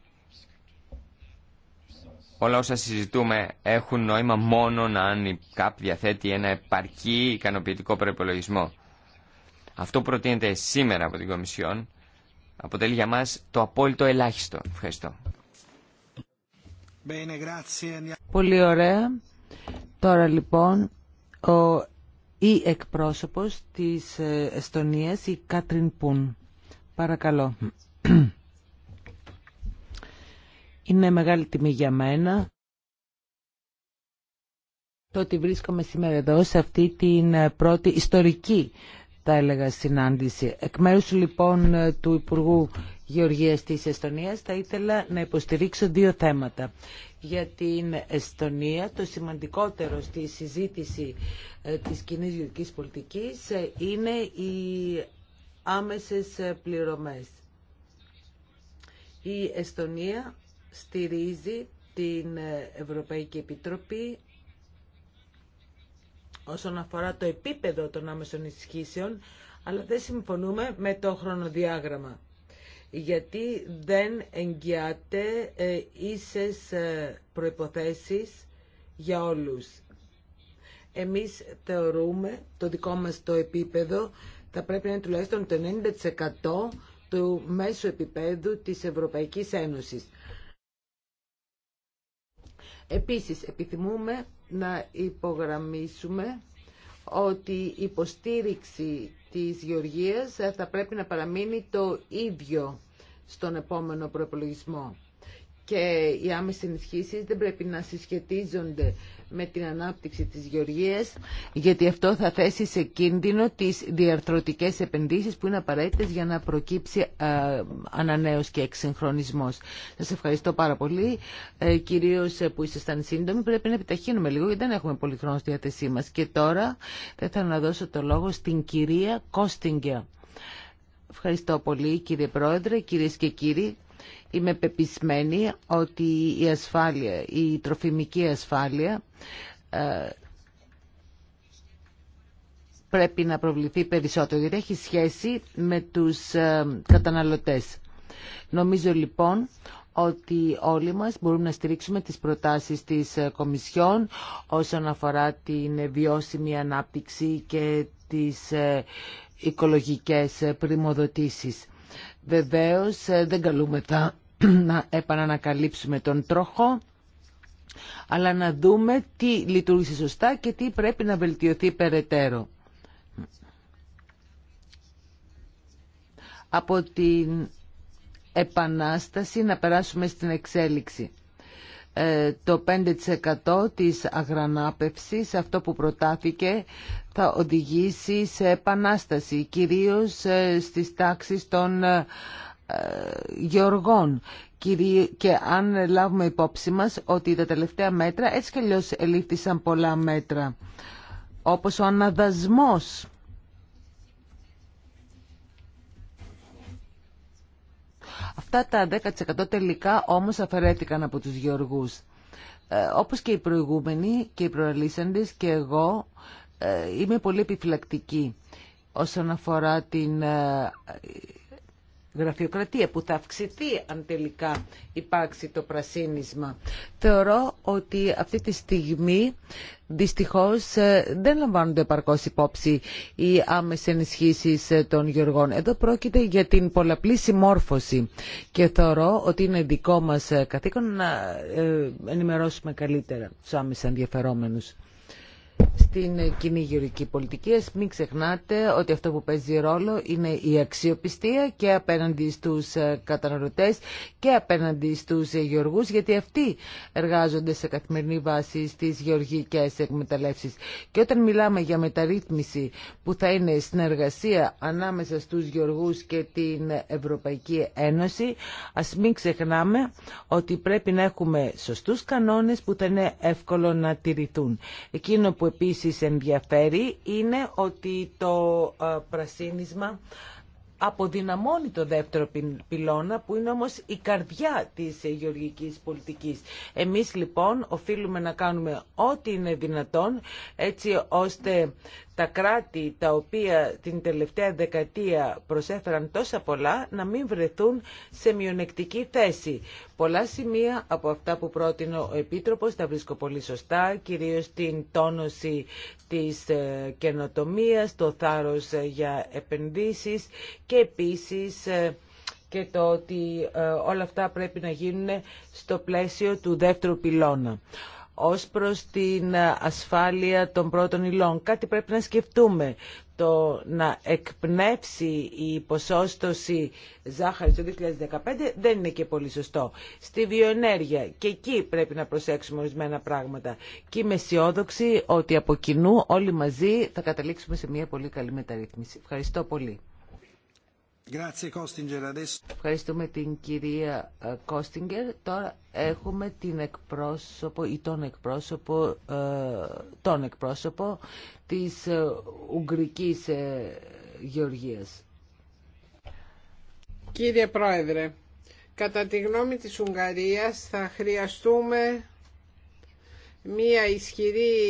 όλα όσα συζητούμε έχουν νόημα μόνον αν η ΚΑΠ διαθέτει ένα επαρκή ικανοποιητικό προπολογισμό. Αυτό που προτείνεται σήμερα από την Κομισιόν αποτελεί για μας το απόλυτο ελάχιστο. Ευχαριστώ. Πολύ ωραία. Τώρα λοιπόν ο, η εκπρόσωπος της ε, Εστονίας, η Κάτριν Πουν. Παρακαλώ. Είναι μεγάλη τιμή για μένα το ότι βρίσκομαι σήμερα εδώ σε αυτή την ε, πρώτη ιστορική θα έλεγα συνάντηση. Εκ μέρους λοιπόν ε, του Υπουργού Γεωργίας της Εστονίας θα ήθελα να υποστηρίξω δύο θέματα. Για την Εστονία το σημαντικότερο στη συζήτηση ε, της κοινή γεωργικής πολιτικής ε, είναι οι άμεσες ε, πληρωμές. Η Εστονία στηρίζει την Ευρωπαϊκή Επιτροπή όσον αφορά το επίπεδο των άμεσων ισχύσεων, αλλά δεν συμφωνούμε με το χρονοδιάγραμμα γιατί δεν εγγυάται ε, ίσες ε, προϋποθέσεις για όλους. Εμείς θεωρούμε το δικό μας το επίπεδο θα πρέπει να είναι τουλάχιστον το 90% του μέσου επίπεδου της Ευρωπαϊκής Ένωσης. Επίσης, επιθυμούμε να υπογραμμίσουμε ότι η υποστήριξη της γεωργίας θα πρέπει να παραμείνει το ίδιο στον επόμενο προπολογισμό και οι άμεσες ενισχύσεις δεν πρέπει να συσχετίζονται με την ανάπτυξη της γεωργίας γιατί αυτό θα θέσει σε κίνδυνο τις διαρθρωτικές επενδύσεις που είναι απαραίτητες για να προκύψει ε, ανανέωση και εξυγχρονισμός. Σας ευχαριστώ πάρα πολύ. Ε, κυρίως ε, που ήσασταν σύντομοι πρέπει να επιταχύνουμε λίγο γιατί δεν έχουμε πολύ χρόνο στη διάθεσή μας. Και τώρα θα ήθελα να δώσω το λόγο στην κυρία Κόστιγκια. Ευχαριστώ πολύ κύριε Πρόεδρε, κυρίες και κύριοι. Είμαι πεπισμένη ότι η ασφάλεια, η τροφιμική ασφάλεια ε, πρέπει να προβληθεί περισσότερο, γιατί έχει σχέση με τους ε, καταναλωτές. Νομίζω λοιπόν ότι όλοι μας μπορούμε να στηρίξουμε τις προτάσεις της ε, Κομισιόν όσον αφορά την ε, βιώσιμη ανάπτυξη και τις ε, οικολογικές πρημοδοτήσεις. Βεβαίως δεν καλούμεθα να επανανακαλύψουμε τον τρόχο, αλλά να δούμε τι λειτουργήσε σωστά και τι πρέπει να βελτιωθεί περαιτέρω. Από την επανάσταση να περάσουμε στην εξέλιξη. Ε, το 5% της αγρανάπευσης, αυτό που προτάθηκε, θα οδηγήσει σε επανάσταση, κυρίως ε, στις τάξεις των ε, γεωργών και αν λάβουμε υπόψη μας ότι τα τελευταία μέτρα έτσι κι αλλιώς ελήφθησαν πολλά μέτρα όπως ο αναδασμός Αυτά τα 10% τελικά όμως αφαιρέθηκαν από τους γεωργούς. Ε, όπως και οι προηγούμενοι και οι προαλήσαντες και εγώ ε, είμαι πολύ επιφυλακτική όσον αφορά την ε, γραφειοκρατία που θα αυξηθεί αν τελικά υπάρξει το πρασίνισμα. Θεωρώ ότι αυτή τη στιγμή δυστυχώς ε, δεν λαμβάνονται επαρκώς υπόψη οι άμεσες ενισχύσεις ε, των γεωργών. Εδώ πρόκειται για την πολλαπλή συμμόρφωση και θεωρώ ότι είναι δικό μας ε, καθήκον να ενημερώσουμε καλύτερα τους άμεσα ενδιαφερόμενους στην κοινή γεωργική πολιτική. Ας μην ξεχνάτε ότι αυτό που παίζει ρόλο είναι η αξιοπιστία και απέναντι στους ε, καταναλωτές και απέναντι στους ε, γεωργούς, γιατί αυτοί εργάζονται σε καθημερινή βάση στις γεωργικές εκμεταλλεύσεις. Και όταν μιλάμε για μεταρρύθμιση που θα είναι συνεργασία ανάμεσα στους γεωργούς και την Ευρωπαϊκή Ένωση, ας μην ξεχνάμε ότι πρέπει να έχουμε σωστούς κανόνες που θα είναι εύκολο να τηρηθούν επίσης ενδιαφέρει είναι ότι το ε, πρασίνισμα αποδυναμώνει το δεύτερο πυλώνα που είναι όμως η καρδιά της ε, γεωργικής πολιτικής. Εμείς λοιπόν οφείλουμε να κάνουμε ό,τι είναι δυνατόν έτσι ώστε τα κράτη τα οποία την τελευταία δεκαετία προσέφεραν τόσα πολλά να μην βρεθούν σε μειονεκτική θέση. Πολλά σημεία από αυτά που πρότεινε ο Επίτροπος τα βρίσκω πολύ σωστά, κυρίως την τόνωση της ε, καινοτομίας, το θάρρος ε, για επενδύσεις και επίσης ε, και το ότι όλα αυτά πρέπει να γίνουν στο πλαίσιο του δεύτερου πυλώνα ως προς την ασφάλεια των πρώτων υλών. Κάτι πρέπει να σκεφτούμε. Το να εκπνεύσει η ποσόστοση ζάχαρης το 2015 δεν είναι και πολύ σωστό. Στη βιοενέργεια και εκεί πρέπει να προσέξουμε ορισμένα πράγματα. Και είμαι αισιόδοξη ότι από κοινού όλοι μαζί θα καταλήξουμε σε μια πολύ καλή μεταρρύθμιση. Ευχαριστώ πολύ. Ευχαριστούμε την κυρία Κόστιγκερ. Τώρα έχουμε την εκπρόσωπο ή τον εκπρόσωπο, ε, τον εκπρόσωπο της ε, Ουγγρικής ε, Γεωργίας. Κύριε Πρόεδρε, κατά τη γνώμη της Ουγγαρίας θα χρειαστούμε μία ισχυρή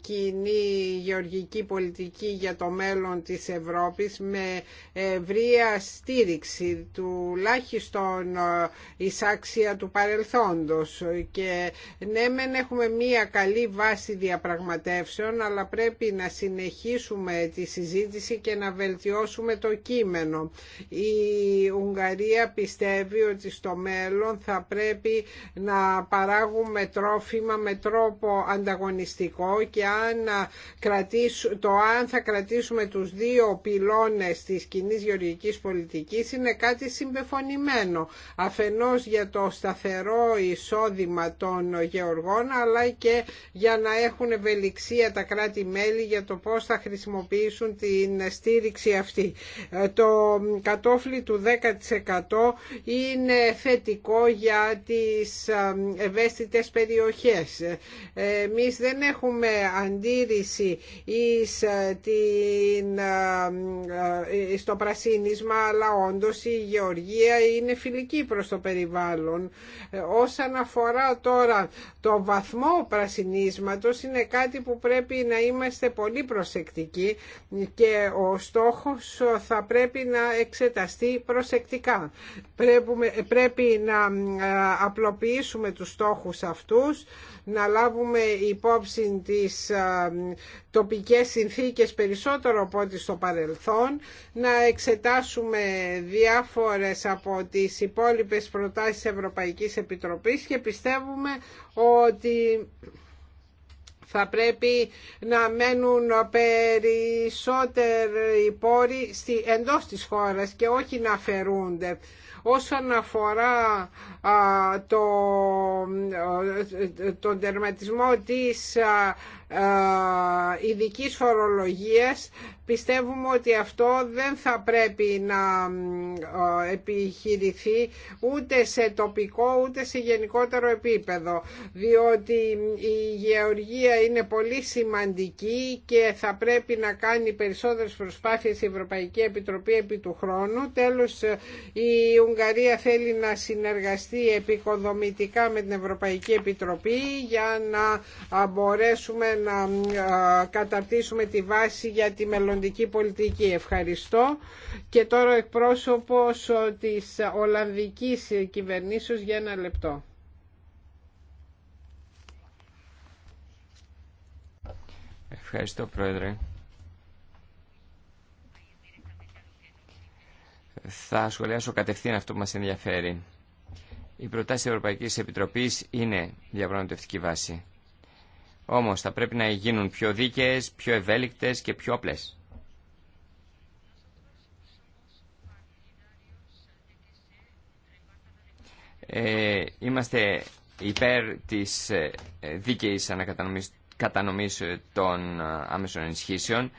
κοινή γεωργική πολιτική για το μέλλον της Ευρώπης με ευρεία στήριξη τουλάχιστον ε, εισάξια του παρελθόντος και ναι μεν έχουμε μία καλή βάση διαπραγματεύσεων αλλά πρέπει να συνεχίσουμε τη συζήτηση και να βελτιώσουμε το κείμενο. Η Ουγγαρία πιστεύει ότι στο μέλλον θα πρέπει να παράγουμε τρόφιμα με τρόφιμα τρόπο ανταγωνιστικό και αν, το αν θα κρατήσουμε τους δύο πυλώνες της κοινή γεωργικής πολιτικής είναι κάτι συμπεφωνημένο αφενός για το σταθερό εισόδημα των γεωργών αλλά και για να έχουν ευελιξία τα κράτη-μέλη για το πώς θα χρησιμοποιήσουν την στήριξη αυτή. Το κατόφλι του 10% είναι θετικό για τις ευαίσθητες περιοχές εμείς δεν έχουμε αντίρρηση ε, ε, ε, στο πρασίνισμα, αλλά όντως η γεωργία είναι φιλική προς το περιβάλλον. Όσον αφορά τώρα το βαθμό πρασινίσματος, είναι κάτι που πρέπει να είμαστε πολύ προσεκτικοί και ο στόχος θα πρέπει να εξεταστεί προσεκτικά. Πρέπει, να απλοποιήσουμε τους στόχους αυτούς, να λάβουμε υπόψη τις τοπικές συνθήκες περισσότερο από ό,τι στο παρελθόν, να εξετάσουμε διάφορες από τις υπόλοιπες προτάσεις Ευρωπαϊκής Επιτροπής και πιστεύουμε ότι θα πρέπει να μένουν περισσότεροι πόροι εντός της χώρας και όχι να αφαιρούνται. Όσον αφορά το, τον τερματισμό της ειδικής φορολογίας Πιστεύουμε ότι αυτό δεν θα πρέπει να επιχειρηθεί ούτε σε τοπικό ούτε σε γενικότερο επίπεδο διότι η γεωργία είναι πολύ σημαντική και θα πρέπει να κάνει περισσότερες προσπάθειες η Ευρωπαϊκή Επιτροπή επί του χρόνου. Τέλος, ε, η Ουγγαρία θέλει να συνεργαστεί επικοδομητικά με την Ευρωπαϊκή Επιτροπή για να μπορέσουμε να καταρτήσουμε τη βάση για τη μελλοντική πολιτική. Ευχαριστώ. Και τώρα ο εκπρόσωπος της Ολλανδικής κυβερνήσεως για ένα λεπτό. Ευχαριστώ, Πρόεδρε. Θα σχολιάσω κατευθείαν αυτό που μας ενδιαφέρει. Η προτάση τη Ευρωπαϊκή Επιτροπή είναι διαπραγματευτική βάση. Όμως θα πρέπει να γίνουν πιο δίκαιε, πιο ευέλικτε και πιο απλέ. Ε, είμαστε υπέρ της ε, δίκαιης ανακατανομής κατανομής ε, των ε, άμεσων ενισχύσεων.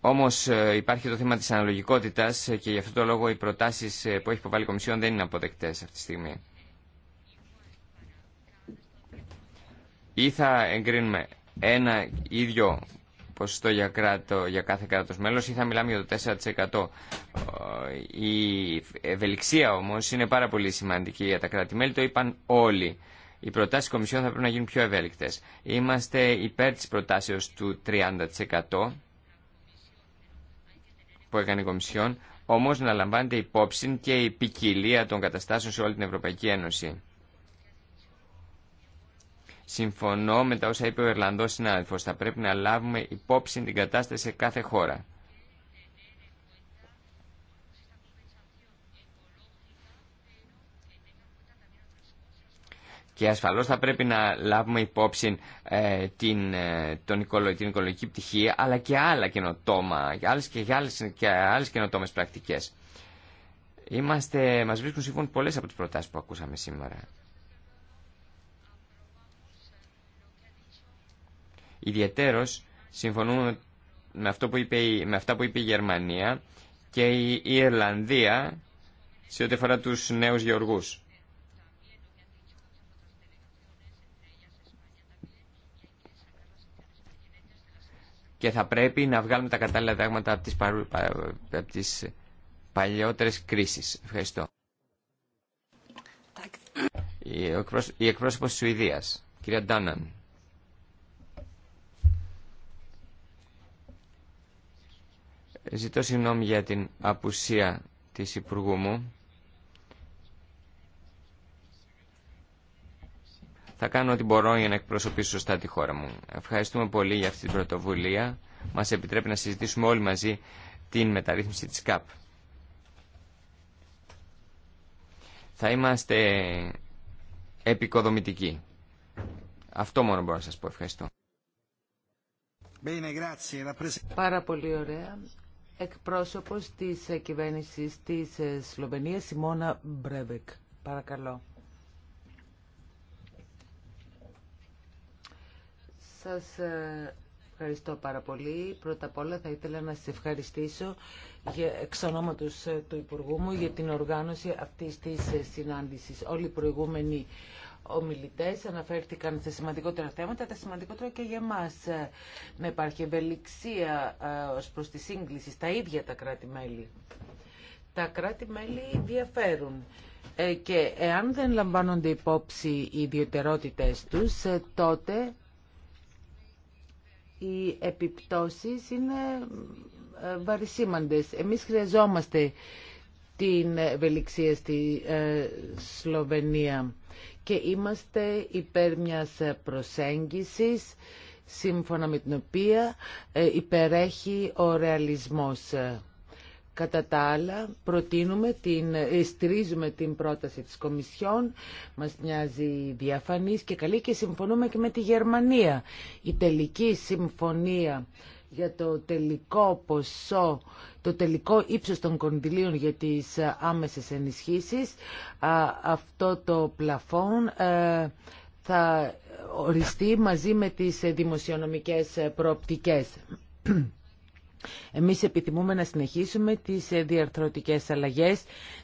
Όμως υπάρχει το θέμα της αναλογικότητας και γι' αυτό το λόγο οι προτάσεις που έχει υποβάλει η Κομισιόν δεν είναι αποδεκτές αυτή τη στιγμή. Ή θα εγκρίνουμε ένα ίδιο ποσοστό για, για κάθε κράτος μέλος ή θα μιλάμε για το 4%. Ε, η ευελιξία όμως είναι πάρα πολύ σημαντική για τα κράτη-μέλη, το είπαν όλοι. Οι προτάσεις Κομισιόν θα πρέπει να γίνουν πιο ευέλικτε. Είμαστε υπέρ της προτάσεως του 30% που έκανε η Κομισιόν, όμως να λαμβάνεται υπόψη και η ποικιλία των καταστάσεων σε όλη την Ευρωπαϊκή Ένωση. Συμφωνώ με τα όσα είπε ο Ιρλανδός συνάδελφο. Θα πρέπει να λάβουμε υπόψη την κατάσταση σε κάθε χώρα. Και ασφαλώς θα πρέπει να λάβουμε υπόψη ε, την, ε, τον την οικολογική πτυχή, αλλά και άλλα καινοτόμα, και άλλες, και, άλλες, και άλλες καινοτόμες πρακτικές. Είμαστε, μας βρίσκουν σύμφωνοι πολλές από τις προτάσεις που ακούσαμε σήμερα. Ιδιαίτερο συμφωνούμε με, αυτό που είπε, με αυτά που είπε η Γερμανία και η Ιρλανδία σε ό,τι αφορά τους νέους γεωργούς. Και θα πρέπει να βγάλουμε τα κατάλληλα πράγματα από τις, παρου... από τις παλιότερες κρίσεις. Ευχαριστώ. Η εκπρόσωπος της Σουηδίας, κυρία Ντάναν. Ζητώ συγγνώμη για την απουσία της Υπουργού μου. Θα κάνω ό,τι μπορώ για να εκπροσωπήσω σωστά τη χώρα μου. Ευχαριστούμε πολύ για αυτή την πρωτοβουλία. Μας επιτρέπει να συζητήσουμε όλοι μαζί την μεταρρύθμιση της ΚΑΠ. Θα είμαστε επικοδομητικοί. Αυτό μόνο μπορώ να σας πω. Ευχαριστώ. Πάρα πολύ ωραία εκπρόσωπος της κυβέρνησης της ε, Σλοβενίας, Σιμώνα Μπρέβεκ. Παρακαλώ. Σας ε, ευχαριστώ πάρα πολύ. Πρώτα απ' όλα θα ήθελα να σας ευχαριστήσω εξ ονόματος ε, του Υπουργού μου για την οργάνωση αυτής της συνάντησης. Όλοι προηγούμενοι ομιλητές αναφέρθηκαν σε σημαντικότερα θέματα, τα σημαντικότερα και για μας. Να υπάρχει ευελιξία ε, ως προς τη σύγκληση στα ίδια τα κράτη-μέλη. Τα κράτη-μέλη διαφέρουν ε, και εάν δεν λαμβάνονται υπόψη οι ιδιαιτερότητες τους, ε, τότε οι επιπτώσεις είναι βαρισίμαντες. Εμείς χρειαζόμαστε την ευελιξία στη Σλοβενία και είμαστε υπέρ μιας ε, προσέγγισης σύμφωνα με την οποία ε, υπερέχει ο ρεαλισμός. Κατά τα άλλα, προτείνουμε την, ε, στηρίζουμε την πρόταση της Κομισιόν, μας μοιάζει διαφανής και καλή και συμφωνούμε και με τη Γερμανία. Η τελική συμφωνία για το τελικό ποσό το τελικό ύψος των κονδυλίων για τις ε, άμεσες ενισχύσεις. Αυτό το πλαφόν ε, θα οριστεί μαζί με τις ε, δημοσιονομικές προοπτικές. Εμείς επιθυμούμε να συνεχίσουμε τις ε, διαρθρωτικές αλλαγές,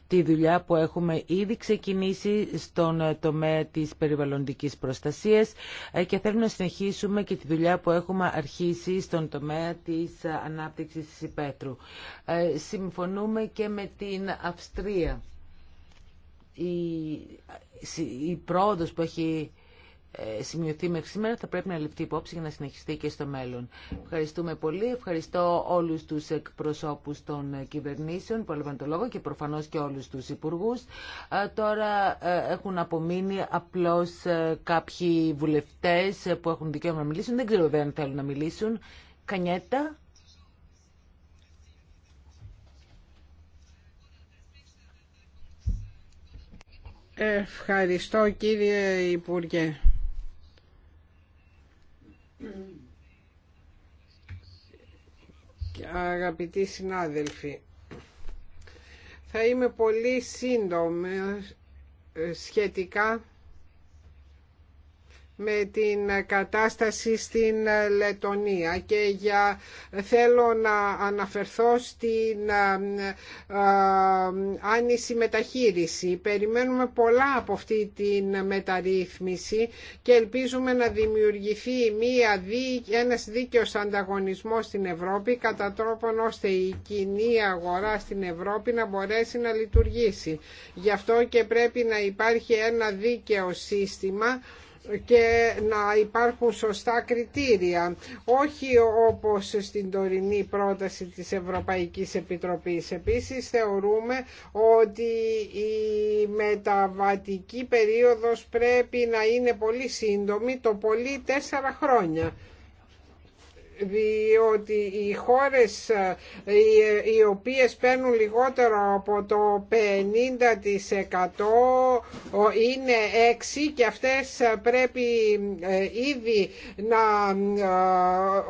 τη δουλειά που έχουμε ήδη ξεκινήσει στον ε, τομέα της περιβαλλοντικής προστασίας ε, και θέλουμε να συνεχίσουμε και τη δουλειά που έχουμε αρχίσει στον τομέα της ανάπτυξης της υπέτρου. Συμφωνούμε και με την Αυστρία. Η, η πρόοδος που έχει ε, σημειωθεί μέχρι σήμερα θα πρέπει να ληφθεί υπόψη για να συνεχιστεί και στο μέλλον. Ευχαριστούμε πολύ. Ευχαριστώ όλους τους εκπροσώπους των κυβερνήσεων που έλαβαν το λόγο και προφανώς και όλους τους υπουργούς. Ε, τώρα ε, έχουν απομείνει απλώς κάποιοι βουλευτές που έχουν δικαίωμα να μιλήσουν. Δεν ξέρω αν θέλουν να μιλήσουν. Κανιέτα. Ευχαριστώ κύριε Υπουργέ. Αγαπητοί συνάδελφοι, θα είμαι πολύ σύντομη ε, σχετικά με την κατάσταση στην Λετωνία και για, θέλω να αναφερθώ στην ε, ε, άνηση μεταχείριση. Περιμένουμε πολλά από αυτή την μεταρρύθμιση και ελπίζουμε να δημιουργηθεί μία, ένας δίκαιος ανταγωνισμός στην Ευρώπη κατά τρόπον ώστε η κοινή αγορά στην Ευρώπη να μπορέσει να λειτουργήσει. Γι' αυτό και πρέπει να υπάρχει ένα δίκαιο σύστημα και να υπάρχουν σωστά κριτήρια όχι όπως στην τωρινή πρόταση της Ευρωπαϊκής Επιτροπής. Επίσης θεωρούμε ότι η μεταβατική περίοδος πρέπει να είναι πολύ σύντομη, το πολύ τέσσερα χρόνια διότι οι χώρες ε, οι οποίες παίρνουν λιγότερο από το 50% είναι 6 και αυτές ε, πρέπει ε, ήδη να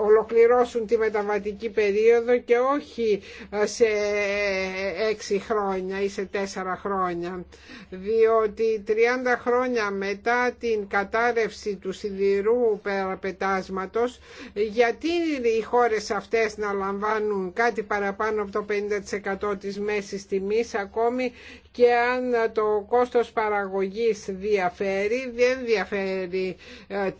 ολοκληρώσουν τη μεταβατική περίοδο και όχι σε 6 χρόνια ή σε 4 χρόνια διότι 30 χρόνια μετά την κατάρρευση του σιδηρού περαπετάσματος γιατί οι χώρες αυτές να λαμβάνουν κάτι παραπάνω από το 50% της μέσης τιμής ακόμη και αν το κόστος παραγωγής διαφέρει, δεν διαφέρει ε,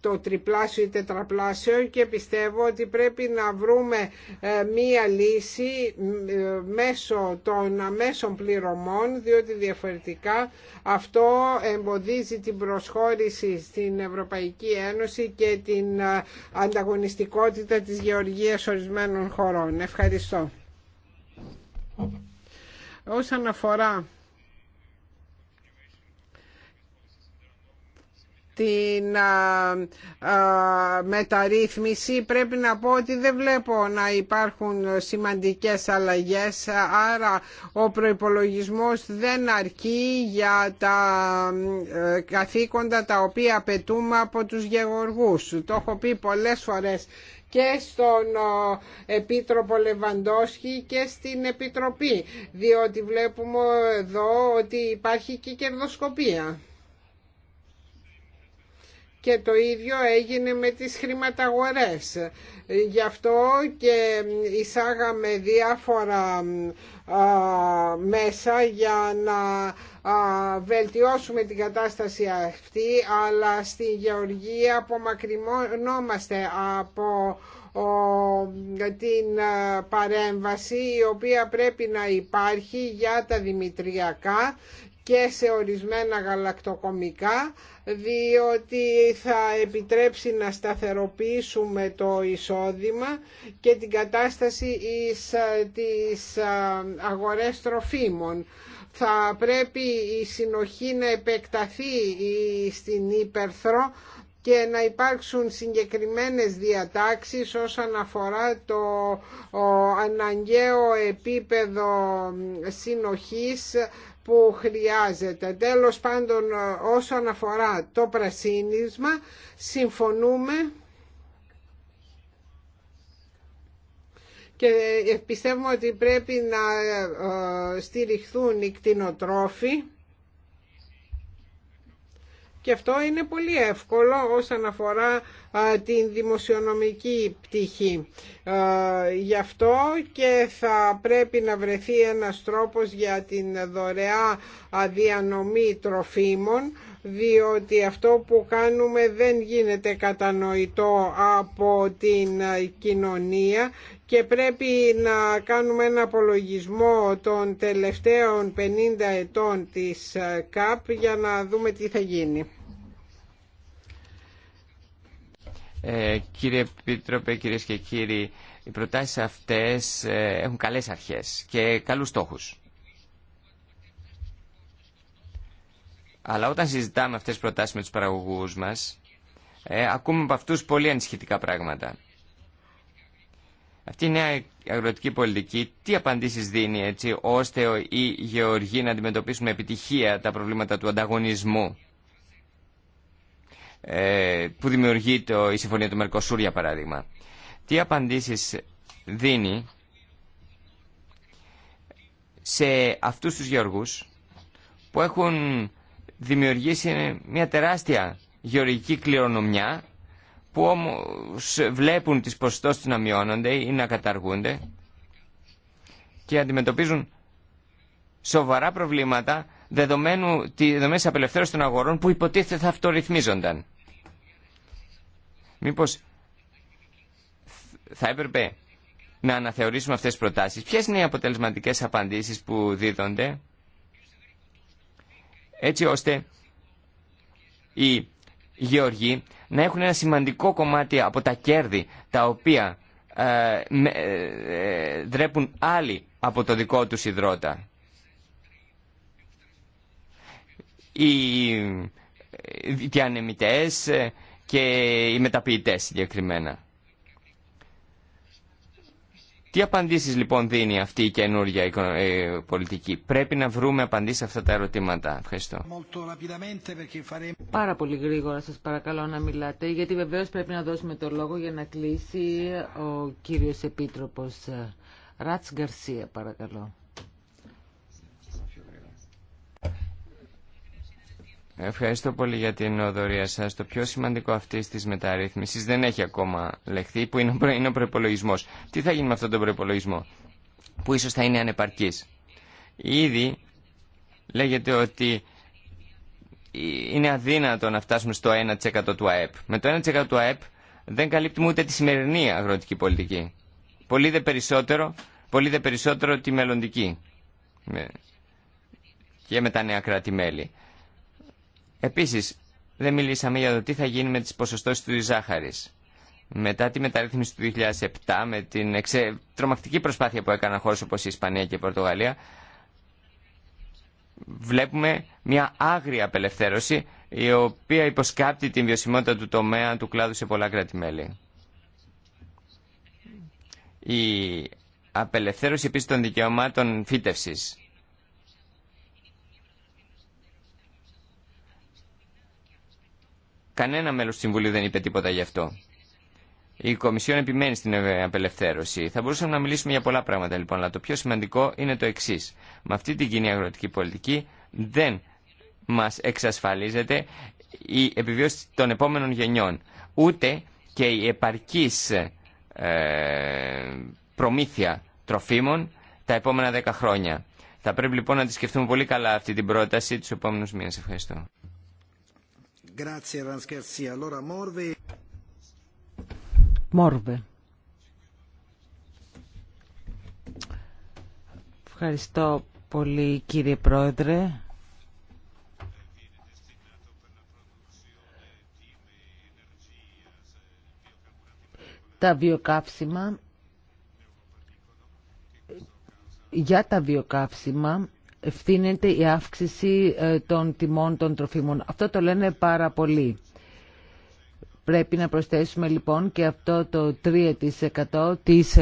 το τριπλάσιο ή τετραπλάσιο και πιστεύω ότι πρέπει να βρούμε ε, μία λύση ε, μέσω των αμέσων πληρωμών, διότι διαφορετικά αυτό εμποδίζει την προσχώρηση στην Ευρωπαϊκή Ένωση και την ανταγωνιστικότητα της γεωργίας ορισμένων χωρών. Ευχαριστώ. Όσον αφορά την α, μεταρρύθμιση πρέπει να πω ότι δεν βλέπω να υπάρχουν σημαντικές αλλαγές άρα ο προϋπολογισμός δεν αρκεί για τα ε, καθήκοντα τα οποία απαιτούμε από τους γεωργούς. Το έχω πει πολλές φορές και στον Επίτροπο Λεβαντόσχη και στην Επιτροπή, διότι βλέπουμε εδώ ότι υπάρχει και κερδοσκοπία και το ίδιο έγινε με τις χρηματαγορές. Γι' αυτό και εισάγαμε διάφορα μέσα για να βελτιώσουμε την κατάσταση αυτή, αλλά στη Γεωργία απομακρυνόμαστε από την παρέμβαση η οποία πρέπει να υπάρχει για τα δημητριακά και σε ορισμένα γαλακτοκομικά διότι θα επιτρέψει να σταθεροποιήσουμε το εισόδημα και την κατάσταση εις, της αγορές τροφίμων. Θα πρέπει η συνοχή να επεκταθεί στην Ήπερθρο και να υπάρξουν συγκεκριμένες διατάξεις όσον αφορά το αναγκαίο επίπεδο συνοχής που χρειάζεται. Τέλος πάντων όσον αφορά το πρασίνισμα συμφωνούμε και πιστεύουμε ότι πρέπει να ε, στηριχθούν οι κτηνοτρόφοι και αυτό είναι πολύ εύκολο όσον αφορά την δημοσιονομική πτυχή. Γι' αυτό και θα πρέπει να βρεθεί ένας τρόπος για την δωρεά διανομή τροφίμων διότι αυτό που κάνουμε δεν γίνεται κατανοητό από την κοινωνία και πρέπει να κάνουμε ένα απολογισμό των τελευταίων 50 ετών της ε, ΚΑΠ για να δούμε τι θα γίνει. Ε, κύριε Επίτροπε, κυρίε και κύριοι, οι προτάσεις αυτές ε, έχουν καλές αρχές και καλούς στόχους. Αλλά όταν συζητάμε αυτές τις προτάσεις με τους παραγωγούς μας, ε, ακούμε από αυτούς πολύ ανησυχητικά πράγματα. Αυτή η νέα αγροτική πολιτική τι απαντήσεις δίνει έτσι ώστε οι γεωργοί να αντιμετωπίσουν με επιτυχία τα προβλήματα του ανταγωνισμού ε, που δημιουργεί το, η συμφωνία του Μερκοσούρ για παράδειγμα. Τι απαντήσεις δίνει σε αυτούς τους γεωργούς που έχουν δημιουργήσει μια τεράστια γεωργική κληρονομιά που όμως βλέπουν τις ποσοστώσεις να μειώνονται ή να καταργούνται και αντιμετωπίζουν σοβαρά προβλήματα δεδομένου τη δεδομένης απελευθέρωση των αγορών που υποτίθεται θα αυτορυθμίζονταν. Μήπως θα έπρεπε να αναθεωρήσουμε αυτές τις προτάσεις. Ποιες είναι οι αποτελεσματικές απαντήσεις που δίδονται έτσι ώστε οι γεωργοί να έχουν ένα σημαντικό κομμάτι από τα κέρδη τα οποία ε, ε δρέπουν άλλοι από το δικό τους υδρότα. Οι διανεμητές ε, και οι μεταποιητές συγκεκριμένα. Τι απαντήσεις λοιπόν δίνει αυτή η καινούργια ε, πολιτική. Πρέπει να βρούμε απαντήσεις σε αυτά τα ερωτήματα. Ευχαριστώ. Πάρα πολύ γρήγορα σας παρακαλώ να μιλάτε γιατί βεβαίως πρέπει να δώσουμε το λόγο για να κλείσει ο κύριος Επίτροπος Ράτς Γκαρσία παρακαλώ. Ευχαριστώ πολύ για την οδορία σας. Το πιο σημαντικό αυτή τη μεταρρύθμιση δεν έχει ακόμα λεχθεί, που είναι ο προπολογισμό. Τι θα γίνει με αυτόν τον προπολογισμό, που ίσω θα είναι ανεπαρκή. Ήδη λέγεται ότι είναι αδύνατο να φτάσουμε στο 1% του ΑΕΠ. Με το 1% του ΑΕΠ δεν καλύπτουμε ούτε τη σημερινή αγροτική πολιτική. Πολύ δε περισσότερο, πολύ δε περισσότερο τη μελλοντική και με τα νέα κράτη-μέλη. Επίσης, δεν μιλήσαμε για το τι θα γίνει με τις ποσοστώσεις του ζάχαρης. Μετά τη μεταρρύθμιση του 2007, με την τρομακτική προσπάθεια που έκαναν χώρες όπως η Ισπανία και η Πορτογαλία, βλέπουμε μια άγρια απελευθέρωση, η οποία υποσκάπτει την βιωσιμότητα του τομέα του κλάδου σε πολλά κράτη-μέλη. Η απελευθέρωση επίσης των δικαιωμάτων φύτευσης Κανένα μέλο του Συμβουλίου δεν είπε τίποτα γι' αυτό. Η Κομισιόν επιμένει στην απελευθέρωση. Θα μπορούσαμε να μιλήσουμε για πολλά πράγματα λοιπόν, αλλά το πιο σημαντικό είναι το εξή. Με αυτή την κοινή αγροτική πολιτική δεν μα εξασφαλίζεται η επιβίωση των επόμενων γενιών, ούτε και η επαρκή ε, προμήθεια τροφίμων τα επόμενα δέκα χρόνια. Θα πρέπει λοιπόν να τη σκεφτούμε πολύ καλά αυτή την πρόταση του επόμενου μήνε. Ευχαριστώ. Ευχαριστώ πολύ κύριε Πρόεδρε. Τα βιοκαύσιμα για τα βιοκαύσιμα ευθύνεται η αύξηση ε, των τιμών των τροφίμων. Αυτό το λένε πάρα πολύ. Πρέπει να προσθέσουμε λοιπόν και αυτό το 3% ε, της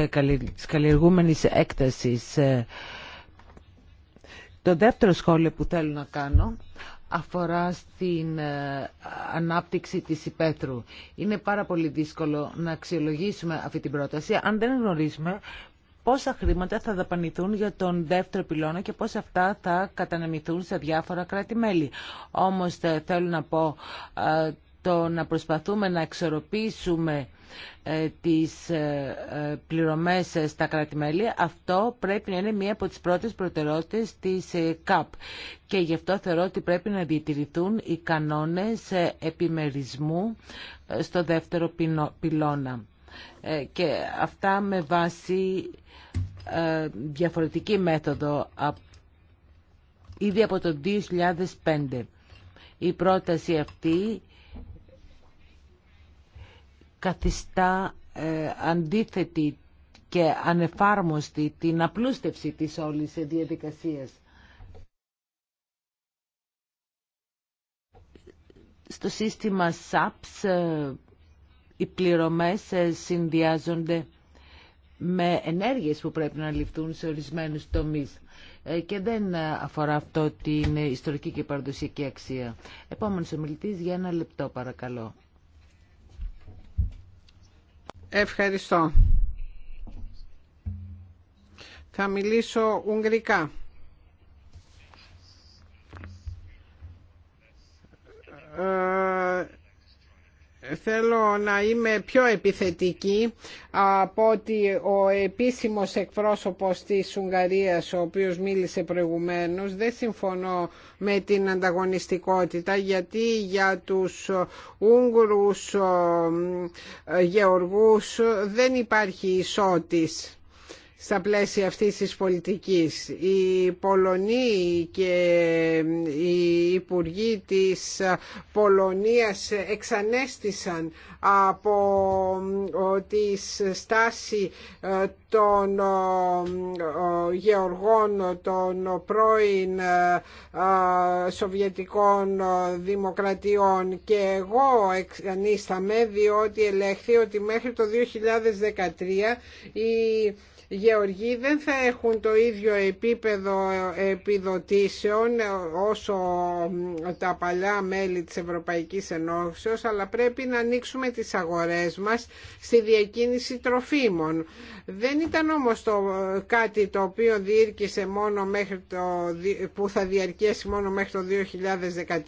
καλλιεργούμενης έκτασης. Ε. Το δεύτερο σχόλιο που θέλω να κάνω αφορά στην ανάπτυξη της υπαίθρου. Είναι πάρα πολύ δύσκολο να αξιολογήσουμε αυτή την πρόταση αν δεν γνωρίζουμε πόσα χρήματα θα δαπανηθούν για τον δεύτερο πυλώνα και πώς αυτά θα καταναμηθούν σε διάφορα κράτη-μέλη. Όμως θέλω να πω το να προσπαθούμε να εξορροπήσουμε ε, τις ε, ε, πληρωμές στα κράτη-μέλη, αυτό πρέπει να είναι μία από τις πρώτες προτεραιότητες της ΚΑΠ. Και γι' αυτό θεωρώ ότι πρέπει να διατηρηθούν οι κανόνες επιμερισμού στο δεύτερο πυλώνα. Ε, και αυτά με βάση ε, διαφορετική μέθοδο ήδη από το 2005. Η πρόταση αυτή καθιστά ε, αντίθετη και ανεφάρμοστη την απλούστευση της όλης διαδικασίας. Στο σύστημα SAPS οι πληρωμές ε, συνδυάζονται με ενέργειες που πρέπει να ληφθούν σε ορισμένους τομείς ε, και δεν ε, αφορά αυτό την ιστορική και παραδοσιακή αξία. Επόμενος ομιλητής για ένα λεπτό παρακαλώ. Ευχαριστώ. Θα μιλήσω ουγγρικά θέλω να είμαι πιο επιθετική από ότι ο επίσημος εκπρόσωπος της Ουγγαρίας ο οποίος μίλησε προηγουμένως δεν συμφωνώ με την ανταγωνιστικότητα γιατί για τους Ούγγρους ε, ε, γεωργούς δεν υπάρχει ισότης στα πλαίσια αυτής της πολιτικής. Οι Πολωνοί και οι Υπουργοί της Πολωνίας εξανέστησαν από τη στάση ε, των γεωργών των πρώην ε, ε, Σοβιετικών Δημοκρατιών και εγώ εξανίσταμαι διότι ελέγχθη ότι μέχρι το 2013 η γεωργοί δεν θα έχουν το ίδιο επίπεδο επιδοτήσεων όσο τα παλιά μέλη της Ευρωπαϊκής Ενώσεως, αλλά πρέπει να ανοίξουμε τις αγορές μας στη διακίνηση τροφίμων. Δεν ήταν όμως το, κάτι το οποίο διήρκησε μόνο μέχρι το, που θα διαρκέσει μόνο μέχρι το 2013,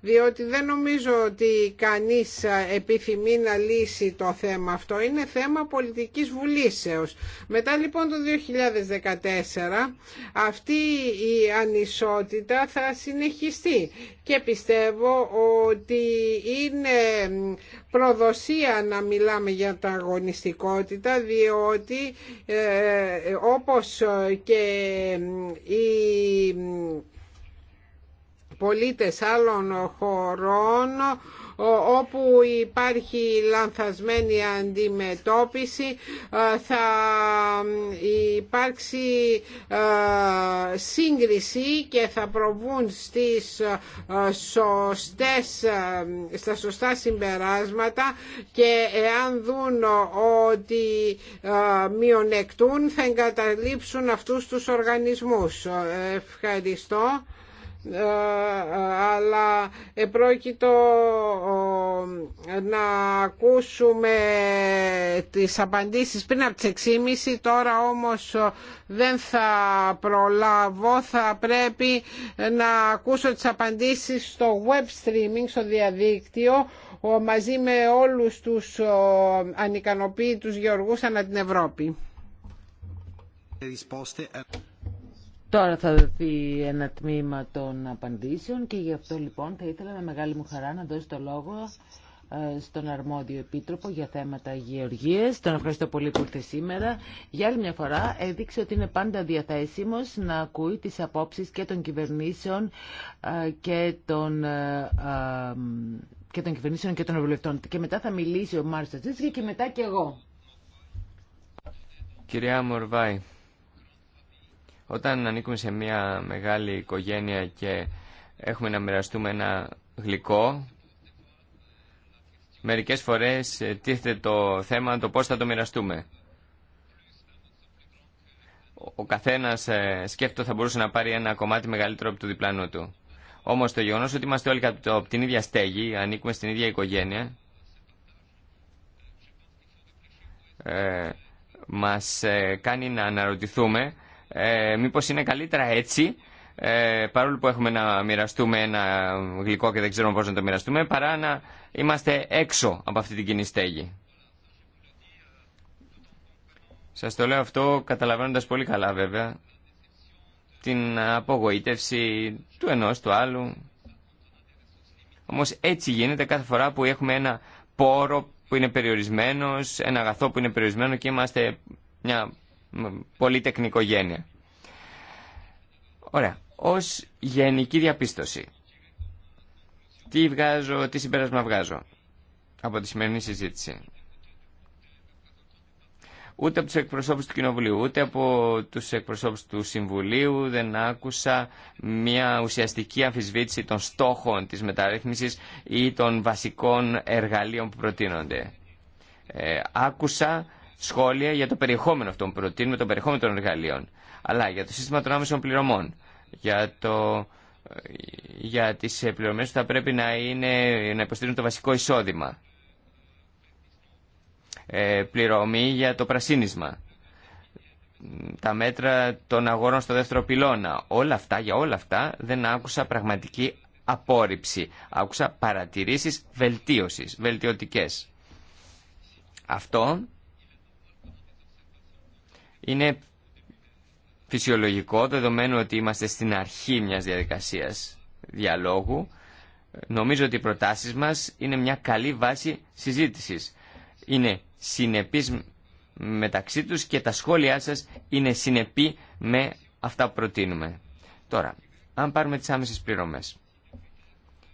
διότι δεν νομίζω ότι κανείς επιθυμεί να λύσει το θέμα αυτό. Είναι θέμα πολιτικής βουλήσεως. Μετά λοιπόν το 2014 αυτή η ανισότητα θα συνεχιστεί και πιστεύω ότι είναι προδοσία να μιλάμε για τα αγωνιστικότητα διότι ε, όπως και η πολίτες άλλων χωρών όπου υπάρχει λανθασμένη αντιμετώπιση ε, θα υπάρξει ε, σύγκριση και θα προβούν στις ε, σωστές, στα σωστά συμπεράσματα και εάν δουν ότι μειονεκτούν θα εγκαταλείψουν αυτούς τους οργανισμούς. Ευχαριστώ. Ε, αλλά επρόκειτο να ακούσουμε τις απαντήσεις πριν από τις 6.30 τώρα όμως δεν θα προλάβω θα πρέπει να ακούσω τις απαντήσεις στο web streaming στο διαδίκτυο μαζί με όλους τους ανικανοποίητους γεωργούς ανά την Ευρώπη Τώρα θα δοθεί ένα τμήμα των απαντήσεων και γι' αυτό λοιπόν θα ήθελα με μεγάλη μου χαρά να δώσω το λόγο ε, στον αρμόδιο επίτροπο για θέματα γεωργίας. Τον ευχαριστώ πολύ που ήρθε σήμερα. Για άλλη μια φορά έδειξε ότι είναι πάντα διαθέσιμος να ακούει τις απόψεις και των κυβερνήσεων ε, ε, και των κυβερνήσεων και των ευρωβουλευτών. Και μετά θα μιλήσει ο Μάρσο Τζίτσικη και μετά και εγώ. Κυρία Μορβάη, όταν ανήκουμε σε μια μεγάλη οικογένεια και έχουμε να μοιραστούμε ένα γλυκό, μερικές φορές ε, τίθεται το θέμα το πώς θα το μοιραστούμε. Ο καθένας ε, σκέφτο θα μπορούσε να πάρει ένα κομμάτι μεγαλύτερο από το διπλανό του. Όμως το γεγονός ότι είμαστε όλοι από την ίδια στέγη, ανήκουμε στην ίδια οικογένεια, ε, μας ε, κάνει να αναρωτηθούμε ε, μήπως είναι καλύτερα έτσι, ε, παρόλο που έχουμε να μοιραστούμε ένα γλυκό και δεν ξέρουμε πώς να το μοιραστούμε, παρά να είμαστε έξω από αυτή την κοινή στέγη. Σας το λέω αυτό καταλαβαίνοντας πολύ καλά βέβαια την απογοήτευση του ενός του άλλου. Όμως έτσι γίνεται κάθε φορά που έχουμε ένα πόρο που είναι περιορισμένος, ένα αγαθό που είναι περιορισμένο και είμαστε μια πολύ τεχνικογένεια. Ωραία. Ως γενική διαπίστωση. Τι βγάζω, τι συμπέρασμα βγάζω από τη σημερινή συζήτηση. Ούτε από τους εκπροσώπους του Κοινοβουλίου, ούτε από τους εκπροσώπους του Συμβουλίου δεν άκουσα μια ουσιαστική αμφισβήτηση των στόχων της μεταρρύθμισης ή των βασικών εργαλείων που προτείνονται. Ε, άκουσα σχόλια για το περιεχόμενο αυτών που προτείνουμε, το περιεχόμενο των εργαλείων. Αλλά για το σύστημα των άμεσων πληρωμών, για, το, για τις ε, πληρωμές που θα πρέπει να, είναι, να υποστηρίζουν το βασικό εισόδημα. Ε, πληρωμή για το πρασίνισμα. Τα μέτρα των αγορών στο δεύτερο πυλώνα. Όλα αυτά, για όλα αυτά δεν άκουσα πραγματική απόρριψη. Άκουσα παρατηρήσεις βελτίωσης, βελτιωτικές. Αυτό είναι φυσιολογικό, δεδομένου ότι είμαστε στην αρχή μιας διαδικασίας διαλόγου. Νομίζω ότι οι προτάσεις μας είναι μια καλή βάση συζήτησης. Είναι συνεπής μεταξύ τους και τα σχόλιά σας είναι συνεπή με αυτά που προτείνουμε. Τώρα, αν πάρουμε τις άμεσες πληρωμές.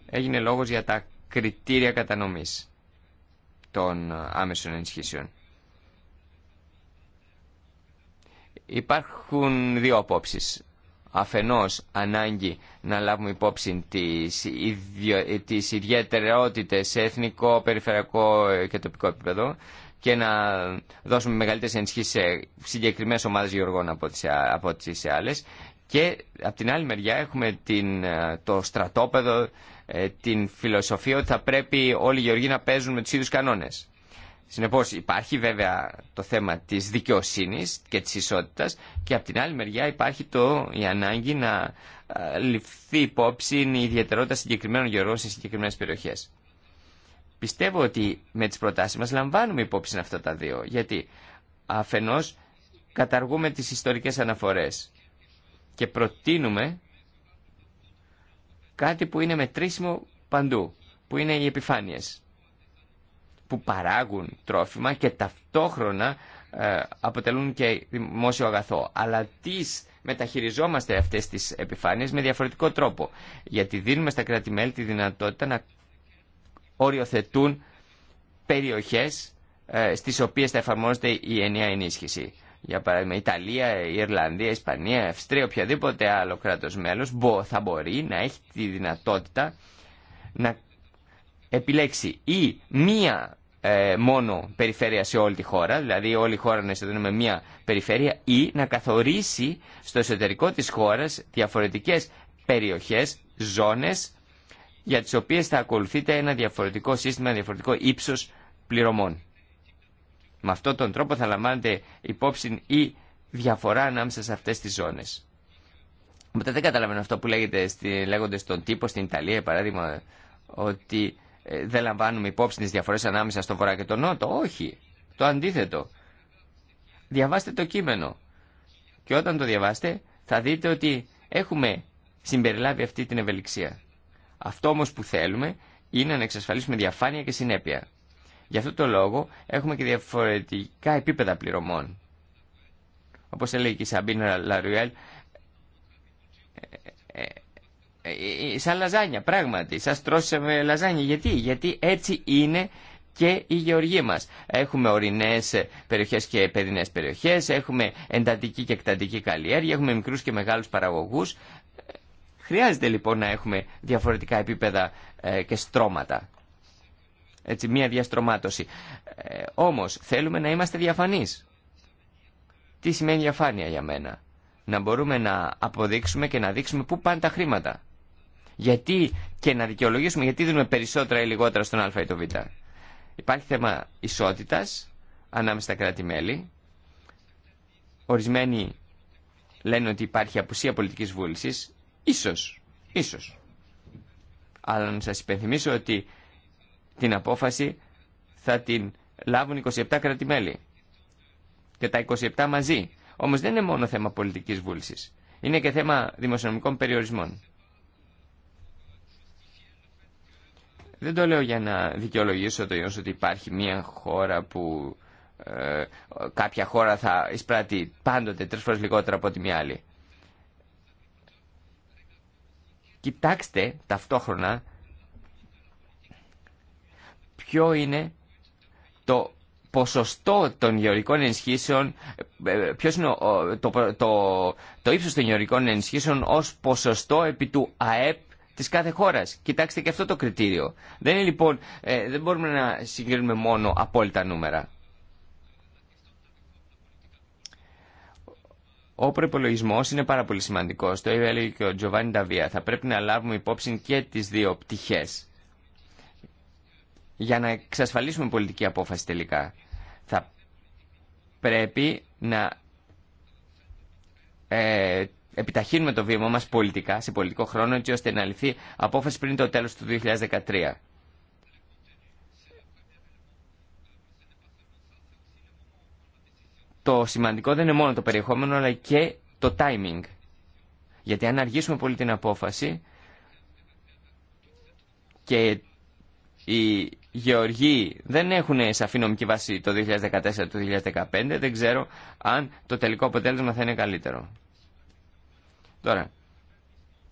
Έγινε λόγος για τα κριτήρια κατανομής των άμεσων ενισχύσεων. Υπάρχουν δύο απόψει. Αφενός ανάγκη να λάβουμε υπόψη τις, ιδιο... τις σε εθνικό, περιφερειακό και τοπικό επίπεδο και να δώσουμε μεγαλύτερες ενισχύσεις σε συγκεκριμένες ομάδες γεωργών από τις, από τις άλλες. Και από την άλλη μεριά έχουμε την, το στρατόπεδο, ε, την φιλοσοφία ότι θα πρέπει όλοι οι γεωργοί να παίζουν με τους ίδιους κανόνες. Συνεπώς υπάρχει βέβαια το θέμα της δικαιοσύνης και της ισότητας και από την άλλη μεριά υπάρχει το, η ανάγκη να ε, ληφθεί υπόψη η ιδιαιτερότητα συγκεκριμένων γεωργών σε συγκεκριμένε περιοχές. Πιστεύω ότι με τις προτάσεις μας λαμβάνουμε υπόψη αυτά τα δύο, γιατί αφενός καταργούμε τις ιστορικές αναφορέ και προτείνουμε κάτι που είναι μετρήσιμο παντού, που είναι οι επιφάνειες που παράγουν τρόφιμα και ταυτόχρονα ε, αποτελούν και δημόσιο αγαθό. Αλλά τις μεταχειριζόμαστε αυτές τις επιφάνειες με διαφορετικό τρόπο. Γιατί δίνουμε στα κράτη-μέλη τη δυνατότητα να οριοθετούν περιοχές ε, στις οποίες θα εφαρμόζεται η ενιαία ενίσχυση. Για παράδειγμα, η Ιταλία, η Ιρλανδία, η Ισπανία, η Αυστρία, οποιαδήποτε άλλο κράτος μέλος θα μπορεί να έχει τη δυνατότητα να επιλέξει ή μία ε, μόνο περιφέρεια σε όλη τη χώρα, δηλαδή όλη η χώρα να ισοδυνεί με μια περιφέρεια ή να καθορίσει στο εσωτερικό της χώρας διαφορετικές περιοχές, ζώνες για τις οποίες θα ακολουθείται ένα διαφορετικό σύστημα, ένα διαφορετικό ύψος πληρωμών. Με αυτόν τον τρόπο θα λαμβάνεται υπόψη η διαφορά ανάμεσα σε αυτές τις ζώνες. Οπότε δεν καταλαβαίνω αυτό που λέγεται, λέγονται στον τύπο στην Ιταλία, παράδειγμα, ότι ε, δεν λαμβάνουμε υπόψη τις διαφορές ανάμεσα στο βορρά και το νότο. Όχι, το αντίθετο. Διαβάστε το κείμενο και όταν το διαβάστε θα δείτε ότι έχουμε συμπεριλάβει αυτή την ευελιξία. Αυτό όμως που θέλουμε είναι να εξασφαλίσουμε διαφάνεια και συνέπεια. Γι' αυτό το λόγο έχουμε και διαφορετικά επίπεδα πληρωμών. Όπως έλεγε και η Σαμπίνα Λαρουέλ, ε, ε, ε, σαν λαζάνια, πράγματι. Σας τρώσαμε λαζάνια. Γιατί, γιατί έτσι είναι και η γεωργία μας. Έχουμε ορεινές περιοχές και παιδινές περιοχές, έχουμε εντατική και εκτατική καλλιέργεια, έχουμε μικρούς και μεγάλους παραγωγούς. Χρειάζεται λοιπόν να έχουμε διαφορετικά επίπεδα και στρώματα. Έτσι, μία διαστρωμάτωση. Ε, όμως, θέλουμε να είμαστε διαφανείς. Τι σημαίνει διαφάνεια για μένα. Να μπορούμε να αποδείξουμε και να δείξουμε πού πάνε τα χρήματα γιατί και να δικαιολογήσουμε γιατί δίνουμε περισσότερα ή λιγότερα στον Α ή το Β. Υπάρχει θέμα ισότητας ανάμεσα στα κράτη-μέλη. Ορισμένοι λένε ότι υπάρχει απουσία πολιτικής βούληση, Ίσως, ίσως. Αλλά να σας υπενθυμίσω ότι την απόφαση θα την λάβουν 27 κράτη-μέλη. Και τα 27 μαζί. Όμω δεν είναι μόνο θέμα πολιτική βούληση, Είναι και θέμα δημοσιονομικών περιορισμών. Δεν το λέω για να δικαιολογήσω το γεγονό ότι υπάρχει μια χώρα που ε, κάποια χώρα θα εισπράττει πάντοτε τρεις φορές λιγότερα από ό,τι μια άλλη. Κοιτάξτε ταυτόχρονα ποιο είναι το ποσοστό των γεωρικών ενισχύσεων, ε, ποιος είναι το, το, το, ύψος των γεωρικών ενισχύσεων ως ποσοστό επί του ΑΕΠ Τη κάθε χώρα. Κοιτάξτε και αυτό το κριτήριο. Δεν είναι λοιπόν, ε, δεν μπορούμε να συγκρίνουμε μόνο απόλυτα νούμερα. Ο προπολογισμό είναι πάρα πολύ σημαντικό. Το έλεγε και ο Τζοβάνι Νταβία. Θα πρέπει να λάβουμε υπόψη και τι δύο πτυχέ. Για να εξασφαλίσουμε πολιτική απόφαση τελικά. Θα πρέπει να ε, επιταχύνουμε το βήμα μας πολιτικά, σε πολιτικό χρόνο, έτσι ώστε να λυθεί απόφαση πριν το τέλος του 2013. Το σημαντικό δεν είναι μόνο το περιεχόμενο, αλλά και το timing. Γιατί αν αργήσουμε πολύ την απόφαση και οι γεωργοί δεν έχουν σαφή νομική βάση το 2014-2015, δεν ξέρω αν το τελικό αποτέλεσμα θα είναι καλύτερο. Τώρα,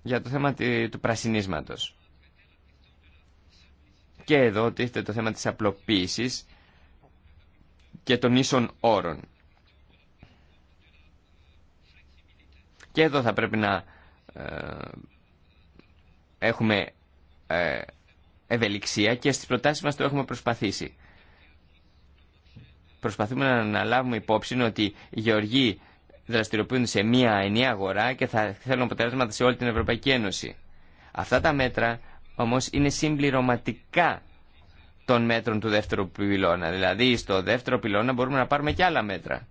για το θέμα του πρασινίσματος. Και εδώ τίθεται το θέμα της απλοποίησης και των ίσων όρων. Και εδώ θα πρέπει να ε, έχουμε ε, ευελιξία και στις προτάσεις μας το έχουμε προσπαθήσει. Προσπαθούμε να αναλάβουμε υπόψη ότι οι γεωργοί δραστηριοποιούν σε μία ενιαία αγορά και θα θέλουν αποτελέσματα σε όλη την Ευρωπαϊκή Ένωση. Αυτά τα μέτρα όμως είναι συμπληρωματικά των μέτρων του δεύτερου πυλώνα. Δηλαδή στο δεύτερο πυλώνα μπορούμε να πάρουμε και άλλα μέτρα.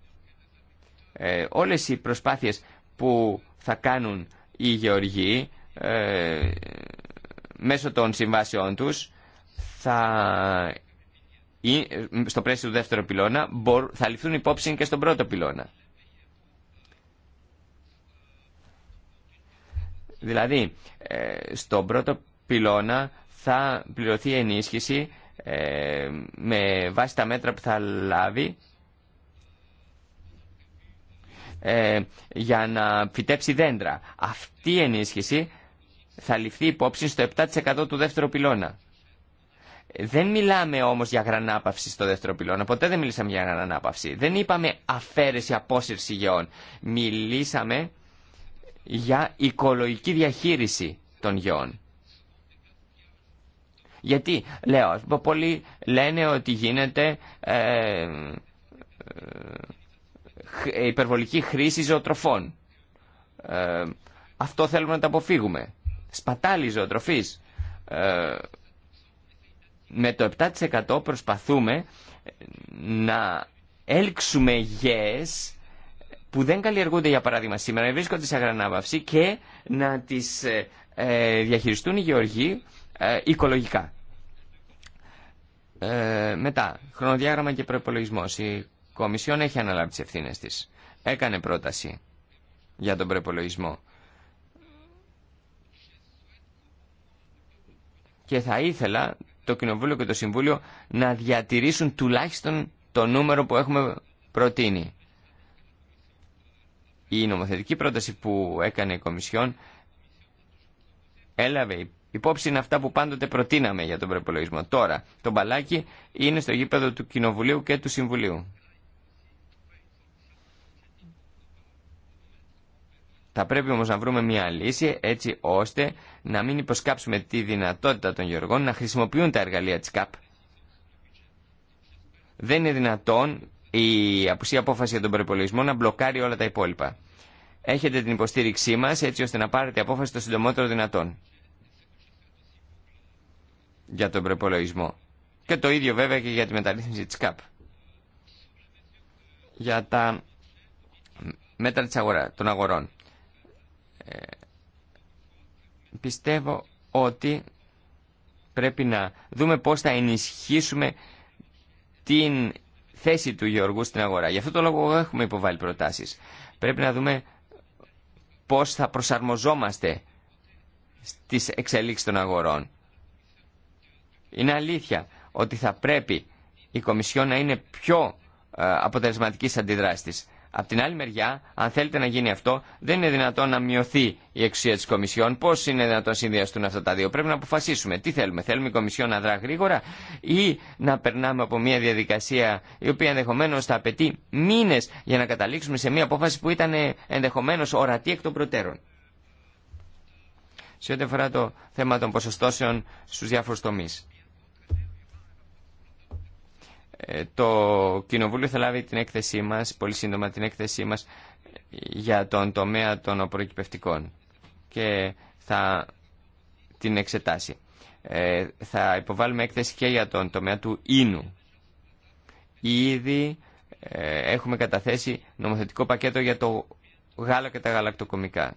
Ε, όλες οι προσπάθειες που θα κάνουν οι γεωργοί ε, μέσω των συμβάσεών τους θα, ε, στο πλαίσιο του δεύτερου πυλώνα θα ληφθούν υπόψη και στον πρώτο πυλώνα. Δηλαδή, ε, στον πρώτο πυλώνα θα πληρωθεί ενίσχυση ε, με βάση τα μέτρα που θα λάβει ε, για να φυτέψει δέντρα. Αυτή η ενίσχυση θα ληφθεί υπόψη στο 7% του δεύτερου πυλώνα. Δεν μιλάμε όμως για γρανάπαυση στο δεύτερο πυλώνα. Ποτέ δεν μιλήσαμε για γρανάπαυση. Δεν είπαμε αφαίρεση, απόσυρση γεών. Μιλήσαμε για οικολογική διαχείριση των γεών. Γιατί, λέω, πολλοί λένε ότι γίνεται ε, ε, ε υπερβολική χρήση ζωοτροφών. Ε, αυτό θέλουμε να το αποφύγουμε. Σπατάλη ζωοτροφής. με το 7% προσπαθούμε να έλξουμε γέες που δεν καλλιεργούνται για παράδειγμα σήμερα, βρίσκονται σε αγρανάβαυση και να τις ε, ε, διαχειριστούν οι γεωργοί ε, οικολογικά. Ε, μετά, χρονοδιάγραμμα και προπολογισμό. Η Κομισιόν έχει αναλάβει τι ευθύνε τη. Έκανε πρόταση για τον προπολογισμό. Και θα ήθελα το Κοινοβούλιο και το Συμβούλιο να διατηρήσουν τουλάχιστον το νούμερο που έχουμε προτείνει η νομοθετική πρόταση που έκανε η Κομισιόν έλαβε υπόψη είναι αυτά που πάντοτε προτείναμε για τον προπολογισμό. Τώρα, το μπαλάκι είναι στο γήπεδο του Κοινοβουλίου και του Συμβουλίου. Θα πρέπει όμως να βρούμε μια λύση έτσι ώστε να μην υποσκάψουμε τη δυνατότητα των γεωργών να χρησιμοποιούν τα εργαλεία της ΚΑΠ. Δεν είναι δυνατόν η απουσία απόφαση για τον προπολογισμό να μπλοκάρει όλα τα υπόλοιπα. Έχετε την υποστήριξή μα έτσι ώστε να πάρετε απόφαση το συντομότερο δυνατόν για τον προπολογισμό. Και το ίδιο βέβαια και για τη μεταρρύθμιση τη ΚΑΠ. Για τα μέτρα της αγορά, των αγορών. Ε, πιστεύω ότι πρέπει να δούμε πώς θα ενισχύσουμε την θέση του γεωργού στην αγορά. Γι' αυτό το λόγο έχουμε υποβάλει προτάσεις. Πρέπει να δούμε πώς θα προσαρμοζόμαστε στις εξελίξεις των αγορών. Είναι αλήθεια ότι θα πρέπει η Κομισιόν να είναι πιο ε, αποτελεσματική αντιδράση Απ' την άλλη μεριά, αν θέλετε να γίνει αυτό, δεν είναι δυνατόν να μειωθεί η εξουσία τη Κομισιόν. Πώ είναι δυνατόν να συνδυαστούν αυτά τα δύο. Πρέπει να αποφασίσουμε τι θέλουμε. Θέλουμε η Κομισιόν να δρά γρήγορα ή να περνάμε από μια διαδικασία η οποία ενδεχομένω θα απαιτεί μήνε για να καταλήξουμε σε μια απόφαση που ήταν ε, ενδεχομένω ορατή εκ των προτέρων. Σε ό,τι αφορά το θέμα των ποσοστώσεων στου διάφορου τομεί. Ε, το Κοινοβούλιο θα λάβει την έκθεσή μας, πολύ σύντομα την έκθεσή μας για τον τομέα των προεκυπευτικών και θα την εξετάσει. Ε, θα υποβάλουμε έκθεση και για τον τομέα του ίνου. Ήδη ε, έχουμε καταθέσει νομοθετικό πακέτο για το γάλα και τα γαλακτοκομικά.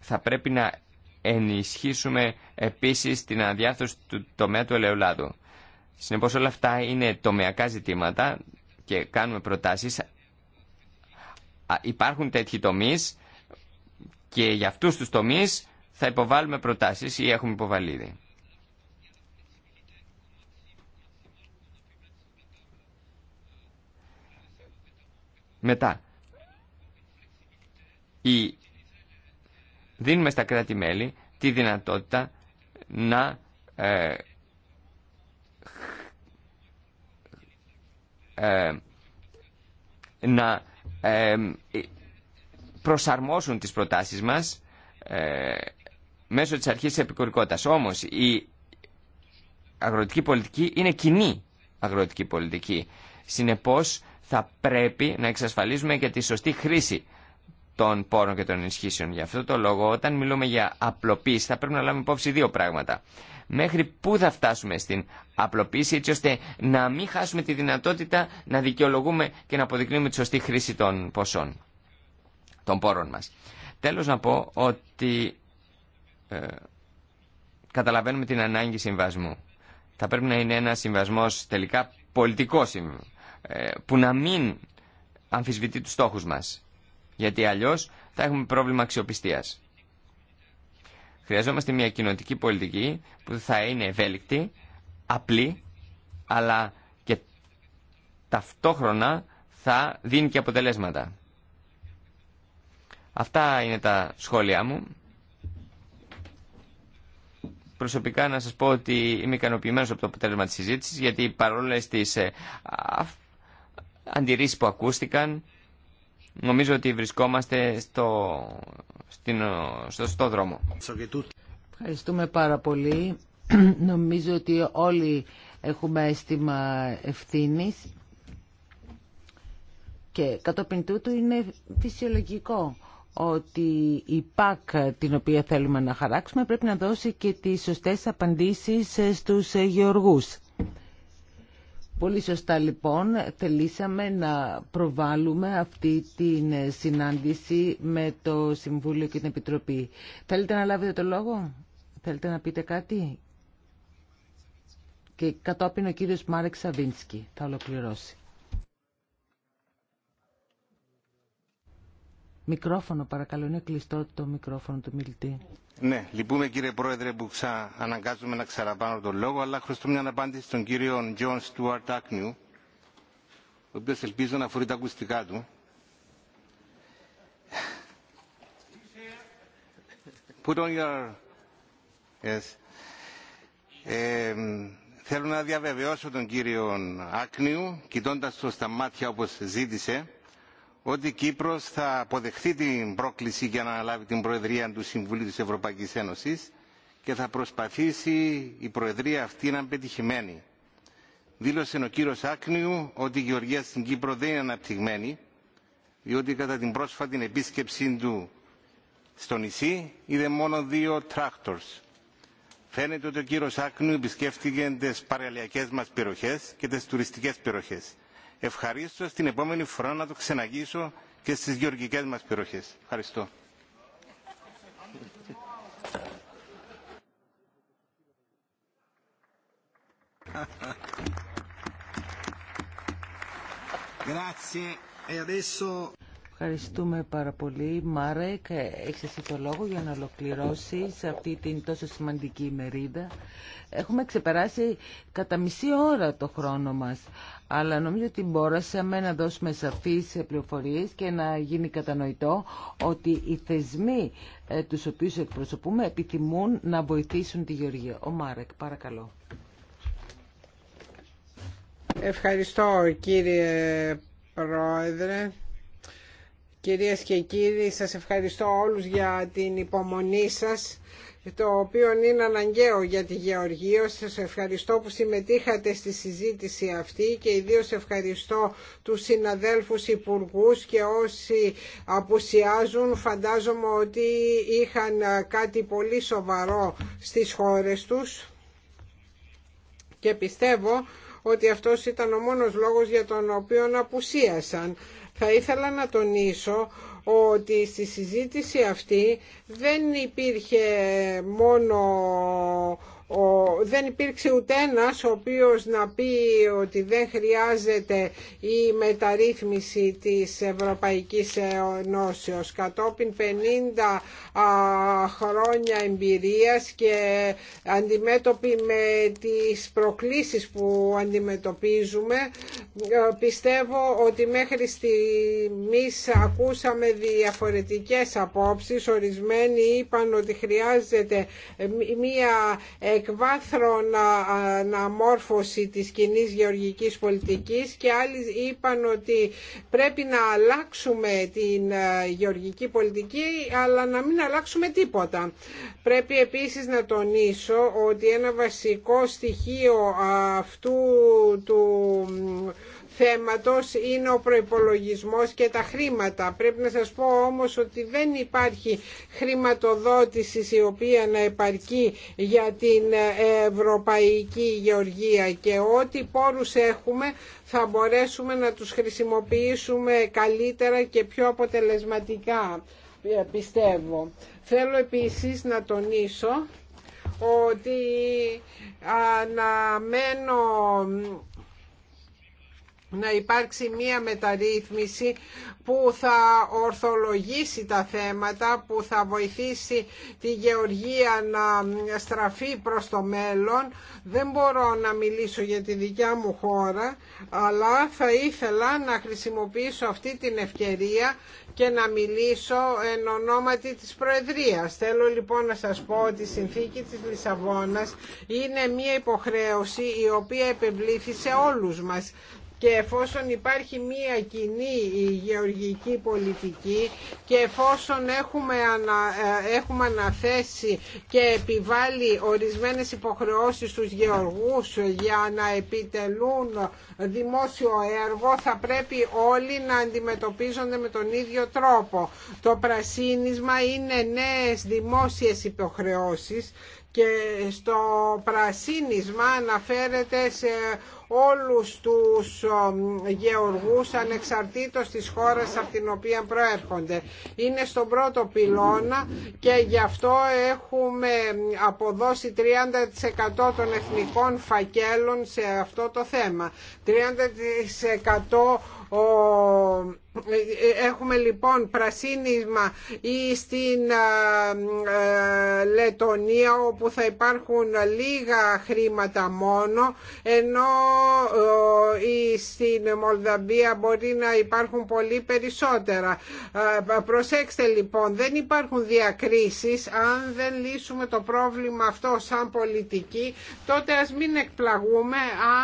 Θα πρέπει να ενισχύσουμε επίσης την αναδιάρθρωση του τομέα του ελαιολάδου. Συνεπώς όλα αυτά είναι τομεακά ζητήματα και κάνουμε προτάσεις. Υπάρχουν τέτοιοι τομείς και για αυτούς τους τομείς θα υποβάλουμε προτάσεις ή έχουμε υποβάλει ήδη. Μετά, η εχουμε υποβαλει μετα η δίνουμε στα κράτη-μέλη τη δυνατότητα να ε, ε, να ε, προσαρμόσουν τις προτάσεις μας μέσω της αρχής της επικουρικότητας. Όμως η αγροτική πολιτική είναι κοινή αγροτική πολιτική. Συνεπώς θα πρέπει να εξασφαλίζουμε και τη σωστή χρήση των πόρων και των ενισχύσεων. για αυτό το λόγο, όταν μιλούμε για απλοποίηση, θα πρέπει να λάβουμε υπόψη δύο πράγματα. Μέχρι πού θα φτάσουμε στην απλοποίηση, έτσι ώστε να μην χάσουμε τη δυνατότητα να δικαιολογούμε και να αποδεικνύουμε τη σωστή χρήση των ποσών, των πόρων μας. Τέλος να πω ότι ε, καταλαβαίνουμε την ανάγκη συμβασμού. Θα πρέπει να είναι ένα συμβασμός τελικά πολιτικό ε, που να μην αμφισβητεί τους στόχους μας γιατί αλλιώ θα έχουμε πρόβλημα αξιοπιστία. Χρειαζόμαστε μια κοινωνική πολιτική που θα είναι ευέλικτη, απλή, αλλά και ταυτόχρονα θα δίνει και αποτελέσματα. Αυτά είναι τα σχόλιά μου. Προσωπικά να σας πω ότι είμαι ικανοποιημένο από το αποτέλεσμα της συζήτησης, γιατί παρόλες τις ε, αντιρρήσεις που ακούστηκαν, Νομίζω ότι βρισκόμαστε στο, στην, στο δρόμο. Ευχαριστούμε πάρα πολύ. Νομίζω ότι όλοι έχουμε αίσθημα ευθύνης και κατόπιν τούτου είναι φυσιολογικό ότι η ΠΑΚ την οποία θέλουμε να χαράξουμε πρέπει να δώσει και τις σωστές απαντήσεις στους γεωργούς. Πολύ σωστά λοιπόν θελήσαμε να προβάλλουμε αυτή την συνάντηση με το Συμβούλιο και την Επιτροπή. Θέλετε να λάβετε το λόγο, θέλετε να πείτε κάτι. Και κατόπιν ο κύριος Μάρεξ Σαβίνσκι θα ολοκληρώσει. Μικρόφωνο παρακαλώ, είναι κλειστό το μικρόφωνο του μιλητή. Ναι, λυπούμε κύριε Πρόεδρε που αναγκάζομαι να ξαναπάνω τον λόγο, αλλά χρωστώ μια αναπάντηση στον κύριο Τζον Στουαρτ Άκνιου, ο οποίο ελπίζω να φορεί τα ακουστικά του. Put on your... Yes. θέλω να διαβεβαιώσω τον κύριο Άκνιου, κοιτώντα το στα μάτια όπως ζήτησε, ότι η Κύπρος θα αποδεχθεί την πρόκληση για να αναλάβει την Προεδρία του Συμβουλίου της Ευρωπαϊκής Ένωσης και θα προσπαθήσει η Προεδρία αυτή να είναι πετυχημένη. Δήλωσε ο κύριος Άκνιου ότι η Γεωργία στην Κύπρο δεν είναι αναπτυγμένη, διότι κατά την πρόσφατη επίσκεψή του στο νησί είδε μόνο δύο τράκτορς. Φαίνεται ότι ο κύριος Άκνιου επισκέφτηκε τις παραλιακές μας περιοχές και τις τουριστικές περιοχές Ευχαρίστω την επόμενη φορά να το ξαναγήσω και στις γεωργικές μας περιοχές. Ευχαριστώ. Grazie. E adesso... Ευχαριστούμε πάρα πολύ. Μάρεκ, έχεις εσύ το λόγο για να ολοκληρώσεις αυτή την τόσο σημαντική ημερίδα. Έχουμε ξεπεράσει κατά μισή ώρα το χρόνο μας, αλλά νομίζω ότι μπορέσαμε να δώσουμε σαφείς πληροφορίες και να γίνει κατανοητό ότι οι θεσμοί ε, τους οποίους εκπροσωπούμε επιθυμούν να βοηθήσουν τη Γεωργία. Ο Μάρεκ, παρακαλώ. Ευχαριστώ κύριε Πρόεδρε. Κυρίες και κύριοι, σας ευχαριστώ όλους για την υπομονή σας το οποίο είναι αναγκαίο για τη Γεωργία. Σας ευχαριστώ που συμμετείχατε στη συζήτηση αυτή και ιδίως ευχαριστώ τους συναδέλφους υπουργούς και όσοι απουσιάζουν. Φαντάζομαι ότι είχαν κάτι πολύ σοβαρό στις χώρες τους και πιστεύω ότι αυτός ήταν ο μόνος λόγος για τον οποίο απουσίασαν. Θα ήθελα να τονίσω ότι στη συζήτηση αυτή δεν υπήρχε μόνο δεν υπήρξε ούτε ένας ο οποίος να πει ότι δεν χρειάζεται η μεταρρύθμιση της Ευρωπαϊκής Ενώσεως κατόπιν 50 χρόνια εμπειρίας και αντιμέτωποι με τις προκλήσεις που αντιμετωπίζουμε ε, πιστεύω ότι μέχρι στιγμής ακούσαμε διαφορετικές απόψεις ορισμένοι είπαν ότι χρειάζεται μία εκβάθρον αναμόρφωση της κοινή γεωργικής πολιτικής και άλλοι είπαν ότι πρέπει να αλλάξουμε την γεωργική πολιτική αλλά να μην αλλάξουμε τίποτα. Πρέπει επίσης να τονίσω ότι ένα βασικό στοιχείο αυτού του θέματος είναι ο προϋπολογισμός και τα χρήματα. Πρέπει να σας πω όμως ότι δεν υπάρχει χρηματοδότηση η οποία να επαρκεί για την ευρωπαϊκή γεωργία και ό,τι πόρους έχουμε θα μπορέσουμε να τους χρησιμοποιήσουμε καλύτερα και πιο αποτελεσματικά, πιστεύω. Θέλω επίσης να τονίσω ότι αναμένω να υπάρξει μία μεταρρύθμιση που θα ορθολογήσει τα θέματα, που θα βοηθήσει τη γεωργία να στραφεί προς το μέλλον. Δεν μπορώ να μιλήσω για τη δικιά μου χώρα, αλλά θα ήθελα να χρησιμοποιήσω αυτή την ευκαιρία και να μιλήσω εν ονόματι της Προεδρίας. Θέλω λοιπόν να σας πω ότι η συνθήκη της Λισαβόνας είναι μια υποχρέωση η οποία επευλήθη όλους μας και εφόσον υπάρχει μία κοινή γεωργική πολιτική και εφόσον έχουμε, ανα, ε, έχουμε αναθέσει και επιβάλλει ορισμένες υποχρεώσεις στους γεωργούς για να επιτελούν δημόσιο έργο θα πρέπει όλοι να αντιμετωπίζονται με τον ίδιο τρόπο. Το πρασίνισμα είναι νέες δημόσιες υποχρεώσεις και στο πρασίνισμα αναφέρεται σε όλους τους γεωργούς ανεξαρτήτως της χώρας από την οποία προέρχονται. Είναι στον πρώτο πυλώνα και γι' αυτό έχουμε αποδώσει 30% των εθνικών φακέλων σε αυτό το θέμα. 30% Έχουμε λοιπόν πρασίνισμα ή στην Λετωνία όπου θα υπάρχουν λίγα χρήματα μόνο ενώ ή στην Μολδαβία μπορεί να υπάρχουν πολύ περισσότερα. Προσέξτε λοιπόν, δεν υπάρχουν διακρίσεις. Αν δεν λύσουμε το πρόβλημα αυτό σαν πολιτική τότε ας μην εκπλαγούμε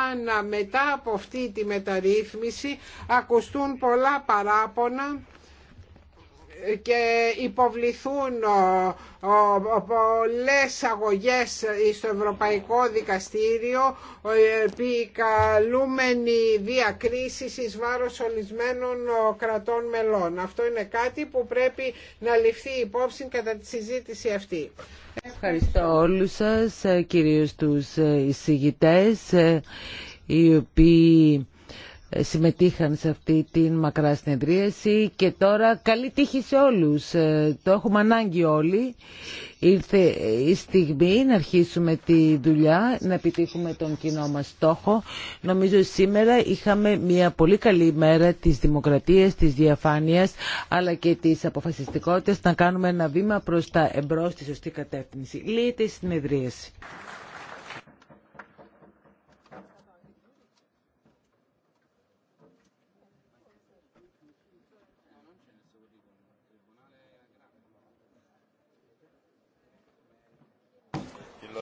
αν μετά από αυτή τη μεταρρύθμιση ακουστούν πολλά παράπονα και υποβληθούν πολλές αγωγές στο Ευρωπαϊκό Δικαστήριο καλούμενη διακρίσεις εις βάρος ολισμένων κρατών μελών. Αυτό είναι κάτι που πρέπει να ληφθεί υπόψη κατά τη συζήτηση αυτή. Ευχαριστώ όλους σας, κυρίως τους εισηγητές, οι οποίοι ε, συμμετείχαν σε αυτή την μακρά συνεδρίαση και τώρα καλή τύχη σε όλους. Ε, το έχουμε ανάγκη όλοι. Ήρθε η στιγμή να αρχίσουμε τη δουλειά, να επιτύχουμε τον κοινό μας στόχο. Νομίζω σήμερα είχαμε μια πολύ καλή μέρα της δημοκρατίας, της διαφάνειας, αλλά και της αποφασιστικότητας να κάνουμε ένα βήμα προς τα εμπρός στη σωστή κατεύθυνση. Λύεται η συνεδρίαση.